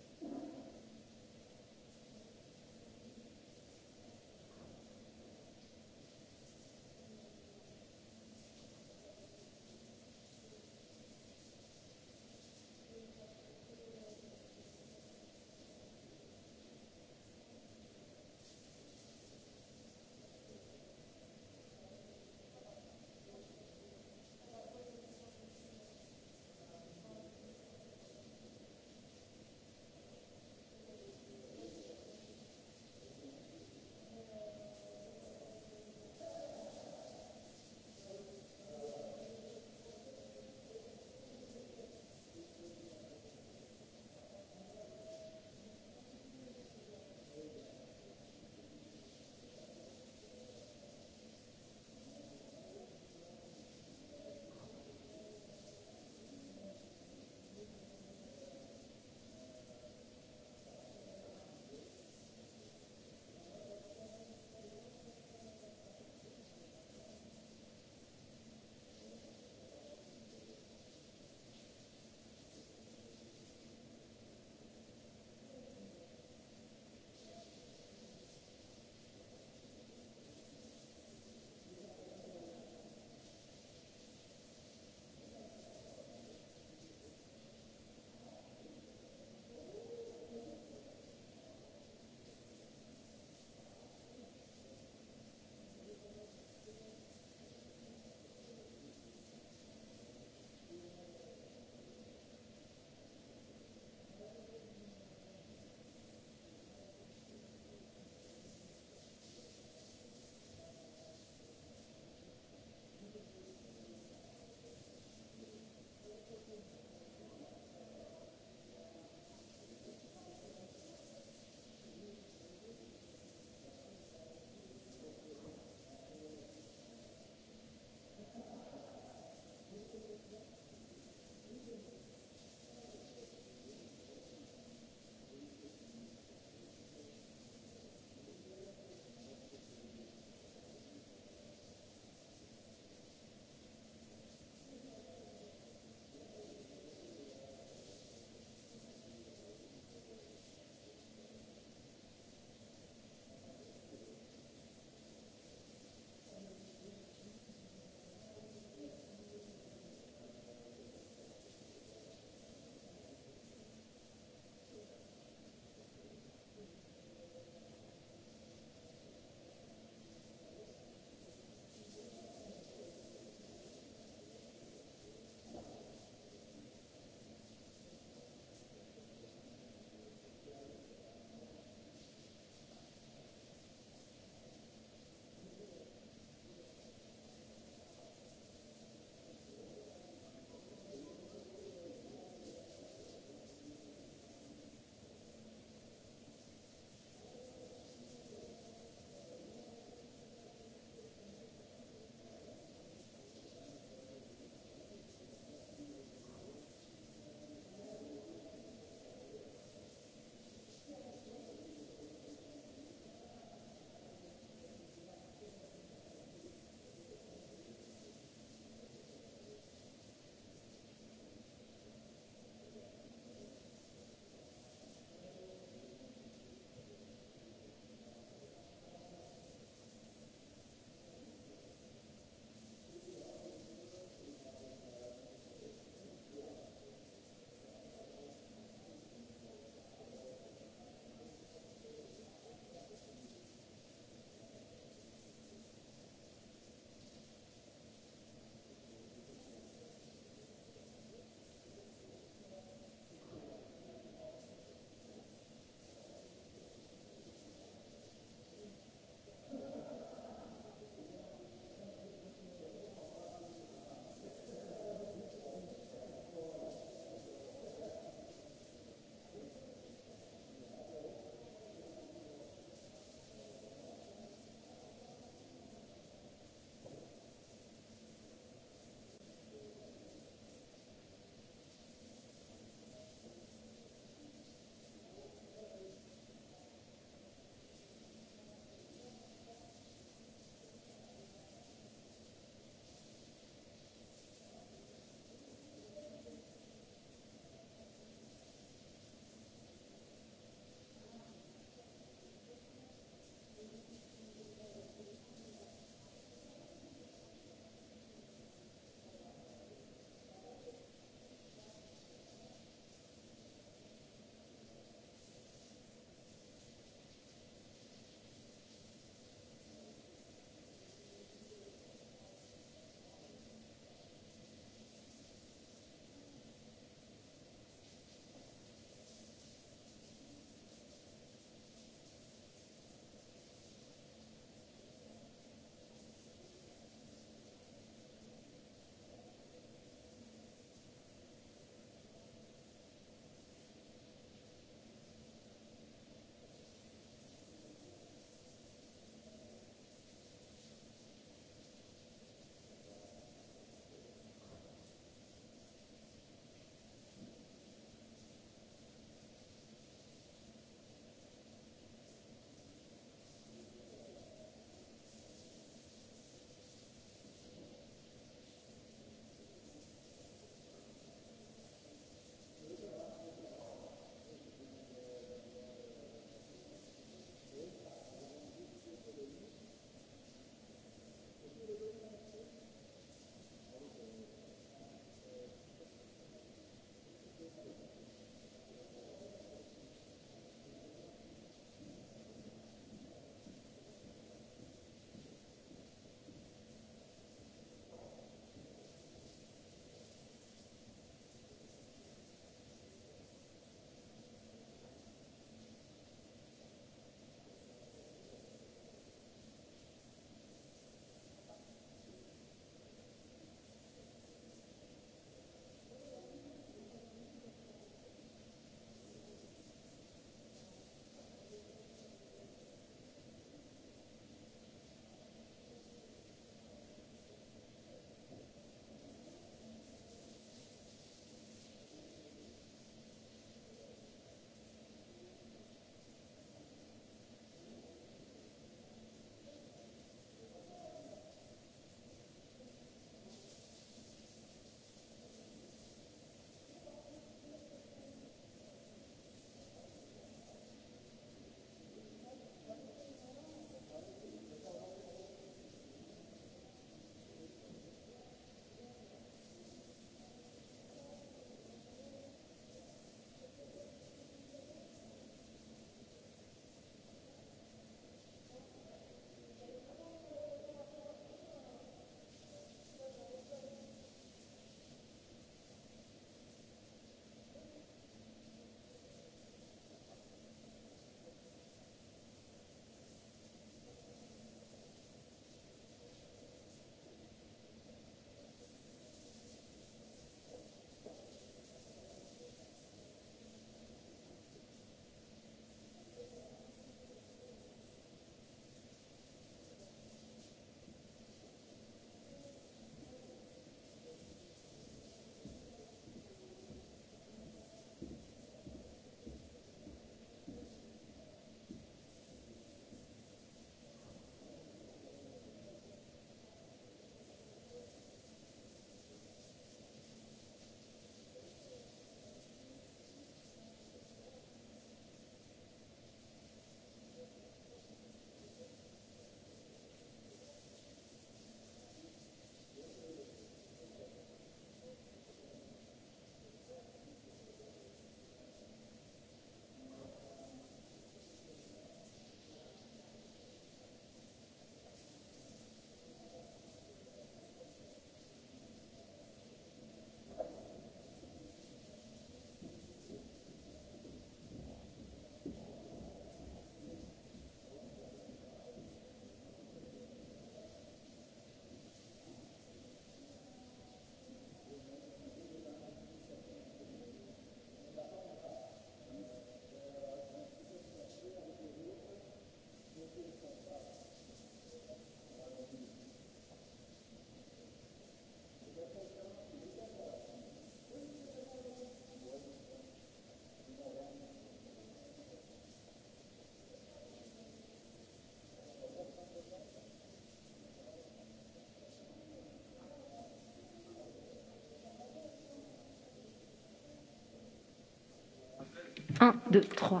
1, 2, 3.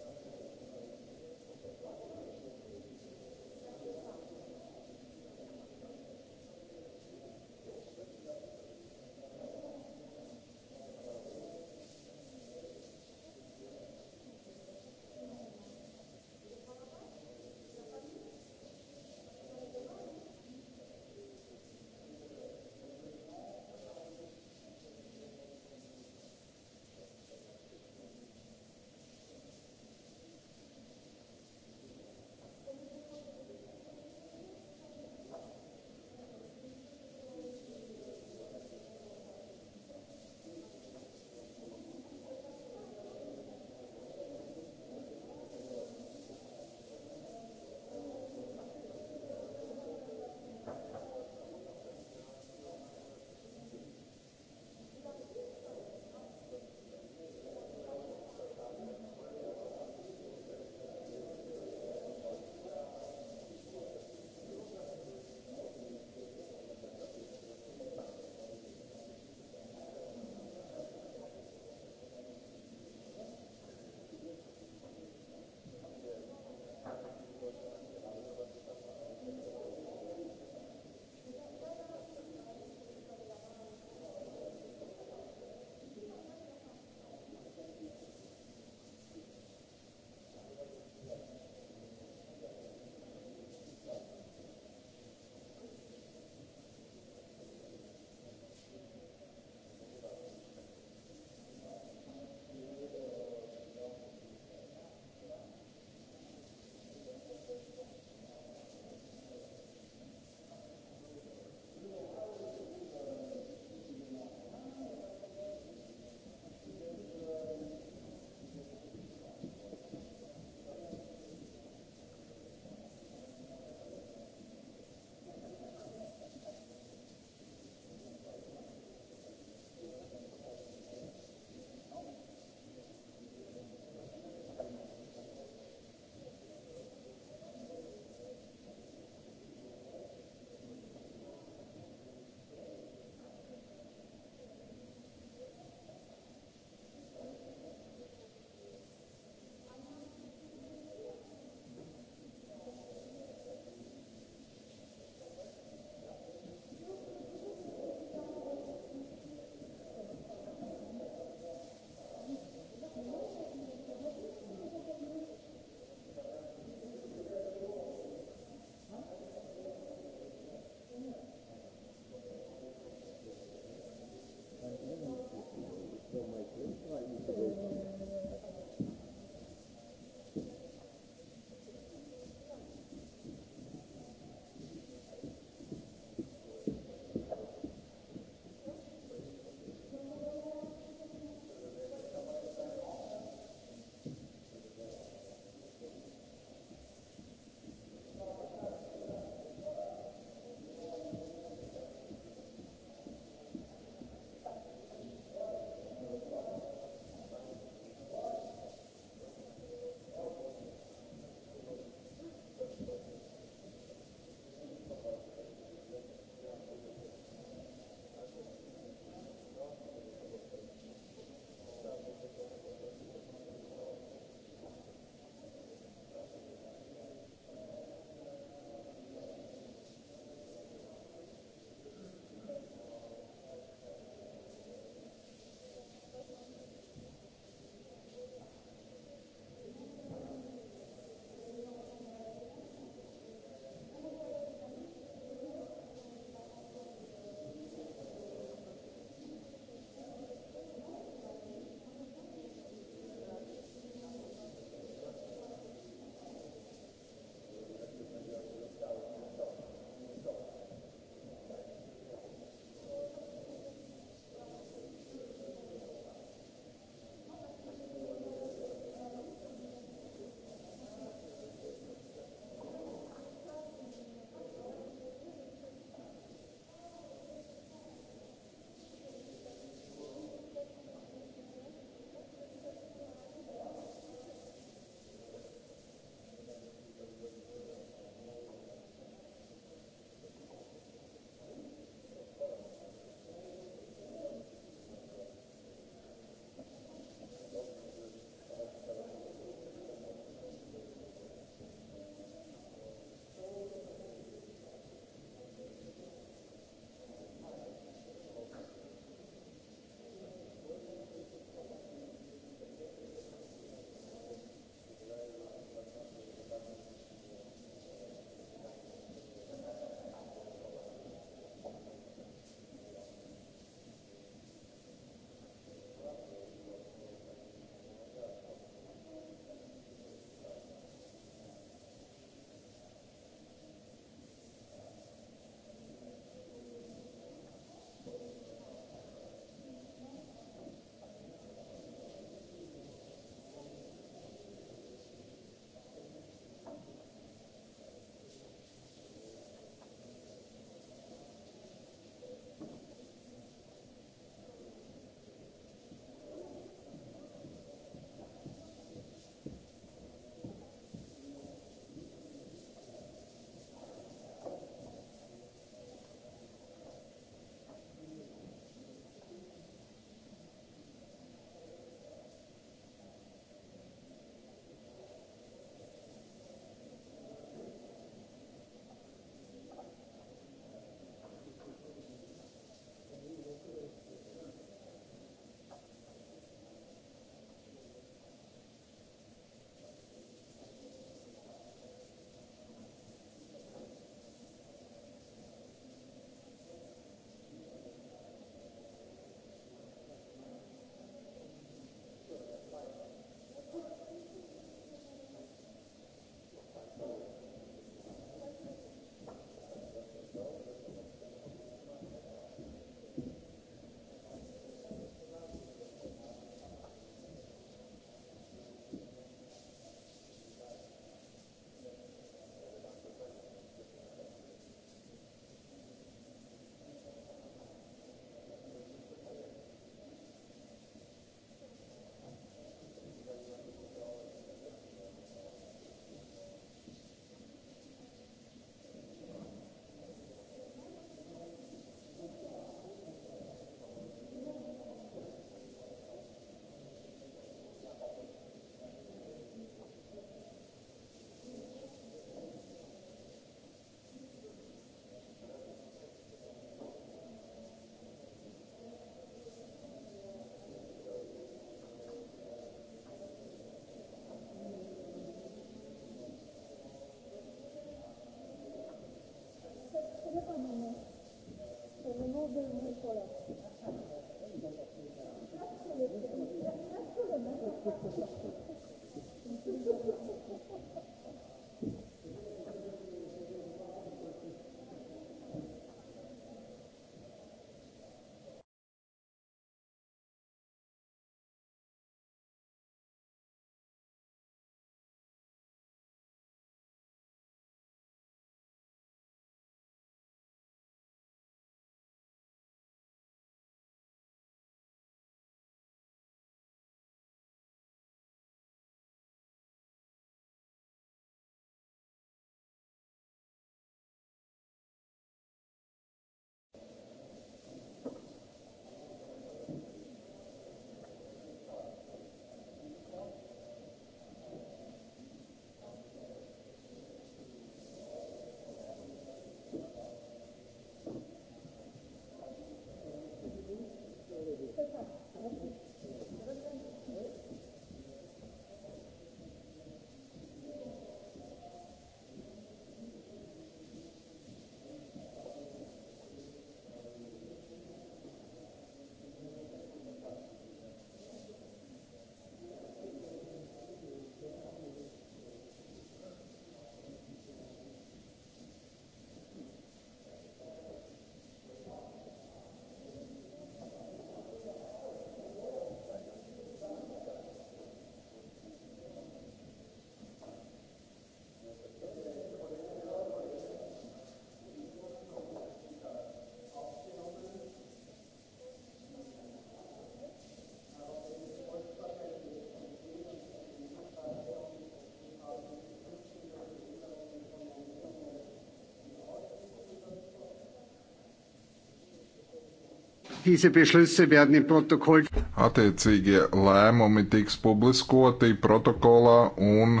Attiecīgie lēmumi tiks publiskoti protokolā un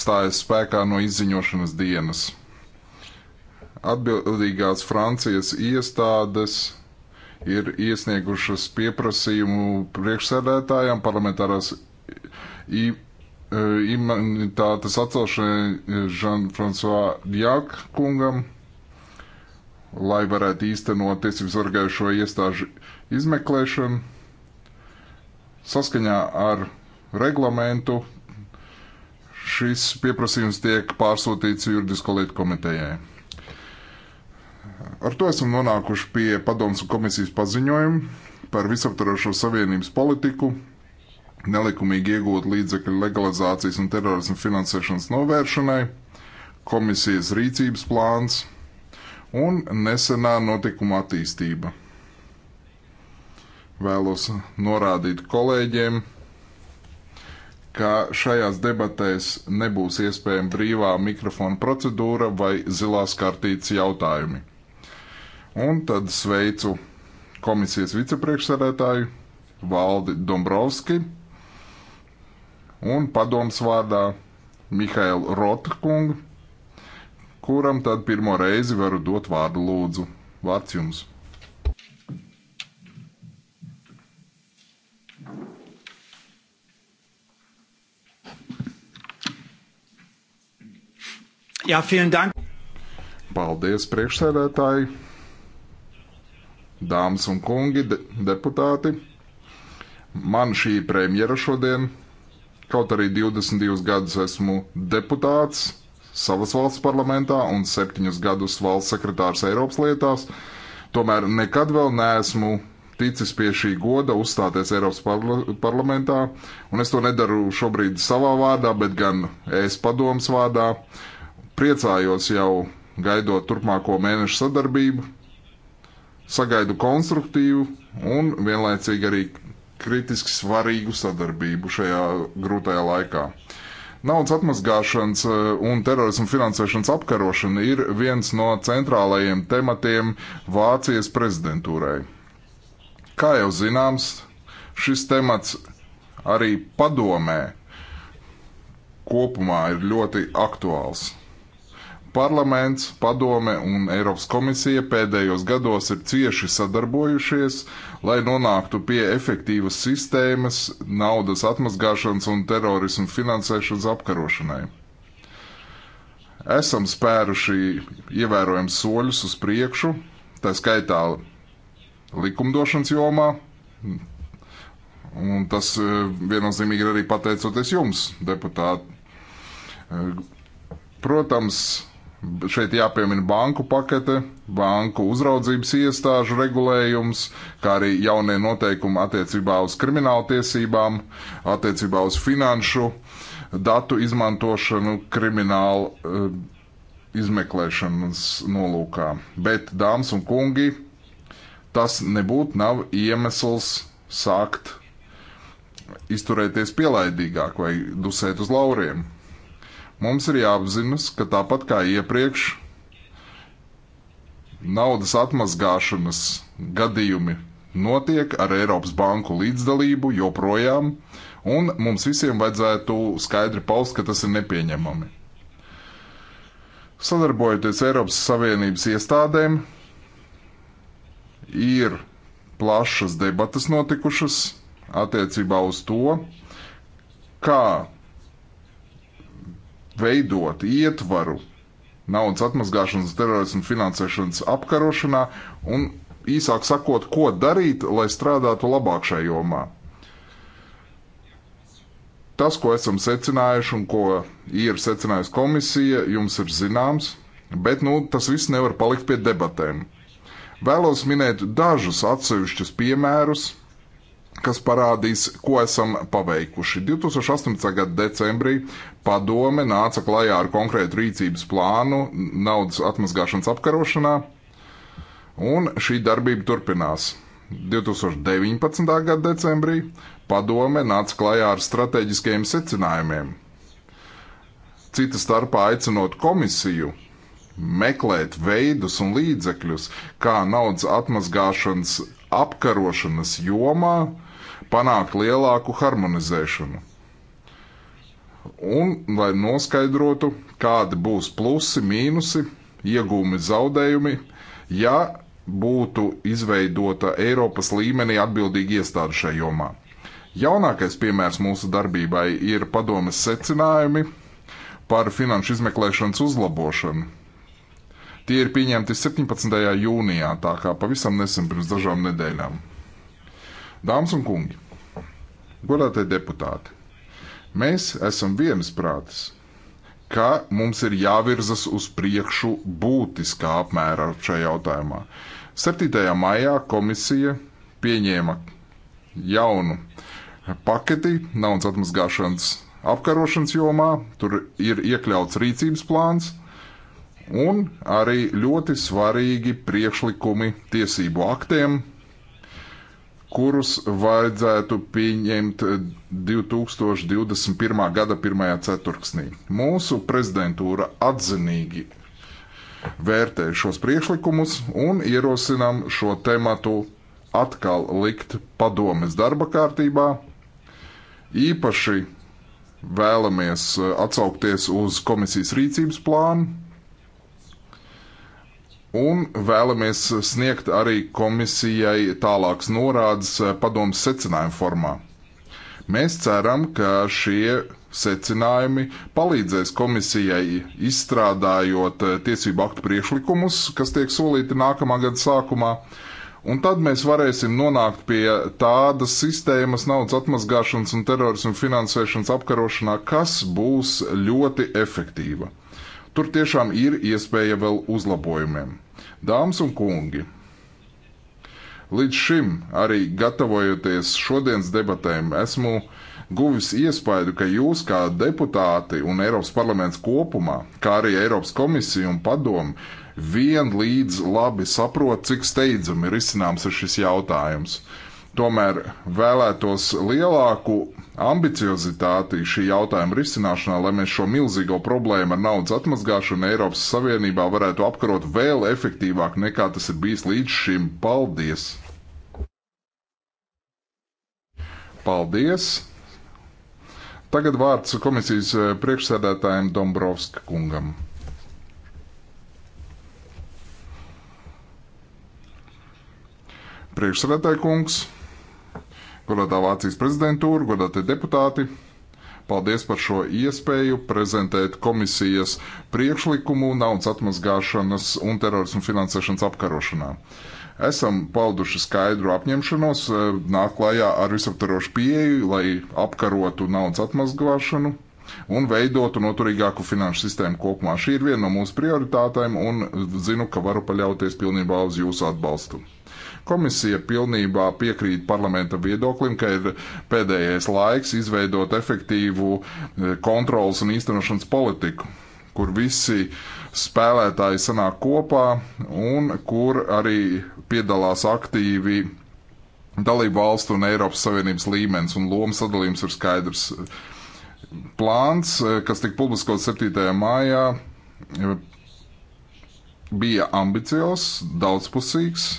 stājas spēkā no izziņošanas dienas. Atbildīgās Francijas iestādes ir iesniegušas pieprasījumu priekšsēdētājām parlamentārās e, imunitātes atcelšanai Jean-François Jāk kungam lai varētu īstenot tiesību sargājušo iestāžu izmeklēšanu. Saskaņā ar reglamentu šis pieprasījums tiek pārsūtīts juridisko lietu komitejai. Ar to esam nonākuši pie padomus un komisijas paziņojumu par visaptvarošo savienības politiku, nelikumīgi iegūt līdzekļu legalizācijas un terorismu finansēšanas novēršanai, komisijas rīcības plāns un nesenā notikuma attīstība. Vēlos norādīt kolēģiem, ka šajās debatēs nebūs iespējama brīvā mikrofona procedūra vai zilās kartītes jautājumi. Un tad sveicu komisijas vicepriekšsēdētāju Valdi Dombrovski un padoms vārdā Mihailu Rotkungu kuram tad pirmo reizi varu dot vārdu lūdzu. Vārds jums. Jā, vielen dank. Paldies, priekšsēdētāji, dāmas un kungi, de deputāti. Man šī premjera šodien, kaut arī 22 gadus esmu deputāts, savas valsts parlamentā un septiņus gadus valsts sekretārs Eiropas lietās. Tomēr nekad vēl neesmu ticis pie šī goda uzstāties Eiropas parla parlamentā, un es to nedaru šobrīd savā vārdā, bet gan es padoms vārdā. Priecājos jau gaidot turpmāko mēnešu sadarbību, sagaidu konstruktīvu un vienlaicīgi arī kritiski svarīgu sadarbību šajā grūtajā laikā. Naudas atmazgāšanas eh, un terorismu finansēšanas apkarošana ir viens no centrālajiem tematiem Vācijas prezidentūrai. Kā jau zināms, šis temats arī padomē kopumā ir ļoti aktuāls. Parlaments, padome un Eiropas komisija pēdējos gados ir cieši sadarbojušies, lai nonāktu pie efektīvas sistēmas naudas atmazgāšanas un terorismu finansēšanas apkarošanai. Esam spēruši ievērojams soļus uz priekšu, tā skaitā likumdošanas jomā, un tas e, viennozīmīgi arī pateicoties jums, deputāti. E, protams, Šeit jāpiemina banku pakete, banku uzraudzības iestāžu regulējums, kā arī jaunie noteikumi attiecībā uz kriminālu tiesībām, attiecībā uz finanšu datu izmantošanu kriminālu uh, izmeklēšanas nolūkā. Bet, dāmas un kungi, tas nebūtu nav iemesls sākt izturēties pielaidīgāk vai dusēt uz lauriem. Mums ir jāapzinas, ka tāpat kā iepriekš, naudas atmazgāšanas gadījumi notiek ar Eiropas banku līdzdalību joprojām, un mums visiem vajadzētu skaidri paust, ka tas ir nepieņemami. Sadarbojoties Eiropas Savienības iestādēm, ir plašas debatas notikušas attiecībā uz to, kā veidot ietvaru naudas atmazgāšanas, terorismu finansēšanas apkarošanā un īsāk sakot, ko darīt, lai strādātu labāk šajā jomā. Tas, ko esam secinājuši un ko ir secinājusi komisija, jums ir zināms, bet nu, tas viss nevar palikt pie debatēm. Vēlos minēt dažus atsevišķus piemērus, kas parādīs, ko esam paveikuši. 2018. gada decembrī padome nāca klajā ar konkrētu rīcības plānu naudas atmazgāšanas apkarošanā, un šī darbība turpinās. 2019. gada decembrī padome nāca klajā ar strateģiskajiem secinājumiem. Cita starpā aicinot komisiju meklēt veidus un līdzekļus, kā naudas atmazgāšanas apkarošanas jomā panākt lielāku harmonizēšanu. Un, lai noskaidrotu, kādi būs plusi, mīnusi, iegūmi, zaudējumi, ja būtu izveidota Eiropas līmenī atbildīga iestāde šajā jomā. Jaunākais piemērs mūsu darbībai ir padomes secinājumi par finanšu izmeklēšanas uzlabošanu. Tie ir pieņemti 17. jūnijā, tā kā pavisam nesen pirms dažām nedēļām. Dāmas un kungi, Godātie deputāti, mēs esam viensprātis, ka mums ir jāvirzas uz priekšu būtiskā apmērā šajā jautājumā. 7. maijā komisija pieņēma jaunu paketi naudas atmazgāšanas apkarošanas jomā, tur ir iekļauts rīcības plāns un arī ļoti svarīgi priekšlikumi tiesību aktiem, kurus vajadzētu pieņemt 2021. gada 1. ceturksnī. Mūsu prezidentūra atzinīgi vērtē šos priekšlikumus un ierosinām šo tematu atkal likt padomes darba kārtībā. Īpaši vēlamies atsaukties uz komisijas rīcības plānu un vēlamies sniegt arī komisijai tālākas norādes eh, padomus secinājumu formā. Mēs ceram, ka šie secinājumi palīdzēs komisijai izstrādājot eh, tiesību aktu priekšlikumus, kas tiek solīti nākamā gada sākumā, un tad mēs varēsim nonākt pie tādas sistēmas naudas atmazgāšanas un terorismu finansēšanas apkarošanā, kas būs ļoti efektīva. Tur tiešām ir iespēja vēl uzlabojumiem. Dāmas un kungi, līdz šim arī gatavojoties šodienas debatēm, esmu guvis iespēju, ka jūs kā deputāti un Eiropas parlaments kopumā, kā arī Eiropas komisija un padomu, vienlīdz labi saprot, cik steidzami ir izcināms šis jautājums. Uh, Tomēr vēlētos lielāku ambiciozitāti šī jautājuma risināšanā, lai mēs šo milzīgo problēmu ar naudas atmazgāšanu Eiropas Savienībā varētu apkarot vēl efektīvāk nekā tas ir bijis līdz šim. Paldies! Paldies! Tagad vārds komisijas eh, priekšsēdētājiem Dombrovska kungam. Priekšsēdētāja kungs godātā Vācijas prezidentūra, godātie deputāti. Paldies par šo iespēju prezentēt komisijas priekšlikumu naudas atmazgāšanas un terorismu finansēšanas apkarošanā. Esam pauduši skaidru apņemšanos eh, nāk klājā ar visaptarošu pieeju, lai apkarotu naudas atmazgāšanu un veidotu noturīgāku finanšu sistēmu kopumā. Šī ir viena no mūsu prioritātēm un zinu, ka varu paļauties pilnībā uz jūsu atbalstu. Komisija pilnībā piekrīt parlamenta viedoklim, ka ir pēdējais laiks izveidot efektīvu eh, kontrolas un īstenošanas politiku kur visi spēlētāji sanāk kopā un kur arī piedalās aktīvi dalību valstu un Eiropas Savienības līmenis un lomas sadalījums ir skaidrs. Plāns, eh, kas tika publiskots 7. maijā, eh, bija ambiciozs, daudzpusīgs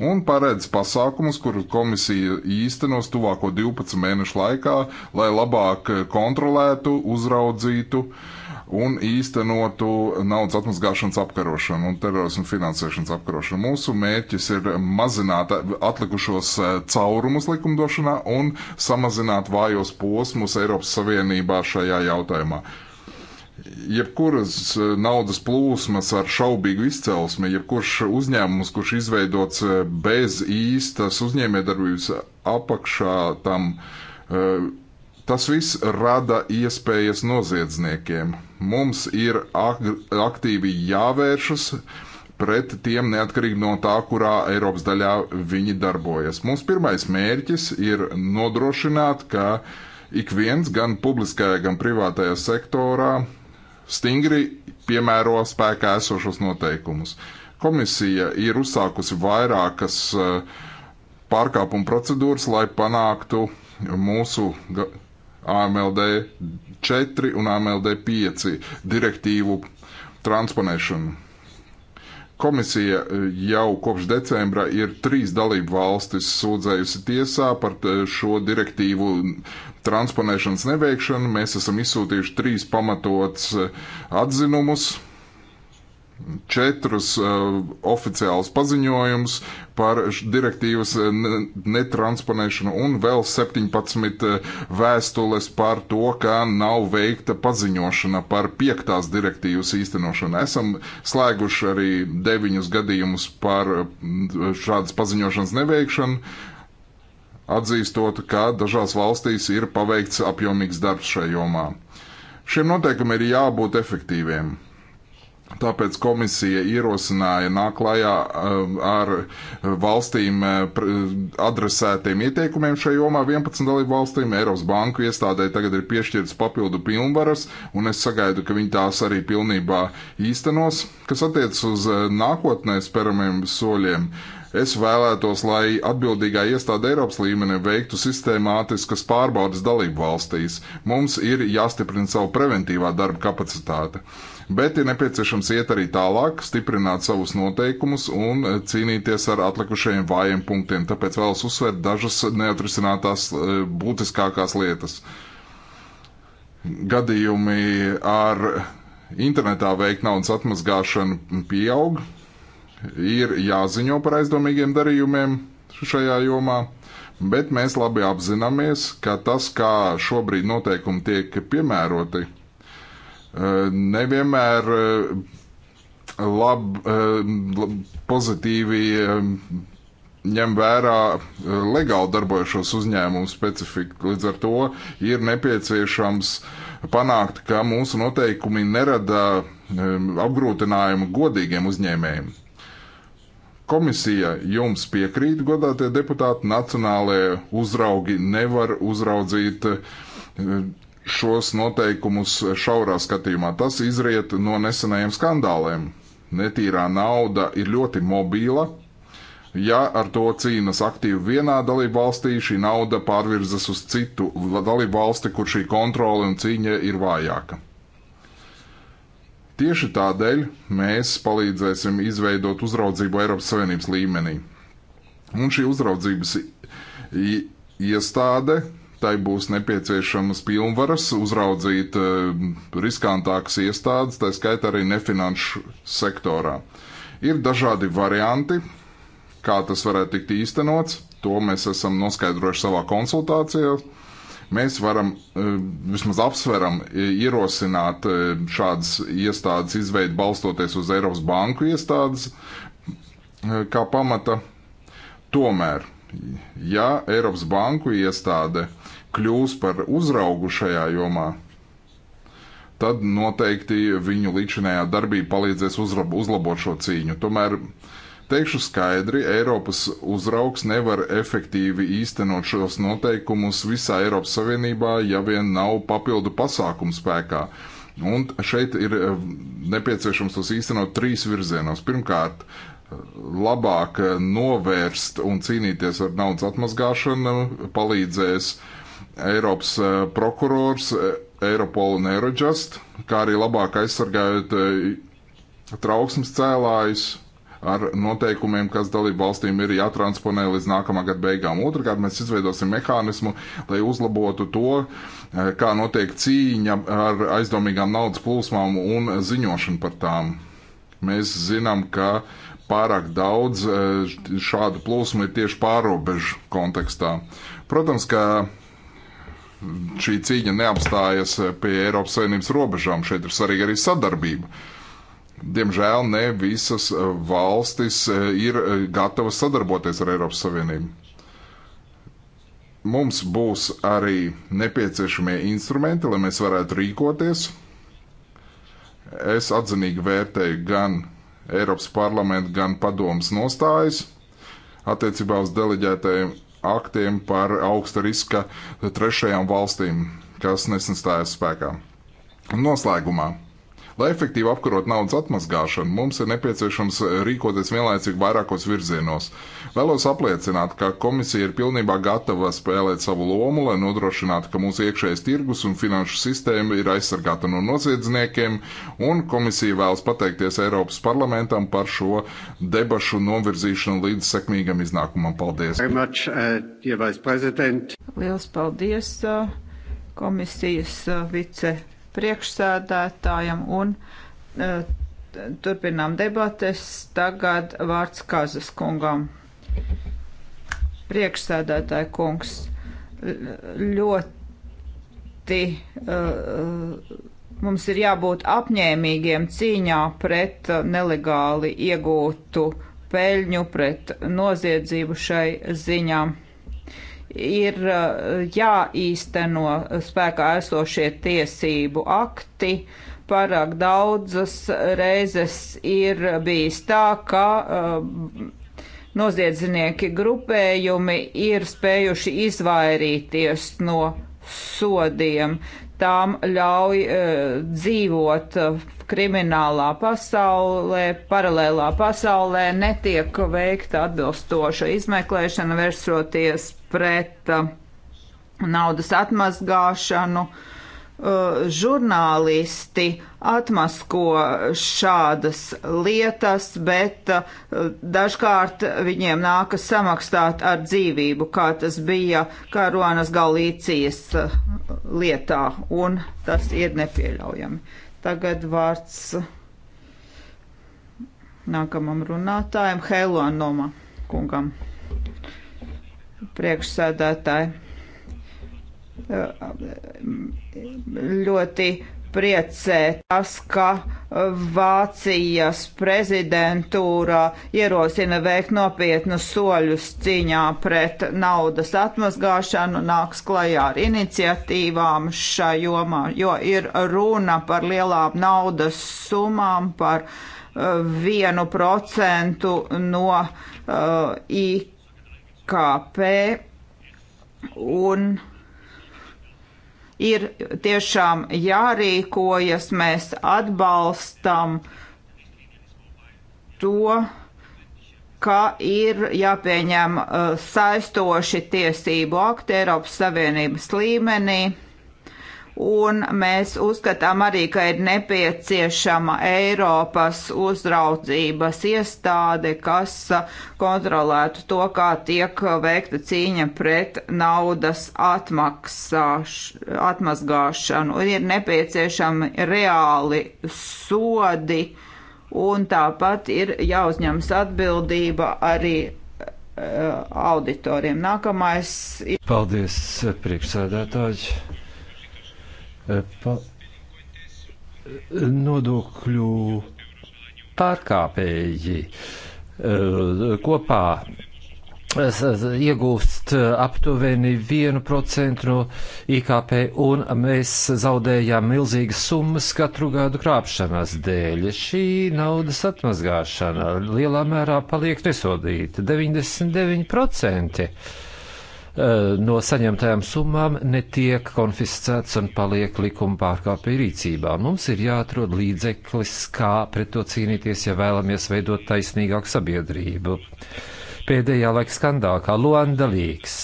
un paredz pasākumus, kurus komisija īstenos tuvāko 12 mēnešu laikā, lai labāk kontrolētu, uzraudzītu un īstenotu naudas atmazgāšanas apkarošanu un terorismu finansēšanas apkarošanu. Mūsu mērķis ir mazināt atlikušos eh, caurumus likumdošanā un samazināt vājos posmus Eiropas Savienībā šajā jautājumā jebkuras e, naudas plūsmas ar šaubīgu izcelsmi, jebkurš uzņēmums, kurš izveidots e, bez īstas uzņēmējdarbības apakšā tam, e, tas viss rada iespējas noziedzniekiem. Mums ir ak aktīvi jāvēršas pret tiem neatkarīgi no tā, kurā Eiropas daļā viņi darbojas. Mums pirmais mērķis ir nodrošināt, ka ik viens gan publiskajā, gan privātajā sektorā stingri piemēro spēkā esošos noteikumus. Komisija ir uzsākusi vairākas eh, pārkāpuma procedūras, lai panāktu mūsu AMLD 4 un AMLD 5 direktīvu transponēšanu. Komisija eh, jau kopš decembra ir trīs dalību valstis sūdzējusi tiesā par eh, šo direktīvu transponēšanas neveikšanu. Mēs esam izsūtījuši trīs pamatots eh, atzinumus, četrus uh, oficiālus paziņojumus par direktīvas eh, netransponēšanu un vēl 17 vēstules par to, ka nav veikta paziņošana par piektās direktīvas īstenošanu. Esam slēguši arī deviņus gadījumus par šādas paziņošanas neveikšanu atzīstot, ka dažās valstīs ir paveikts apjomīgs darbs šajā jomā. Šiem noteikumiem ir jābūt efektīviem. Tāpēc komisija ierosināja nāklājā um, ar uh, valstīm uh, adresētiem ieteikumiem šajā jomā 11 dalību valstīm. Eiropas banku iestādē tagad ir piešķirtas papildu pilnvaras, un es sagaidu, ka viņi tās arī pilnībā īstenos. Kas attiec uz uh, nākotnē speramiem soļiem, Es vēlētos, lai atbildīgā iestāde Eiropas līmenī veiktu sistemātiskas pārbaudas dalību valstīs. Mums ir jāstiprina savu preventīvā darba kapacitāte, bet ir nepieciešams iet arī tālāk, stiprināt savus noteikumus un cīnīties ar atlikušajiem vājiem punktiem. Tāpēc vēlos uzsvērt dažas neatrisinātās eh, būtiskākās lietas. Gadījumi ar internetā veikt naudas atmazgāšanu pieaug, ir jāziņo par aizdomīgiem darījumiem šajā jomā, bet mēs labi apzināmies, ka tas, kā šobrīd noteikumi tiek piemēroti, eh, nevienmēr eh, eh, lab, pozitīvi ņem vērā legāli darbojošos uzņēmumu specifiku. Līdz ar to ir nepieciešams panākt, ka mūsu noteikumi nerada apgrūtinājumu godīgiem uzņēmējiem. Komisija jums piekrīt, godātie deputāti, nacionālajie uzraugi nevar uzraudzīt eh, šos noteikumus šaurā skatījumā. Tas izriet no nesenajiem skandāliem. Netīrā nauda ir ļoti mobīla. Ja ar to cīnas aktīvi vienā dalību valstī, šī nauda pārvirzas uz citu dalību valsti, kur šī kontrole un cīņa ir vājāka. Tieši tādēļ mēs palīdzēsim izveidot uzraudzību Eiropas Savienības līmenī. Un šī uzraudzības iestāde tai būs nepieciešamas pilnvaras uzraudzīt eh, riskantākas iestādes, tā skaitā arī nefinanšu sektorā. Ir dažādi varianti, kā tas varētu tikt īstenots, to mēs esam noskaidrojuši savā konsultācijā. Mēs varam e, vismaz apsveram e, ierosināt e, šādas iestādes izveidu balstoties uz Eiropas banku iestādes kā pamata. Tomēr, ja Eiropas banku iestāde kļūs par uzraugu šajā jomā, tad noteikti viņu līdzinējā darbība palīdzēs uzlabot šo cīņu. Tomēr uh, Teikšu skaidri, Eiropas uzraugs nevar efektīvi īstenot šos noteikumus visā Eiropas Savienībā, ja vien nav papildu pasākumu spēkā. Un šeit ir eh, nepieciešams tos īstenot trīs virzienos. Pirmkārt, labāk novērst un cīnīties ar naudas atmazgāšanu palīdzēs Eiropas eh, prokurors, eh, Eiropola un Eurojust, kā arī labāk aizsargājot trauksmes cēlājus ar noteikumiem, kas dalību valstīm ir jātransponē līdz nākamā gada beigām. Otrakārt, mēs izveidosim mehānismu, lai uzlabotu to, eh, kā notiek cīņa ar aizdomīgām naudas plūsmām un ziņošanu par tām. Mēs zinām, ka pārāk daudz eh, šādu plūsmu ir tieši pārobežu kontekstā. Protams, ka šī cīņa neapstājas pie Eiropas Savienības robežām. Šeit ir svarīga arī sadarbība. Diemžēl ne visas eh, valstis eh, ir eh, gatavas sadarboties ar Eiropas Savienību. Mums būs arī nepieciešamie instrumenti, lai mēs varētu rīkoties. Es atzinīgi vērtēju gan Eiropas parlamenta, gan padomas nostājas attiecībā uz deleģētajiem aktiem par augsta riska trešajām valstīm, kas nesen stājas spēkā. Noslēgumā Lai efektīvi apkarot naudas atmazgāšanu, mums ir nepieciešams eh, rīkoties vienlaicīgi vairākos virzienos. Vēlos apliecināt, ka komisija ir pilnībā gatava spēlēt savu lomu, lai nodrošinātu, ka mūsu iekšējais tirgus un finanšu sistēma ir aizsargāta no noziedzniekiem, un komisija vēlas pateikties Eiropas parlamentam par šo debašu novirzīšanu līdz sekmīgam iznākumam. Paldies! Much, uh, Lielas paldies uh, komisijas uh, vice priekšsēdētājam un eh, turpinām debates. Tagad vārds Kazas kungam. Priekšsēdētāja kungs ļoti uh, mums ir jābūt apņēmīgiem cīņā pret nelegāli iegūtu peļņu, pret noziedzību šai ziņām ir eh, jāīsteno spēkā esošie tiesību akti. Pārāk daudzas reizes ir bijis tā, ka uh, noziedznieki grupējumi ir spējuši izvairīties no sodiem. Tām ļauj uh, dzīvot uh, kriminālā pasaulē, paralēlā pasaulē netiek veikta atbilstoša izmeklēšana versoties pret uh, naudas atmazgāšanu. Uh, žurnālisti atmasko šādas lietas, bet uh, dažkārt viņiem nākas samaksāt ar dzīvību, kā tas bija Karonas Galīcijas uh, lietā, un tas ir nepieļaujami. Tagad vārds nākamam runātājam, Helonoma kungam, priekšsēdētāji. Eh, ļoti priecē tas, ka Vācijas prezidentūra ierosina veikt nopietnus soļus cīņā pret naudas atmazgāšanu, nāks klajā ar iniciatīvām šā jomā, jo ir runa par lielām naudas summām, par uh, vienu procentu no uh, IKP un uh, ir tiešām jārīkojas, mēs atbalstam to, ka ir jāpieņem uh, saistoši tiesību akti Eiropas Savienības līmenī un mēs uzskatām arī, ka ir nepieciešama Eiropas uzraudzības iestāde, kas kontrolētu to, kā tiek veikta cīņa pret naudas atmazgāšanu. Ir nepieciešami reāli sodi, un tāpat ir jāuzņemas atbildība arī eh, auditoriem. Nākamais ir. Paldies, priekšsēdētāji! pa, nodokļu pārkāpēji eh, kopā iegūst aptuveni 1% no IKP, un mēs zaudējām milzīgas summas katru gadu krāpšanas dēļ. Šī naudas atmazgāšana lielā mērā paliek nesodīta - 99%. Eh, no saņemtajām summām netiek konfiscēts un paliek likuma pārkāpēju rīcībā. Mums ir jāatrod līdzeklis, kā pret to cīnīties, ja vēlamies veidot taisnīgāku sabiedrību. Pēdējā laika skandālā Luanda Līks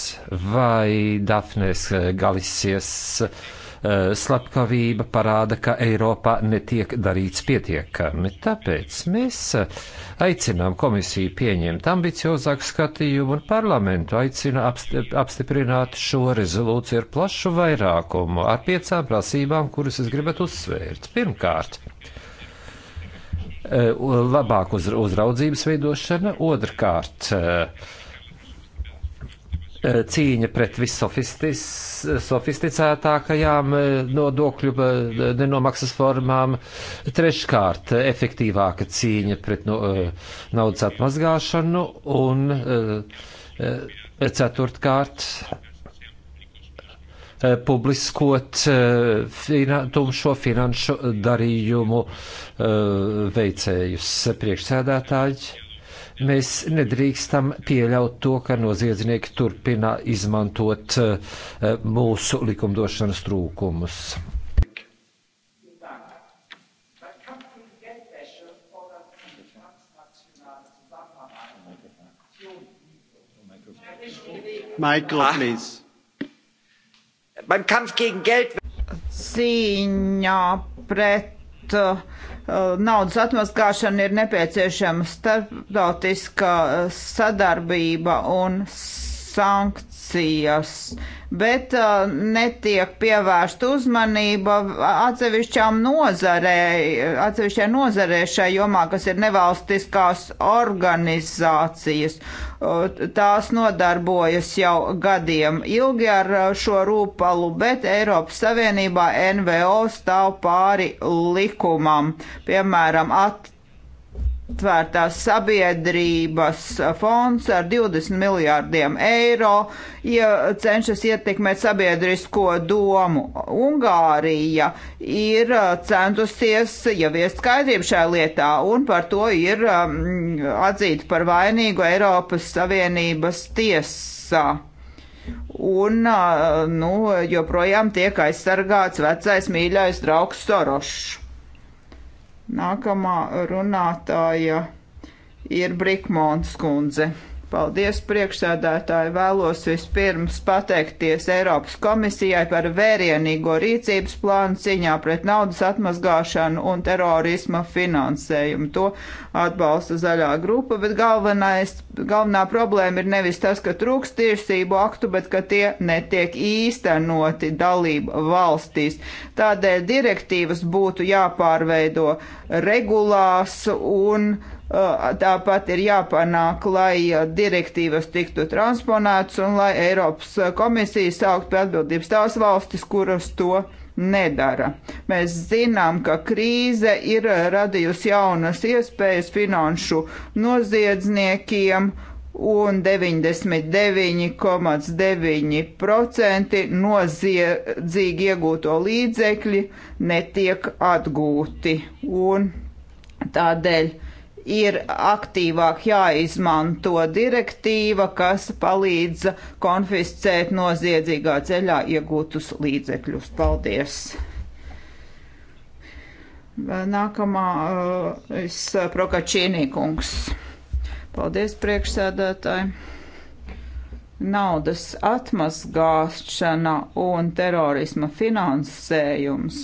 vai Dafnes Galisies uh, Eh, slepkavība parāda, ka Eiropā netiek darīts pietiekami. Tāpēc mēs eh, aicinām komisiju pieņemt ambiciozāku skatījumu un parlamentu aicina apstiprināt šo rezolūciju ar plašu vairākumu, ar piecām prasībām, kuras es gribētu uzsvērt. Pirmkārt, eh, labāk uzraudzības veidošana, otrkārt, Eh, cīņa pret visofisticētākajām eh, nodokļu eh, nenomaksas formām, treškārt efektīvāka cīņa pret no, naudas atmazgāšanu un ceturtkārt publiskot fina, tumšo finanšu darījumu veicējus priekšsēdētāji Mēs nedrīkstam pieļaut to, ka noziedznieki turpina izmantot eh, mūsu likumdošanas trūkumus. Michael, ah. please. Beim Kampf gegen Geld. Cīņā pret uh, Eh, naudas atmaskāšanu ir nepieciešama starptautiskā eh, sadarbība un sankcijas sankcijas, bet uh, netiek pievērsta uzmanība atsevišķām nozarei, atsevišķai nozarei šai jomā, kas ir nevalstiskās organizācijas. Uh, tās nodarbojas jau gadiem ilgi ar uh, šo rūpalu, bet Eiropas Savienībā NVO stāv pāri likumam, piemēram, at atvērtās sabiedrības fonds ar 20 miljārdiem eiro ja cenšas ietekmēt sabiedrisko domu. Ungārija ir uh, centusies ieviest ja skaidrību šajā lietā un par to ir um, atzīta par vainīgu Eiropas Savienības tiesā. Un, uh, nu, joprojām tiek aizsargāts vecais mīļais draugs Sorošs. Nākamā runātāja ir Brikmons kundze. Paldies, priekšsēdētāji! Vēlos vispirms pateikties Eiropas komisijai par vērienīgo rīcības plānu cīņā pret naudas atmazgāšanu un terorisma finansējumu. To atbalsta zaļā grupa, bet galvenais, galvenā problēma ir nevis tas, ka trūkst tiesību aktu, bet ka tie netiek īstenoti dalību valstīs. Tādēļ direktīvas būtu jāpārveido regulās un uh, Tāpat ir jāpanāk, lai direktīvas tiktu transponētas un lai Eiropas komisija saukt pie atbildības tās valstis, kuras to nedara. Mēs zinām, ka krīze ir radījusi jaunas iespējas finanšu noziedzniekiem un 99,9% noziedzīgi iegūto līdzekļi netiek atgūti. Un tādēļ ir aktīvāk jāizmanto direktīva, kas palīdz konfiscēt noziedzīgā ceļā iegūtus līdzekļus. Paldies! Nākamā uh, es uh, prokačīnī kungs. Paldies priekšsēdētāji. Naudas atmazgāšana un terorisma finansējums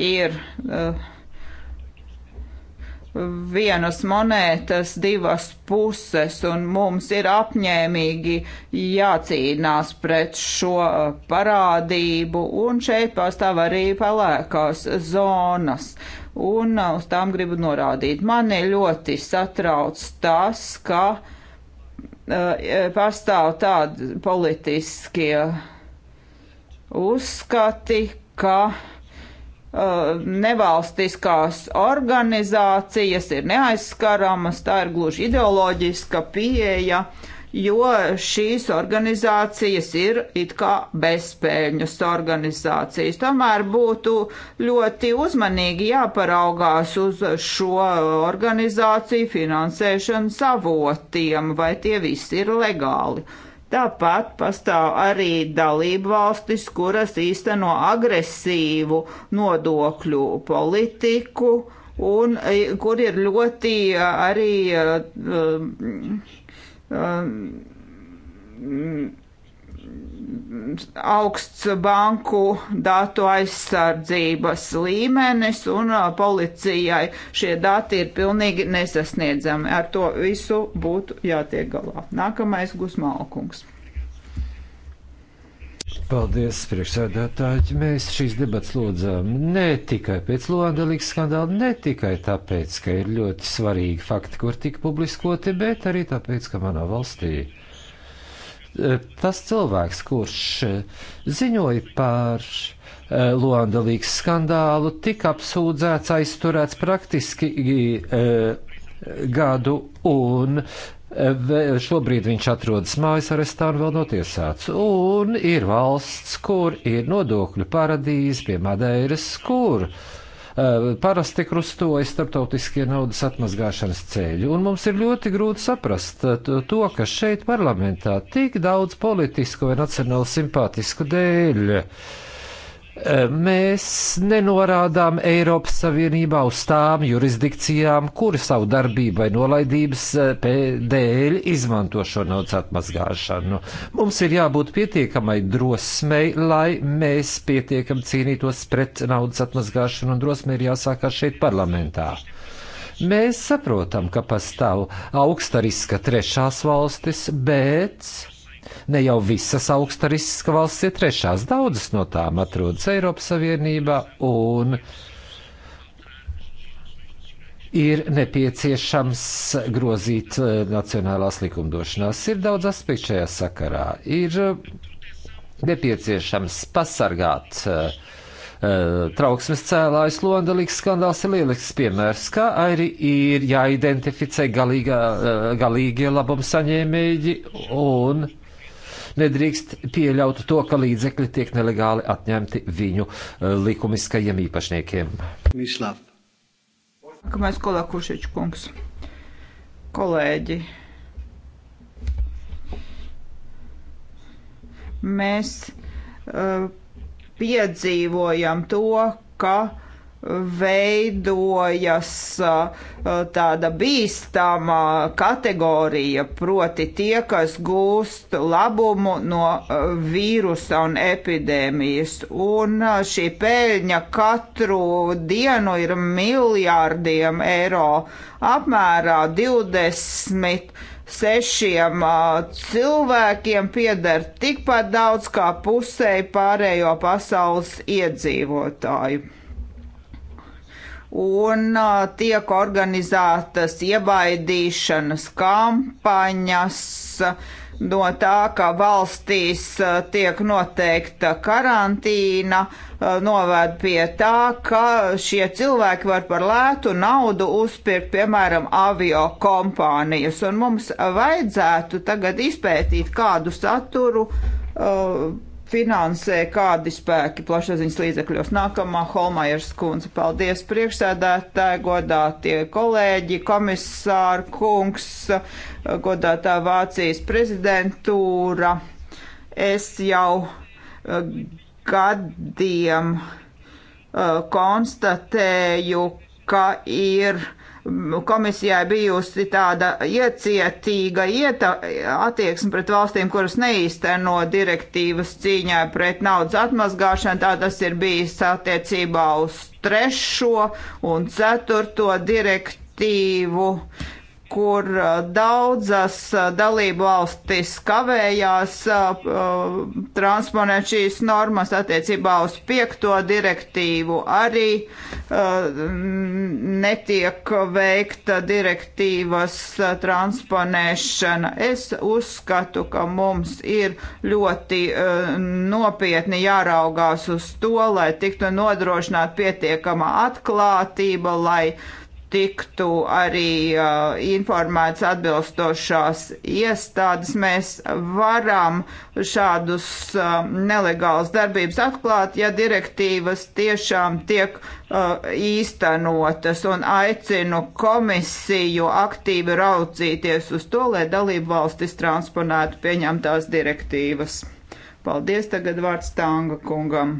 ir uh, vienas monētas divas puses, un mums ir apņēmīgi jācīnās pret šo uh, parādību, un šeit pastāv arī pelēkās zonas. Un uh, uz tām gribu norādīt. Mani ļoti satrauc tas, ka uh, pastāv tādi politiskie uzskati, ka uh, Uh, nevalstiskās organizācijas ir neaizskaramas, tā ir gluži ideoloģiska pieeja, jo šīs organizācijas ir it kā bezspēļņas organizācijas. Tomēr būtu ļoti uzmanīgi jāparaugās uz šo organizāciju finansēšanas avotiem, vai tie visi ir legāli Tāpat pastāv arī dalību valstis, kuras īsteno agresīvu nodokļu politiku un e, kur ir ļoti e, arī um, um, augsts banku datu aizsardzības līmenis un uh, policijai šie dati ir pilnīgi nesasniedzami. Ar to visu būtu jātiek galā. Nākamais Gusmalkungs. Paldies, priekšsēdētāji. Mēs šīs debatas lūdzām ne tikai pēc Londonijas skandāla, ne tikai tāpēc, ka ir ļoti svarīgi fakti, kur tika publiskoti, bet arī tāpēc, ka manā valstī tas cilvēks, kurš eh, ziņoja par eh, Luanda Līgas skandālu, tika apsūdzēts, aizturēts praktiski eh, gadu un Šobrīd viņš atrodas mājas arestā un vēl notiesāts. Un ir valsts, kur ir nodokļu paradīze pie Madeiras, kur uh, Eh, parasti krustojas starptautiskie naudas atmazgāšanas ceļi. Un mums ir ļoti grūti saprast eh, to, ka šeit parlamentā tik daudz politisku vai nacionālu simpātisku dēļ Mēs nenorādām Eiropas Savienībā uz tām jurisdikcijām, kuri savu darbību vai nolaidības eh, dēļ izmanto šo naudas atmazgāšanu. Mums ir jābūt pietiekamai drosmei, lai mēs pietiekam cīnītos pret naudas atmazgāšanu, un drosme ir jāsākās šeit parlamentā. Mēs saprotam, ka pastāv augsta riska trešās valstis, bet Ne jau visas augsta riska valsts ir trešās, daudzas no tām atrodas Eiropas Savienībā un ir nepieciešams grozīt eh, nacionālās likumdošanās. Ir daudz aspektu šajā sakarā. Ir eh, nepieciešams pasargāt uh, trauksmes cēlājs Londalīgs skandāls ir lielisks piemērs, kā arī ir jāidentificē galīgā, galīgie labums saņēmēji un nedrīkst pieļaut to, ka līdzekļi tiek nelegāli atņemti viņu eh, likumiskajiem īpašniekiem. Mislav. Nākamais kolēkušieču kungs. Kolēģi. Mēs uh, piedzīvojam to, ka veidojas uh, tāda bīstama kategorija, proti tie, kas gūst labumu no uh, vīrusa un epidēmijas. Un uh, šī peļņa katru dienu ir miljārdiem eiro apmērā 20 sešiem uh, cilvēkiem pieder tikpat daudz kā pusēji pārējo pasaules iedzīvotāju un tiek organizētas iebaidīšanas kampaņas no tā, ka valstīs tiek noteikta karantīna, novērt pie tā, ka šie cilvēki var par lētu naudu uzpirkt, piemēram, avio kompānijas. Un mums vajadzētu tagad izpētīt kādu saturu. Uh, finansē kādi spēki plašsaziņas līdzekļos. Nākamā Holmajers kundze, paldies priekšsēdētāji, godātie kolēģi, komisāra kungs, godātā Vācijas prezidentūra. Es jau eh, gadiem eh, konstatēju, ka ir komisijai bijusi tāda iecietīga ieta, attieksme pret valstīm, kuras neīsteno direktīvas cīņā pret naudas atmazgāšanu. Tā tas ir bijis attiecībā uz trešo un ceturto direktīvu. Uh, kur uh, daudzas uh, dalību valstis kavējās uh, transponēt šīs normas attiecībā uz piekto direktīvu. Arī netiek veikta direktīvas transponēšana. Es uzskatu, ka mums ir ļoti nopietni jāraugās uz to, lai tiktu nodrošināt pietiekama atklātība, lai tiktu arī uh, informēts atbilstošās iestādes. Mēs varam šādus uh, nelegālus darbības atklāt, ja direktīvas tiešām tiek uh, īstenotas un aicinu komisiju aktīvi raucīties uz to, lai dalību valstis transponētu pieņemtās direktīvas. Paldies tagad vārds Tanga kungam.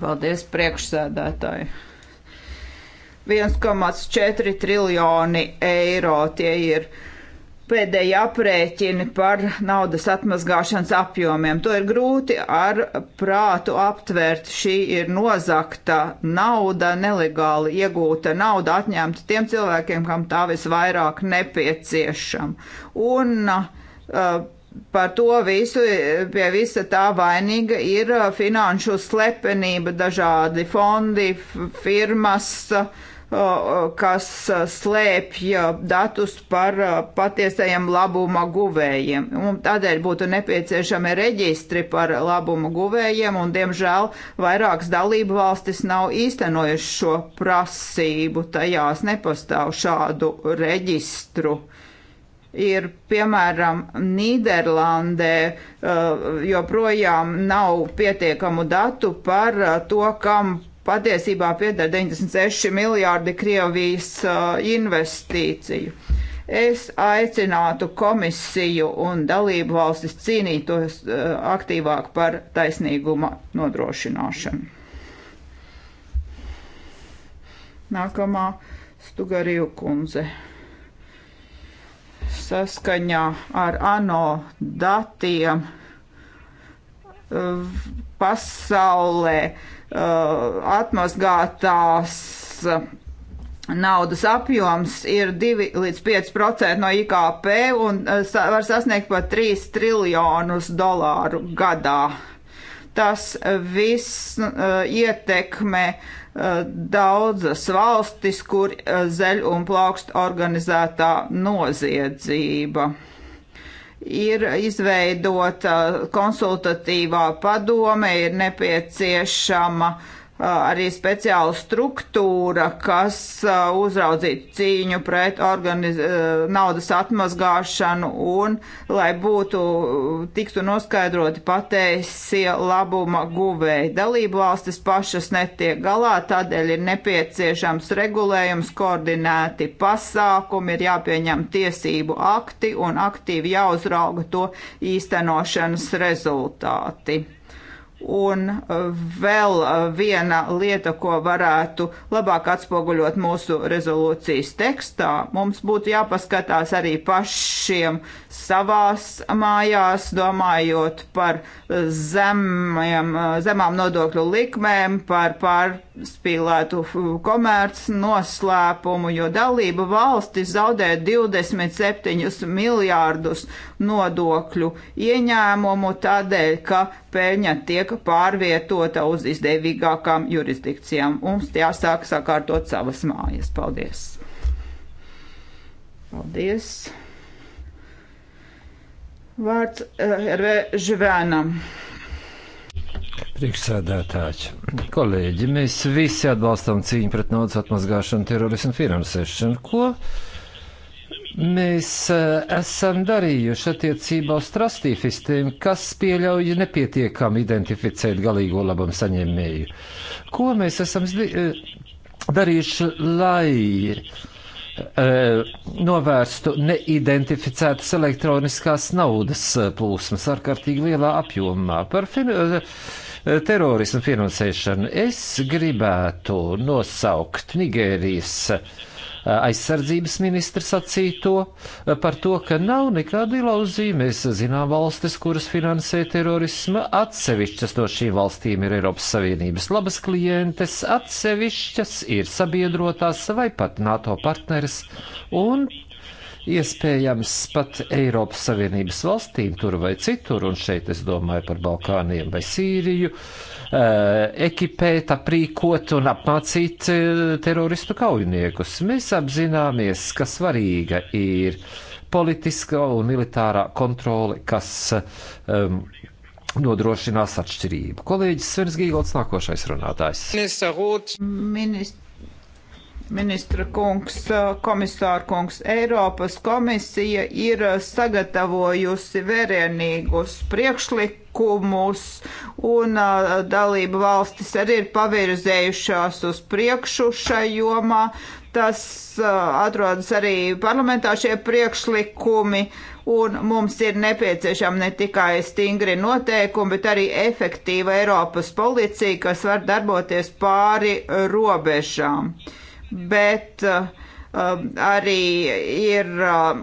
Paldies priekšsēdētāji. 1,4 triljoni eiro. Tie ir pēdējie aprēķini par naudas atmazgāšanas apjomiem. To ir grūti ar prātu aptvert. Šī ir nozakta nauda, nelegāli iegūta nauda, atņemta tiem cilvēkiem, kam tā visvairāk nepieciešama. Un uh, par to visu, pie visa tā vainīga ir finanšu slepenība, dažādi fondi, firmas. Uh, kas slēpj datus par patiesajiem labuma guvējiem. Un tādēļ būtu nepieciešami reģistri par labuma guvējiem, un diemžēl vairākas dalību valstis nav īstenojuši šo prasību. Tajās nepastāv šādu reģistru ir piemēram Nīderlandē joprojām nav pietiekamu datu par to, kam patiesībā pieder 96 miljārdi Krievijas uh, investīciju. Es aicinātu komisiju un dalību valstis cīnītos uh, aktīvāk par taisnīguma nodrošināšanu. Nākamā Stugariju kundze. Saskaņā ar ANO datiem uh, pasaulē uh, Uh, atmazgātās naudas apjoms ir 2 līdz 5% no IKP un uh, var sasniegt pat 3 triljonus dolāru gadā. Tas viss uh, ietekmē uh, daudzas valstis, kur uh, zeļ un plaukst organizētā noziedzība ir izveidota konsultatīvā padome, ir nepieciešama uh, arī speciāla struktūra, kas uzraudzītu cīņu pret organiz... naudas atmazgāšanu un lai būtu tiktu noskaidroti pateisie labuma guvēji. Dalību valstis pašas netiek galā, tādēļ ir nepieciešams regulējums, koordinēti pasākumi, ir jāpieņem tiesību akti un aktīvi jāuzrauga to īstenošanas rezultāti. Un uh, vēl uh, viena lieta, ko varētu labāk atspoguļot mūsu rezolūcijas tekstā, mums būtu jāpaskatās arī pašiem savās mājās, domājot par zemiem, uh, zemām nodokļu likmēm, par pār spīlētu komerc noslēpumu, jo dalība valstis zaudē 27 miljārdus nodokļu ieņēmumu tādēļ, ka peļņa tiek pārvietota uz izdevīgākām jurisdikcijām. Mums jāsāk sakārtot savas mājas. Paldies! Paldies! Vārds Herve eh, Živēnam. Uh, Priekšsēdētāji, kolēģi, mēs visi atbalstam cīņu pret naudas atmazgāšanu, terorismu finansēšanu. Ko mēs e, esam darījuši attiecībā uz trustīfistiem, kas pieļauj nepietiekami identificēt galīgo labumu saņēmēju? Ko mēs esam e, darījuši, lai e, novērstu neidentificētas elektroniskās naudas plūsmas ārkārtīgi lielā apjomā. Par fin terorismu finansēšanu. Es gribētu nosaukt Nigērijas aizsardzības ministra sacīto par to, ka nav nekāda ilūzija. Mēs zinām valstis, kuras finansē terorismu. Atsevišķas no šīm valstīm ir Eiropas Savienības labas klientes, atsevišķas ir sabiedrotās vai pat NATO partneres. Un iespējams pat Eiropas Savienības valstīm tur vai citur, un šeit es domāju par Balkāniem vai Sīriju, eh, ekipēt, aprīkot un apmācīt eh, teroristu kaujiniekus. Mēs apzināmies, ka svarīga ir politiskā un militārā kontrole, kas um, nodrošinās atšķirību. Kolēģis Svens Gīgols, nākošais runātājs. Ministra Rūts. Ministra. Ministra kungs, komisāra kungs, Eiropas komisija ir sagatavojusi vērienīgus priekšlikumus un dalību valstis arī ir pavirzējušās uz priekšu šajomā. Tas atrodas arī parlamentā šie priekšlikumi un mums ir nepieciešama ne tikai stingri noteikumi, bet arī efektīva Eiropas policija, kas var darboties pāri robežām. Uh, bet uh, um, arī ir um,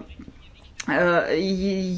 uh,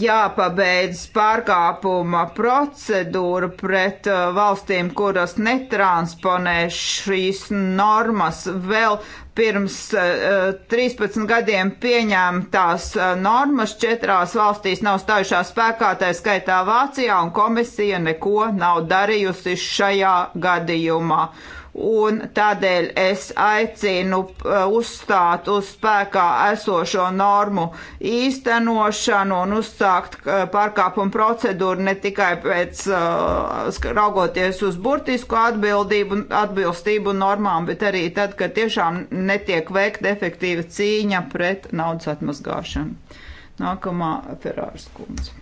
jāpabeidz pārkāpuma procedūra pret uh, valstīm, kuras netransponē šīs normas vēl pirms 13 gadiem pieņemtās normas četrās valstīs nav stājušās spēkā, tā skaitā Vācijā, un komisija neko nav darījusi šajā gadījumā. Uh, un tādēļ es aicinu uh, uzstāt uz spēkā esošo normu īstenošanu un uzsākt uh, pārkāpumu procedūru ne tikai pēc uh, raugoties uz burtisku atbildību, atbilstību normām, bet arī tad, kad tiešām netiek veikta efektīva cīņa pret naudas atmazgāšanu. Nākamā Ferārs kundze.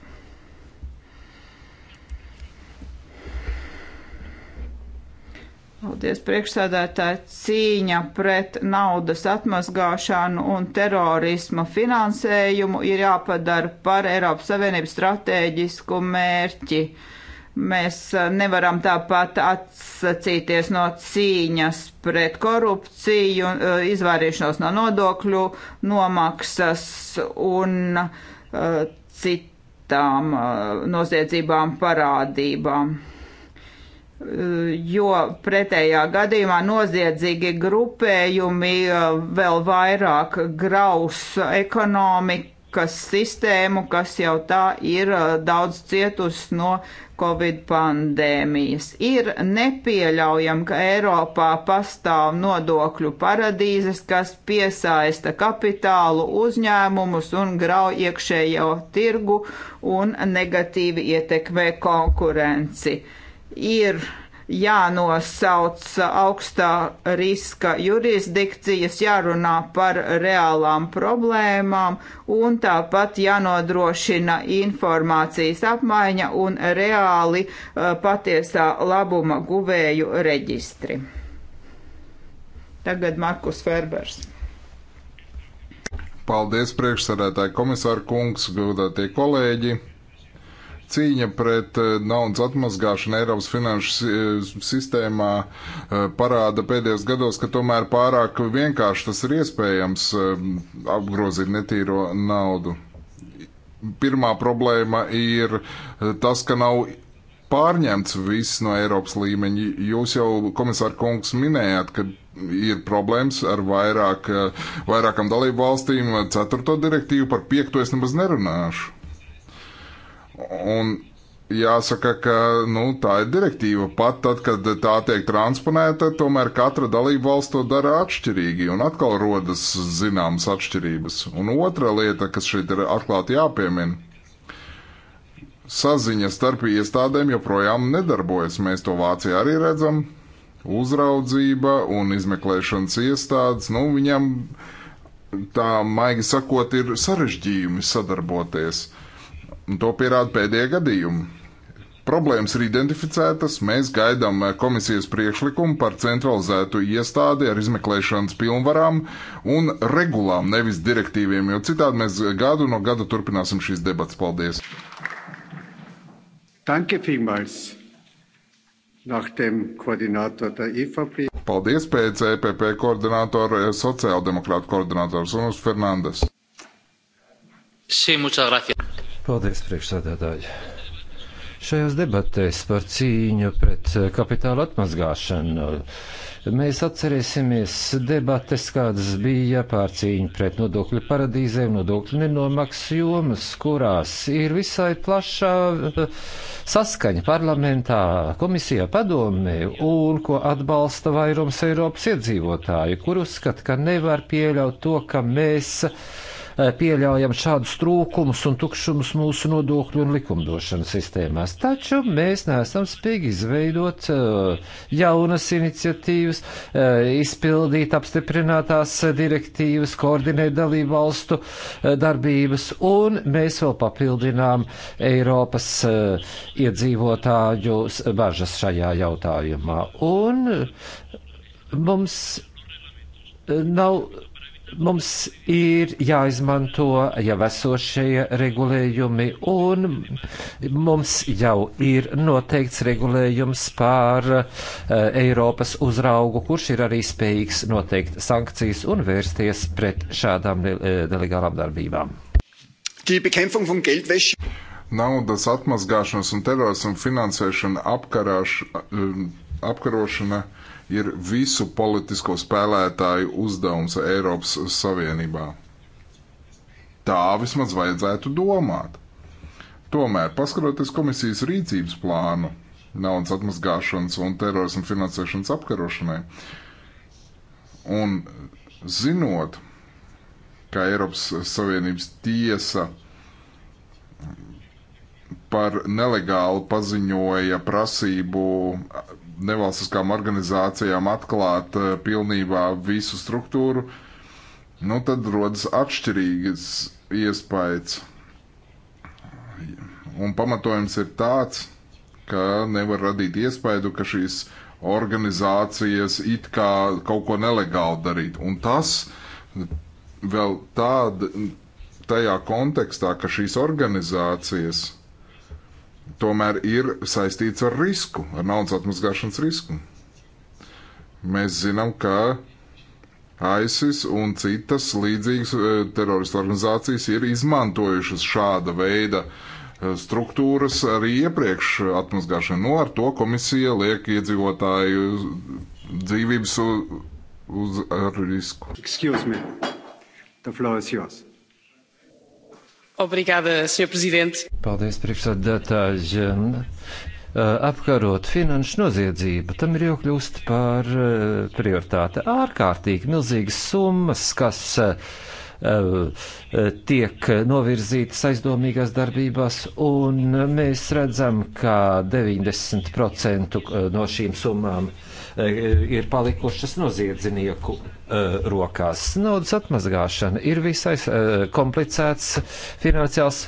Paldies, priekšsēdētāji, cīņa pret naudas atmazgāšanu un terorismu finansējumu ir jāpadara par Eiropas Savienības stratēģisku mērķi. Mēs uh, nevaram tāpat atsacīties no cīņas pret korupciju, uh, izvairīšanos no nodokļu, nomaksas un uh, citām uh, noziedzībām parādībām jo pretējā gadījumā noziedzīgi grupējumi eh, vēl vairāk graus ekonomikas sistēmu, kas jau tā ir eh, daudz cietusi no Covid pandēmijas. Ir nepieļaujami, ka Eiropā pastāv nodokļu paradīzes, kas piesaista kapitālu uzņēmumus un grauj iekšējo tirgu un negatīvi ietekmē konkurenci. Uh, ir jānosauc augstā riska jurisdikcijas, jārunā par reālām problēmām un tāpat jānodrošina informācijas apmaiņa un reāli eh, patiesā labuma guvēju reģistri. Tagad Markus Ferbers. Paldies priekšsarētāji komisāru kungs, godātie kolēģi! Cīņa pret eh, naudas atmazgāšanu Eiropas finanšu eh, sistēmā eh, parāda pēdējos gados, ka tomēr pārāk vienkārši tas ir iespējams apgrozīt netīro naudu. Pirmā problēma ir tas, ka nav pārņemts viss no Eiropas līmeņa. Jūs jau, komisār kungs, minējāt, ka ir problēmas ar vairāk, vairākam dalību valstīm. Ceturto direktīvu par piekto es nemaz nerunāšu. Un jāsaka, ka nu, tā ir direktīva. Pat tad, kad tā tiek transponēta, tomēr katra dalība valsts to dara atšķirīgi, un atkal rodas zināmas atšķirības. Un otra lieta, kas šeit ir atklāti jāpiemina. Saziņa starp iestādēm joprojām nedarbojas. Mēs to Vācijā arī redzam. Uzraudzība un izmeklēšanas iestādes, nu, viņam tā maigi sakot, ir sarežģījumi sadarboties. Uh, Un to pierāda pēdējie gadījumi. Problēmas ir identificētas, mēs gaidām eh, komisijas priekšlikumu par centralizētu iestādi ar izmeklēšanas pilnvarām un regulām, nevis direktīviem, jo citādi mēs gadu no gada turpināsim šīs debatas. Paldies! Danke vielmals! Nach dem Koordinator der EVP. Paldies pēc EPP koordinātora, eh, sociāldemokrāta koordinātors Unus Fernandes. Sí, muchas gracias. Paldies, priekšsēdētāji! Šajās debatēs par cīņu pret kapitāla atmazgāšanu mēs atcerēsimies debates, kādas bija pār cīņu pret nodokļu paradīzēm, nodokļu nenomaksu jomas, kurās ir visai plašā saskaņa parlamentā, komisijā padomē un ko atbalsta vairums Eiropas iedzīvotāju, kur uzskata, ka nevar pieļaut to, ka mēs Eh, pieļaujam šādus trūkumus un tukšumus mūsu nodokļu un likumdošanas sistēmās. Taču mēs neesam spīgi izveidot eh, jaunas iniciatīvas, eh, izpildīt apstiprinātās direktīvas, koordinēt dalību valstu darbības, un mēs vēl papildinām Eiropas iedzīvotāju bažas šajā jautājumā. Un mums nav Mums ir jāizmanto jau esošie regulējumi, un mums jau ir noteikts regulējums pār uh, eh, Eiropas uzraugu, kurš ir arī spējīgs noteikt sankcijas un vērsties pret šādām nelegālām eh, darbībām. Naudas atmazgāšanas un terorismu finansēšana apkarāš, eh, apkarošana. Uh, ir visu politisko spēlētāju uzdevums Eiropas Savienībā. Tā vismaz vajadzētu domāt. Tomēr, paskatoties komisijas rīcības plānu naudas atmazgāšanas un terorismu finansēšanas apkarošanai, un zinot, ka Eiropas Savienības tiesa par nelegālu paziņoja prasību nevalstiskām organizācijām atklāt eh, pilnībā visu struktūru, nu tad rodas atšķirīgas iespējas. Un pamatojums ir tāds, ka nevar radīt iespēju, ka šīs organizācijas it kā kaut ko nelegāli darīt. Un tas vēl tāda, tajā kontekstā, ka šīs organizācijas tomēr ir saistīts ar risku, ar naudas atmazgāšanas risku. Mēs zinām, ka ISIS un citas līdzīgas e, teroristu organizācijas ir izmantojušas šāda veida e, struktūras arī iepriekš atmazgāšanai. No nu, ar to komisija liek iedzīvotāju dzīvības uz, uz risku. Excuse me, the floor is yours. Obrigada, Sr. Presidente. Paldies, priekšsādātāji. Uh, apkarot finanšu noziedzību, tam ir jākļūst par uh, prioritāti. Ārkārtīgi milzīgas summas, kas uh, tiek novirzītas aizdomīgās darbībās, un mēs redzam, ka 90% no šīm summām uh, Eh, ir palikušas noziedznieku eh, rokās. Naudas atmazgāšana ir visai eh, komplicēts finansiāls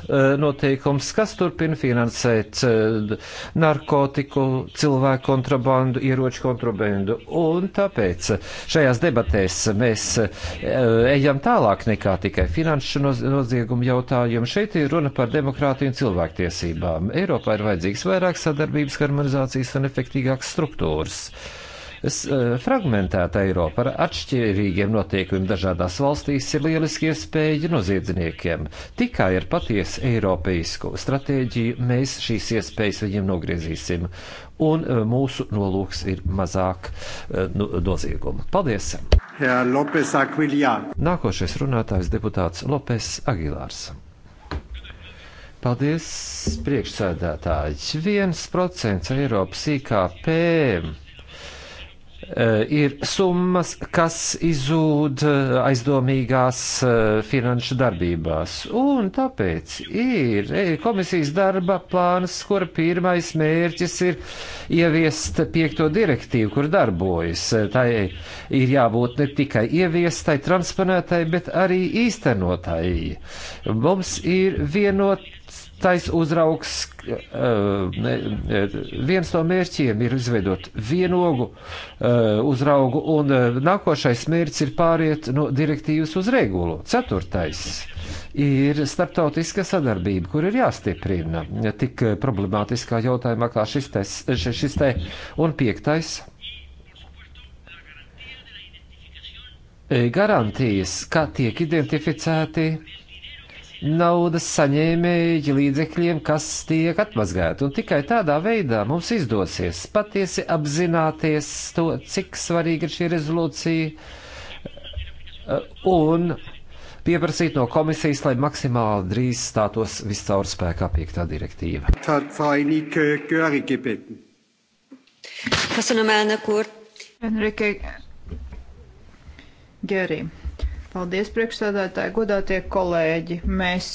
noteikums, kas turpina finansēt narkotiku, cilvēku kontrabandu, ieroču kontrabandu. Un tāpēc šajās debatēs mēs ejam tālāk nekā tikai finanšu noziegumu jautājumu. Šeit ir runa par demokrātiju un cilvēktiesībām. Eiropā ir vajadzīgs vairāk sadarbības, harmonizācijas un efektīgākas struktūras. Eh, fragmentēta Eiropa ar atšķirīgiem notiekumiem dažādās valstīs ir lieliski iespēja noziedzniekiem. Tikai ar patiesu Eiropeisku stratēģiju mēs šīs iespējas viņiem nogriezīsim, un eh, mūsu nolūks ir mazāk eh, nu, noziegumu. Paldies! Jā, Lopes Aguilar. Nākošais runātājs deputāts Lopes Aguilārs. Paldies, priekšsēdētāji. 1% Eiropas IKP Eh, ir summas, kas izzūd eh, aizdomīgās eh, finanšu darbībās. Un tāpēc ir komisijas darba plāns, kura pirmais mērķis ir ieviest piekto direktīvu, kur darbojas. Tā ir jābūt ne tikai ieviestai, transponētai, bet arī īstenotai. Mums ir vienot tais uzraugs, eh, eh, viens no mērķiem ir izveidot vienogu eh, uzraugu, un nākošais mērķis ir pāriet no direktīvas uz regulu. Ceturtais ir starptautiska sadarbība, kur ir jāstiprina tik problemātiskā jautājumā kā šis, tes, šis te, un piektais. Garantijas, kā tiek identificēti naudas saņēmēji līdzekļiem, kas tiek atmazgāti. Un tikai tādā veidā mums izdosies patiesi apzināties to, cik svarīga ir šī rezolūcija eh, un pieprasīt no komisijas, lai maksimāli drīz stātos viscaur spēkā piektā direktīva. Eh, Köszönöm elnök úr! Enrique Geri. Paldies, priekšsēdētāji, godātie kolēģi. Mēs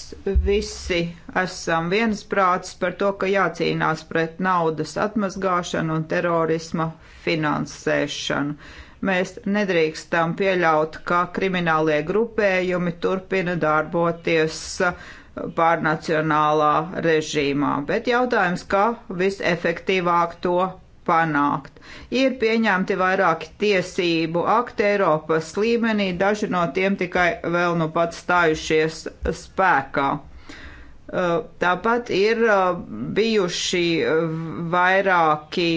visi esam viensprāts par to, ka jācīnās pret naudas atmazgāšanu un terorisma finansēšanu. Mēs nedrīkstam pieļaut, ka kriminālie grupējumi turpina darboties pārnacionālā režīmā, bet jautājums, kā visefektīvāk to panākt. Ir pieņemti vairāki tiesību akti Eiropas līmenī, daži no tiem tikai vēl nu pat stājušies spēkā. Uh, tāpat ir uh, bijuši uh, vairāki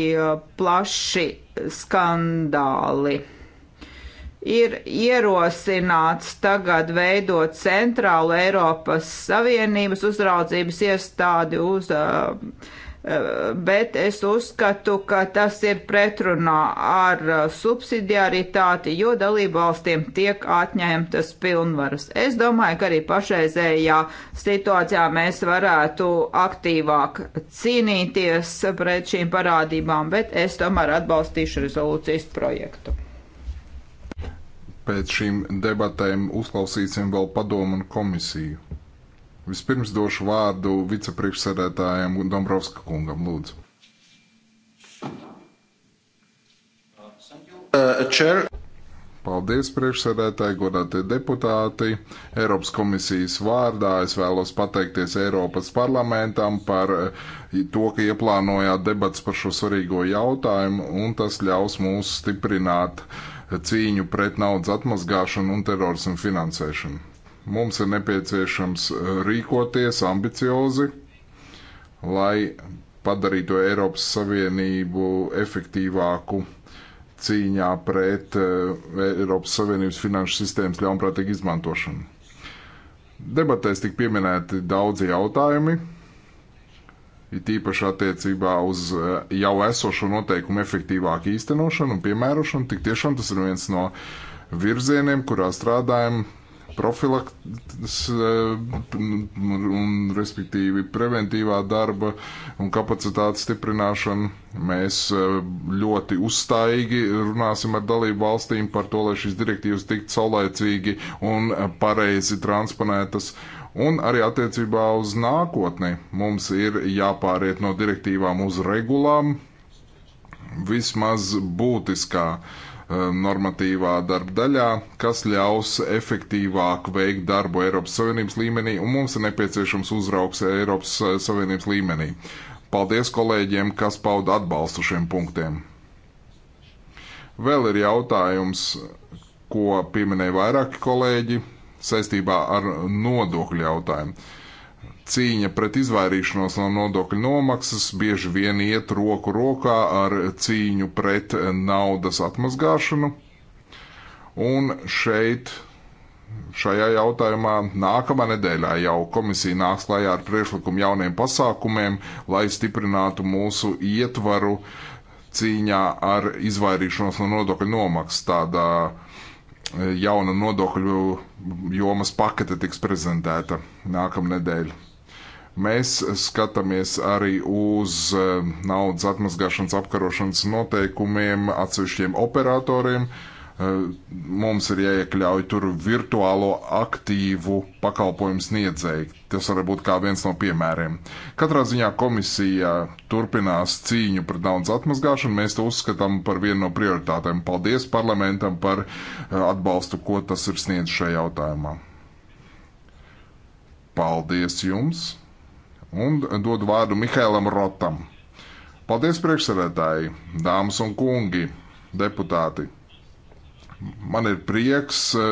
plaši skandāli ir ierosināts tagad veidot centrālu Eiropas Savienības uzraudzības iestādi uz uh, bet es uzskatu, ka tas ir pretrunā ar uh, subsidiaritāti, jo dalībvalstīm tiek atņemtas pilnvaras. Es domāju, ka arī pašreizējā situācijā mēs varētu aktīvāk cīnīties pret šīm parādībām, bet es tomēr atbalstīšu rezolūcijas projektu. Pēc šīm debatēm uzklausīsim vēl padomu un komisiju. Vispirms došu vārdu vicepriekšsēdētājiem Dombrovska kungam, lūdzu. Uh, Paldies, priekšsēdētāji, godātie deputāti. Eiropas komisijas vārdā es vēlos pateikties Eiropas parlamentam par uh, to, ka ieplānojāt debats par šo svarīgo jautājumu, un tas ļaus mums stiprināt cīņu pret naudas atmazgāšanu un terorismu finansēšanu. Mums ir nepieciešams eh, rīkoties ambiciozi, lai padarītu Eiropas Savienību efektīvāku cīņā pret eh, Eiropas Savienības finanšu sistēmas ļaunprātīgu izmantošanu. Debatēs tika pieminēti daudzi jautājumi, it īpaši attiecībā uz eh, jau esošo noteikumu efektīvāku īstenošanu un piemērošanu. Tik tiešām tas ir viens no virzieniem, kurā strādājam profilakses eh, un, respektīvi, preventīvā darba un kapacitātes stiprināšanu. Mēs eh, ļoti uzstājīgi runāsim ar dalību valstīm par to, lai šīs direktīvas tiktu saulēcīgi un pareizi transponētas Un arī attiecībā uz nākotni mums ir jāpāriet no direktīvām uz regulām vismaz būtiskā Eh, normatīvā darba daļā, kas ļaus efektīvāk veikt darbu Eiropas Savienības līmenī, un mums ir nepieciešams uzraugs Eiropas eh, Savienības līmenī. Paldies kolēģiem, kas pauda atbalstu šiem punktiem. Vēl ir jautājums, ko pieminēja vairāki kolēģi saistībā ar nodokļu jautājumu cīņa pret izvairīšanos no nodokļu nomaksas bieži vien iet roku rokā ar cīņu pret naudas atmazgāšanu. Un šeit, šajā jautājumā, nākamā nedēļā jau komisija nāks klajā ar priekšlikumu jauniem pasākumiem, lai stiprinātu mūsu ietvaru cīņā ar izvairīšanos no nodokļu nomaksas. Tādā eh, jauna nodokļu jomas pakete tiks prezentēta nākamnedēļ. Mēs skatāmies arī uz eh, naudas atmazgāšanas apkarošanas noteikumiem atsevišķiem operatoriem. Eh, mums ir jāiekļauj tur virtuālo aktīvu pakalpojumu sniedzēju. Tas var būt kā viens no piemēriem. Katrā ziņā komisija turpinās cīņu pret naudas atmazgāšanu. Mēs to uzskatām par vienu no prioritātēm. Paldies parlamentam par eh, atbalstu, ko tas ir sniedz šajā jautājumā. Paldies jums! Un dodu vārdu Mihēlam Rotam. Paldies, priekšsēdētāji, dāmas un kungi, deputāti. Man ir prieks e,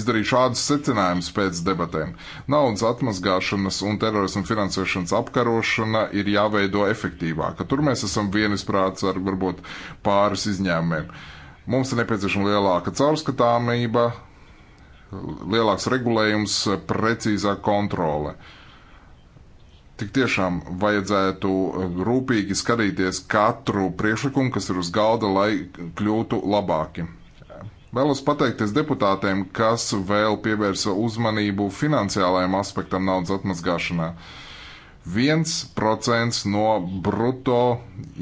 izdarīt šādus secinājumus pēc debatēm. Naudas atmazgāšanas un terorismu finansēšanas apkarošana ir jāveido efektīvāk. Tur mēs esam vienisprāts ar varbūt pāris izņēmumiem. Mums ir nepieciešama lielāka caurskatāmība, lielāks regulējums, precīzāka kontrole. Uh, tik tiešām vajadzētu uh, rūpīgi skatīties katru priekšlikumu, kas ir uz galda, lai kļūtu labāki. Vēlos pateikties deputātiem, kas vēl pievērsa uzmanību finansiālajiem aspektam naudas atmazgāšanā. 1% no bruto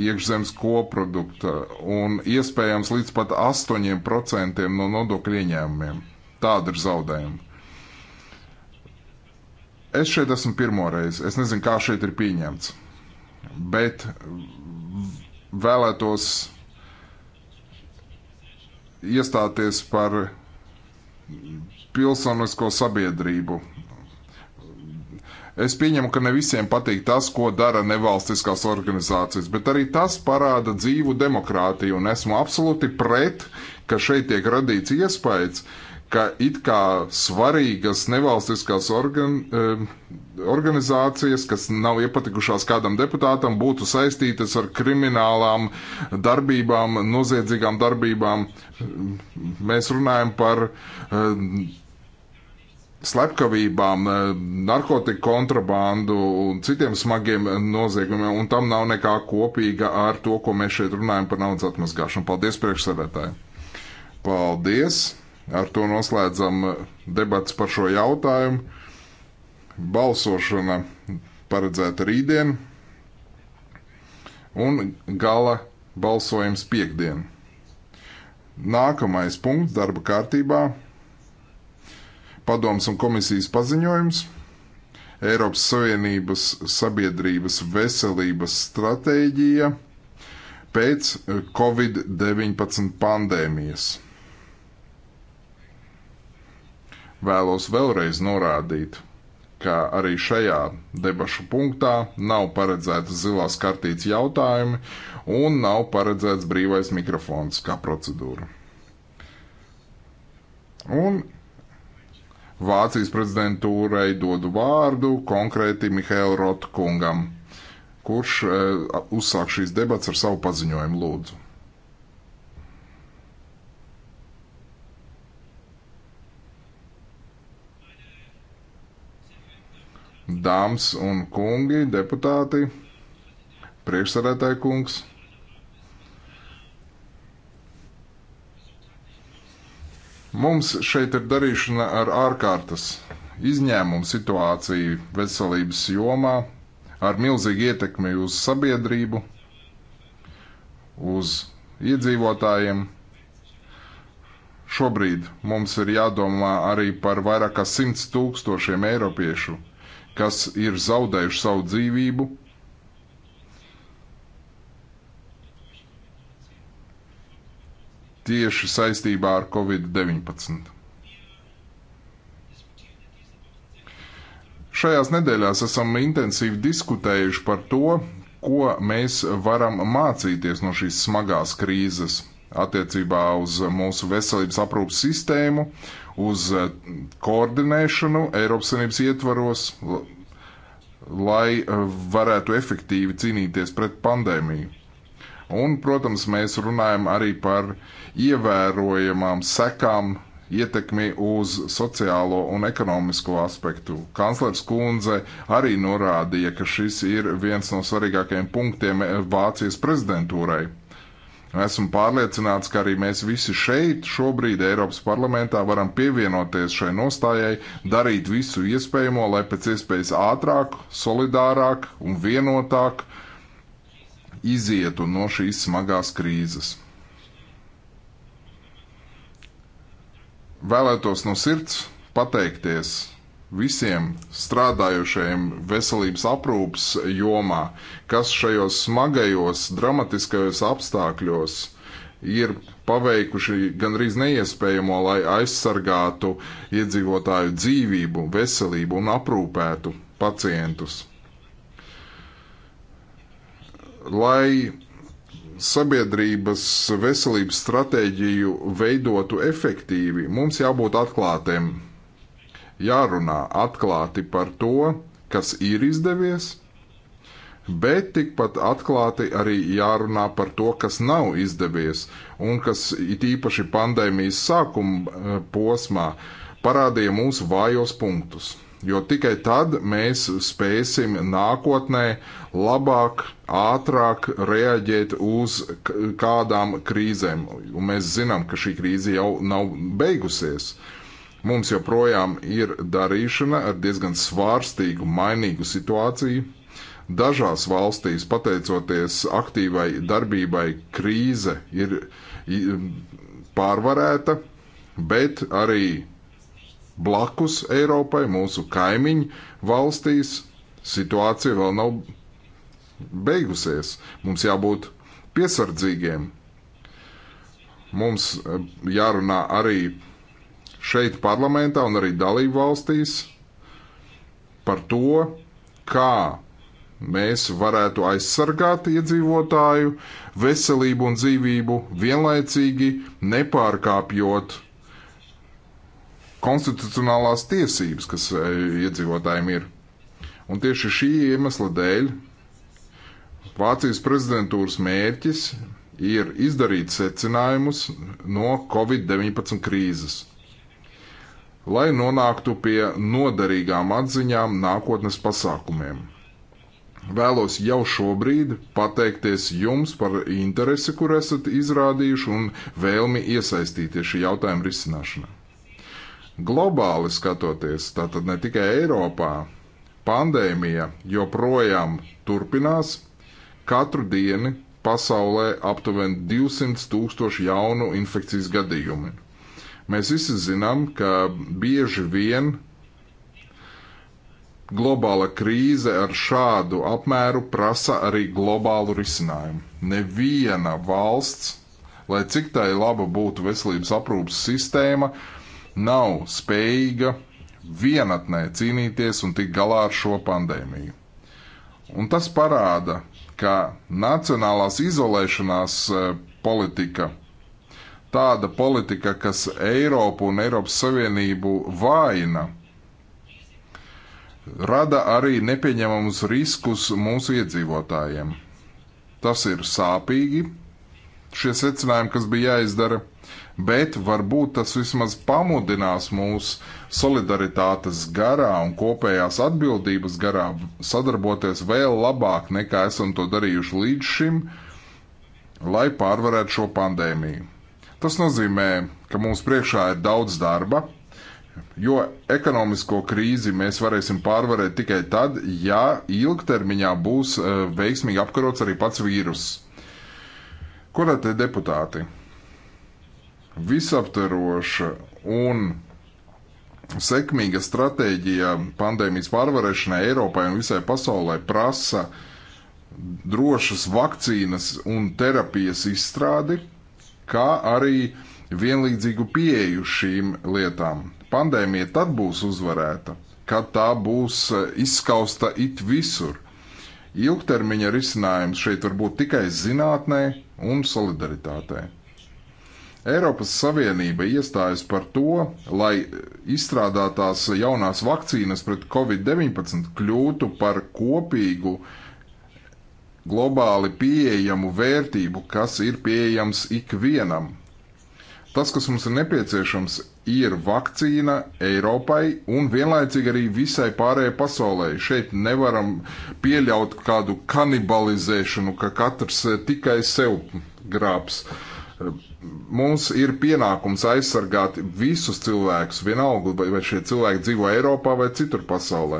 iekšzemes koprodukta un iespējams līdz pat 8% no nodokļu ieņēmumiem. Tāda ir zaudējuma. Es šeit esmu pirmo reizi. Es nezinu, kā šeit ir pieņemts. Bet vēlētos iestāties par pilsonisko sabiedrību. Es pieņemu, ka ne visiem patīk tas, ko dara nevalstiskās organizācijas, bet arī tas parāda dzīvu demokrātiju, un esmu absolūti pret, ka šeit tiek radīts iespējas, uh, ka it kā svarīgas nevalstiskās organ, eh, organizācijas, kas nav iepatikušās kādam deputātam, būtu saistītas ar kriminālām darbībām, noziedzīgām darbībām. Mēs runājam par eh, slepkavībām, eh, narkotiku kontrabandu un citiem smagiem noziegumiem, un tam nav nekā kopīga ar to, ko mēs šeit runājam par naudas atmazgāšanu. Paldies, priekšsēdētāji! Paldies! Ar to noslēdzam eh, debats par šo jautājumu. Balsošana paredzēta rītdien un gala balsojums piekdien. Nākamais punkts darba kārtībā - padoms un komisijas paziņojums - Eiropas Savienības sabiedrības veselības stratēģija pēc Covid-19 pandēmijas. Vēlos vēlreiz norādīt, ka arī šajā debašu punktā nav paredzēta zilās kartītes jautājumi un nav paredzēts brīvais mikrofons kā procedūra. Un Vācijas prezidentūrai dodu vārdu konkrēti Mihēlu Rotkungam, kurš uh, uzsāk šīs debats ar savu paziņojumu lūdzu. dāmas un kungi, deputāti, priekšsarētāji kungs. Mums šeit ir darīšana ar ārkārtas izņēmumu situāciju veselības jomā, ar milzīgu ietekmi uz sabiedrību, uz iedzīvotājiem. Šobrīd mums ir jādomā arī par vairāk kā 100 tūkstošiem eiropiešu, kas ir zaudējuši savu dzīvību. Tieši saistībā ar Covid-19. Šajās nedēļās esam intensīvi diskutējuši par to, ko mēs varam mācīties no šīs smagās krīzes attiecībā uz mūsu veselības aprūpas sistēmu, uh, uz eh, koordinēšanu Eiropas Savienības ietvaros, lai eh, varētu efektīvi cīnīties pret pandēmiju. Un, protams, mēs runājam arī par ievērojamām sekām ietekmi uz sociālo un ekonomisko aspektu. Kanclers Kunze arī norādīja, ka šis ir viens no svarīgākajiem punktiem eh, Vācijas prezidentūrai Esmu pārliecināts, ka arī mēs visi šeit, šobrīd Eiropas parlamentā, varam pievienoties šai nostājai, darīt visu iespējamo, lai pēc iespējas ātrāk, solidārāk un vienotāk izietu no šīs smagās krīzes. Vēlētos no sirds pateikties visiem strādājošajiem veselības aprūpas jomā, kas šajos smagajos, dramatiskajos apstākļos ir paveikuši gandrīz neiespējamo, lai aizsargātu iedzīvotāju dzīvību, veselību un aprūpētu pacientus. Lai sabiedrības veselības stratēģiju veidotu efektīvi, mums jābūt atklātiem jārunā atklāti par to, kas ir izdevies, bet tikpat atklāti arī jārunā par to, kas nav izdevies un kas it īpaši pandēmijas sākuma eh, posmā parādīja mūsu vājos punktus. Jo tikai tad mēs spēsim nākotnē labāk, ātrāk reaģēt uz kādām krīzēm. Un mēs zinām, ka šī krīze jau nav beigusies. Uh, Mums joprojām ir darīšana ar diezgan svārstīgu, mainīgu situāciju. Dažās valstīs, pateicoties aktīvai darbībai, krīze ir pārvarēta, bet arī blakus Eiropai, mūsu kaimiņu valstīs, situācija vēl nav beigusies. Mums jābūt piesardzīgiem. Mums eh, jārunā arī par šeit parlamentā un arī dalību valstīs par to, kā mēs varētu aizsargāt iedzīvotāju veselību un dzīvību, vienlaicīgi nepārkāpjot konstitucionālās tiesības, kas e, iedzīvotājiem ir. Un tieši šī iemesla dēļ Vācijas prezidentūras mērķis ir izdarīt secinājumus no Covid-19 krīzes lai nonāktu pie noderīgām atziņām nākotnes pasākumiem. Vēlos jau šobrīd pateikties jums par interesi, kur esat izrādījuši un vēlmi iesaistīties šī jautājuma risināšanā. Globāli skatoties, tātad ne tikai Eiropā, pandēmija joprojām turpinās. Katru dienu pasaulē aptuveni 200 tūkstoši jaunu infekcijas gadījumu. Mēs visi zinām, ka bieži vien globāla krīze ar šādu apmēru prasa arī globālu risinājumu. Neviena valsts, lai cik tā ir laba būtu veselības aprūpas sistēma, nav spējīga vienatnē cīnīties un tikt galā ar šo pandēmiju. Un tas parāda, ka nacionālās izolēšanās eh, politika tāda politika, kas Eiropu un Eiropas Savienību vājina, rada arī nepieņemamus riskus mūsu iedzīvotājiem. Tas ir sāpīgi, šie secinājumi, kas bija jāizdara, bet varbūt tas vismaz pamudinās mūs solidaritātes garā un kopējās atbildības garā sadarboties vēl labāk nekā esam to darījuši līdz šim, lai pārvarētu šo pandēmiju. Tas nozīmē, ka mums priekšā ir daudz darba, jo ekonomisko krīzi mēs varēsim pārvarēt tikai tad, ja ilgtermiņā būs eh, veiksmīgi apkarots arī pats vīruss. Kurā te deputāti? Visaptveroša un sekmīga stratēģija pandēmijas pārvarēšanai Eiropai un visai pasaulē prasa drošas vakcīnas un terapijas izstrādi kā arī vienlīdzīgu pieeju šīm lietām. Pandēmija tad būs uzvarēta, kad tā būs eh, izskausta it visur. Ilgtermiņa risinājums šeit var būt tikai zinātnē un solidaritātē. Eiropas Savienība iestājas par to, lai izstrādātās jaunās vakcīnas pret covid-19 kļūtu par kopīgu uh, globāli pieejamu vērtību, kas ir pieejams ikvienam. Tas, kas mums ir nepieciešams, ir vakcīna Eiropai un vienlaicīgi arī visai pārējai pasaulē. Šeit nevaram pieļaut kādu kanibalizēšanu, ka katrs tikai sev grābs. Uh, Mums ir pienākums aizsargāt visus cilvēkus, vienalga, vai šie cilvēki dzīvo Eiropā vai citur pasaulē.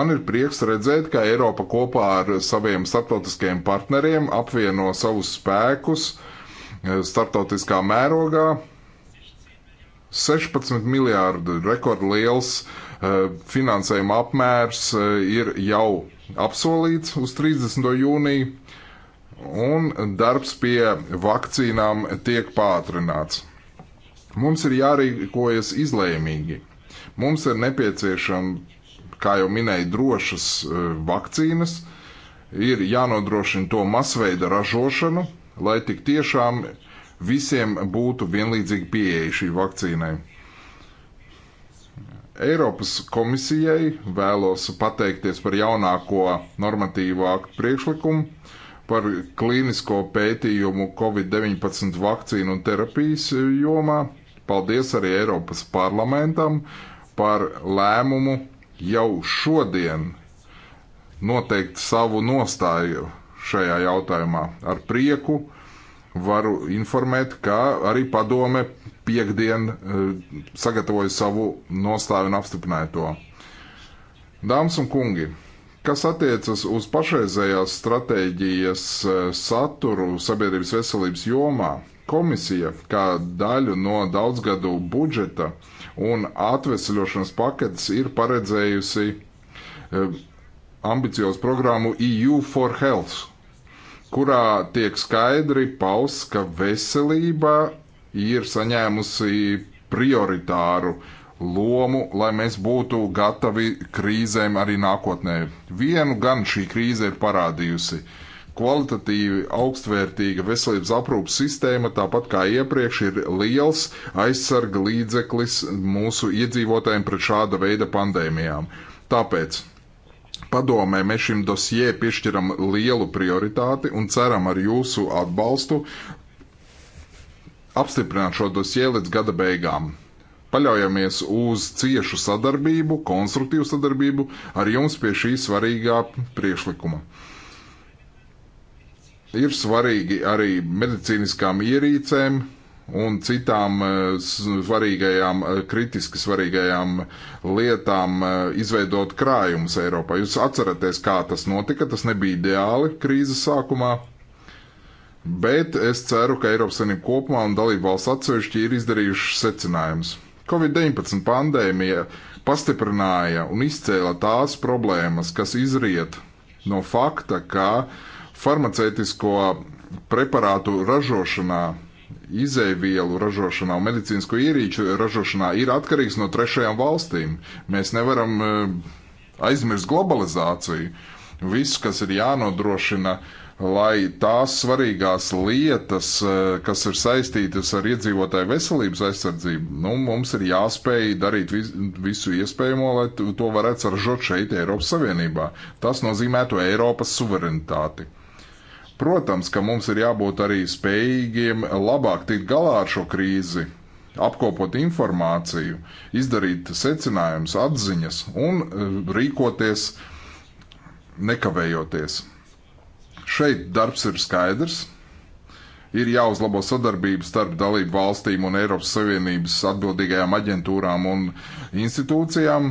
Man ir prieks redzēt, ka Eiropa kopā ar saviem starptautiskajiem partneriem apvieno savus spēkus eh, starptautiskā mērogā. 16 miljārdu rekordliels eh, finansējuma apmērs eh, ir jau apsolīts uz 30. jūniju un darbs pie vakcīnām tiek pātrināts. Mums ir jārīkojas izlēmīgi. Mums ir nepieciešama, kā jau minēju, drošas e, vakcīnas, ir jānodrošina to masveida ražošanu, lai tik tiešām visiem būtu vienlīdzīgi pieeja šī vakcīnai. Eiropas komisijai vēlos pateikties par jaunāko normatīvu aktu priekšlikumu, par klīnisko pētījumu Covid-19 vakcīnu un terapijas e, jomā. Paldies arī Eiropas parlamentam par lēmumu jau šodien noteikt savu nostāju šajā jautājumā. Ar prieku varu informēt, ka arī padome piekdien e, sagatavoja savu nostāju un apstiprināja to. Dāmas un kungi! Kas attiecas uz pašreizējās stratēģijas eh, saturu sabiedrības veselības jomā, komisija kā daļu no daudzgadu budžeta un atvesļošanas paketes ir paredzējusi eh, ambiciozu programmu EU for Health, kurā tiek skaidri pausts, ka veselība ir saņēmusi prioritāru uh, lomu, lai mēs būtu gatavi krīzēm arī nākotnē. Vienu gan šī krīze ir parādījusi. Kvalitatīvi augstvērtīga veselības aprūpas sistēma, tāpat kā iepriekš, ir liels aizsarga līdzeklis mūsu iedzīvotājiem pret šāda veida pandēmijām. Tāpēc padomē mēs šim dosjē piešķiram lielu prioritāti un ceram ar jūsu atbalstu apstiprināt šo dosjē līdz gada beigām paļaujamies uz ciešu sadarbību, konstruktīvu sadarbību ar jums pie šī svarīgā priešlikuma. Ir svarīgi arī medicīniskām ierīcēm un citām eh, svarīgajām, eh, kritiski svarīgajām eh, lietām izveidot krājumus Eiropā. Jūs atceraties, kā tas notika, tas nebija ideāli krīzes sākumā, bet es ceru, ka Eiropas Savienība kopumā un dalību valsts atsevišķi ir izdarījuši secinājumus. Covid-19 pandēmija pastiprināja un izcēla tās problēmas, kas izriet no fakta, ka farmaceitisko preparātu ražošanā, izēvielu ražošanā un medicīnisko ierīču ražošanā ir atkarīgs no trešajām valstīm. Mēs nevaram eh, aizmirst globalizāciju. Viss, kas ir jānodrošina uh, lai tās svarīgās lietas, eh, kas ir saistītas ar iedzīvotāju veselības aizsardzību, nu, mums ir jāspēj darīt visu iespējamo, lai to varētu saražot šeit, Eiropas Savienībā. Tas nozīmētu Eiropas suverenitāti. Protams, ka mums ir jābūt arī spējīgiem labāk tikt galā ar šo krīzi, apkopot informāciju, izdarīt secinājumus, atziņas un eh, rīkoties nekavējoties. Šeit darbs ir skaidrs. Ir jāuzlabo sadarbība starp dalību valstīm un Eiropas Savienības atbildīgajām aģentūrām un institūcijām,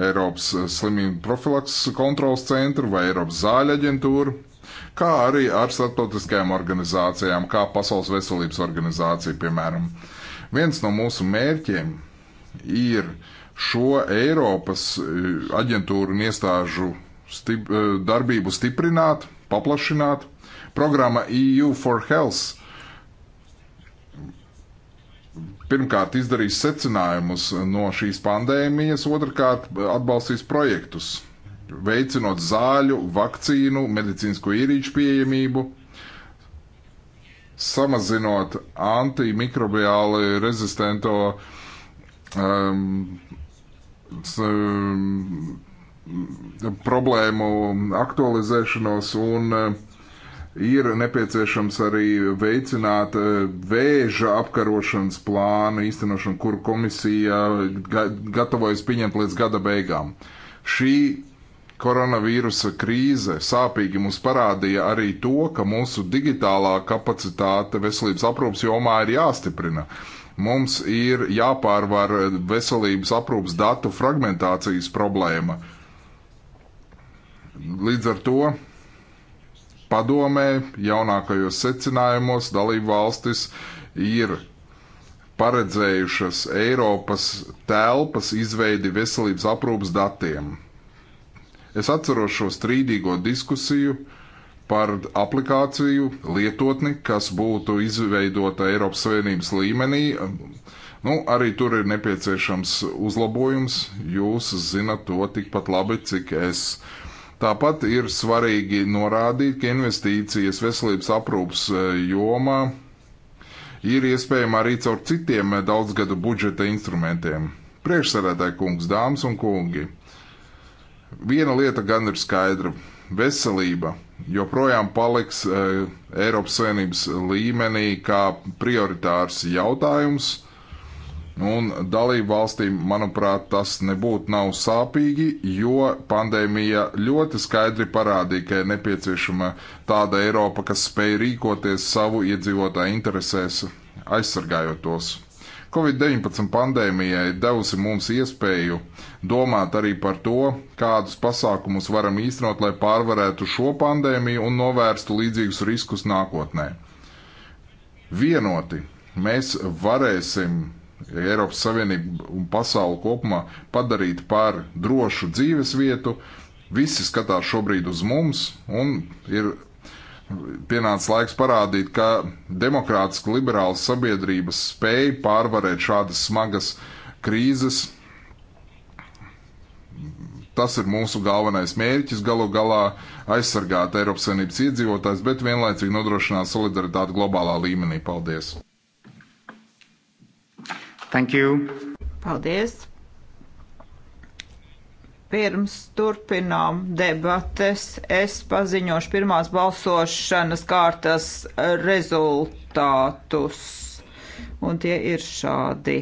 Eiropas slimību profilakses kontrolas centru vai Eiropas zāļu aģentūru, kā arī ar starptautiskajām organizācijām, kā Pasaules veselības organizācija, piemēram. Viens no mūsu mērķiem ir šo Eiropas eh, aģentūru un iestāžu stip, eh, darbību stiprināt, paplašināt. Programma EU for Health pirmkārt izdarīs secinājumus no šīs pandēmijas, otrkārt atbalstīs projektus, veicinot zāļu, vakcīnu, medicīnisko ierīču pieejamību, samazinot antimikrobiāli rezistento um, um problēmu aktualizēšanos un eh, ir nepieciešams arī veicināt eh, vēža apkarošanas plānu īstenošanu, kur komisija gatavojas pieņemt līdz gada beigām. Šī koronavīrusa krīze sāpīgi mums parādīja arī to, ka mūsu digitālā kapacitāte veselības aprūpas jomā ir jāstiprina. Mums ir jāpārvar veselības aprūpas datu fragmentācijas problēma. Uh, Līdz ar to padomē jaunākajos secinājumos dalību valstis ir paredzējušas Eiropas telpas izveidi veselības aprūpas datiem. Es atceros šo strīdīgo diskusiju par aplikāciju lietotni, kas būtu izveidota Eiropas Savienības līmenī. Nu, arī tur ir nepieciešams uzlabojums. Jūs zinat to tikpat labi, cik es. Uh, Tāpat ir svarīgi norādīt, ka investīcijas veselības aprūpas e, jomā ir iespējama arī caur citiem e, daudzgadu budžeta instrumentiem. Priekšsēdētāji kungs, dāmas un kungi, viena lieta gan ir skaidra - veselība joprojām paliks e, Eiropas Savienības līmenī kā prioritārs jautājums Nu, un dalību valstīm, manuprāt, tas nebūtu nav sāpīgi, jo pandēmija ļoti skaidri parādīja, ka ir nepieciešama tāda Eiropa, kas spēj rīkoties savu iedzīvotāju interesēs, aizsargājot tos. Covid-19 pandēmija ir devusi mums iespēju domāt arī par to, kādus pasākumus varam īstenot, lai pārvarētu šo pandēmiju un novērstu līdzīgus riskus nākotnē. Vienoti mēs varēsim Eiropas Savienību un pasauli kopumā padarīt par drošu dzīves vietu. Visi skatās šobrīd uz mums un ir pienācis laiks parādīt, ka demokrātiska liberālas sabiedrības spēja pārvarēt šādas smagas krīzes. Tas ir mūsu galvenais mērķis galu galā aizsargāt Eiropas Savienības iedzīvotājs, bet vienlaicīgi nodrošināt solidaritāti globālā līmenī. Paldies! Thank you. Paldies. Pirms turpinām debates, es paziņošu pirmās balsošanas kārtas rezultātus. Un tie ir šādi.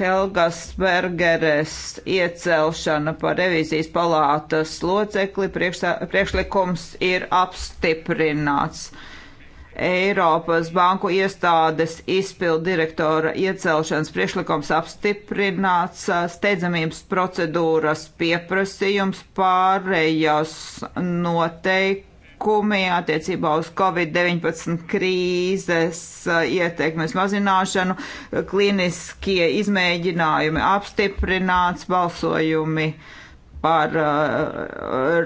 Helgas Bergeres iecelšana par revīzijas palātas locekli priekšlikums ir apstiprināts. Eiropas banku iestādes izpildu direktora iecelšanas priekšlikums apstiprināts, steidzamības procedūras pieprasījums pārējos noteikumi attiecībā uz Covid-19 krīzes ietekmes mazināšanu, klīniskie izmēģinājumi apstiprināts, balsojumi uh, par uh,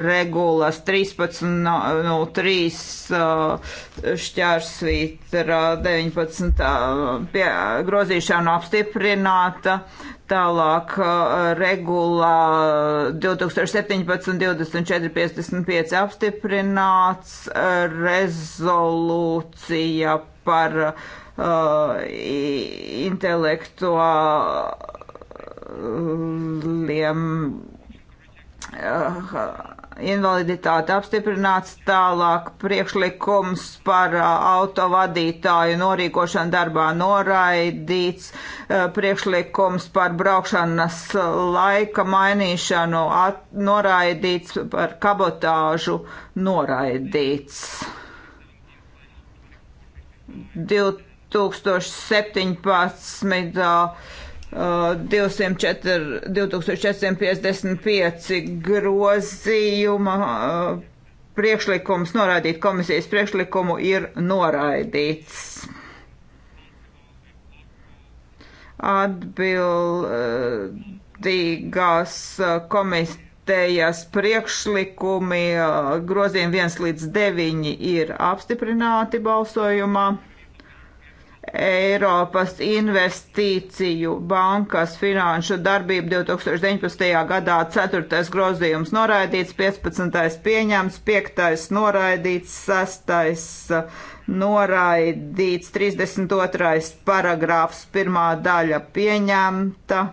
regulas 13.03 uh, šķērsvītra 19. Uh, pie, grozīšanu apstiprināta, tālāk uh, regulā 2017-2455 apstiprināts, rezolūcija par uh, intelektuāliem Eh, invaliditāti apstiprināts tālāk priekšlikums par eh, autovadītāju norīkošanu darbā noraidīts, eh, priekšlikums par braukšanas laika mainīšanu at, noraidīts, par kabotāžu noraidīts. 2017. 204, uh, 2455 grozījuma uh, priekšlikums noraidīt komisijas priekšlikumu ir noraidīts. Atbildīgās uh, komitejas priekšlikumi grozījumi 1 līdz 9 ir apstiprināti balsojumā. Eiropas investīciju bankas finanšu darbību 2019. gadā 4. grozījums noraidīts, 15. pieņemts, 5. noraidīts, 6. noraidīts, 32. paragrāfs 1. daļa pieņemta,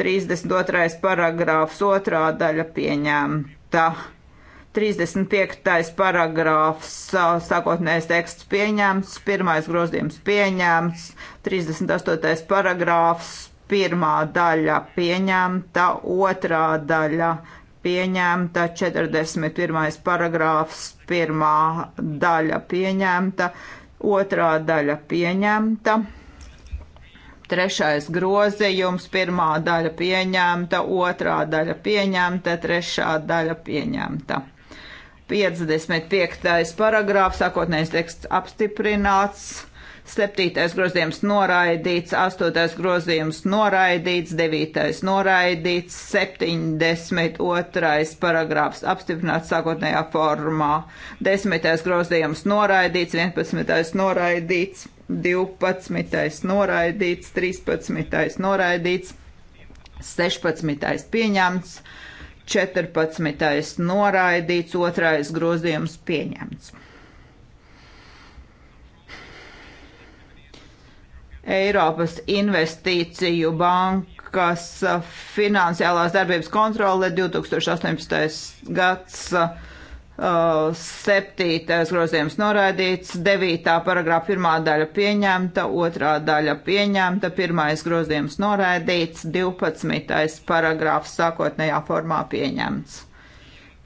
32. paragrāfs 2. daļa pieņemta. 35. paragrāfs, sākotnējais teksts pieņemts, pirmais grozījums pieņemts, 38. paragrāfs, pirmā daļa pieņemta, otrā daļa pieņemta, 41. paragrāfs, pirmā daļa pieņemta, otrā daļa pieņemta. Trešais grozījums, pirmā daļa pieņemta, otrā daļa pieņemta, trešā daļa pieņemta. 55. paragrāfs, sākotnējais teksts apstiprināts, 7. grozījums noraidīts, 8. grozījums noraidīts, 9. noraidīts, 72. paragrāfs apstiprināts sākotnējā formā, 10. grozījums noraidīts, 11. noraidīts, 12. noraidīts, 13. noraidīts, 16. pieņemts. 14. noraidīts, 2. grozījums pieņemts. Eiropas investīciju bankas finansiālās darbības kontrole 2018. gads Uh, septītais grozījums noraidīts, devītā paragrāfa pirmā daļa pieņemta, otrā daļa pieņemta, pirmais grozījums noraidīts, divpadsmitais paragrāfs sākotnējā formā pieņemts.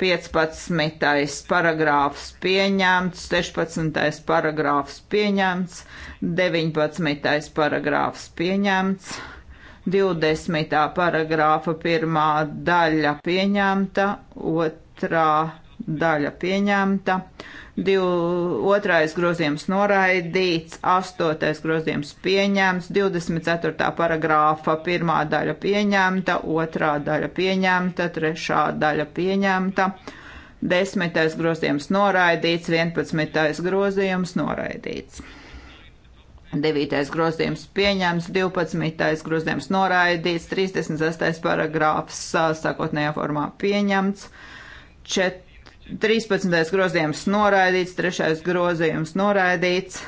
15. paragrāfs pieņemts, 16. paragrāfs pieņemts, 19. paragrāfs pieņemts, 20. paragrāfa pirmā daļa pieņemta, otrā daļa pieņemta, div, otrais grozījums noraidīts, astotais grozījums pieņemts, 24. paragrāfa pirmā daļa pieņemta, otrā daļa pieņemta, trešā daļa pieņemta, desmitais grozījums noraidīts, vienpadsmitais grozījums noraidīts. 9. grozījums pieņemts, 12. grozījums noraidīts, 36. paragrāfs sākotnējā formā pieņemts, 4. 13. grozījums noraidīts, 3. grozījums noraidīts,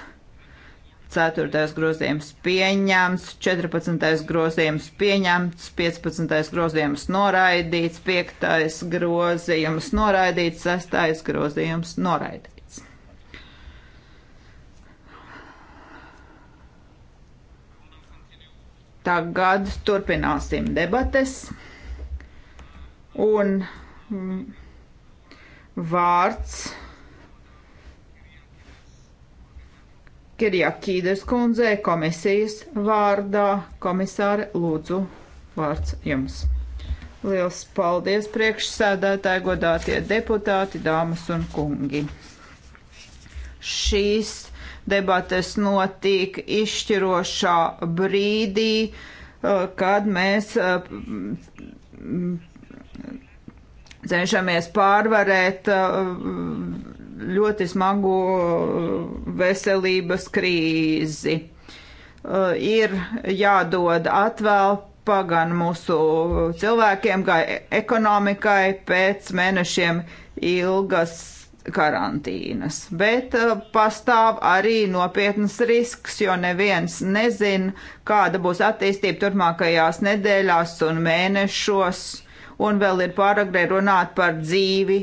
4. grozījums pieņemts, 14. grozījums pieņemts, 15. grozījums noraidīts, 5. grozījums noraidīts, 6. grozījums noraidīts. Tagad turpināsim debates un. Mm, vārds Kirjakīdes kundzei komisijas vārdā. Komisāre, lūdzu, vārds jums. Liels paldies priekšsēdētāji, godātie deputāti, dāmas un kungi. Šīs debates notiek izšķirošā brīdī, eh, kad mēs eh, cenšamies pārvarēt uh, ļoti smagu uh, veselības krīzi. Uh, ir jādod atvēlpa gan mūsu cilvēkiem, gan ekonomikai pēc mēnešiem ilgas karantīnas. Bet pastāv arī nopietnas risks, jo neviens nezin, kāda būs attīstība turpmākajās nedēļās un mēnešos un vēl ir pāragrai runāt par dzīvi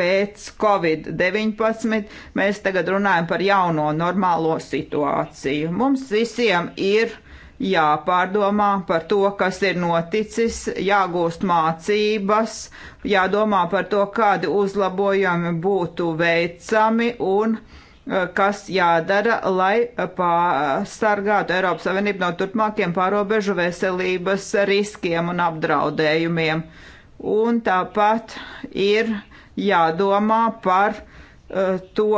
pēc Covid-19. Mēs tagad runājam par jauno normālo situāciju. Mums visiem ir jāpārdomā par to, kas ir noticis, jāgūst mācības, jādomā par to, kādi uzlabojumi būtu veicami un jāgūst kas jādara, lai pārsargātu Eiropas Savienību no turpmākiem pārobežu veselības riskiem un apdraudējumiem. Un tāpat ir jādomā par uh, to,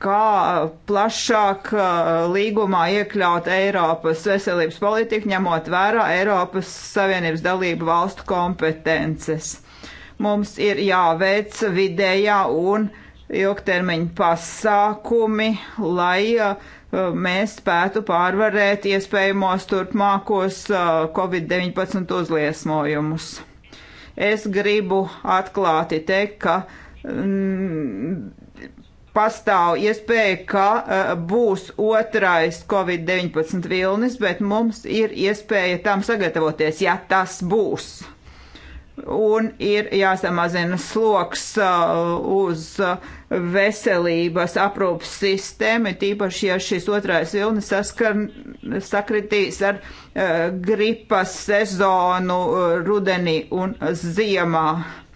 kā plašāk eh, līgumā iekļaut Eiropas veselības politiku, ņemot vērā Eiropas Savienības dalību valstu kompetences. Mums ir jāveic vidējā un uh, ilgtermiņa pasākumi, lai uh, mēs spētu pārvarēt iespējamos turpmākos uh, Covid-19 uzliesmojumus. Es gribu atklāti teikt, ka mm, pastāv iespēja, ka uh, būs otrais Covid-19 vilnis, bet mums ir iespēja tam sagatavoties, ja tas būs. Un ir jāsamazina sloks uh, uz uh, veselības aprūpas sistēma, tīpaši, ja šis otrais vilnis saskar, sakritīs ar uh, gripas sezonu uh, rudenī un ziemā. Uh,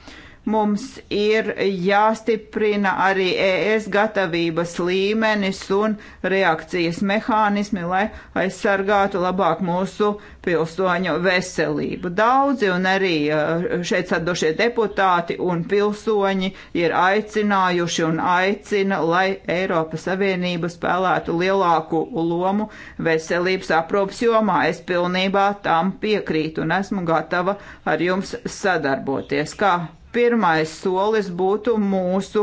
Mums ir jāstiprina arī ES gatavības līmenis un reakcijas mehānismi, lai aizsargātu labāk mūsu pilsoņu veselību. Daudzi un arī eh, šeit sadošie deputāti un pilsoņi ir aicinājuši un aicina, lai Eiropas Savienība spēlētu lielāku lomu veselības aprūpas jomā. Es pilnībā tam piekrītu un esmu gatava ar jums sadarboties. Kā pirmais solis būtu mūsu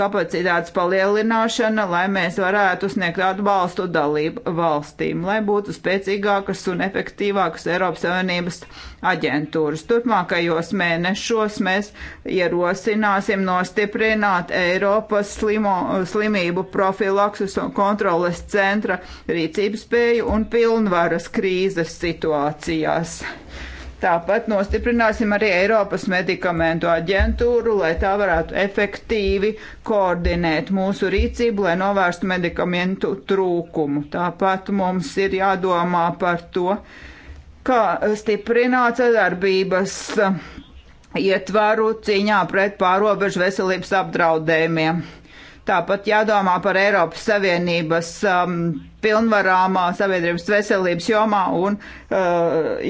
kapacitātes palielināšana, lai mēs varētu sniegt atbalstu dalību valstīm, lai būtu spēcīgākas un efektīvākas Eiropas Savienības aģentūras. Turpmākajos mēnešos mēs ierosināsim nostiprināt Eiropas slimo, slimību profilakses un kontroles centra rīcības spēju un pilnvaras krīzes situācijās. Yeah. Tāpat nostiprināsim arī Eiropas medikamentu aģentūru, lai tā varētu efektīvi koordinēt mūsu rīcību, lai novērstu medikamentu trūkumu. Tāpat mums ir jādomā par to, kā stiprināt sadarbības ietvaru cīņā pret pārobežu veselības apdraudējumiem. Tāpat jādomā par Eiropas Savienības um, pilnvarām uh, sabiedrības veselības jomā un uh,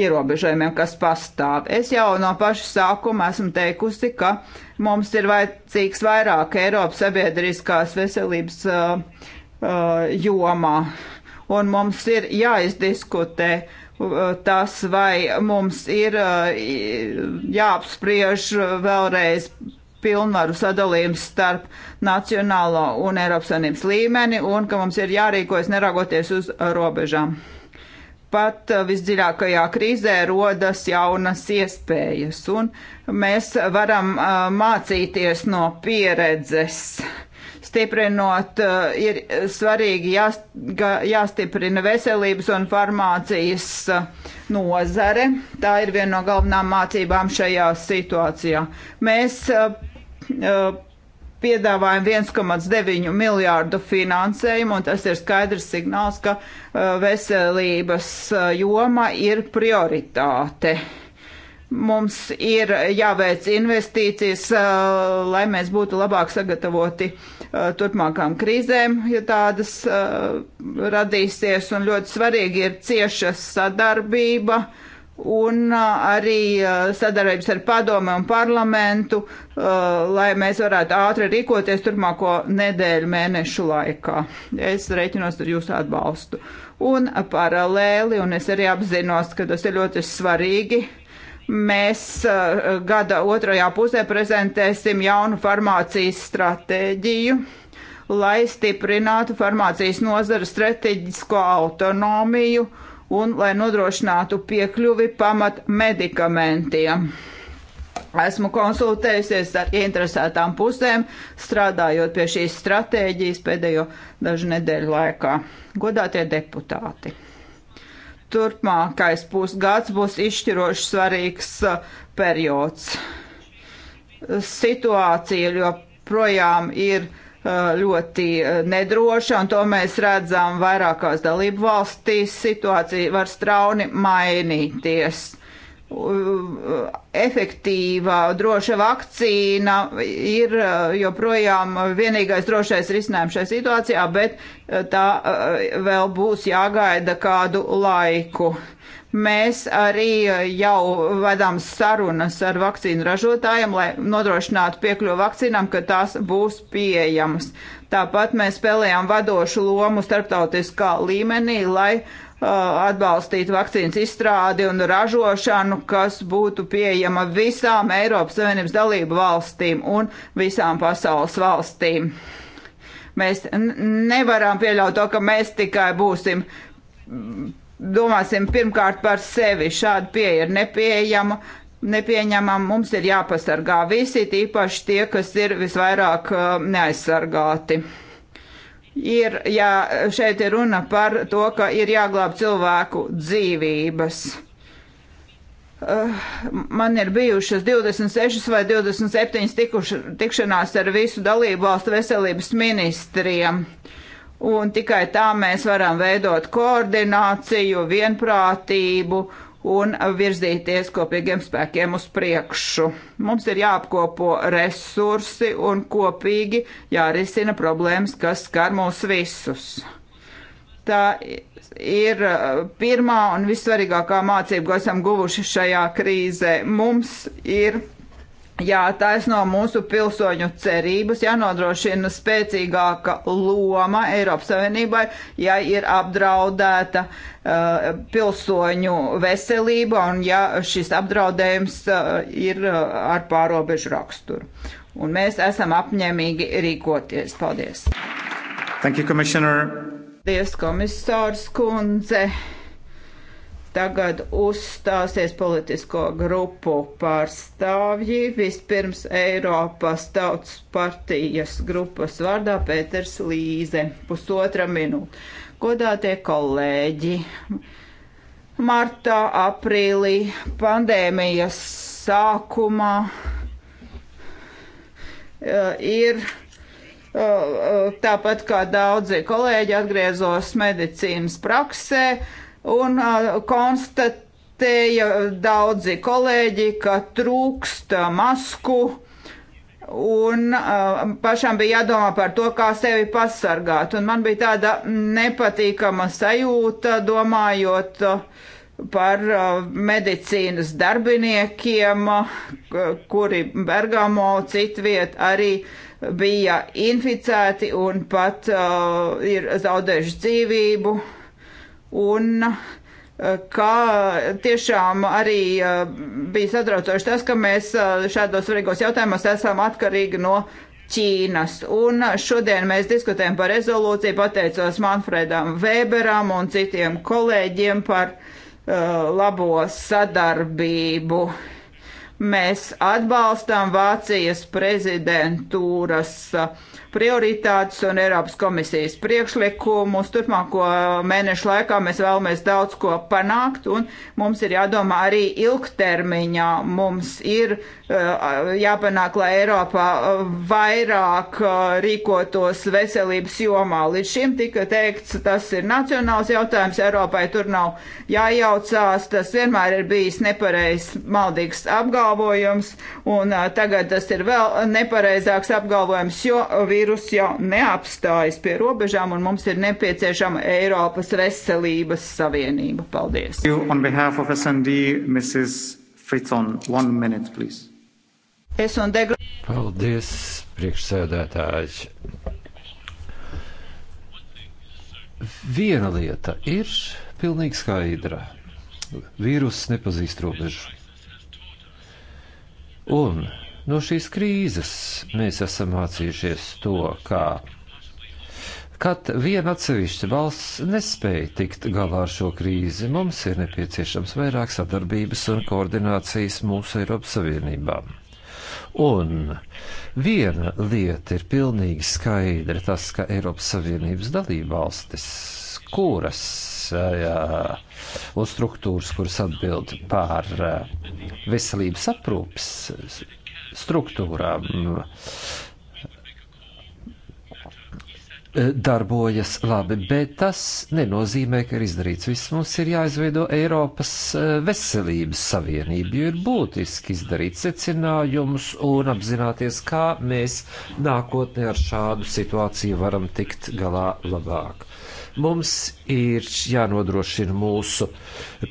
ierobežojumiem, kas pastāv. Es jau no paša sākuma esmu teikusi, ka mums ir vajadzīgs vairāk Eiropas sabiedriskās veselības uh, uh, jomā. Un mums ir jāizdiskutē uh, tas, vai mums ir uh, jāapspriež uh, vēlreiz pilnvaru sadalījums starp nacionālo un Eiropas Savienības līmeni un ka mums ir jārīkojas neraugoties uz robežām. Pat uh, visdziļākajā krīzē rodas jaunas iespējas, un mēs varam uh, mācīties no pieredzes. Stiprinot, uh, ir svarīgi jāstiprina veselības un farmācijas nozare. Tā ir viena no galvenām mācībām šajā situācijā. Mēs Uh, piedāvājam 1,9 miljārdu finansējumu, un tas ir skaidrs signāls, ka uh, veselības uh, joma ir prioritāte. Mums ir jāveic investīcijas, lai mēs būtu labāk sagatavoti turpmākām krīzēm, ja tādas radīsies, un ļoti svarīgi ir cieša sadarbība un uh, arī uh, sadarbības ar padome un parlamentu, uh, lai mēs varētu ātri rīkoties turpmāko nedēļu mēnešu laikā. Es reiķinos ar jūsu atbalstu. Un paralēli, un es arī apzinos, ka tas ir ļoti svarīgi, mēs gada otrajā pusē prezentēsim jaunu farmācijas stratēģiju lai stiprinātu farmācijas nozara strateģisko autonomiju uh, un lai nodrošinātu piekļuvi pamat medikamentiem. Esmu konsultējusies ar interesētām pusēm, strādājot pie šīs stratēģijas pēdējo dažu nedēļu laikā. Godātie deputāti! Turpmākais pusgads būs izšķiroši svarīgs uh, periods. Situācija joprojām ir ļoti nedroša, un to mēs redzam vairākās dalību valstīs. Situācija var strauni mainīties. Efektīva, droša vakcīna ir joprojām vienīgais drošais risinājums šai situācijā, bet tā vēl būs jāgaida kādu laiku. Mēs arī eh, jau vedām sarunas ar vakcīnu ražotājiem, lai nodrošinātu piekļuvu vakcīnām, ka tās būs pieejamas. Tāpat mēs spēlējām vadošu lomu starptautiskā līmenī, lai uh, atbalstītu vakcīnas izstrādi un ražošanu, kas būtu pieejama visām Eiropas Savienības dalību valstīm un visām pasaules valstīm. Mēs nevaram pieļaut to, ka mēs tikai būsim domāsim pirmkārt par sevi. Šāda pieeja ir nepieejama. Nepieņemam, mums ir jāpasargā visi, tīpaši tie, kas ir visvairāk uh, neaizsargāti. Ir, jā, šeit ir runa par to, ka ir jāglāb cilvēku dzīvības. Uh, man ir bijušas 26 vai 27 tikuš, tikšanās ar visu dalību valstu veselības ministriem. Uh, un tikai tā mēs varam veidot koordināciju, vienprātību un virzīties kopīgiem spēkiem uz priekšu. Mums ir jāapkopo resursi un kopīgi jārisina problēmas, kas skar mūs visus. Tā ir uh, pirmā un vissvarīgākā mācība, ko esam guvuši šajā krīzē. Mums ir jāapkopo jātaisno mūsu pilsoņu cerības, jānodrošina spēcīgāka loma Eiropas Savienībai, ja ir apdraudēta uh, pilsoņu veselība un ja šis apdraudējums uh, ir uh, ar pārobežu raksturu. Un mēs esam apņēmīgi rīkoties. Paldies! Thank you, Commissioner! Paldies, komisārs Kunze! Tagad uzstāsies politisko grupu pārstāvji. Vispirms Eiropas tautas partijas grupas vārdā Pēters Līze. Pusotra minūte. Godātie kolēģi! Martā, aprīlī pandēmijas sākumā uh, ir uh, uh, tāpat kā daudzi kolēģi atgriezos medicīnas praksē un konstatēja daudzi kolēģi, ka trūkst masku. Un uh, pašam bija jādomā par to, kā sevi pasargāt. Un man bija tāda nepatīkama sajūta, domājot par uh, medicīnas darbiniekiem, kuri Bergamo citviet arī bija inficēti un pat uh, ir zaudējuši dzīvību. Uh, un eh, ka tiešām arī eh, bija satraucoši tas, ka mēs eh, šādos svarīgos jautājumos esam atkarīgi no Ķīnas. Un šodien mēs diskutējam par rezolūciju, pateicos Manfredam Weberam un citiem kolēģiem par uh, labo sadarbību. Mēs atbalstam Vācijas prezidentūras uh, prioritātes un Eiropas komisijas priekšlikumus. Turpmāko mēnešu laikā mēs vēlamies daudz ko panākt, un mums ir jādomā arī ilgtermiņā. Mums ir uh, jāpanāk, lai Eiropā uh, vairāk uh, rīkotos veselības jomā. Līdz šim tika teikts, tas ir nacionāls jautājums, Eiropai tur nav jājaucās, tas vienmēr ir bijis nepareizs, maldīgs apgalvojums, un tagad tas ir vēl nepareizāks apgalvojums, jo vīrusu vīruss jau neapstājas pie robežām, un mums ir nepieciešama Eiropas veselības savienība. Paldies! Paldies, priekšsēdētājs! Viena lieta ir pilnīgi skaidra. Vīruss nepazīst robežu. Un No šīs krīzes mēs esam mācījušies to, kā Kad viena atsevišķa valsts nespēja tikt galā ar šo krīzi, mums ir nepieciešams vairāk sadarbības un koordinācijas mūsu Eiropas Savienībā. Un viena lieta ir pilnīgi skaidra - tas, ka Eiropas Savienības dalībvalstis, kuras jā, un struktūras, kuras atbild par eh, veselības aprūpes struktūrām darbojas labi, bet tas nenozīmē, ka ir izdarīts viss. Mums ir jāizveido Eiropas e, veselības savienība, jo ir būtiski izdarīt secinājumus un apzināties, kā mēs nākotnē ar šādu situāciju varam tikt galā labāk. Mums ir jānodrošina mūsu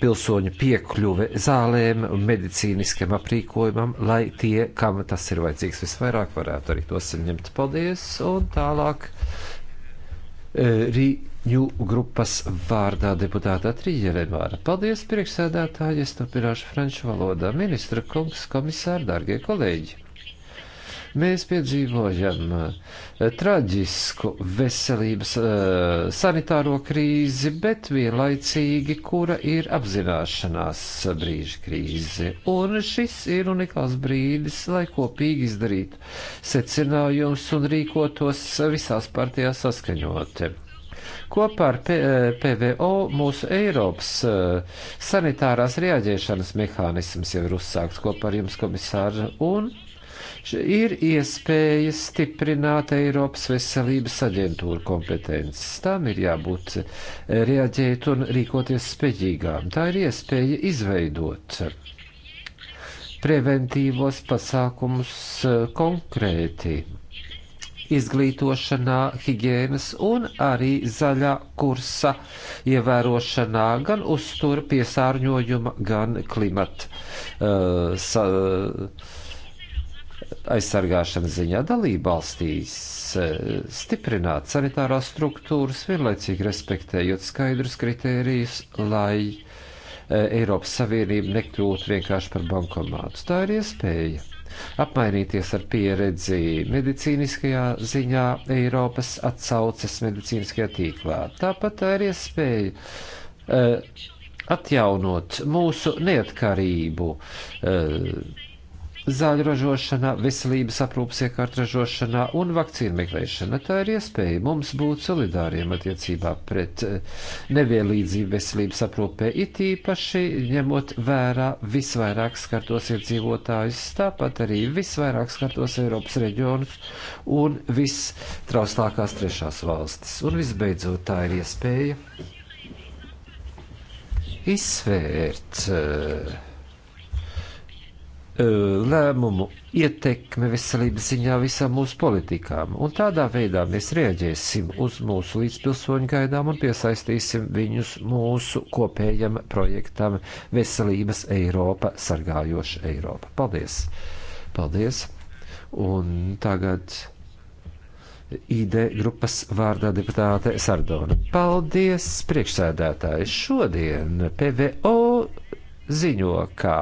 pilsoņu piekļuve zālēm, medicīniskiem aprīkojumam, lai tie, kam tas ir vajadzīgs visvairāk, varētu arī to saņemt. Paldies! Un tālāk eh, Rīņu grupas vārdā deputātā Trīģelemāra. Paldies, priekšsēdētāji! Es turpināšu franču valodā. Ministra kungs, komisāri, dārgie kolēģi! Mēs piedzīvojam eh, traģisku veselības eh, sanitāro krīzi, bet vienlaicīgi, kura ir apzināšanās brīža krīze. Un šis ir unikāls brīdis, lai kopīgi izdarītu secinājumus un rīkotos visās partijās saskaņoti. Kopā ar P eh, PVO mūsu Eiropas sanitārās rēģēšanas mehānisms jau ir uzsākts kopā ar jums, komisāri, un ir iespēja stiprināt Eiropas veselības aģentūru kompetences. Tam ir jābūt eh, reaģēt un rīkoties spēcīgām. Tā ir iespēja izveidot preventīvos pasākumus eh, konkrēti izglītošanā, higiēnas un arī zaļā kursa ievērošanā, gan uzturu piesārņojuma, gan klimata uh, sa, uh, aizsargāšanas ziņā dalībvalstīs e, stiprināt sanitārās struktūras, vienlaicīgi respektējot skaidrus kritērijus, lai e, Eiropas Savienība nekļūtu vienkārši par bankomātu. Tā ir iespēja apmainīties ar pieredzi medicīniskajā ziņā Eiropas atsauces medicīniskajā tīklā. Tāpat tā ir iespēja uh, atjaunot mūsu neatkarību. Uh, zāļu ražošanā, veselības aprūpas iekārtu ražošanā un vakcīnu meklēšanā. Tā ir iespēja mums būt solidāriem attiecībā pret eh, nevienlīdzību veselības aprūpē, it īpaši ņemot vērā visvairāk skartos iedzīvotājus, tāpat arī visvairāk skartos Eiropas reģionus un vistrauslākās trešās valstis. Un visbeidzot, tā ir iespēja izsvērt uh, E, lēmumu ietekme veselības ziņā visām mūsu politikām, un tādā veidā mēs rieģēsim uz mūsu līdzpilsoņu gaidām un piesaistīsim viņus mūsu kopējam projektam Veselības Eiropa, sargājoša Eiropa. Paldies! Paldies! Un tagad ID grupas vārdā deputāte Sardona. Paldies, priekšsēdētāji! Šodien PVO ziņo, kā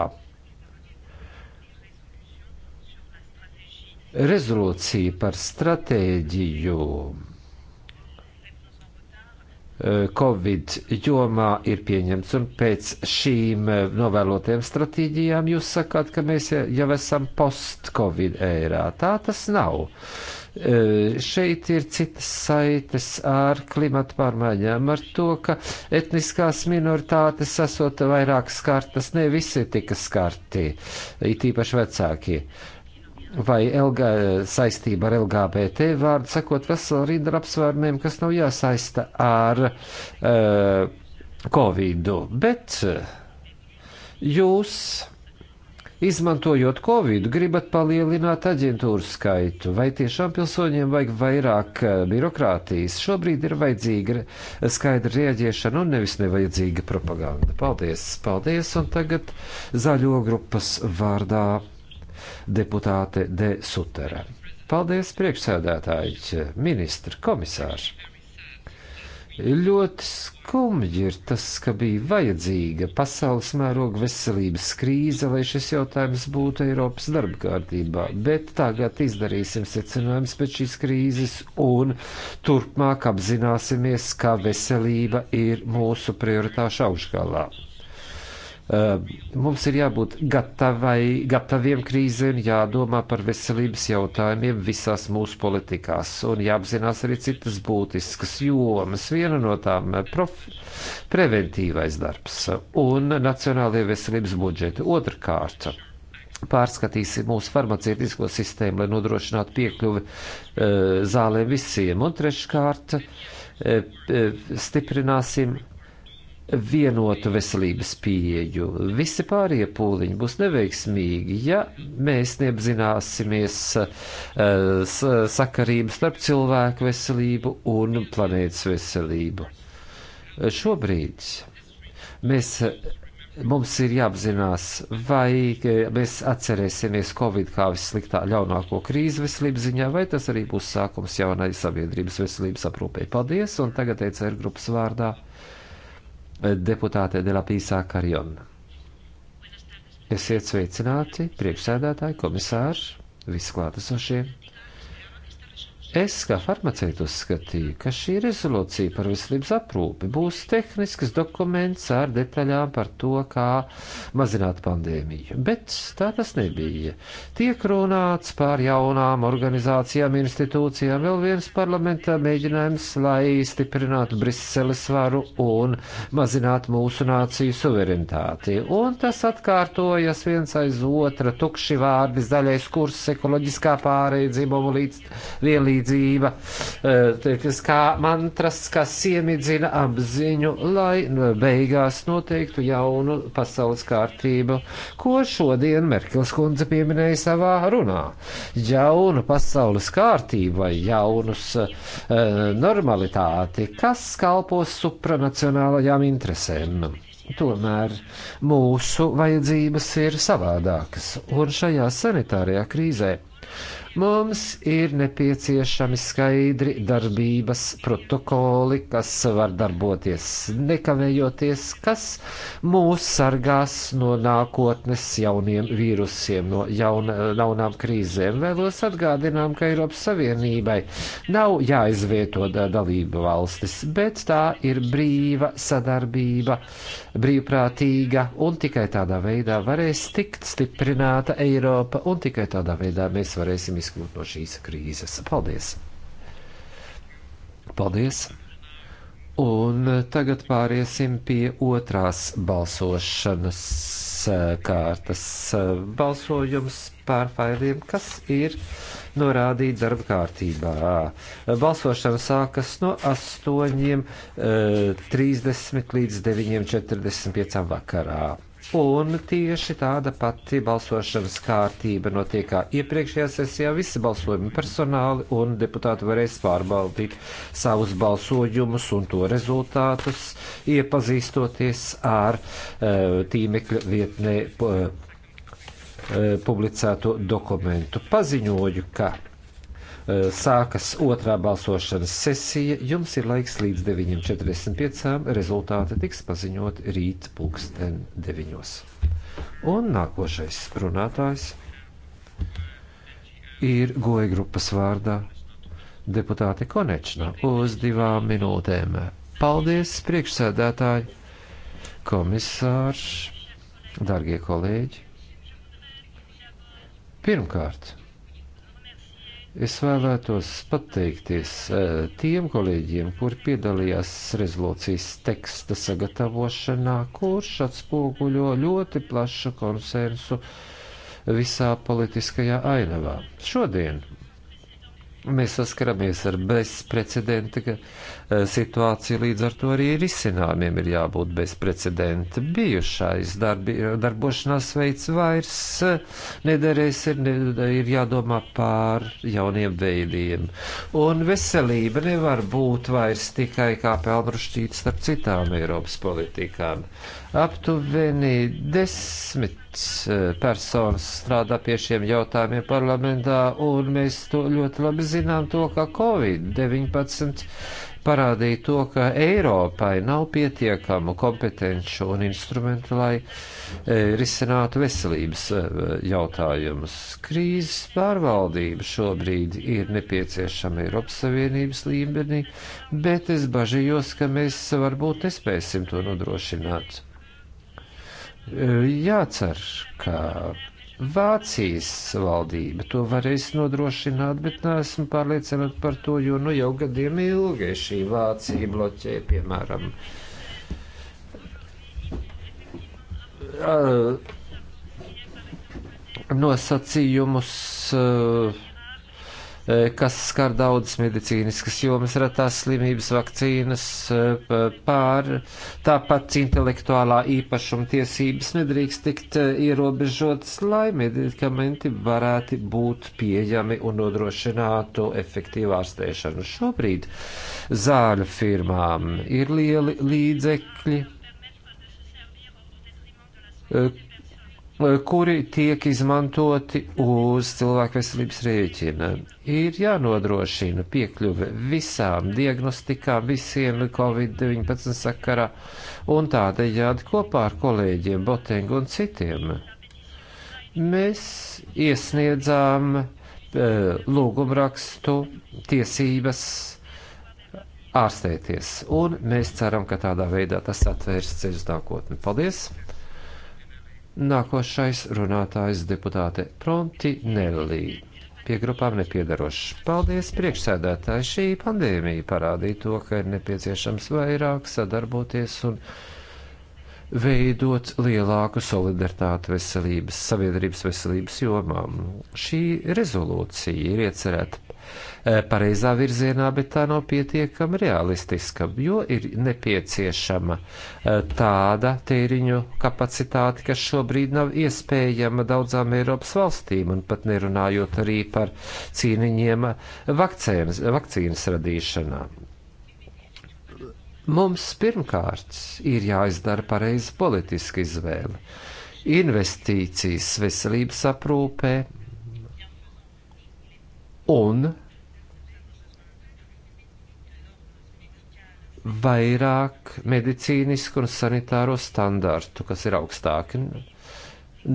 rezolūcija par stratēģiju e, Covid jomā ir pieņemts, un pēc šīm e, novēlotajām stratēģijām jūs sakāt, ka mēs e, jau esam post-Covid ērā. Tā tas nav. Šeit ir citas saites ar klimatu pārmaiņām, ar to, ka etniskās minoritātes esot vairāk skartas, ne visi tika skarti, it īpaši vecākie. Uh, vai LG, eh, saistība ar LGBT vārdu, sakot veselu rindu ar apsvērumiem, kas nav jāsaista ar uh, eh, Covidu. Bet eh, jūs, izmantojot Covidu, gribat palielināt aģentūru skaitu. Vai tiešām pilsoņiem vajag vairāk birokrātijas? Šobrīd ir vajadzīga skaidra rieģiešana un nevis nevajadzīga propaganda. Paldies, paldies, un tagad zaļo grupas vārdā deputāte De Sutera. Paldies, priekšsēdētāji, ministri, komisārs. Ļoti skumji ir tas, ka bija vajadzīga pasaules mēroga veselības krīze, lai šis jautājums būtu Eiropas darba kārtībā, bet tagad izdarīsim secinājumus pēc šīs krīzes un turpmāk apzināsimies, ka veselība ir mūsu prioritāšu augšgalā. Mums ir jābūt gatavai, gataviem krīzēm, jādomā par veselības jautājumiem visās mūsu politikās un jāapzinās arī citas būtiskas jomas. Viena no tām prof, preventīvais darbs un nacionālajie veselības budžeti. Otrkārt, pārskatīsim mūsu farmaceitisko sistēmu, lai nodrošinātu piekļuvi e, zālēm visiem. Un treškārt, e, e, stiprināsim vienotu veselības pieeju. Visi pārējie pūliņi būs neveiksmīgi, ja mēs neapzināsimies uh, sakarību starp cilvēku veselību un planētas veselību. Šobrīd mēs, mums ir jāapzinās, vai mēs atcerēsimies Covid kā vissliktā ļaunāko krīzi veselības ziņā, vai tas arī būs sākums jaunai sabiedrības veselības aprūpē. Paldies, un tagad ECR grupas vārdā deputātei Dela Pīsā Karjon. Esiet sveicināti, priekšsēdētāji, komisārs, visi klātesošie! Es kā farmaceits uzskatīju, ka šī rezolūcija par veselības aprūpi būs tehnisks dokuments ar detaļām par to, kā mazināt pandēmiju, bet tā tas nebija. Tiek runāts par jaunām organizācijām, institūcijām, vēl viens parlamentā mēģinājums, lai stiprinātu Briseles varu un mazināt mūsu nāciju suverenitāti. Un tas atkārtojas viens aiz otra, tukši vārdi, zaļais kurs, ekoloģiskā pāreidzība un līdz vienlīdz palīdzība, kā mantras, kas iemidzina apziņu, lai nu, beigās noteiktu jaunu pasaules kārtību, ko šodien Merkels kundze pieminēja savā runā. Jaunu pasaules kārtību vai jaunus uh, normalitāti, kas kalpos supranacionālajām interesēm. Tomēr mūsu vajadzības ir savādākas, un šajā sanitārajā krīzē Mums ir nepieciešami skaidri darbības protokoli, kas var darboties nekavējoties, kas mūs sargās no nākotnes jauniem vīrusiem, no jauna, jaunām krīzēm. Vēlos atgādinām, ka Eiropas Savienībai nav jāizvieto dalību valstis, bet tā ir brīva sadarbība, brīvprātīga, un tikai tādā veidā varēs tikt stiprināta Eiropa, un tikai tādā veidā mēs varēsim izsākt izkļūt no šīs krīzes. Paldies! Paldies! Un tagad pāriesim pie otrās balsošanas eh, kārtas balsojums pār failiem, kas ir norādīts darba kārtībā. Balsošana sākas no 8.30 eh, līdz 9.45 vakarā. Un tieši tāda pati balsošanas kārtība notiek kā iepriekšējā sesijā. Visi balsojumi personāli un deputāti varēs pārbaudīt savus balsojumus un to rezultātus, iepazīstoties ar uh, tīmekļa vietnē uh, publicēto dokumentu. Paziņoju, ka sākas otrā balsošanas sesija. Jums ir laiks līdz 9.45. Rezultāti tiks paziņot rīt pulksten 9. Un nākošais runātājs ir goja grupas vārdā deputāte Konečna uz divām minūtēm. Paldies, priekšsēdētāji, komisārs, darbie kolēģi! Pirmkārt, Es vēlētos pateikties e, tiem kolēģiem, kuri piedalījās rezolūcijas teksta sagatavošanā, kurš atspoguļo ļoti plašu konsensu visā politiskajā ainavā. Šodien mēs saskaramies ar bezprecedenta Eh, situācija līdz ar to arī risinājumiem ir jābūt bezprecedenta. Bijušais darbi, darbošanās veids vairs eh, nederēs, ir, ir jādomā pār jauniem veidiem. Un veselība nevar būt vairs tikai kā pelnrušķīta starp citām Eiropas politikām. Aptuveni desmit eh, personas strādā pie šiem jautājumiem parlamentā, un mēs to ļoti labi zinām, to, ka Covid-19 parādīja to, ka Eiropai nav pietiekamu kompetenci un instrumentu, lai e, risinātu veselības e, jautājumus. Krīzes pārvaldība šobrīd ir nepieciešama Eiropas Savienības līmenī, bet es bažījos, ka mēs varbūt nespēsim to nodrošināt. E, jācer, ka Vācijas valdība to varēs nodrošināt, bet neesmu pārliecināta par to, jo nu jau gadiem ilgi šī Vācija bloķē, piemēram, nosacījumus. Uh, Eh, kas skar daudzas medicīniskas jomas, retās slimības, vakcīnas, eh, pār, tāpat intelektuālā īpašuma tiesības nedrīkst tikt eh, ierobežotas, lai medikamenti varētu būt pieejami un nodrošinātu efektīvu ārstēšanu. Šobrīd zāļu firmām ir lieli līdzekļi kuri tiek izmantoti uz cilvēku veselības rēķina. Ir jānodrošina piekļuve visām diagnostikām, visiem Covid-19 sakarā un tādējādi kopā ar kolēģiem Botengu un citiem. Mēs iesniedzām e, lūgumrakstu tiesības ārstēties, un mēs ceram, ka tādā veidā tas atvērs ceļus nākotni. Paldies! Nākošais runātājs deputāte Pronti Nellī. Pie grupām nepiedarošs. Paldies, priekšsēdētāji. Šī pandēmija parādīja to, ka ir nepieciešams vairāk sadarboties un veidot lielāku solidaritāti veselības, sabiedrības veselības jomām. Šī rezolūcija ir iecerēta e, pareizā virzienā, bet tā nav pietiekama realistiska, jo ir nepieciešama e, tāda tēriņu kapacitāte, kas šobrīd nav iespējama daudzām Eiropas valstīm, un pat nerunājot arī par cīniņiem vakcīnas radīšanā. Mums pirmkārt ir jāizdara pareiza politiska izvēle. Investīcijas veselības aprūpē un vairāk medicīnisku un sanitāro standārtu, kas ir augstāki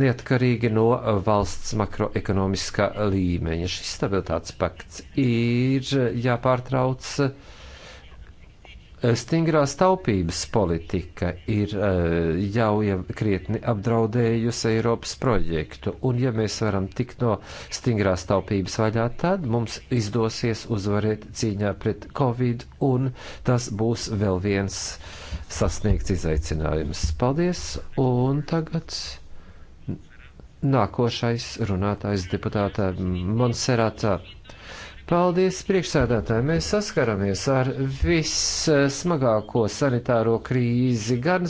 neatkarīgi no valsts makroekonomiskā līmeņa. Šis stabilitātes pakts ir jāpārtrauc. Ja Stingrā staupības politika ir eh, jau, jau krietni apdraudējusi Eiropas projektu, un ja mēs varam tikt no stingrā staupības vaļā, tad mums izdosies uzvarēt cīņā pret Covid, un tas būs vēl viens sasniegts izaicinājums. Paldies, un tagad nākošais runātājs deputātā Monserata Paldies, priekšsēdētāji! Mēs saskaramies ar vissmagāko sanitāro krīzi, gan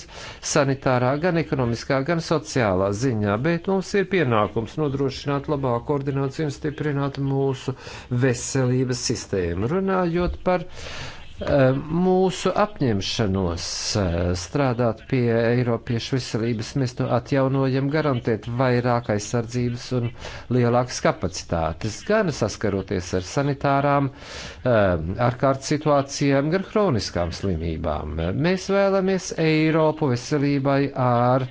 sanitārā, gan ekonomiskā, gan sociālā ziņā, bet mums ir pienākums nodrošināt labāku koordināciju un stiprināt mūsu veselības sistēmu. Runājot par uh, Eh, mūsu apņemšanos eh, strādāt pie Eiropiešu veselības. Mēs to atjaunojam, garantēt vairāk aizsardzības un lielākas kapacitātes, gan saskaroties ar sanitārām, eh, ārkārtas situācijām, gan hroniskām slimībām. Mēs vēlamies Eiropu veselībai ar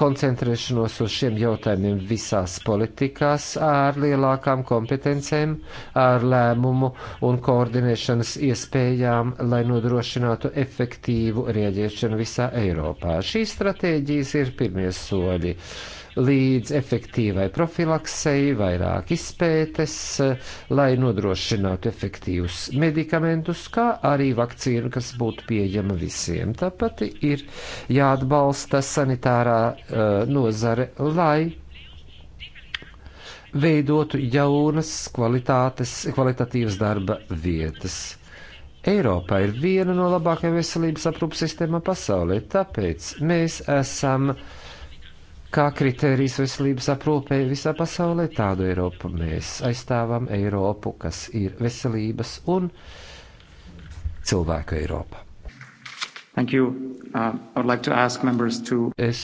koncentrēšanos uz šiem jautājumiem visās politikās ar lielākām kompetencēm, ar lēmumu un koordinēšanas iespējām, lai nodrošinātu efektīvu rieģiešanu visā Eiropā. Šīs stratēģijas ir pirmie soļi. Uh, līdz efektīvai profilaksei, vairāk izpētes, lai nodrošinātu efektīvus medikamentus, kā arī vakcīnu, kas būtu pieejama visiem. Tāpat ir jāatbalsta sanitārā uh, nozare, lai veidotu jaunas kvalitatīvas darba vietas. Eiropā ir viena no labākajām veselības aprūpas sistēmām pasaulē, tāpēc mēs esam uh, kā kritērijs veselības aprūpē visā pasaulē, tādu Eiropu mēs aizstāvam Eiropu, kas ir veselības un cilvēku Eiropa. Thank you. Uh, I would like to ask members to... Es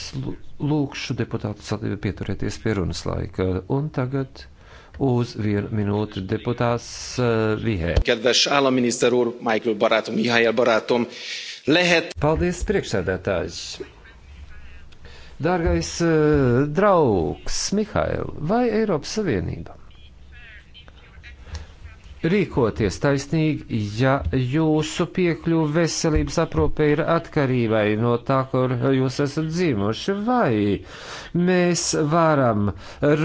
lūkšu deputātu pieturēties pie runas laika. Un tagad uz vienu minūti deputāts uh, Vihē. Kedves államminiszter úr, Michael barátom, Mihály barátom, lehet... Paldies, priekšsēdētājs. Dārgais eh, draugs Mihail, vai Eiropas Savienība? Rīkoties taisnīgi, ja jūsu piekļuva veselības aprūpe ir atkarībai no tā, kur jūs esat dzīvojuši, vai mēs varam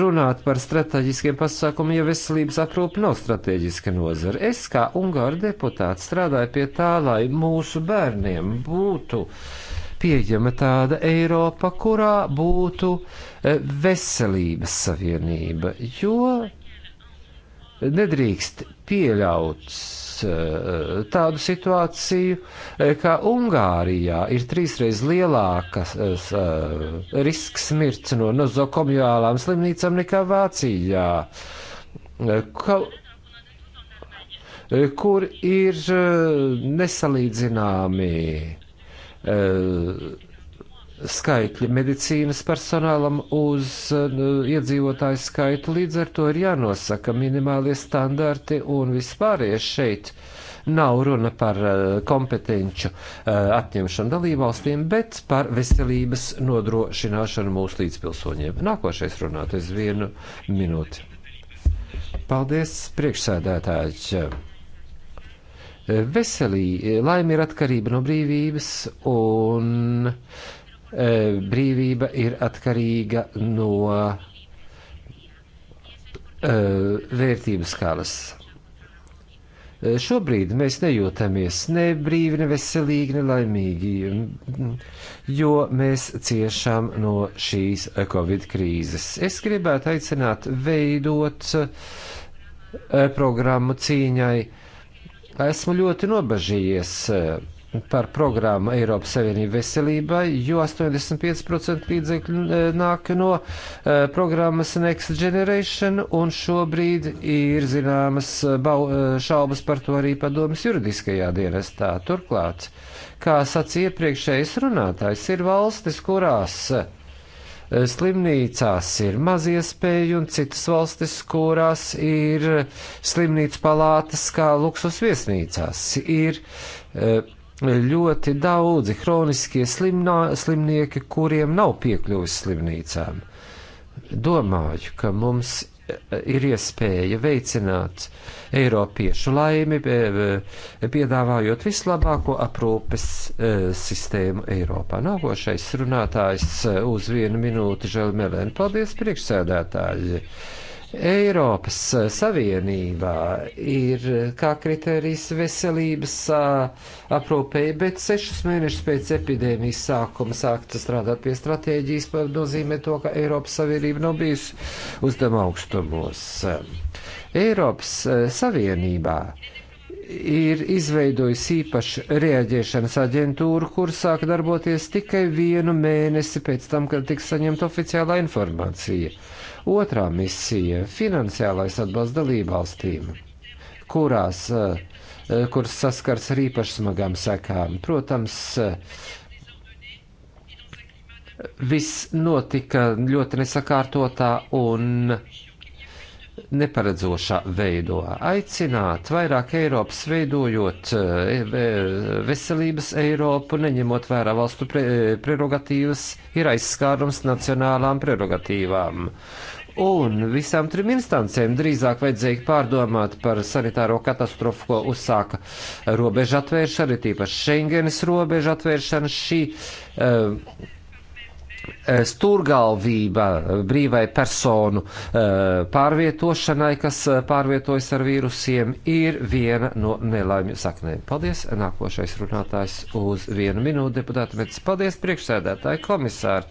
runāt par strateģiskiem pasākumiem, ja veselības aprūpe nav strateģiska nozara. Es kā Ungāra deputāts strādāju pie tā, lai mūsu bērniem būtu uh, pieejama tāda Eiropa, kurā būtu eh, veselības savienība, jo nedrīkst pieļaut eh, tādu situāciju, eh, kā Ungārijā ir trīsreiz lielākas risks mirt no nozokomiālām slimnīcām nekā Vācijā, ka, kur ir nesalīdzināmi E, skaitļi medicīnas personālam uz e, iedzīvotāju skaitu. Līdz ar to ir jānosaka minimālie standarti un vispārējais šeit. Nav runa par e, kompetenču atņemšanu dalībvalstīm, bet par veselības nodrošināšanu mūsu līdzpilsoņiem. Nākošais runātais vienu minūti. Paldies, priekšsēdētāji! Veselī, laime ir atkarība no brīvības, un e, brīvība ir atkarīga no e, vērtības skalas. E, šobrīd mēs nejūtamies ne brīvi, ne veselīgi, ne laimīgi, jo mēs ciešam no šīs Covid krīzes. Es gribētu aicināt veidot programmu cīņai Esmu ļoti nobežījies eh, par programmu Eiropas Savienība veselībai, jo 85% līdzekļu eh, nāk no eh, programmas Next Generation, un šobrīd ir zināmas šaubas par to arī padomas juridiskajā dienestā. Turklāt, kā sacīja iepriekšējais runātājs, ir valstis, kurās uh, slimnīcās ir maz iespēju un citas valstis, kurās ir slimnīca palātas kā luksus viesnīcās, ir eh, ļoti daudzi hroniskie slimnā, slimnieki, kuriem nav piekļuvis slimnīcām. Domāju, ka mums ir iespēja veicināt Eiropiešu laimi, piedāvājot vislabāko aprūpes e, sistēmu Eiropā. Nākošais runātājs e, uz vienu minūti Žēl Melēna. Paldies, priekšsēdētāji! Eiropas Savienībā ir kā kriterijs veselības aprūpēji, bet sešus mēnešus pēc epidēmijas sākuma sākt strādāt pie stratēģijas, nozīmē to, ka Eiropas Savienība nav bijusi uz tam augstumos. Eiropas Savienībā ir izveidojusi īpašu rēģēšanas aģentūru, kur sāk darboties tikai vienu mēnesi pēc tam, kad tiks saņemta oficiālā informācija. Otrā misija - finansiālais atbalsts dalībvalstīm, kurās, eh, kuras saskars ar īpaši smagām sekām. Protams, eh, viss notika ļoti nesakārtotā un neparedzošā veidā. Aicināt vairāk Eiropas, veidojot eh, veselības Eiropu, neņemot vērā valstu pre prerogatīvas, ir aizskārums nacionālām prerogatīvām. Un visām trim instancēm drīzāk vajadzēja pārdomāt par sanitāro katastrofu, ko uzsāka robeža atvēršana, tīpaši Schengenes robeža atvēršana. Šī, uh, Eh, stūrgalvība eh, brīvai personu eh, pārvietošanai, kas pārvietojas ar vīrusiem, ir viena no nelaimju saknēm. Paldies! Nākošais runātājs uz vienu minūti deputāta Metis. Paldies, priekšsēdētāji komisāri!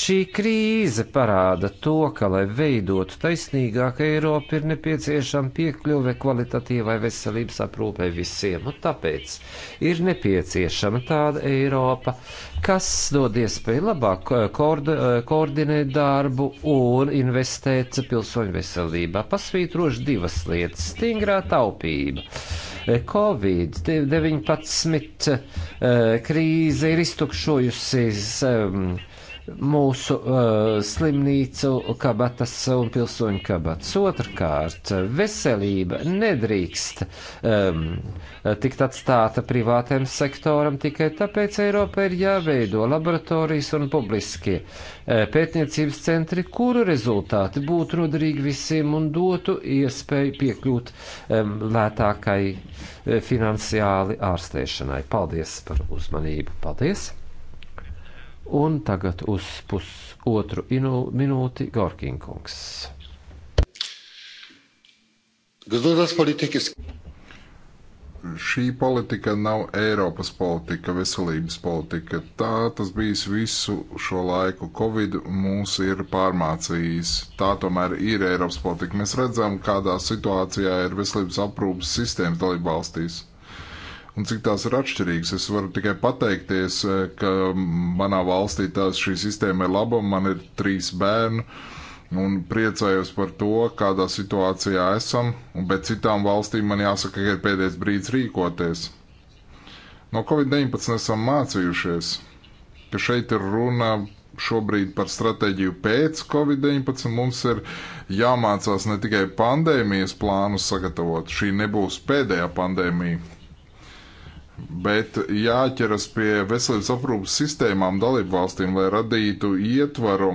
Šī krīze parāda to, ka, lai veidotu taisnīgāku Eiropu, ir nepieciešama piekļuve kvalitatīvai veselības aprūpei visiem, un tāpēc ir nepieciešama tāda Eiropa, kas dod iespēju labāk koordinēt Eh, koordinēt darbu un investēt pilsoņu veselībā. Pasvītroši divas lietas - stingrā taupība. Eh, Covid-19 eh, krīze ir iztukšojusi mūsu uh, slimnīcu kabatas un pilsoņu kabatas. Otrkārt, veselība nedrīkst um, tikt atstāta privātiem sektoram, tikai tāpēc Eiropa ir jāveido laboratorijas un publiskie uh, pētniecības centri, kuru rezultāti būtu noderīgi visiem un dotu iespēju piekļūt um, lētākai uh, finansiāli ārstēšanai. Paldies par uzmanību! Paldies! Un tagad uz pusotru minūti Gorkinkungs. Šī politika nav Eiropas politika, veselības politika. Tā tas bijis visu šo laiku. Covid mūs ir pārmācījis. Tā tomēr ir Eiropas politika. Mēs redzam, kādā situācijā ir veselības aprūpas sistēmas dalībvalstīs un cik tās ir atšķirīgas. Es varu tikai pateikties, eh, ka manā valstī tās šī sistēma ir laba, man ir trīs bērni. Un priecājos par to, kādā situācijā esam, un pēc citām valstīm man jāsaka, ka ir pēdējais brīdis rīkoties. No Covid-19 esam mācījušies, ka šeit ir runa šobrīd par stratēģiju pēc Covid-19 mums ir jāmācās ne tikai pandēmijas plānus sagatavot. Šī nebūs pēdējā pandēmija bet jāķeras pie veselības aprūpas sistēmām dalību valstīm, lai radītu ietvaru,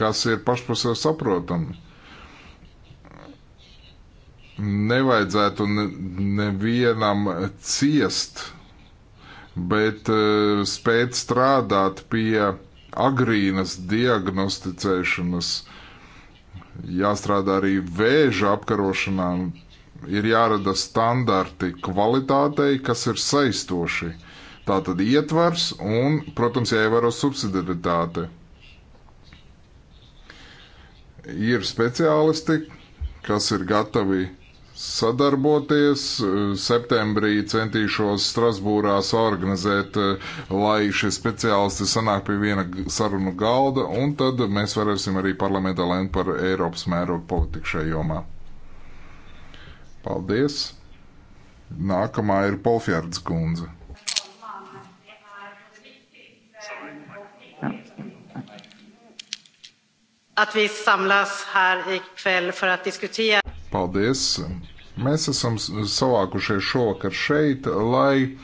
kas ir pašpasē saprotami. Nevajadzētu nevienam ciest, bet eh, spēt strādāt pie agrīnas diagnosticēšanas, jāstrādā arī vēža apkarošanā, ir jārada standarti kvalitātei, kas ir saistoši. Tā tad ietvars un, protams, jāievēro subsidiaritāte. Ir speciālisti, kas ir gatavi sadarboties. Septembrī centīšos Strasbūrā organizēt, lai šie speciālisti sanāk pie viena sarunu galda, un tad mēs varēsim arī parlamentā lēmt par Eiropas mērogu politiku šajā jomā. Paldies! Nākamā ir Polfjārds kundze. At vi samlas här ikväll för att diskutera. Paldies! Mēs esam savākušies šovakar šeit, lai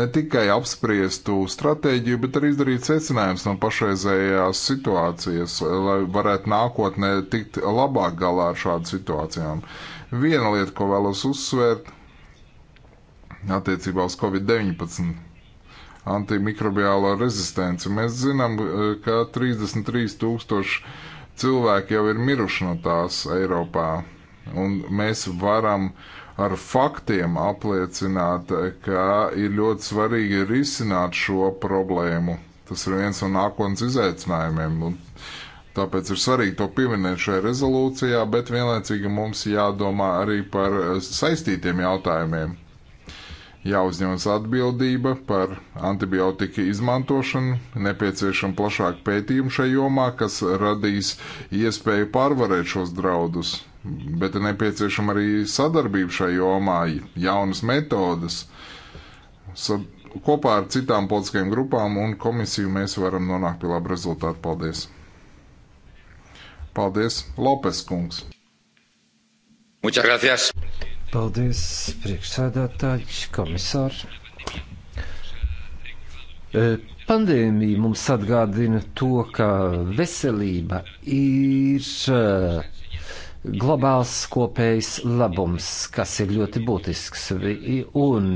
ne tikai apspriestu stratēģiju, bet arī izdarītu secinājumus no pašreizējās situācijas, lai varētu nākotnē tikt labāk galā ar šādu situācijām. Viena lieta, ko vēlos uzsvērt, attiecībā uz Covid-19 antimikrobiālo rezistenci. Mēs zinām, eh, ka 33 tūkstoši cilvēki jau ir miruši no tās Eiropā, un mēs varam ar faktiem apliecināt, ka ir ļoti svarīgi risināt šo problēmu. Tas ir viens no nākotnes izaicinājumiem. Un Tāpēc ir svarīgi to pieminēt šajā rezolūcijā, bet vienlaicīgi mums jādomā arī par eh, saistītiem jautājumiem. Jāuzņemas atbildība par antibiotika izmantošanu, nepieciešama plašāka pētījuma šajā jomā, kas radīs iespēju pārvarēt šos draudus, bet ir nepieciešama arī sadarbība šajā jomā, jaunas metodas. Sad kopā ar citām politiskajām grupām un komisiju mēs varam nonākt pie laba rezultāta. Paldies! Paldies, Lopes kungs! Muchas gracias! Paldies, priekšsēdētāji, komisāri! E, pandēmija mums atgādina to, ka veselība ir e, globāls kopējs labums, kas ir ļoti būtisks. Un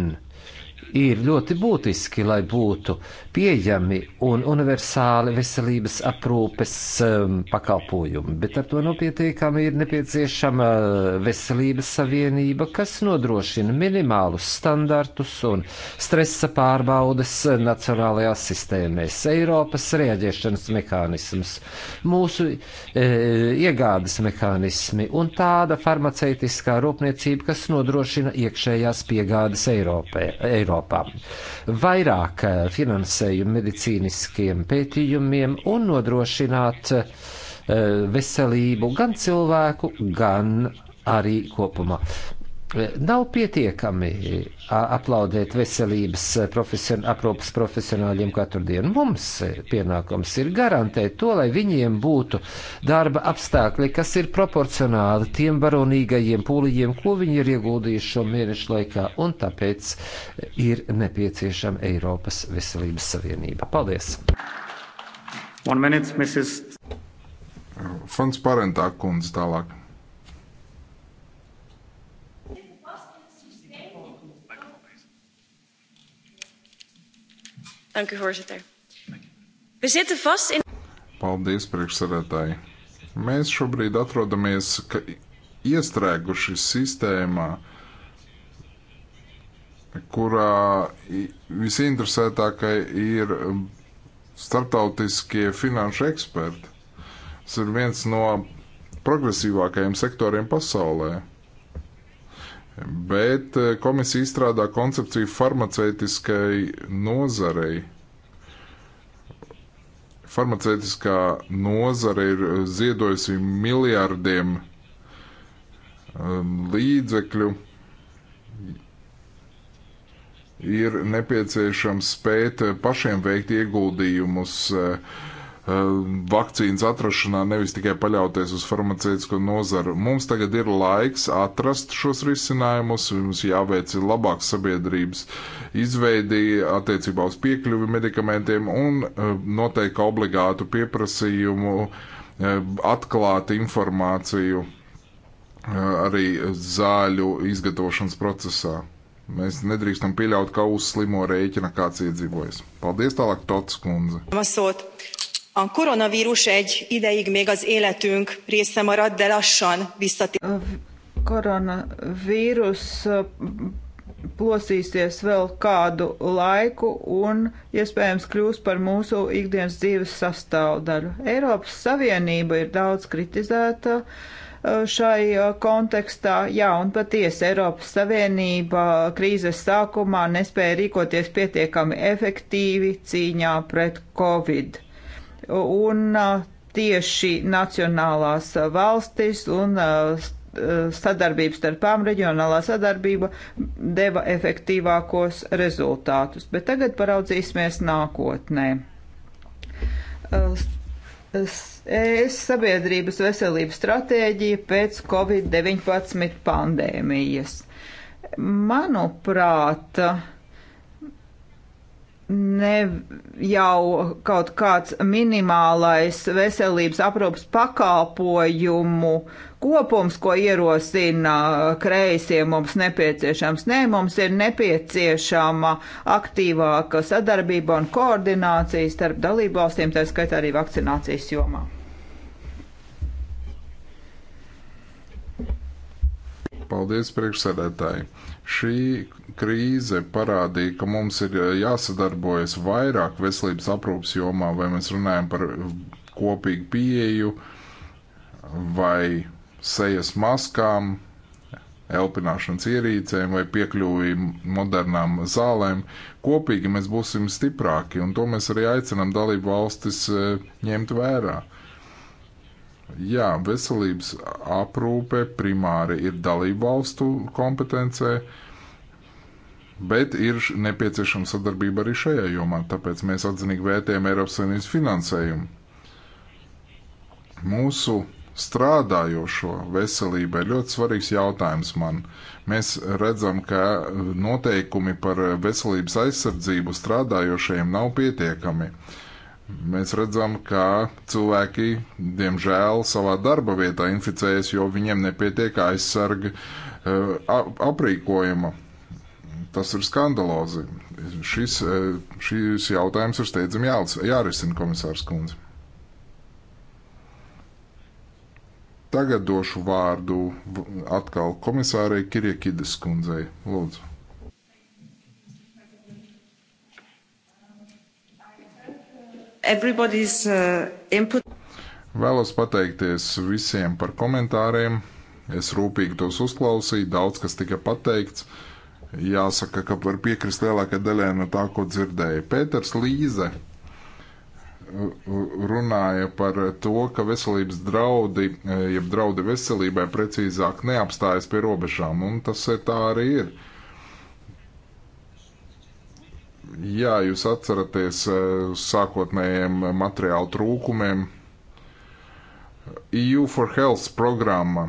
ir ļoti būtiski, lai būtu pieejami un universāli veselības aprūpes um, pakalpojumi, bet ar to nopietiekami ir nepieciešama veselības savienība, kas nodrošina minimālus standartus un stresa pārbaudes nacionālajās sistēmēs, Eiropas rēģēšanas mehānismus, mūsu e, iegādes mehānismi un tāda farmaceitiskā rūpniecība, kas nodrošina iekšējās piegādes Eiropē. Eiropā. Eiropā. Vairāk eh, finansējumu medicīniskiem pētījumiem un nodrošināt eh, veselību gan cilvēku, gan arī kopumā Nav pietiekami aplaudēt veselības e, profesion, aprūpas profesionāļiem katru dienu. Mums e, pienākums ir garantēt to, lai viņiem būtu darba apstākļi, kas ir proporcionāli tiem varonīgajiem pūliņiem, ko viņi ir ieguldījuši šo mēnešu laikā, un tāpēc e, ir nepieciešama Eiropas Veselības Savienība. Paldies! One minute, Mrs. Fonds Parentā kundze tālāk. Dank u, voorzitter. We zitten vast in. Paldies, priekšsēdētāji. Mēs šobrīd atrodamies iestrēguši sistēmā, kurā visinteresētākai ir starptautiskie finanšu eksperti. Tas ir viens no progresīvākajiem sektoriem pasaulē bet eh, komisija izstrādā koncepciju farmaceitiskai nozarei. Farmaceitiskā nozare ir eh, ziedojusi miljardiem ehm, līdzekļu. Ir nepieciešams spēt eh, pašiem veikt ieguldījumus uh, Eh, vakcīnas atrašanā, nevis tikai paļauties uz farmaceitisko nozaru. Mums tagad ir laiks atrast šos risinājumus, mums jāveic labāks sabiedrības izveidi attiecībā uz piekļuvi medikamentiem un eh, noteikti obligātu pieprasījumu eh, atklāt informāciju arī zāļu izgatavošanas procesā. Mēs nedrīkstam pieļaut, ka uz slimo rēķina kāds iedzīvojas. Paldies tālāk, Tots kundze. Masot. A koronavírus egy ideig még az életünk része marad, de lassan visszatér. Koronavírus plosīsies vēl kādu laiku un iespējams kļūs par mūsu ikdienas dzīves sastāvdaļu. Eiropas Savienība ir daudz kritizēta šai kontekstā. Jā, un patiesi Eiropas Savienība krīzes sākumā nespēja rīkoties pietiekami efektīvi cīņā pret Covid un tieši nacionālās valstis un sadarbības starp tām reģionālā sadarbība deva efektīvākos rezultātus. Bet tagad paraudzīsimies nākotnē. Es sabiedrības veselības stratēģija pēc Covid-19 pandēmijas. Manuprāt, uh, ne jau kaut kāds minimālais veselības aprūpas pakalpojumu kopums, ko ierosina kreisie, mums nepieciešams. Nē, mums ir nepieciešama aktīvāka sadarbība un koordinācija starp dalībvalstīm, tā skaitā arī vakcinācijas jomā. Paldies, priekšsēdētāji! Šī krīze parādīja, ka mums ir eh, jāsadarbojas vairāk veselības aprūpas jomā, vai mēs runājam par kopīgu pieeju vai sejas maskām, elpināšanas ierīcēm vai piekļuvi modernām zālēm, kopīgi mēs būsim stiprāki, un to mēs arī aicinām dalību valstis eh, ņemt vērā. Jā, veselības aprūpe primāri ir dalību valstu kompetencē, bet ir nepieciešama sadarbība arī šajā jomā, tāpēc mēs atzinīgi vērtējam Eiropas Savienības finansējumu. Mūsu strādājošo veselība ir ļoti svarīgs jautājums man. Mēs redzam, ka noteikumi par veselības aizsardzību strādājošajiem nav pietiekami. Uh, Mēs redzam, ka cilvēki, diemžēl, savā darba vietā inficējas, jo viņiem nepietiek aizsarga eh, aprīkojuma. Tas ir skandalozi. Šis, eh, šis jautājums ir steidzami jārisina, komisārs Kundze. Tagad došu vārdu atkal komisārai Kiriekides kundzei. Lūdzu. everybody's uh, input. Vēlos pateikties visiem par komentāriem. Es rūpīgi tos uzklausīju, daudz kas tika pateikts. Jāsaka, ka var piekrist lielākajai daļai no tā, ko dzirdēju. Pēters Līze uh, uh, runāja par to, ka veselības draudi, uh, jeb draudi veselībai precīzāk neapstājas pie robežām, un tas eh, tā arī ir Jā, jūs atceraties eh, sākotnējiem materiālu trūkumiem. EU for Health programma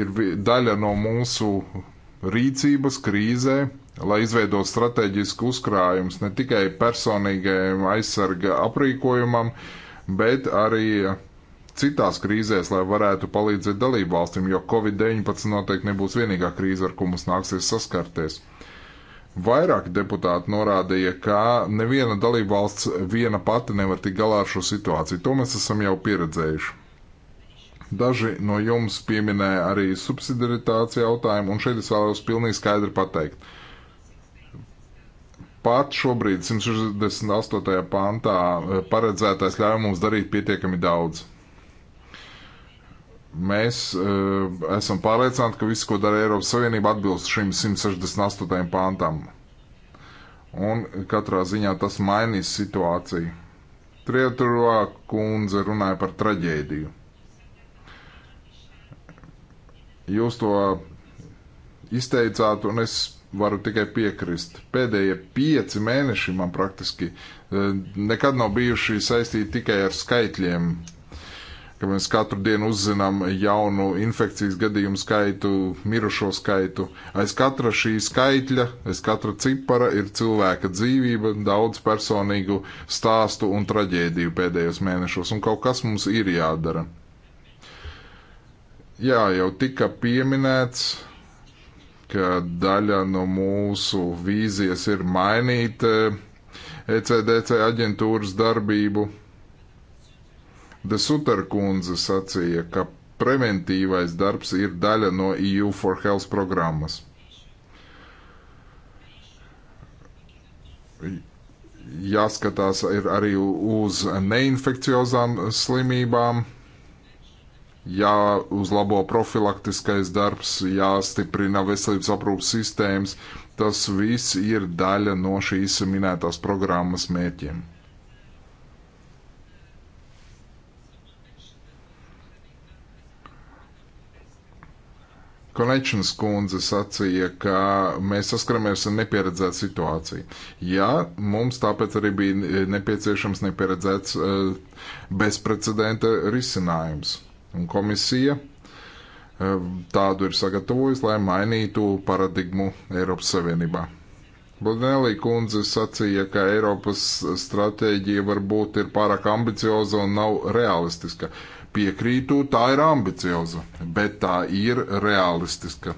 ir daļa no mūsu rīcības krīzē, lai izveidot strateģisku uzkrājumus ne tikai personīgajam aizsarga aprīkojumam, bet arī citās krīzēs, lai varētu palīdzēt dalību valstīm, jo Covid-19 noteikti nebūs vienīgā krīze, ar ko mums nāksies saskarties. Vairāk deputāti norādīja, ka neviena dalība valsts viena pati nevar tik galā ar šo situāciju. To mēs esam jau pieredzējuši. Daži no jums pieminēja arī subsidiaritātes jautājumu, un šeit es vēlos pilnīgi skaidri pateikt. Pat šobrīd 168. pantā eh, paredzētais ļauj mums darīt pietiekami daudz. Mēs uh, esam pārliecināti, ka viss, ko dara Eiropas Savienība, atbilst šim 168. pāntam. Un katrā ziņā tas mainīs situāciju. Trieturā kundze runāja par traģēdiju. Jūs to izteicāt, un es varu tikai piekrist. Pēdējie pieci mēneši man praktiski eh, nekad nav bijuši saistīti tikai ar skaitļiem, ka mēs katru dienu uzzinām jaunu infekcijas gadījumu skaitu, mirušo skaitu. Aiz katra šī skaitļa, aiz katra cipara ir cilvēka dzīvība, daudz personīgu stāstu un traģēdiju pēdējos mēnešos, un kaut kas mums ir jādara. Jā, jau tika pieminēts, ka daļa no mūsu vīzijas ir mainīt ECDC eh, e aģentūras darbību. De Suterkundze sacīja, ka preventīvais darbs ir daļa no EU for Health programmas. Jāskatās ir arī uz neinfekciozām slimībām, jāuzlabo profilaktiskais darbs, jāstiprina veselības aprūpas sistēmas. Tas viss ir daļa no šīs minētās programmas mērķiem. Konečnas kundze sacīja, ka mēs saskaramies ar nepieredzētu situāciju. Jā, mums tāpēc arī bija nepieciešams nepieredzēts eh, bezprecedenta risinājums. Un komisija eh, tādu ir sagatavojusi, lai mainītu paradigmu Eiropas Savienībā. Bludnēlī kundze sacīja, ka Eiropas stratēģija varbūt ir pārāk ambicioza un nav realistiska. Piekrītu, tā ir ambicioza, bet tā ir realistiska.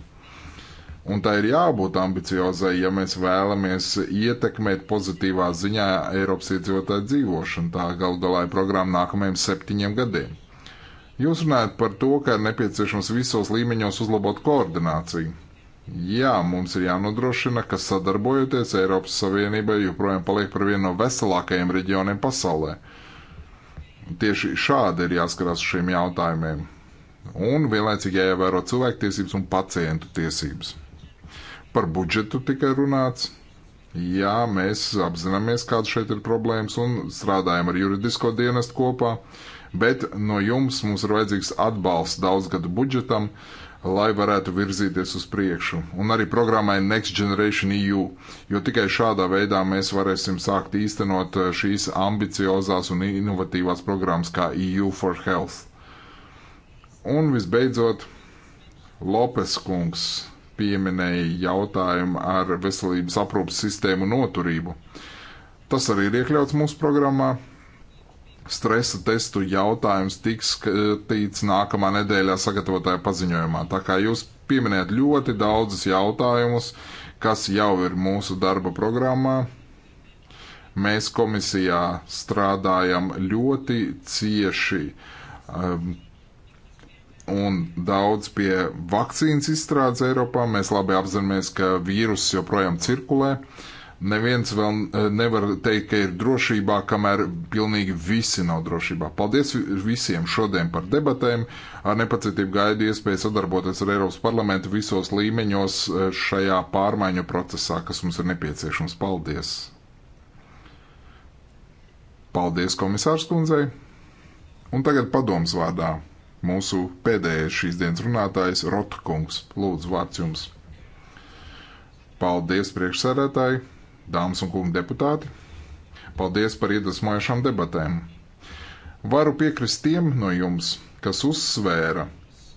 Un tā ir jābūt ambiciozai, ja mēs vēlamies ietekmēt pozitīvā ziņā Eiropas iedzīvotāju dzīvošanu. Tā gal galā ir programma nākamajiem septiņiem gadiem. Jūs runājat par to, ka ir nepieciešams visos līmeņos uzlabot koordināciju. Jā, mums ir jānodrošina, ka sadarbojoties Eiropas Savienībai joprojām paliek par vienu no veselākajiem reģioniem pasaulē tieši šādi ir jāskarās šiem jautājumiem. Un vienlaicīgi jāievēro cilvēktiesības un pacientu tiesības. Par budžetu tika runāts. Jā, mēs apzināmies, kādas šeit ir problēmas un strādājam ar juridisko dienestu kopā, bet no jums mums ir vajadzīgs atbalsts daudzgadu budžetam, uh, lai varētu virzīties uz priekšu. Un arī programmai Next Generation EU, jo tikai šādā veidā mēs varēsim sākt īstenot eh, šīs ambiciozās un inovatīvās programmas kā EU for Health. Un visbeidzot, Lopes kungs pieminēja jautājumu ar veselības aprūpas sistēmu noturību. Tas arī ir iekļauts mūsu programmā, stresa testu jautājums tiks skatīts nākamā nedēļā sagatavotāja paziņojumā. Tā kā jūs pieminējat ļoti daudzus jautājumus, kas jau ir mūsu darba programmā. Mēs komisijā strādājam ļoti cieši um, un daudz pie vakcīnas izstrādes Eiropā. Mēs labi apzināmies, ka vīruss joprojām cirkulē. Uh, Neviens vēl eh, nevar teikt, ka ir drošībā, kamēr pilnīgi visi nav drošībā. Paldies visiem šodien par debatēm. Ar nepacietību gaidu iespēju sadarboties ar Eiropas parlamentu visos līmeņos eh, šajā pārmaiņu procesā, kas mums ir nepieciešams. Paldies! Paldies komisārs kundzei! Un tagad padoms vārdā mūsu pēdējais šīs dienas runātājs Rotkungs. Lūdzu, vārds jums! Paldies priekšsēdētāji! Dāmas un kungi deputāti, paldies par iedvesmojošām debatēm. Varu piekrist tiem no jums, kas uzsvēra,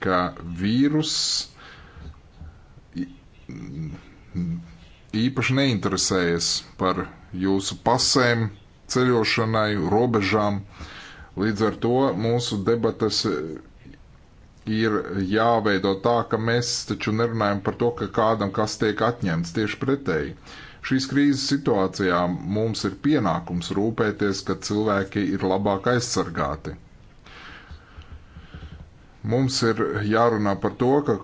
ka vīruss īpaši neinteresējas par jūsu pasēm, ceļošanai, robežām. Līdz ar to mūsu debatas ir jāveido tā, ka mēs taču nerunājam par to, ka kādam kas tiek atņemts tieši pretēji. Šīs krīzes situācijā mums ir pienākums rūpēties, ka cilvēki ir labāk aizsargāti. Mums ir jārunā par to, ka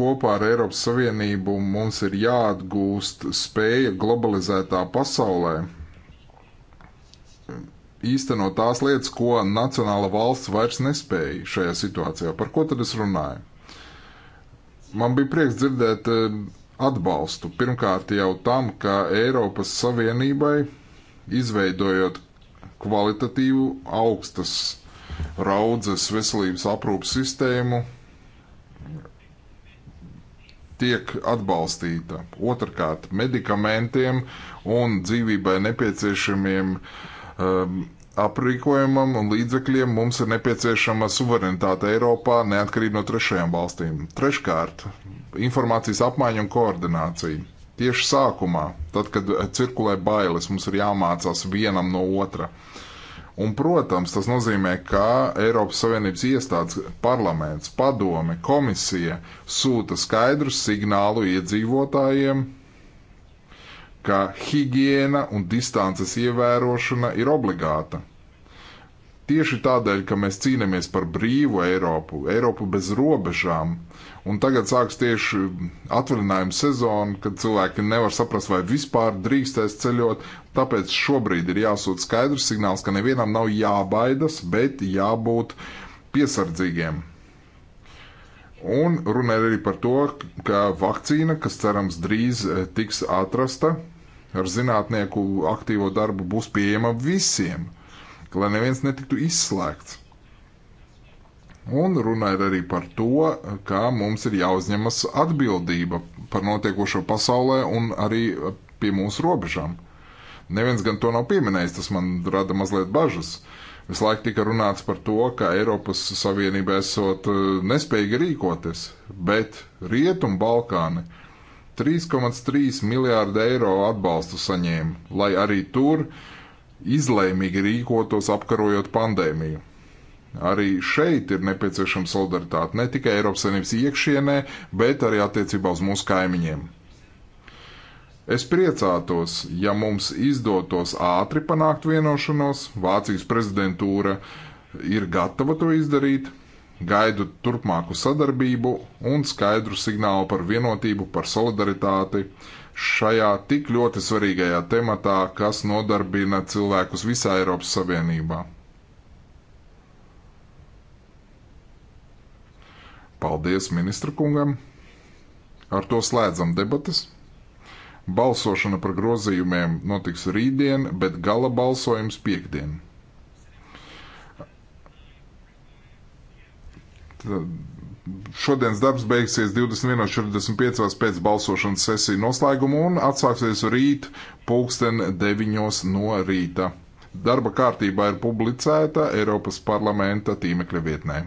kopā ar Eiropas Savienību mums ir jāatgūst spēja globalizētā pasaulē īstenot tās lietas, ko nacionāla valsts vairs nespēja šajā situācijā. Par ko tad es runāju? Man bija prieks dzirdēt eh, atbalstu. Pirmkārt jau tam, ka Eiropas Savienībai izveidojot kvalitatīvu augstas raudzes veselības aprūpas sistēmu tiek atbalstīta. Otrakārt, medikamentiem un dzīvībai nepieciešamiem um, aprīkojumam un līdzekļiem mums ir nepieciešama suverenitāte Eiropā, neatkarīgi no trešajām valstīm. Treškārt, informācijas apmaiņa un koordinācija. Tieši sākumā, tad, kad cirkulē bailes, mums ir jāmācās vienam no otra. Un, protams, tas nozīmē, ka Eiropas Savienības iestādes, parlaments, padome, komisija sūta skaidru signālu iedzīvotājiem, ka higiēna un distances ievērošana ir obligāta. Tieši tādēļ, ka mēs cīnāmies par brīvu Eiropu, Eiropu bez robežām, un tagad sāks tieši atvaļinājuma sezona, kad cilvēki nevar saprast, vai vispār drīkstēs ceļot, tāpēc šobrīd ir jāsūt skaidrs signāls, ka nevienam nav jābaidas, bet jābūt piesardzīgiem. Un runa ir arī par to, ka vakcīna, kas cerams drīz eh, tiks atrasta, ar zinātnieku aktīvo darbu būs pieejama visiem, lai neviens netiktu izslēgts. Un runa ir arī par to, ka mums ir jāuzņemas atbildība par notiekošo pasaulē un arī pie mūsu robežām. Neviens gan to nav pieminējis, tas man rada mazliet bažas. Visu laiku tika runāts par to, ka Eiropas Savienība esot eh, nespējīga rīkoties, bet Rietum Balkāni 3,3 miljārdu eiro atbalstu saņēma, lai arī tur izlēmīgi rīkotos apkarojot pandēmiju. Arī šeit ir nepieciešama solidaritāte ne tikai Eiropas Savienības iekšienē, bet arī attiecībā uz mūsu kaimiņiem. Es priecātos, ja mums izdotos ātri panākt vienošanos, Vācijas prezidentūra ir gatava to izdarīt, Gaidu turpmāku sadarbību un skaidru signālu par vienotību, par solidaritāti šajā tik ļoti svarīgajā tematā, kas nodarbina cilvēkus visā Eiropas Savienībā. Paldies ministra kungam! Ar to slēdzam debatas. Balsošana par grozījumiem notiks rītdien, bet gala balsojums piekdien. Eh, šodienas darbs beigsies 21.45 pēc balsošanas sesiju noslēguma un atsāksies rīt pulksten 9 no rīta. Darba kārtībā ir publicēta Eiropas parlamenta tīmekļa vietnē.